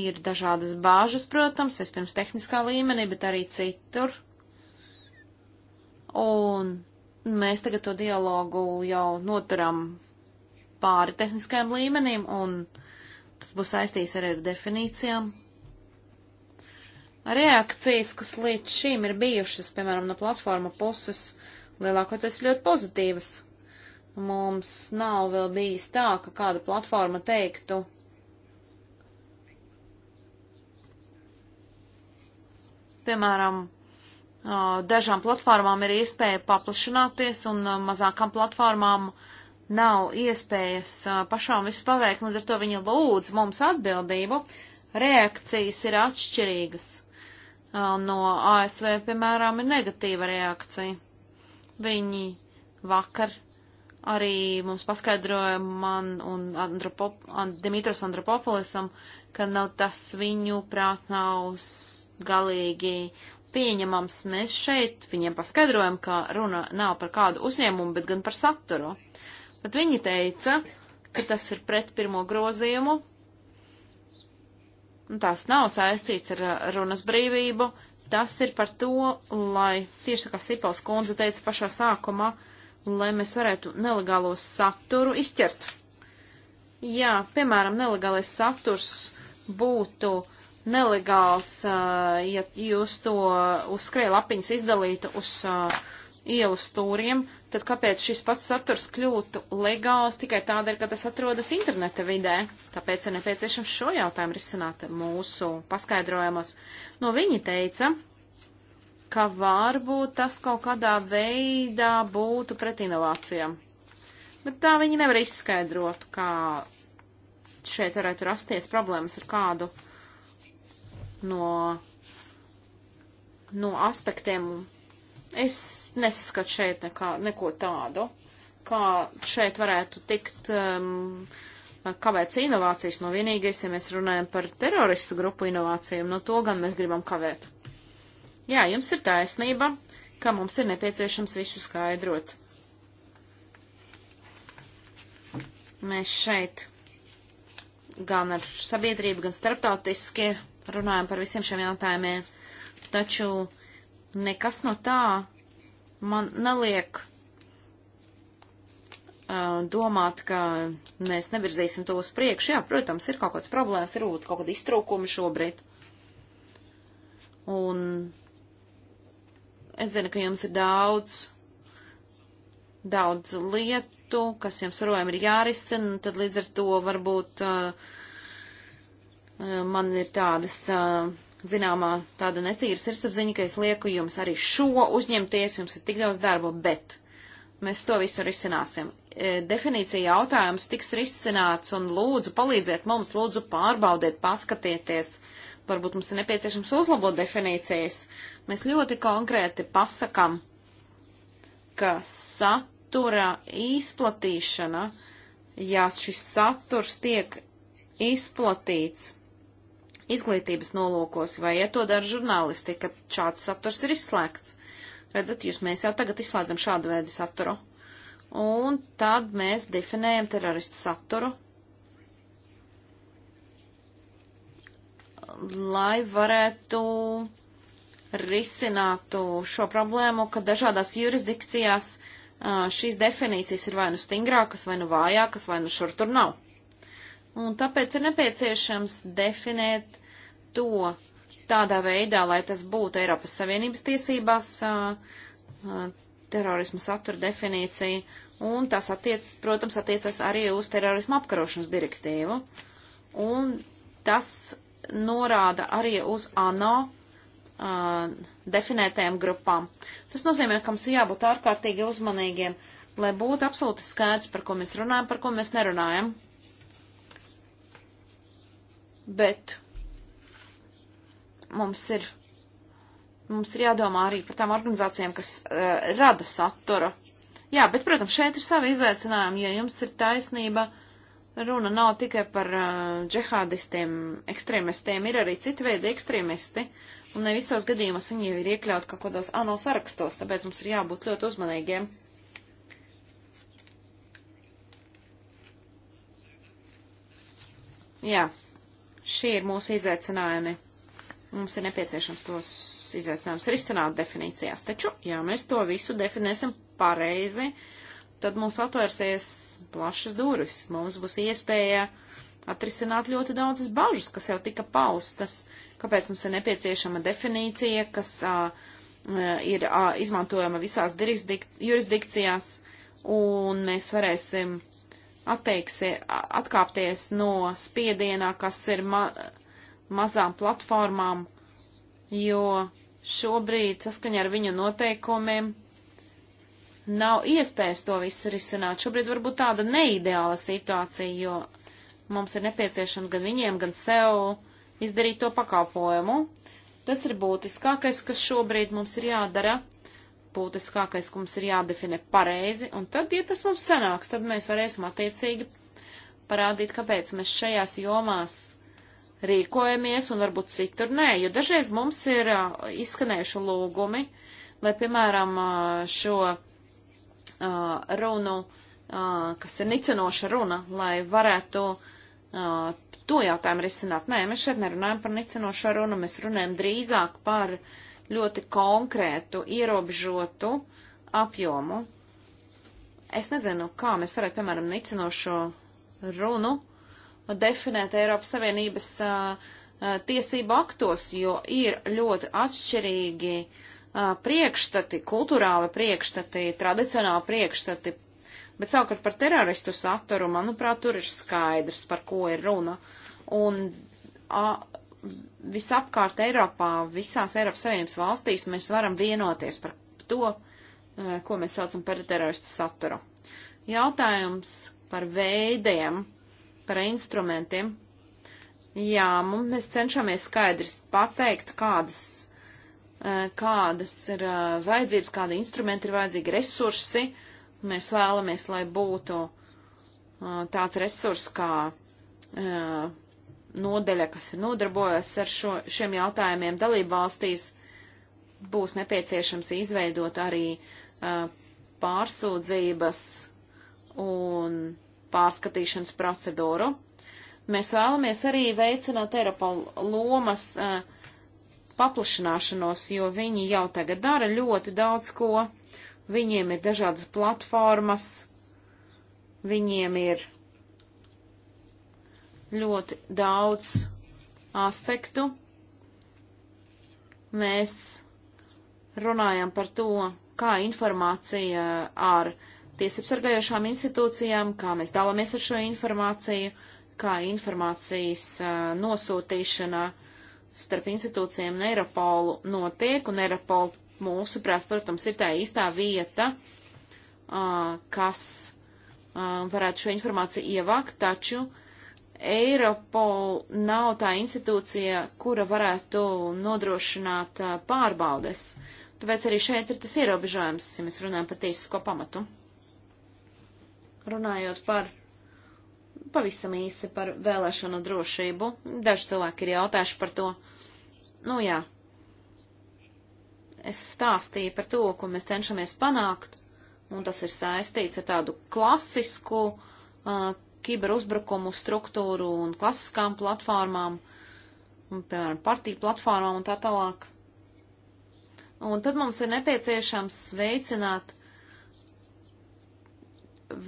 Ir dažādas bāžas, protams, vispirms tehniskā līmenī, bet arī citur. Un mēs tagad to dialogu jau noturam pāri tehniskajam līmenim, un tas būs saistīts arī ar definīcijām reakcijas, kas līdz šim ir bijušas, piemēram, no platforma puses, lielākoties ļoti pozitīvas. Mums nav vēl bijis tā, ka kāda platforma teiktu, piemēram, dažām platformām ir iespēja paplašināties un mazākām platformām nav iespējas pašām visu paveikt, līdz ar to viņi lūdz mums atbildību, reakcijas ir atšķirīgas no ASV, piemēram, ir negatīva reakcija. Viņi vakar arī mums paskaidroja man un Andropop, Dimitros Andropopolisam, ka nav tas viņu prāt nav galīgi pieņemams. Mēs šeit viņiem paskaidrojam, ka runa nav par kādu uzņēmumu, bet gan par saturu. Bet viņi teica, ka tas ir pret pirmo grozījumu, un tās nav saistīts ar uh, runas brīvību. Tas ir par to, lai tieši tā kā Sipels kundze teica pašā sākumā, lai mēs varētu nelegālo saturu izķert. Jā, piemēram, nelegālais saturs būtu nelegāls, uh, ja jūs to uz skrējlapiņas izdalītu uz uh, ielu stūriem, tad kāpēc šis pats saturs kļūtu legāls tikai tādēļ, ka tas atrodas interneta vidē? Tāpēc ir nepieciešams šo jautājumu risināt mūsu paskaidrojumos. No nu, viņi teica, ka varbūt tas kaut kādā veidā būtu pret inovācijām. Bet tā viņi nevar izskaidrot, kā šeit varētu rasties problēmas ar kādu no, no aspektiem Es nesaskatu šeit nekā, neko tādu, kā šeit varētu tikt um, kavēts inovācijas. No vienīgais, ja mēs runājam par teroristu grupu inovācijām, no to gan mēs gribam kavēt. Jā, jums ir taisnība, ka mums ir nepieciešams visu skaidrot. Mēs šeit gan ar sabiedrību, gan starptautiski runājam par visiem šiem jautājumiem, taču nekas no tā man neliek uh, domāt, ka mēs nevirzīsim to uz priekšu. Jā, protams, ir kaut kāds problēmas, ir kaut kāda iztrūkuma šobrīd. Un es zinu, ka jums ir daudz, daudz lietu, kas jums rojām ir jārisina, un tad līdz ar to varbūt uh, man ir tādas. Uh, zināmā tāda netīra sirdsapziņa, ka es lieku jums arī šo uzņemties, jums ir tik daudz darbu, bet mēs to visu risināsim. E, definīcija jautājums tiks risināts un lūdzu palīdziet mums, lūdzu pārbaudiet, paskatieties. Varbūt mums ir nepieciešams uzlabot definīcijas. Mēs ļoti konkrēti pasakam, ka satura izplatīšana, ja šis saturs tiek izplatīts izglītības nolūkos, vai ja to dara žurnālisti, ka šāds saturs ir izslēgts. Redzat, jūs mēs jau tagad izslēdzam šādu veidu saturu. Un tad mēs definējam teroristu saturu, lai varētu risinātu šo problēmu, ka dažādās jurisdikcijās šīs definīcijas ir vai nu stingrākas, vai nu vājākas, vai nu šur tur nav. Un tāpēc ir nepieciešams definēt to tādā veidā, lai tas būtu Eiropas Savienības tiesībās terorismu satura definīcija, un tas, attiec, protams, attiecas arī uz terorismu apkarošanas direktīvu. Un tas norāda arī uz ANO uh, definētajām grupām. Tas nozīmē, ka mums jābūt ārkārtīgi uzmanīgiem, lai būtu absolūti skaidrs, par ko mēs runājam, par ko mēs nerunājam. Uh, bet mums ir, mums ir jādomā arī par tām organizācijām, kas uh, rada satura. Jā, bet, protams, šeit ir savi izaicinājumi, ja jums ir taisnība. Runa nav tikai par uh, džihādistiem, ekstrēmistiem, ir arī citi veidi ekstrēmisti, un ne visos gadījumos viņi jau ir iekļauti kaut kādos ANO sarakstos, tāpēc mums ir jābūt ļoti uzmanīgiem. Jā. Yeah. Šie ir mūsu izaicinājumi. Mums ir nepieciešams tos izaicinājums risināt definīcijās. Taču, ja mēs to visu definēsim pareizi, tad mums atvērsies plašas durvis. Mums būs iespēja atrisināt ļoti daudzas bažas, kas jau tika paustas, kāpēc mums ir nepieciešama definīcija, kas a, ir a, izmantojama visās jurisdikcijās, un mēs varēsim atteiksi, atkāpties no spiedienā, kas ir ma mazām platformām, jo šobrīd saskaņā ar viņu noteikumiem nav iespējas to visu risināt. Šobrīd varbūt tāda neideāla situācija, jo mums ir nepieciešams gan viņiem, gan sev izdarīt to pakalpojumu. Tas ir būtiskākais, kas šobrīd mums ir jādara būtiskākais, ka mums ir jādefinē pareizi, un tad, ja tas mums sanāks, tad mēs varēsim attiecīgi parādīt, kāpēc mēs šajās jomās rīkojamies, un varbūt citur nē, jo dažreiz mums ir uh, izskanējuši lūgumi, lai, piemēram, uh, šo uh, runu, kas ir nicinoša runa, lai varētu to jautājumu risināt. Nē, mēs šeit nerunājam par nicinošo runu, mēs runājam drīzāk par uh, ļoti konkrētu, ierobežotu apjomu. Es nezinu, kā mēs varētu, piemēram, nicinošo runu definēt Eiropas Savienības uh, tiesību aktos, jo ir ļoti atšķirīgi uh, priekšstati, kulturāli priekšstati, tradicionāli priekšstati, bet savukārt par teroristu saturu, manuprāt, tur ir skaidrs, par ko ir runa. Un a, uh, visapkārt Eiropā, visās Eiropas Savienības valstīs mēs varam vienoties par to, eh, ko mēs saucam par teroristu saturu. Jautājums par veidiem, par instrumentiem. Jā, mums mēs cenšamies skaidrs pateikt, kādas, eh, kādas ir eh, vajadzības, kādi instrumenti ir vajadzīgi, resursi. Mēs vēlamies, lai būtu tāds resurs kā nodeļa, kas ir nodarbojas ar šo, šiem jautājumiem dalību valstīs, būs nepieciešams izveidot arī uh, pārsūdzības un pārskatīšanas procedūru. Mēs vēlamies arī veicināt Eiropal lomas uh, paplašināšanos, jo viņi jau tagad dara ļoti daudz ko. Viņiem ir dažādas platformas, viņiem ir ļoti daudz aspektu. Mēs runājam par to, kā informācija ar tiesību sargājošām institūcijām, kā mēs dalāmies ar šo informāciju, kā informācijas nosūtīšana starp institūcijiem un Eiropolu notiek, un Eiropola mūsuprāt, protams, ir tā īstā vieta, kas varētu šo informāciju ievākt, taču uh, Eiropol nav tā institūcija, kura varētu nodrošināt pārbaudes. Tāpēc arī šeit ir tas ierobežojums, ja mēs runājam par tiesisko pamatu. Runājot par pavisam īsi par vēlēšanu drošību, daži cilvēki ir jautājuši par to. Nu jā, es stāstīju par to, ko mēs cenšamies panākt, un tas ir saistīts ar tādu klasisku uh, kiberuzbrukumu struktūru un klasiskām platformām, un, piemēram, partiju platformām un tā tālāk. Un tad mums ir nepieciešams veicināt,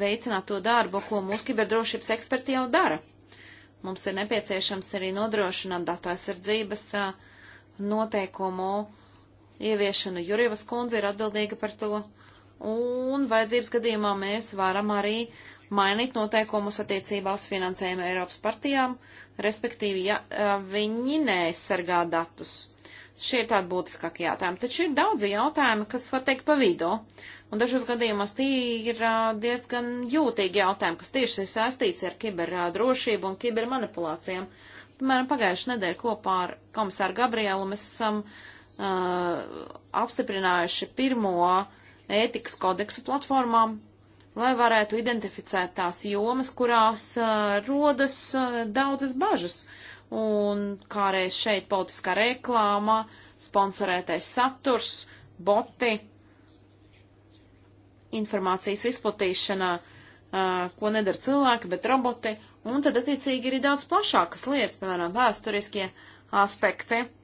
veicināt to darbu, ko mūsu kiberdrošības eksperti jau dara. Mums ir nepieciešams arī nodrošināt datu aizsardzības noteikumu ieviešanu. Jurivas kundze ir atbildīga par to. Un vajadzības gadījumā mēs varam arī uh, mainīt noteikumus attiecībā uz finansējumu Eiropas partijām, respektīvi, ja viņi neaizsargā datus. Šie ir tādi būtiskākie jautājumi. Taču ir daudzi jautājumi, kas var teikt pa vidu, un dažos gadījumos tie ir diezgan jūtīgi jautājumi, kas tieši ir saistīts ar kiberdrošību un kibermanipulācijām. Piemēram, pagājušajā nedēļā kopā ar komisāru Gabrielu mēs esam uh, apstiprinājuši pirmo ētikas kodeksu platformām, lai varētu identificēt tās jomas, kurās uh, rodas uh, daudzas bažas. Un kāreiz šeit politiskā reklāma, sponsorētais saturs, boti, informācijas izplatīšana, uh, ko nedara cilvēki, bet roboti, un tad attiecīgi ir daudz plašākas lietas, piemēram, vēsturiskie aspekti. Uh,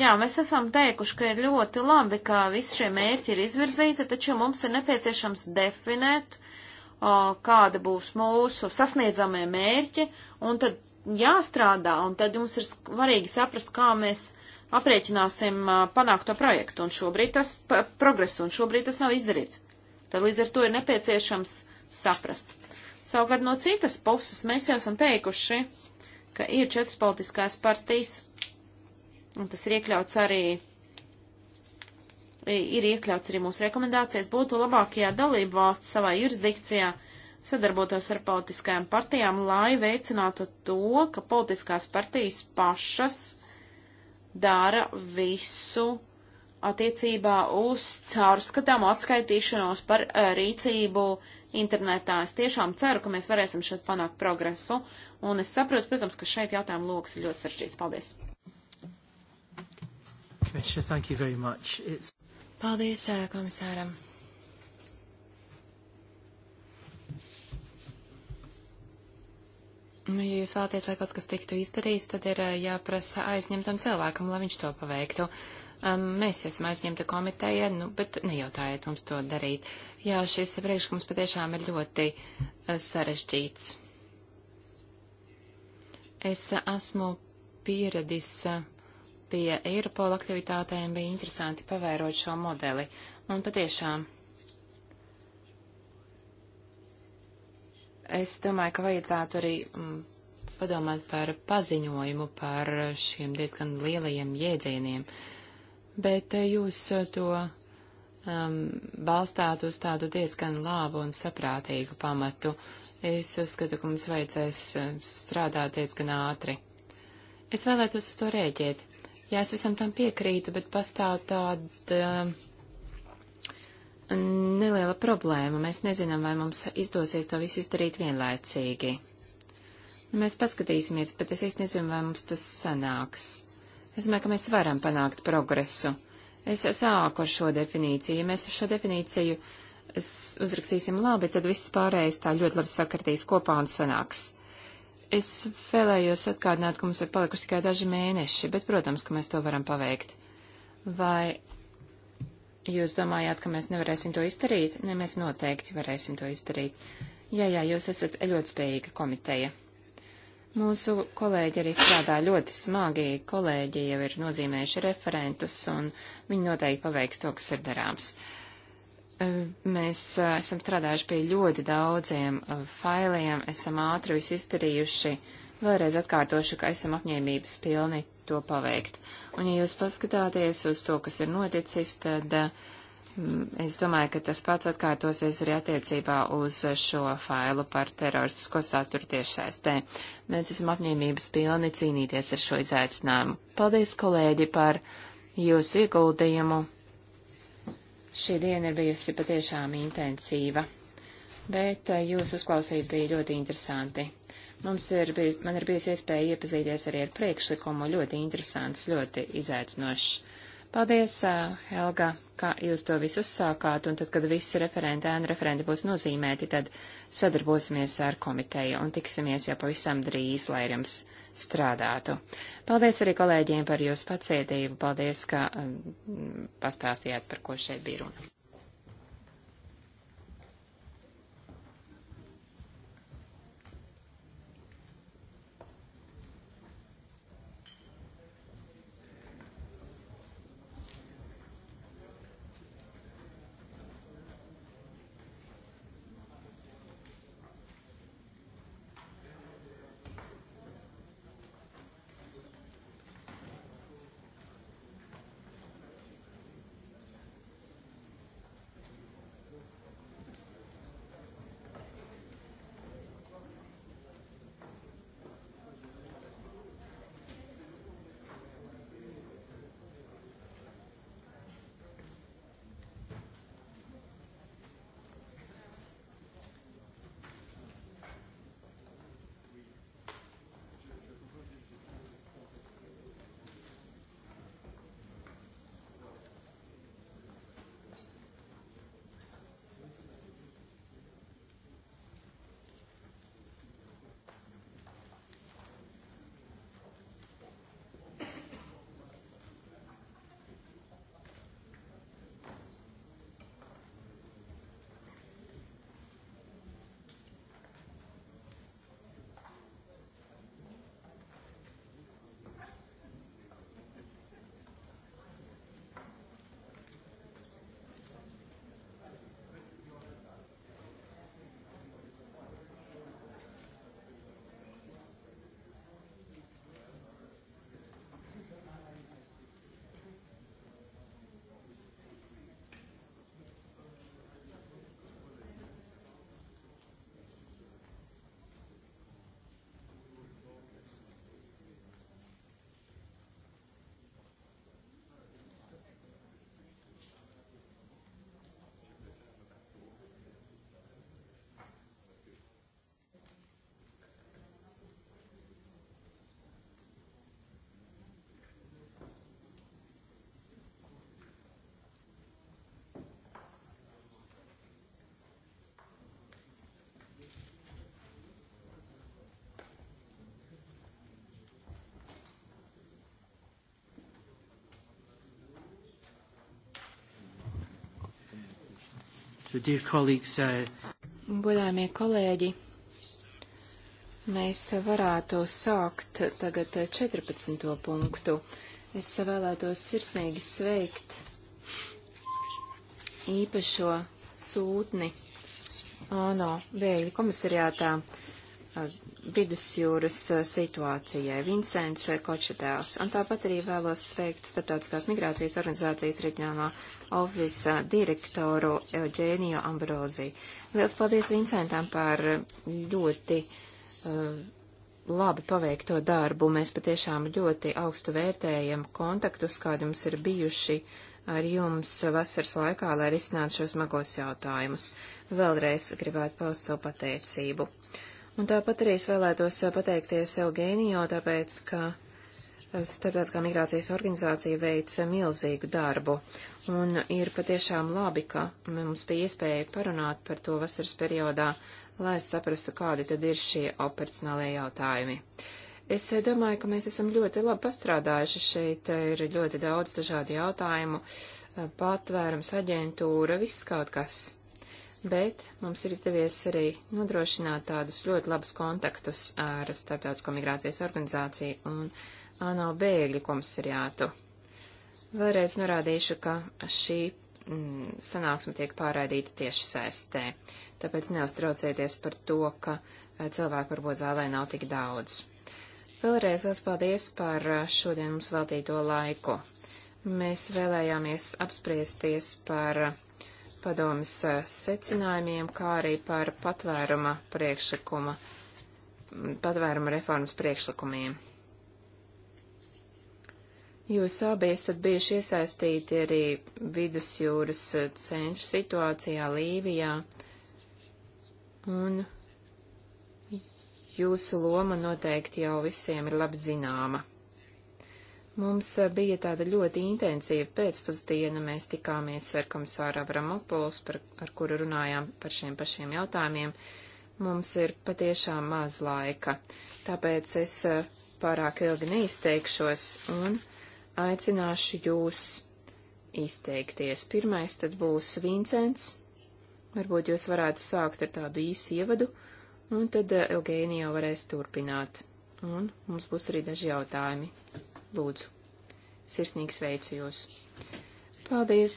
Jā, mēs esam teikuši, ka ir ļoti labi, ka visi šie mērķi ir izvirzīti, taču mums ir nepieciešams definēt, o, kāda būs mūsu sasniedzamie mērķi, un tad jāstrādā, un tad jums ir svarīgi saprast, kā mēs aprēķināsim panākto projektu, un šobrīd tas progresu, un šobrīd tas nav izdarīts. Tad līdz ar to ir nepieciešams saprast. Savukārt no citas puses mēs jau esam teikuši, ka ir četras politiskās partijas, un tas ir iekļauts arī, ir iekļauts arī mūsu rekomendācijas, būtu labākajā dalību valsts savā jurisdikcijā sadarbotos ar politiskajām partijām, lai veicinātu to, ka politiskās partijas pašas dara visu attiecībā uz caurskatāmu atskaitīšanos par e, rīcību internetā. Es tiešām ceru, ka mēs varēsim šeit panākt progresu, un es saprotu, protams, ka šeit jautājumu lokus ir ļoti saržģīts. Paldies! Commissioner. Thank you very much. It's... Paldies, komisāram. Nu, ja jūs vēlaties, lai kaut kas tiktu izdarīts, tad ir jāprasa aizņemtam cilvēkam, lai viņš to paveiktu. Um, mēs esam aizņemta komiteja, nu, bet nejautājiet mums to darīt. Jā, šis priekšlikums patiešām ir ļoti uh, sarežģīts. Es uh, esmu pieradis uh, pie Eiropola aktivitātēm bija interesanti pavērot šo modeli. Un patiešām es domāju, ka vajadzētu arī mm, padomāt par paziņojumu par šiem diezgan lielajiem jēdzieniem, bet eh, jūs eh, to um, balstāt uz tādu diezgan labu un saprātīgu pamatu. Es uzskatu, ka mums vajadzēs eh, strādāt diezgan ātri. Es vēlētos uz to rēģēt. Jā, es visam tam piekrītu, bet pastāv tāda um, neliela problēma. Mēs nezinām, vai mums izdosies to visu izdarīt vienlaicīgi. Nu, mēs paskatīsimies, bet es īsti nezinu, vai mums tas sanāks. Es domāju, ka mēs varam panākt progresu. Es sāku ar šo definīciju. Ja mēs šo definīciju uzrakstīsim labi, tad viss pārējais tā ļoti labi sakartīs kopā un sanāks. Es vēlējos atgādināt, ka mums ir palikusi tikai daži mēneši, bet, protams, ka mēs to varam paveikt. Vai jūs domājāt, ka mēs nevarēsim to izdarīt? Ne, mēs noteikti varēsim to izdarīt. Jā, jā, jūs esat ļoti spējīga komiteja. Mūsu kolēģi arī strādā ļoti smagi, kolēģi jau ir nozīmējuši referentus, un viņi noteikti paveiks to, kas ir darāms. Uh, Mēs esam strādājuši pie ļoti daudziem failiem, esam ātri visu izdarījuši. Vēlreiz atkārtošu, ka esam apņēmības pilni to paveikt. Un ja jūs paskatāties uz to, kas ir noticis, tad es domāju, ka tas pats atkārtosies arī attiecībā uz šo failu par teroristisko saturu tiešsaistē. Mēs esam apņēmības pilni cīnīties ar šo izaicinājumu. Paldies, kolēģi, par jūsu ieguldījumu. Šī diena ir bijusi patiešām intensīva, bet eh, jūs uzklausīt bija ļoti interesanti. Mums ir bijis, man ir bijusi iespēja iepazīties arī ar priekšlikumu, ļoti interesants, ļoti izaicinošs. Paldies, eh, Helga, ka jūs to visu sākāt, un tad, kad visi referenti, ēnu referenti būs nozīmēti, tad sadarbosimies ar komiteju un tiksimies jau pavisam drīz, lai jums strādātu. Paldies arī kolēģiem par jūsu pacietību. Paldies, ka um, pastāstījāt, par ko šeit bija runa. Uh, Godājumie kolēģi, mēs varētu sākt tagad 14. punktu. Es vēlētos sirsnīgi sveikt īpašo sūtni ANO bēgļu komisariātā vidusjūras situācijai. Vincents Kočetēls. Un tāpat arī vēlos sveikt Startautiskās migrācijas organizācijas reģionālā ofisa direktoru Eugēniju Ambrozi. Liels paldies Vincentam par ļoti uh, labi paveikto darbu. Mēs patiešām ļoti augstu vērtējam kontaktus, kādi mums ir bijuši ar jums vasaras laikā, lai risinātu šos smagos jautājumus. Vēlreiz gribētu paust savu pateicību. Uh, Un tāpat arī es vēlētos eh, pateikties Eugēnijo, tāpēc, ka eh, Starptautiskā migrācijas organizācija veic eh, milzīgu darbu. Un ir patiešām labi, ka mums bija iespēja parunāt par to vasaras periodā, lai saprastu, kādi tad ir šie operacionālie jautājumi. Es domāju, ka mēs esam ļoti labi pastrādājuši šeit, ir ļoti daudz dažādu jautājumu, patvērums aģentūra, viss kaut kas bet mums ir izdevies arī nodrošināt tādus ļoti labus kontaktus ar Starptautisko migrācijas organizāciju un ANO bēgļu komisariātu. Vēlreiz norādīšu, ka šī mm, sanāksme tiek pārraidīta tieši saistē, tāpēc neuztraucieties par to, ka eh, cilvēku varbūt zālē nav tik daudz. Vēlreiz liels paldies par eh, šodien mums veltīto laiku. Mēs vēlējāmies apspriesties par padomas eh, secinājumiem, kā arī par patvēruma priekšlikuma, patvēruma reformas priekšlikumiem. Jūs abi esat bijuši iesaistīti arī vidusjūras eh, cenšu situācijā Līvijā, un jūsu loma noteikti jau visiem ir labi zināma. Mums eh, bija tāda ļoti intensīva pēcpusdiena, mēs tikāmies ar komisāru Avramopulus, par, ar kuru runājām par šiem pašiem jautājumiem. Mums ir patiešām maz laika, tāpēc es eh, pārāk ilgi neizteikšos un aicināšu jūs izteikties. Pirmais tad būs Vincents, varbūt jūs varētu sākt ar tādu īsu ievadu, un tad eh, Eugēnija varēs turpināt. Un mums būs arī daži jautājumi. Lūdzu, sirsnīgi sveicu jūs. Paldies!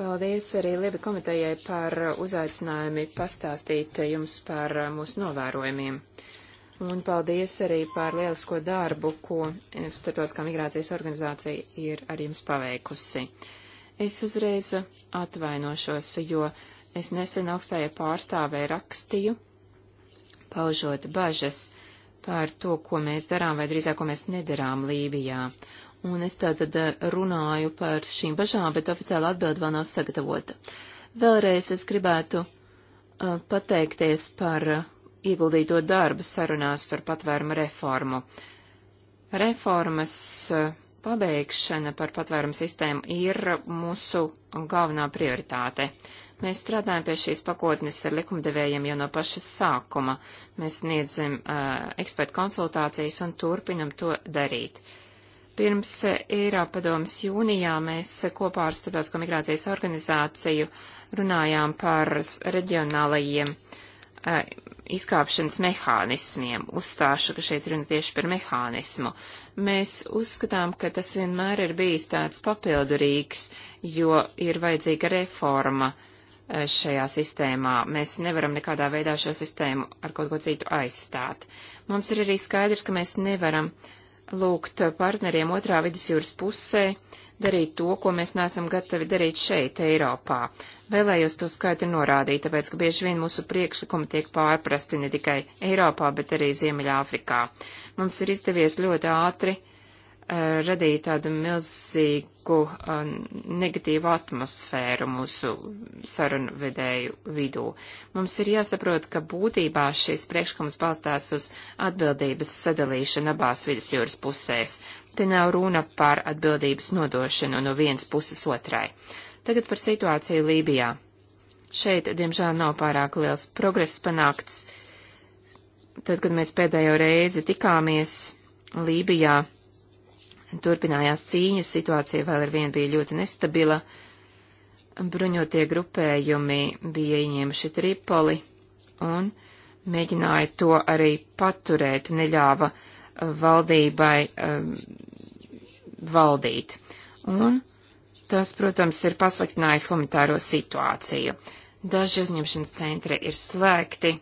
Paldies arī Lieba komitejai par uzaicinājumi pastāstīt jums par mūsu novērojumiem. Un paldies arī par lielisko darbu, ko Startautiskā migrācijas organizācija ir ar jums paveikusi. Es uzreiz atvainošos, jo es nesen augstajai pārstāvē rakstīju, paužot bažas par to, ko mēs darām, vai drīzāk, ko mēs nedarām Lībijā. Un es tātad eh, runāju par šīm bažām, bet oficiāla atbilde vēl nav sagatavota. Vēlreiz es gribētu uh, pateikties par uh, ieguldīto darbu sarunās par patvērumu reformu. Reformas uh, pabeigšana par patvērumu sistēmu ir mūsu galvenā prioritāte. Uh, Mēs strādājam pie šīs pakotnes ar likumdevējiem jau no paša sākuma. Mēs sniedzam uh, ekspertu konsultācijas un turpinam to darīt. Pirms Eiropa padomas jūnijā mēs kopā ar Starptautisko migrācijas organizāciju runājām par reģionālajiem uh, izkāpšanas mehānismiem. Uzstāšu, ka šeit runa tieši par mehānismu. Mēs uzskatām, ka tas vienmēr ir bijis tāds papildurīgs, jo ir vajadzīga reforma uh, Eh, šajā sistēmā. Mēs nevaram nekādā veidā šo sistēmu ar kaut ko citu aizstāt. Mums ir arī skaidrs, ka mēs nevaram lūgt partneriem otrā vidusjūras pusē darīt to, ko mēs neesam gatavi darīt šeit, Eiropā. Vēlējos to skaidri norādīt, tāpēc, ka bieži vien mūsu priekšlikumi tiek pārprasti ne tikai Eiropā, bet arī Ziemeļāfrikā. Mums ir izdevies ļoti ātri uh, Eh, radīja tādu milzīgu eh, negatīvu atmosfēru mūsu sarunu vedēju vidū. Mums ir jāsaprot, ka būtībā šis priekšlikums balstās uz atbildības sadalīšanu abās vidusjūras pusēs. Te nav runa par atbildības nodošanu no vienas puses otrai. Tagad par situāciju Lībijā. Šeit, diemžēl, nav pārāk liels progress panākts. Tad, kad mēs pēdējo reizi tikāmies Lībijā, turpinājās cīņas, situācija vēl ar vienu bija ļoti nestabila, bruņotie grupējumi bija ieņēmuši Tripoli un mēģināja to arī paturēt, neļāva uh, valdībai um, valdīt. Un tas, protams, ir pasliktinājis humanitāro situāciju. Daži uzņemšanas centri ir slēgti,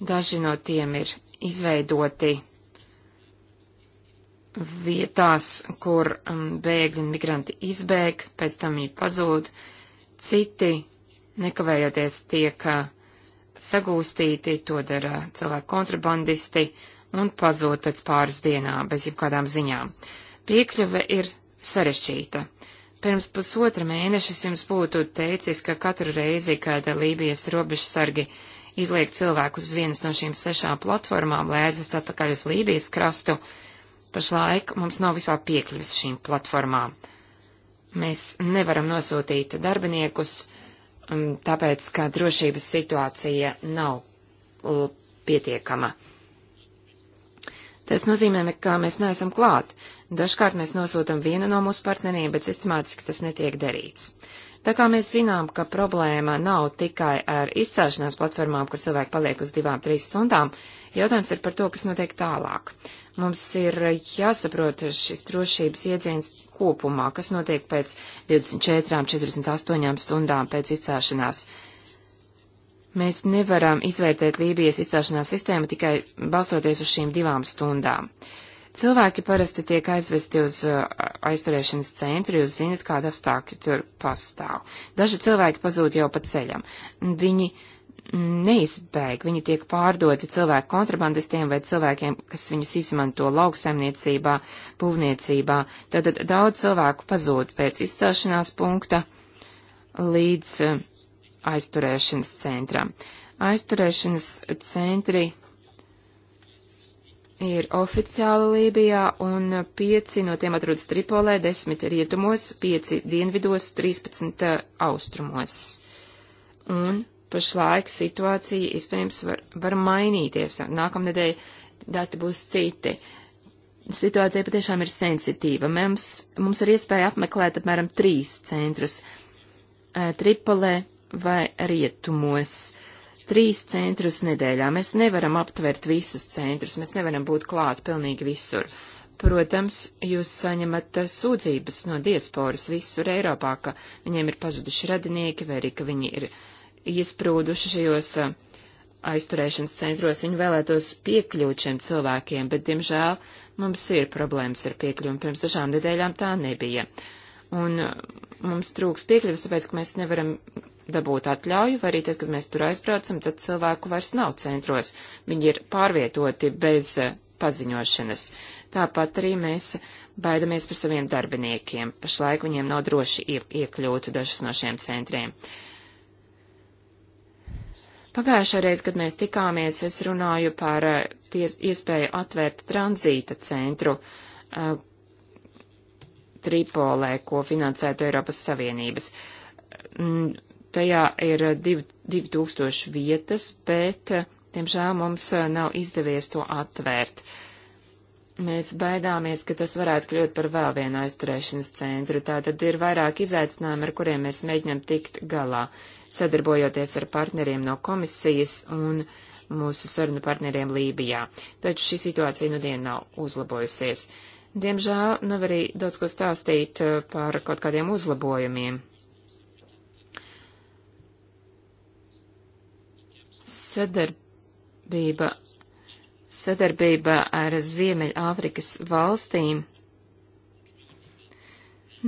daži no tiem ir izveidoti vietās, kur um, bēgļi un migranti izbēg, pēc tam viņi pazūd, citi nekavējoties tiek uh, sagūstīti, to dara cilvēku kontrabandisti un pazūd pēc pāris dienām bez jebkādām ziņām. Piekļuve ir sarešķīta. Pirms pusotra mēneša es jums būtu teicis, ka katru reizi, kad Lībijas robežsargi izliek cilvēkus uz vienas no šīm sešām platformām, lai aizvest atpakaļ uz Lībijas krastu, uh, Pašlaik mums nav vispār piekļuvis šīm platformām. Mēs nevaram nosūtīt darbiniekus, um, tāpēc, ka drošības situācija nav pietiekama. Tas nozīmē, ka mēs neesam klāt. Dažkārt mēs nosūtam vienu no mūsu partneriem, bet sistemātiski tas netiek darīts. Tā kā mēs zinām, ka problēma nav tikai ar izcēlšanās platformām, kur cilvēki paliek uz divām, trīs stundām, jautājums ir par to, kas notiek tālāk. Mums ir jāsaprot šis drošības iedziens kopumā, kas notiek pēc 24, 48 stundām pēc izcēšanās. Mēs nevaram izvērtēt Lībijas izcēšanās sistēmu tikai balsoties uz šīm divām stundām. Cilvēki parasti tiek aizvesti uz uh, aizturēšanas centru, jūs zinat, kāda apstākļa tur pastāv. Daži cilvēki pazūd jau pa ceļam. Viņi uh, neizbēg, viņi tiek pārdoti cilvēku kontrabandistiem vai cilvēkiem, kas viņus izmanto lauksaimniecībā, būvniecībā. Tad daudz cilvēku pazūd pēc izcelšanās punkta līdz eh, aizturēšanas centram. Aizturēšanas centri ir oficiāli Lībijā, un pieci no tiem atrodas Tripolē, desmit rietumos, pieci dienvidos, trīspadsmit eh, austrumos. Un pašlaik situācija iespējams var, var mainīties. Nākamnedēļ dati būs citi. Situācija patiešām ir sensitīva. Mums, mums ir iespēja apmeklēt apmēram trīs centrus - Tripolē vai Rietumos. Trīs centrus nedēļā. Mēs nevaram aptvert visus centrus, mēs nevaram būt klāt pilnīgi visur. Protams, jūs saņemat sūdzības no diasporas visur Eiropā, ka viņiem ir pazuduši radinieki vai arī, ka viņi ir uh, iesprūduši šajos eh, aizturēšanas centros, viņi vēlētos piekļūt šiem cilvēkiem, bet, diemžēl, mums ir problēmas ar piekļuvi, pirms dažām nedēļām tā nebija. Un eh, mums trūks piekļuvis, tāpēc, ka mēs nevaram dabūt atļauju, vai arī tad, kad mēs tur aizbraucam, tad cilvēku vairs nav centros, viņi ir pārvietoti bez eh, paziņošanas. Tāpat arī mēs baidamies par saviem darbiniekiem, pašlaik viņiem nav droši ie iekļūt dažus no šiem centriem. Uh, Pagājušā reiz, kad mēs tikāmies, es runāju par eh, pies, iespēju atvērt tranzīta centru uh, Tripolē, ko finansētu Eiropas Savienības. Mm, tajā ir 2000 vietas, bet, eh, diemžēl, mums nav izdevies to atvērt. Uh, Mēs baidāmies, ka tas varētu kļūt par vēl vienu aizturēšanas centru, tātad ir vairāk izaicinājumi, ar kuriem mēs mēģinam tikt galā, sadarbojoties ar partneriem no komisijas un mūsu sarunu partneriem Lībijā. Taču šī situācija nu dien nav uzlabojusies. Diemžēl nav arī daudz ko stāstīt uh, par kaut kādiem uzlabojumiem. Sadarbība sadarbība ar Ziemeļāfrikas valstīm.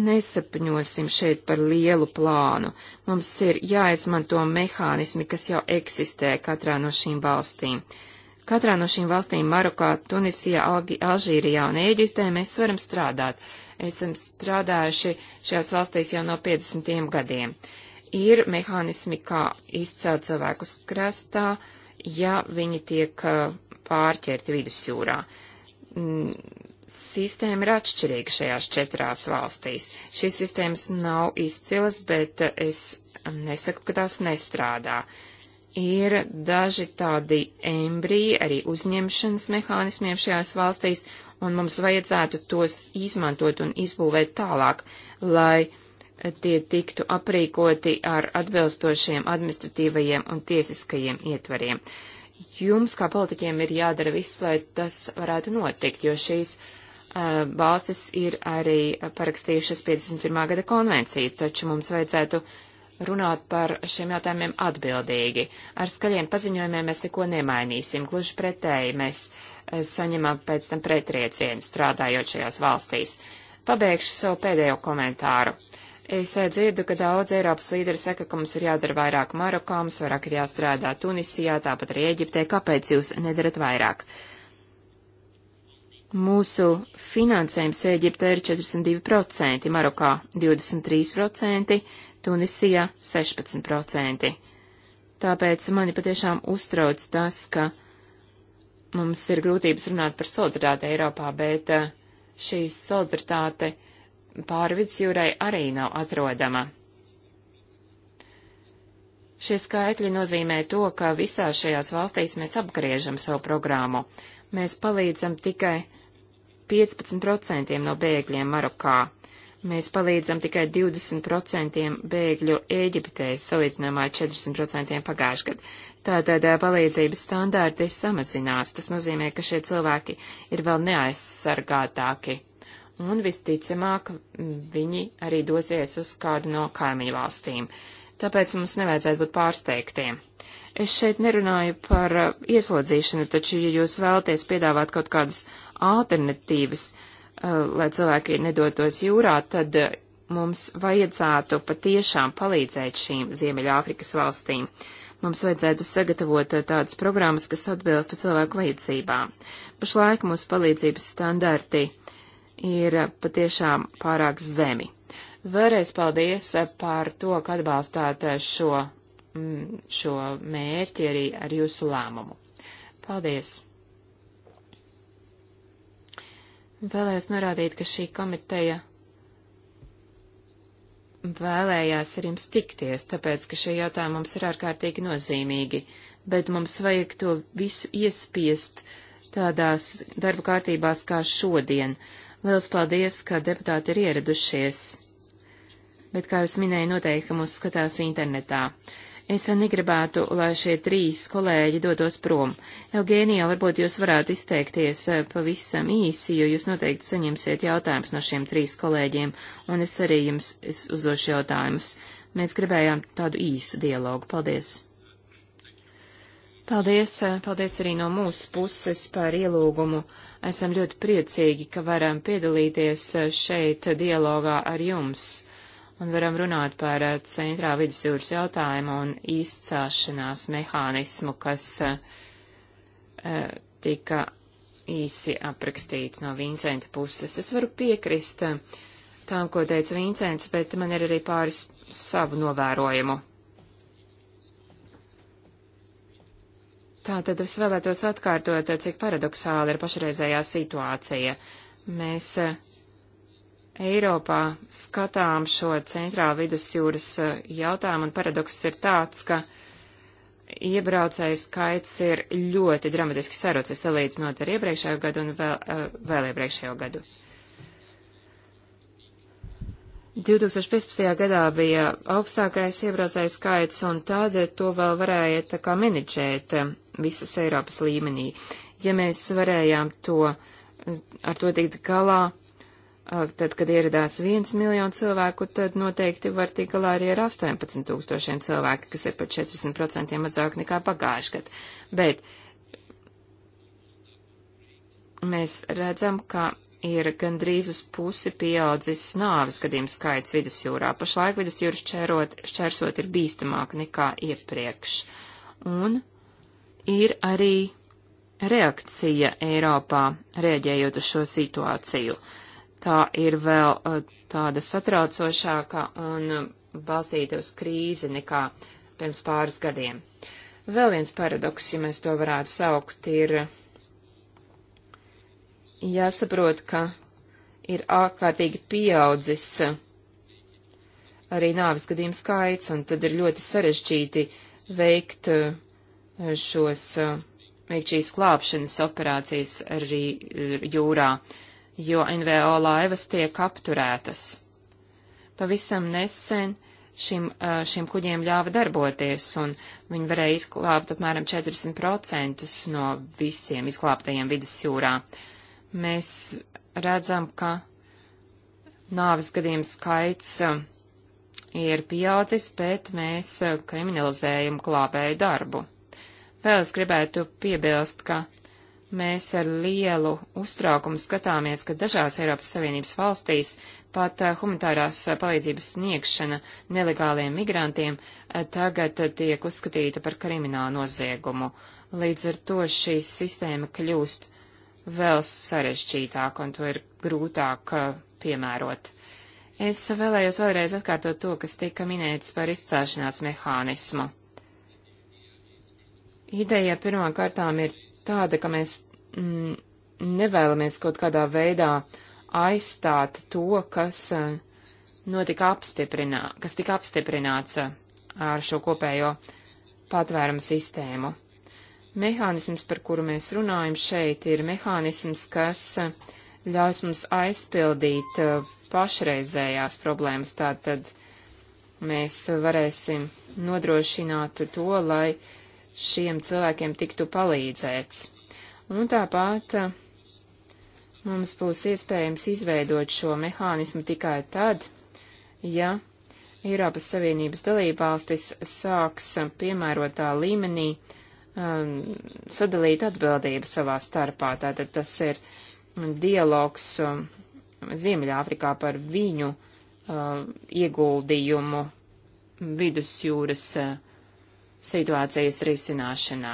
Nesapņosim šeit par lielu plānu. Mums ir jāizmanto mehānismi, kas jau eksistē katrā no šīm valstīm. Katrā no šīm valstīm - Marokā, Tunisijā, Algi, Alžīrijā un Ēģiptē - mēs varam strādāt. Esam strādājuši šajās valstīs jau no 50 gadiem. Ir mehānismi, kā izcelt cilvēkus krastā, ja viņi tiek uh, pārķerti vidusjūrā. Mm, sistēma ir atšķirīga šajās četrās valstīs. Šīs sistēmas nav izcilas, bet eh, es nesaku, ka tās nestrādā. Ir daži tādi embriji arī uzņemšanas mehānismiem šajās valstīs, un mums vajadzētu tos izmantot un izbūvēt tālāk, lai eh, tie tiktu aprīkoti ar atbilstošiem administratīvajiem un tiesiskajiem ietvariem jums kā politiķiem ir jādara viss, lai tas varētu notikt, jo šīs uh, valstis ir arī parakstījušas 51. gada konvenciju, taču mums vajadzētu runāt par šiem jautājumiem atbildīgi. Ar skaļiem paziņojumiem mēs neko nemainīsim, gluži pretēji mēs saņemam pēc tam pretriecienu strādājot šajās valstīs. Pabeigšu savu pēdējo komentāru. Uh, Es eh, dzirdu, ka daudz Eiropas līderi saka, ka mums ir jādara vairāk Marokā, mums vairāk ir jāstrādā Tunisijā, tāpat arī Eģiptē. Kāpēc jūs nedarat vairāk? Mūsu finansējums Eģiptē ir 42%, Marokā 23%, Tunisijā 16%. Tāpēc mani patiešām uztrauc tas, ka mums ir grūtības runāt par solidaritāti Eiropā, bet eh, šī solidaritāte pāri vidusjūrai arī nav atrodama. Šie skaitļi nozīmē to, ka visā šajās valstīs mēs apgriežam savu programmu. Mēs palīdzam tikai 15% no bēgļiem Marokā. Mēs palīdzam tikai 20% bēgļu Ēģiptē, salīdzinājumā 40% pagājušajā gadā. Tātad palīdzības standārti samazinās. Tas nozīmē, ka šie cilvēki ir vēl neaizsargātāki un visticamāk viņi arī dosies uz kādu no kaimiņu valstīm. Tāpēc mums nevajadzētu būt pārsteigtiem. Es šeit nerunāju par uh, ieslodzīšanu, taču, ja jūs vēlaties piedāvāt kaut kādas alternatīvas, uh, lai cilvēki nedotos jūrā, tad uh, mums vajadzētu patiešām palīdzēt šīm Ziemeļāfrikas valstīm. Mums vajadzētu sagatavot tādas programmas, kas atbilstu cilvēku vajadzībām. Pašlaik mūsu palīdzības standarti ir patiešām pārāk zemi. Vēlreiz paldies par to, ka atbalstāt šo, mm, šo mērķi arī ar jūsu lēmumu. Paldies! Vēlējos norādīt, ka šī komiteja vēlējās ar jums tikties, tāpēc, ka šie jautājumi mums ir ārkārtīgi nozīmīgi, bet mums vajag to visu iespiest tādās darba kārtībās kā šodien. Uh, Liels paldies, ka deputāti ir ieradušies. Bet, kā jūs minēju, noteikti, ka mūs skatās internetā. Es negribētu, lai šie trīs kolēģi dotos prom. Eugēnijā, varbūt jūs varētu izteikties eh, pavisam īsi, jo jūs noteikti saņemsiet jautājumus no šiem trīs kolēģiem, un es arī jums es uzdošu jautājumus. Mēs gribējām tādu īsu dialogu. Paldies! Paldies, eh, paldies arī no mūsu puses par ielūgumu Esam ļoti priecīgi, ka varam piedalīties eh, šeit dialogā ar jums un varam runāt par eh, centrā vidusjūras jautājumu un izcelšanās mehānismu, kas eh, tika īsi aprakstīts no Vincenta puses. Es varu piekrist tām, ko teica Vincents, bet man ir arī pāris savu novērojumu. Tātad es vēlētos atkārtot, cik paradoxāli ir pašreizējā situācija. Mēs eh, Eiropā skatām šo centrālu vidusjūras eh, jautājumu, un paradoks ir tāds, ka iebraucēju skaits ir ļoti dramatiski sarocis salīdzinot ar iepriekšējo gadu un vēl, eh, vēl iepriekšējo gadu. 2015. gadā bija augstākais iebraucēju skaits, un tad to vēl varēja tā kā menedžēt visas Eiropas līmenī. Ja mēs varējām to, ar to tikt galā, tad, kad ieradās viens miljonu cilvēku, tad noteikti var tikt galā arī ar 18 tūkstošiem cilvēku, kas ir par 40% mazāk nekā pagājuši gadu. Bet mēs redzam, ka ir gandrīz uz pusi pieaudzis nāves gadījumu skaits vidusjūrā. Pašlaik vidusjūras šķērot, šķērsot ir bīstamāk nekā iepriekš. Un ir arī reakcija Eiropā, rēģējot uz šo situāciju. Tā ir vēl uh, tāda satraucošāka un uh, balstīta uz krīzi nekā pirms pāris gadiem. Vēl viens paradoks, ja mēs to varētu saukt, ir jāsaprot, ka ir ārkārtīgi pieaudzis uh, arī nāvis gadījumu skaits, un tad ir ļoti sarežģīti veikt uh, šos šīs klāpšanas operācijas arī jūrā, jo NVO laivas tiek apturētas. Pavisam nesen šim, šiem kuģiem ļāva darboties, un viņi varēja izklāpt apmēram 40% no visiem izklāptajiem vidusjūrā. Mēs redzam, ka nāves gadījumu skaits ir pieaudzis, bet mēs kriminalizējam klāpēju darbu. Vēl es gribētu piebilst, ka mēs ar lielu uztraukumu skatāmies, ka dažās Eiropas Savienības valstīs pat eh, humanitārās palīdzības sniegšana nelegāliem migrantiem eh, tagad tiek uzskatīta par kriminālu noziegumu. Līdz ar to šī sistēma kļūst vēl sarežģītāka un to ir grūtāk eh, piemērot. Es vēlējos vēlreiz atkārtot to, kas tika minēts par izcēšanās mehānismu. Ideja pirmā kārtām ir tāda, ka mēs mm, nevēlamies kaut kādā veidā aizstāt to, kas eh, notika apstiprinā, kas tika apstiprināts eh, ar šo kopējo patvērumu sistēmu. Mehānisms, par kuru mēs runājam šeit, ir mehānisms, kas eh, ļaus mums aizpildīt pašreizējās problēmas. Tātad mēs varēsim nodrošināt to, lai uh, šiem cilvēkiem tiktu palīdzēts. Un tāpat eh, mums būs iespējams izveidot šo mehānismu tikai tad, ja Eiropas Savienības dalībvalstis sāks eh, piemērotā līmenī um, sadalīt atbildību savā starpā. Tātad tas ir dialogs um, Ziemeļāfrikā par viņu um, ieguldījumu vidusjūras uh, situācijas risināšanā.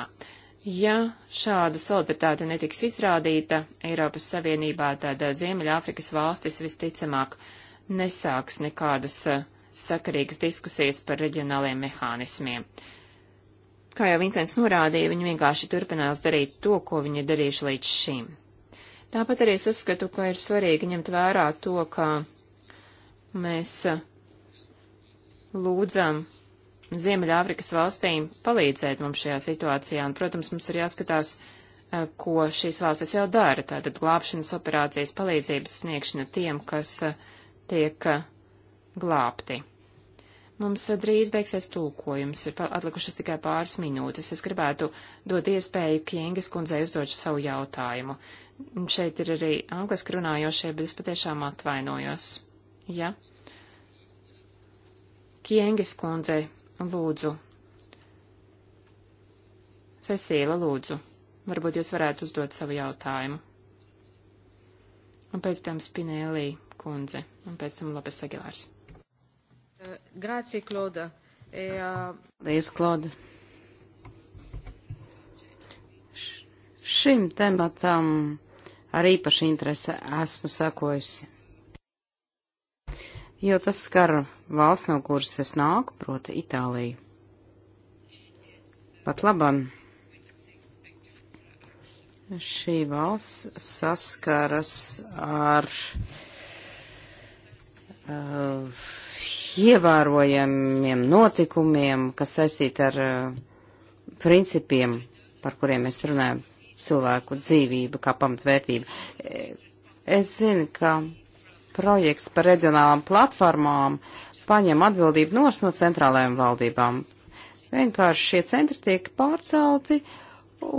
Ja šāda solidaritāte netiks izrādīta Eiropas Savienībā, tad eh, Ziemeļāfrikas valstis visticamāk nesāks nekādas eh, sakarīgas diskusijas par reģionāliem mehānismiem. Kā jau Vincents norādīja, viņi vienkārši turpinās darīt to, ko viņi ir darījuši līdz šim. Tāpat arī es uzskatu, ka ir svarīgi ņemt vērā to, ka mēs eh, lūdzam Ziemeļāfrikas valstīm palīdzēt mums šajā situācijā, un, protams, mums ir jāskatās, eh, ko šīs valstis jau dara, tātad glābšanas operācijas palīdzības sniegšana tiem, kas eh, tiek eh, glābti. Mums drīz beigsies tūkojums, ir atlikušas tikai pāris minūtes. Es gribētu dot iespēju Kienges kundzei uzdot savu jautājumu. Šeit ir arī angliski runājošie, bet es patiešām atvainojos. Ja? Kienges kundzei lūdzu. Cecīla, lūdzu, varbūt jūs varētu uzdot savu jautājumu. Un pēc tam Spinēlī kundze, un pēc tam Lopes Agilārs. Eh, Grācija, Klauda. E, eh, Lies, Klauda. Šim tematam ar īpašu interesi esmu sakojusi jo tas skar valsts, no kuras es nāku, proti Itāliju. Pat labam šī valsts saskaras ar uh, ievērojamiem notikumiem, kas saistīti ar uh, principiem, par kuriem mēs runājam, cilvēku dzīvība kā pamatvērtība. Es zinu, ka projekts par reģionālām platformām paņem atbildību nos no centrālajām valdībām. Vienkārši šie centri tiek pārcelti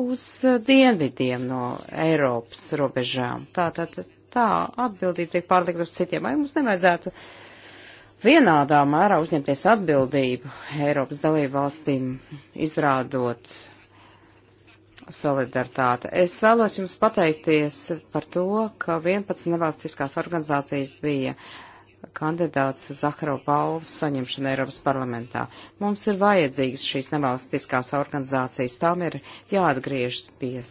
uz dienvidiem no Eiropas robežām. Tā, tā, tā, tā atbildība tiek pārlikt uz citiem. Vai mums nevajadzētu vienādā mērā uzņemties atbildību Eiropas dalību valstīm, izrādot solidaritāte. Es vēlos jums pateikties par to, ka 11 nevalstiskās organizācijas bija kandidāts uz Zaharo balvas saņemšanu Eiropas parlamentā. Mums ir vajadzīgas šīs nevalstiskās organizācijas, tām ir jāatgriežas pie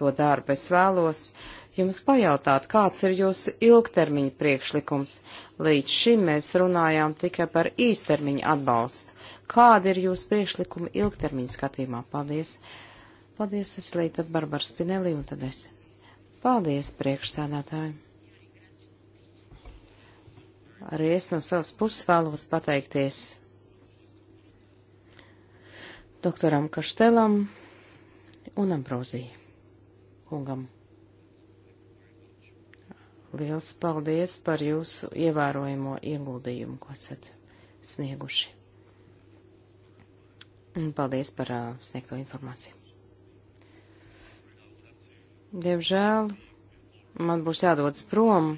to darbu. Es vēlos jums pajautāt, kāds ir jūsu ilgtermiņa priekšlikums. Līdz šim mēs runājām tikai par īstermiņa atbalstu. Kāda ir jūsu priekšlikuma ilgtermiņa skatījumā? Paldies! Paldies, Eslī, tad Barbara Spinelli un tad es. Paldies, priekšsādātāji. Arī es no savas puses vēlos pateikties doktoram Kaštelam un Ambrozija kungam. Liels paldies par jūsu ievērojamo ieguldījumu, ko esat snieguši. Un paldies par uh, sniegto informāciju. Diemžēl man būs jādodas prom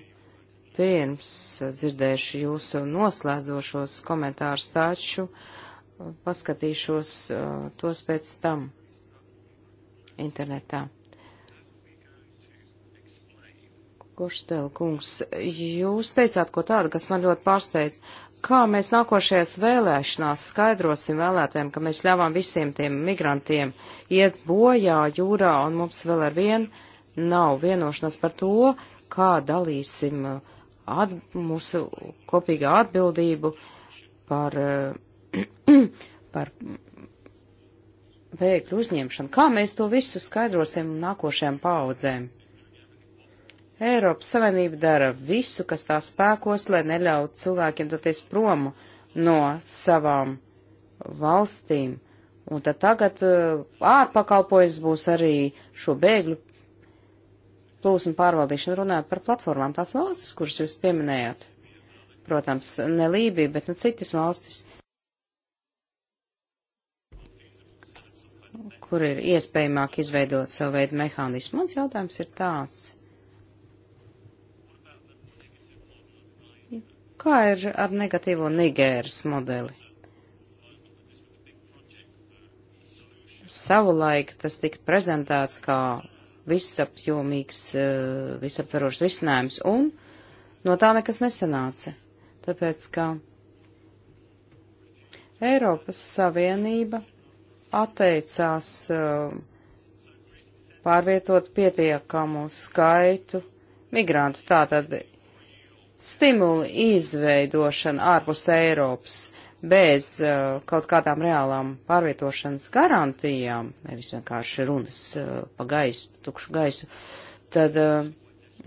pirms dzirdēšu jūsu noslēdzošos komentārus, taču uh, paskatīšos uh, tos pēc tam internetā. Koštel kungs, jūs teicāt ko tādu, kas man ļoti pārsteidz kā mēs nākošajās vēlēšanās skaidrosim vēlētēm, ka mēs ļāvām visiem tiem migrantiem iet bojā jūrā un mums vēl ar vienu nav vienošanās par to, kā dalīsim uh, at, mūsu kopīgā atbildību par, uh, *clears throat* par bēgļu uzņemšanu. Kā mēs to visu skaidrosim nākošajām paudzēm? Eiropas Savienība dara visu, kas tā spēkos, lai neļautu cilvēkiem doties prom no savām valstīm. Un tad tagad uh, ārpakalpojums būs arī šo bēgļu plūsmu pārvaldīšana runāt par platformām tās valstis, kuras jūs pieminējāt. Protams, ne Lībija, bet nu citas valstis, kur ir iespējamāk izveidot savu veidu mehānismu. Mans jautājums ir tāds Kā ir ar negatīvo Nigēras modeli? Savulaik tas tika prezentēts kā visapjomīgs, eh, visaptverošs risinājums, un no tā nekas nesanāca, tāpēc ka Eiropas Savienība atteicās eh, pārvietot pietiekamu skaitu migrantu. Tātad stimulu izveidošana ārpus Eiropas bez uh, kaut kādām reālām pārvietošanas garantijām, nevis vienkārši runas uh, pa gaisu, tukšu gaisu, tad uh,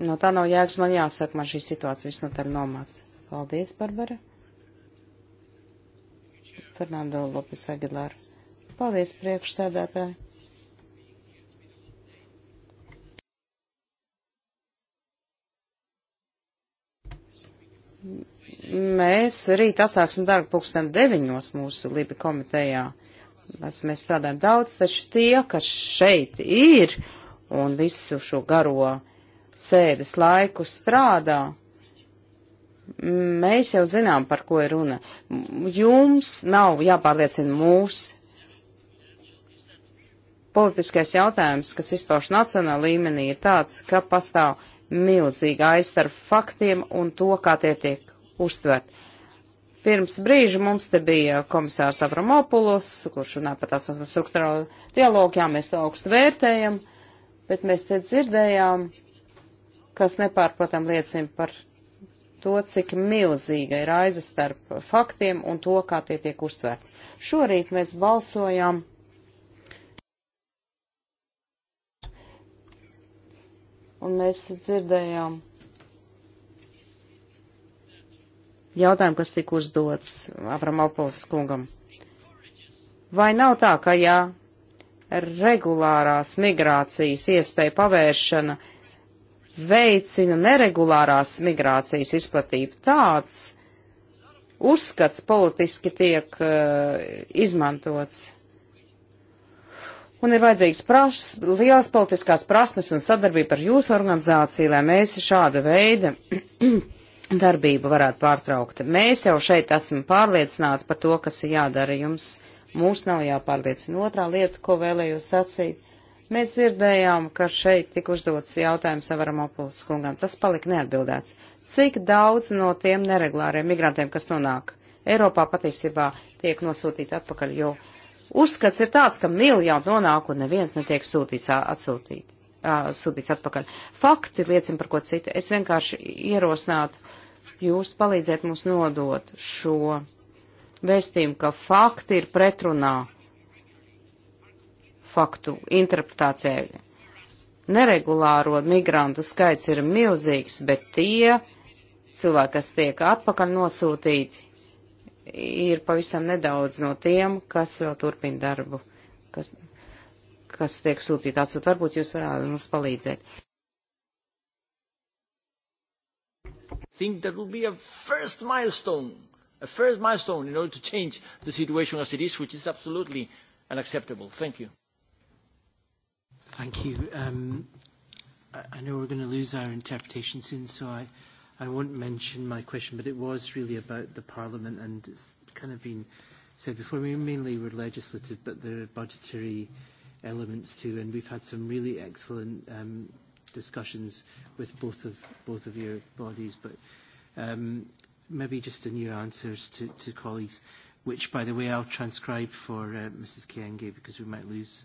no tā nav jēgas man jāsaka, man šī situācija visnotaļ nomāca. Paldies, Barbara. Fernando Lopes Aguilar. Paldies, priekšsēdētāji. Mēs rīt atsāksim darbu pulksten deviņos mūsu Libi komitejā. Mēs, mēs strādājam daudz, taču tie, kas šeit ir un visu šo garo sēdes laiku strādā, mēs jau zinām, par ko ir runa. Jums nav jāpārliecina mūs. Politiskais jautājums, kas izpauž nacionāla līmenī, ir tāds, ka pastāv milzīga aizstarp faktiem un to, kā tie tiek uztvert. Pirms brīža mums te bija komisārs Avramopulus, kurš runā par tās struktūrālu dialogu, jā, mēs to augstu vērtējam, bet mēs te dzirdējām, kas nepārprotam liecina par to, cik milzīga ir aiza starp faktiem un to, kā tie tiek uztverti. Šorīt mēs balsojām un mēs dzirdējām jautājumu, kas tika uzdots Avramopols kungam. Vai nav tā, ka jā, regulārās migrācijas iespēja pavēršana veicina neregulārās migrācijas izplatību tāds uzskats politiski tiek uh, izmantots? un ir vajadzīgs prašs, liels politiskās prasmes un sadarbība ar jūsu organizāciju, lai mēs šāda veida *clears throat* darbību varētu pārtraukt. Mēs jau šeit esam pārliecināti par to, kas ir jādara jums. Mums nav jāpārliecina. Otrā lieta, ko vēlējos sacīt. Mēs dzirdējām, ka šeit tika uzdots jautājums Savaram Opulis kungam. Tas palika neatbildēts. Cik daudz no tiem neregulāriem migrantiem, kas nonāk Eiropā, patiesībā tiek nosūtīti atpakaļ, jo uzskats ir tāds, ka miljonu nonāk un neviens netiek sūtīts atsūtīt, sūtīts atpakaļ. Fakti liecina par ko citu. Es vienkārši ierosinātu jūs palīdzēt mums nodot šo vēstījumu, ka fakti ir pretrunā faktu interpretācijai. Neregulāro migrantu skaits ir milzīgs, bet tie cilvēki, kas tiek atpakaļ nosūtīti, ir pavisam nedaudz no tiem, kas vēl turpina darbu, kas, kas tiek sūtīti atsūt. Varbūt jūs varētu mums palīdzēt. Think that will be a first milestone, a first milestone in order to change the situation as it is, which is absolutely unacceptable. Thank you. Thank you. Um, I know we're going to lose our interpretation soon, so I, I won't mention my question, but it was really about the Parliament, and it's kind of been said before. We mainly were legislative, but there are budgetary elements too, and we've had some really excellent um, discussions with both of both of your bodies. But um, maybe just in your answers to, to colleagues, which, by the way, I'll transcribe for uh, Mrs. Kienge because we might lose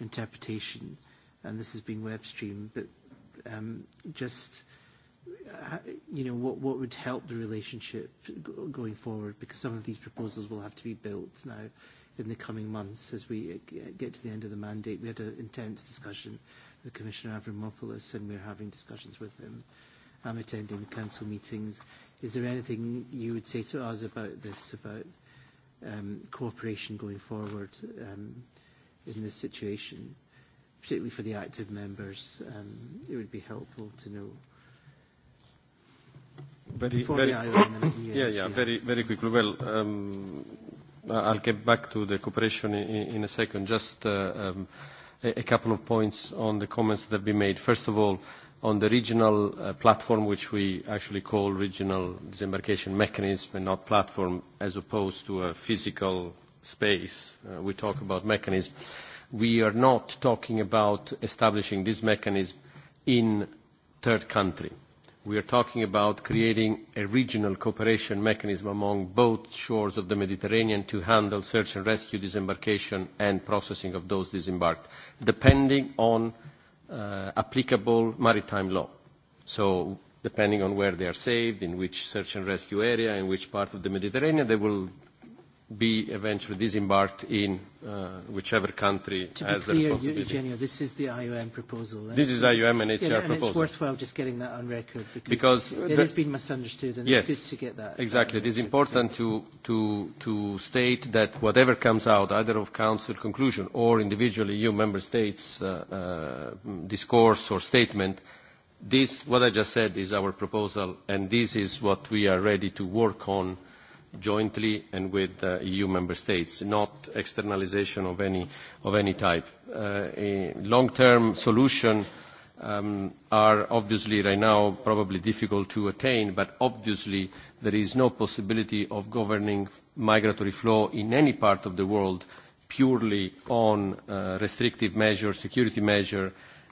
interpretation, and this is being web streamed. But um, just Uh, you know, what, what would help the relationship going forward? Because some of these proposals will have to be built now in the coming months as we uh, uh, get to the end of the mandate. We had an intense discussion with Commissioner Avramopoulos, and we're having discussions with him. I'm attending the council meetings. Is there anything you would say to us about this, about um, cooperation going forward um, in this situation? Particularly for the active members, um, it would be helpful to know. Very, very, *coughs* yeah, yeah, very, very quickly. Well, um, I'll get back to the cooperation in, in a second. Just uh, um, a, a couple of points on the comments that have been made. First of all, on the regional uh, platform, which we actually call regional disembarkation mechanism and not platform, as opposed to a physical space. Uh, we talk about mechanism. We are not talking about establishing this mechanism in third country. Uh, we are talking about creating a regional cooperation mechanism among both shores of the Mediterranean to handle search and rescue, disembarkation and processing of those disembarked, depending on uh, applicable maritime law. So depending on where they are saved, in which search and rescue area, in which part of the Mediterranean, they will be eventually disembarked in uh, whichever country to has clear, the responsibility. Eugenio, this is the IOM proposal. Right? Eh? This is IOM and HCR yeah, and proposal. And it's worthwhile just getting that on record because, because it the, has been misunderstood and yes, it's good to get that. Exactly. Um, it is important so. to, to, to state that whatever comes out, either of Council conclusion or individually EU member states' uh, uh, discourse or statement, this, what I just said, is our proposal and this is what we are ready to work on uh, jointly and with uh, EU member states, not externalization of any, of any type. Uh, a long-term solution um, are obviously right now probably difficult to attain, but obviously there is no possibility of governing migratory flow in any part of the world purely on uh, restrictive measures, security measures,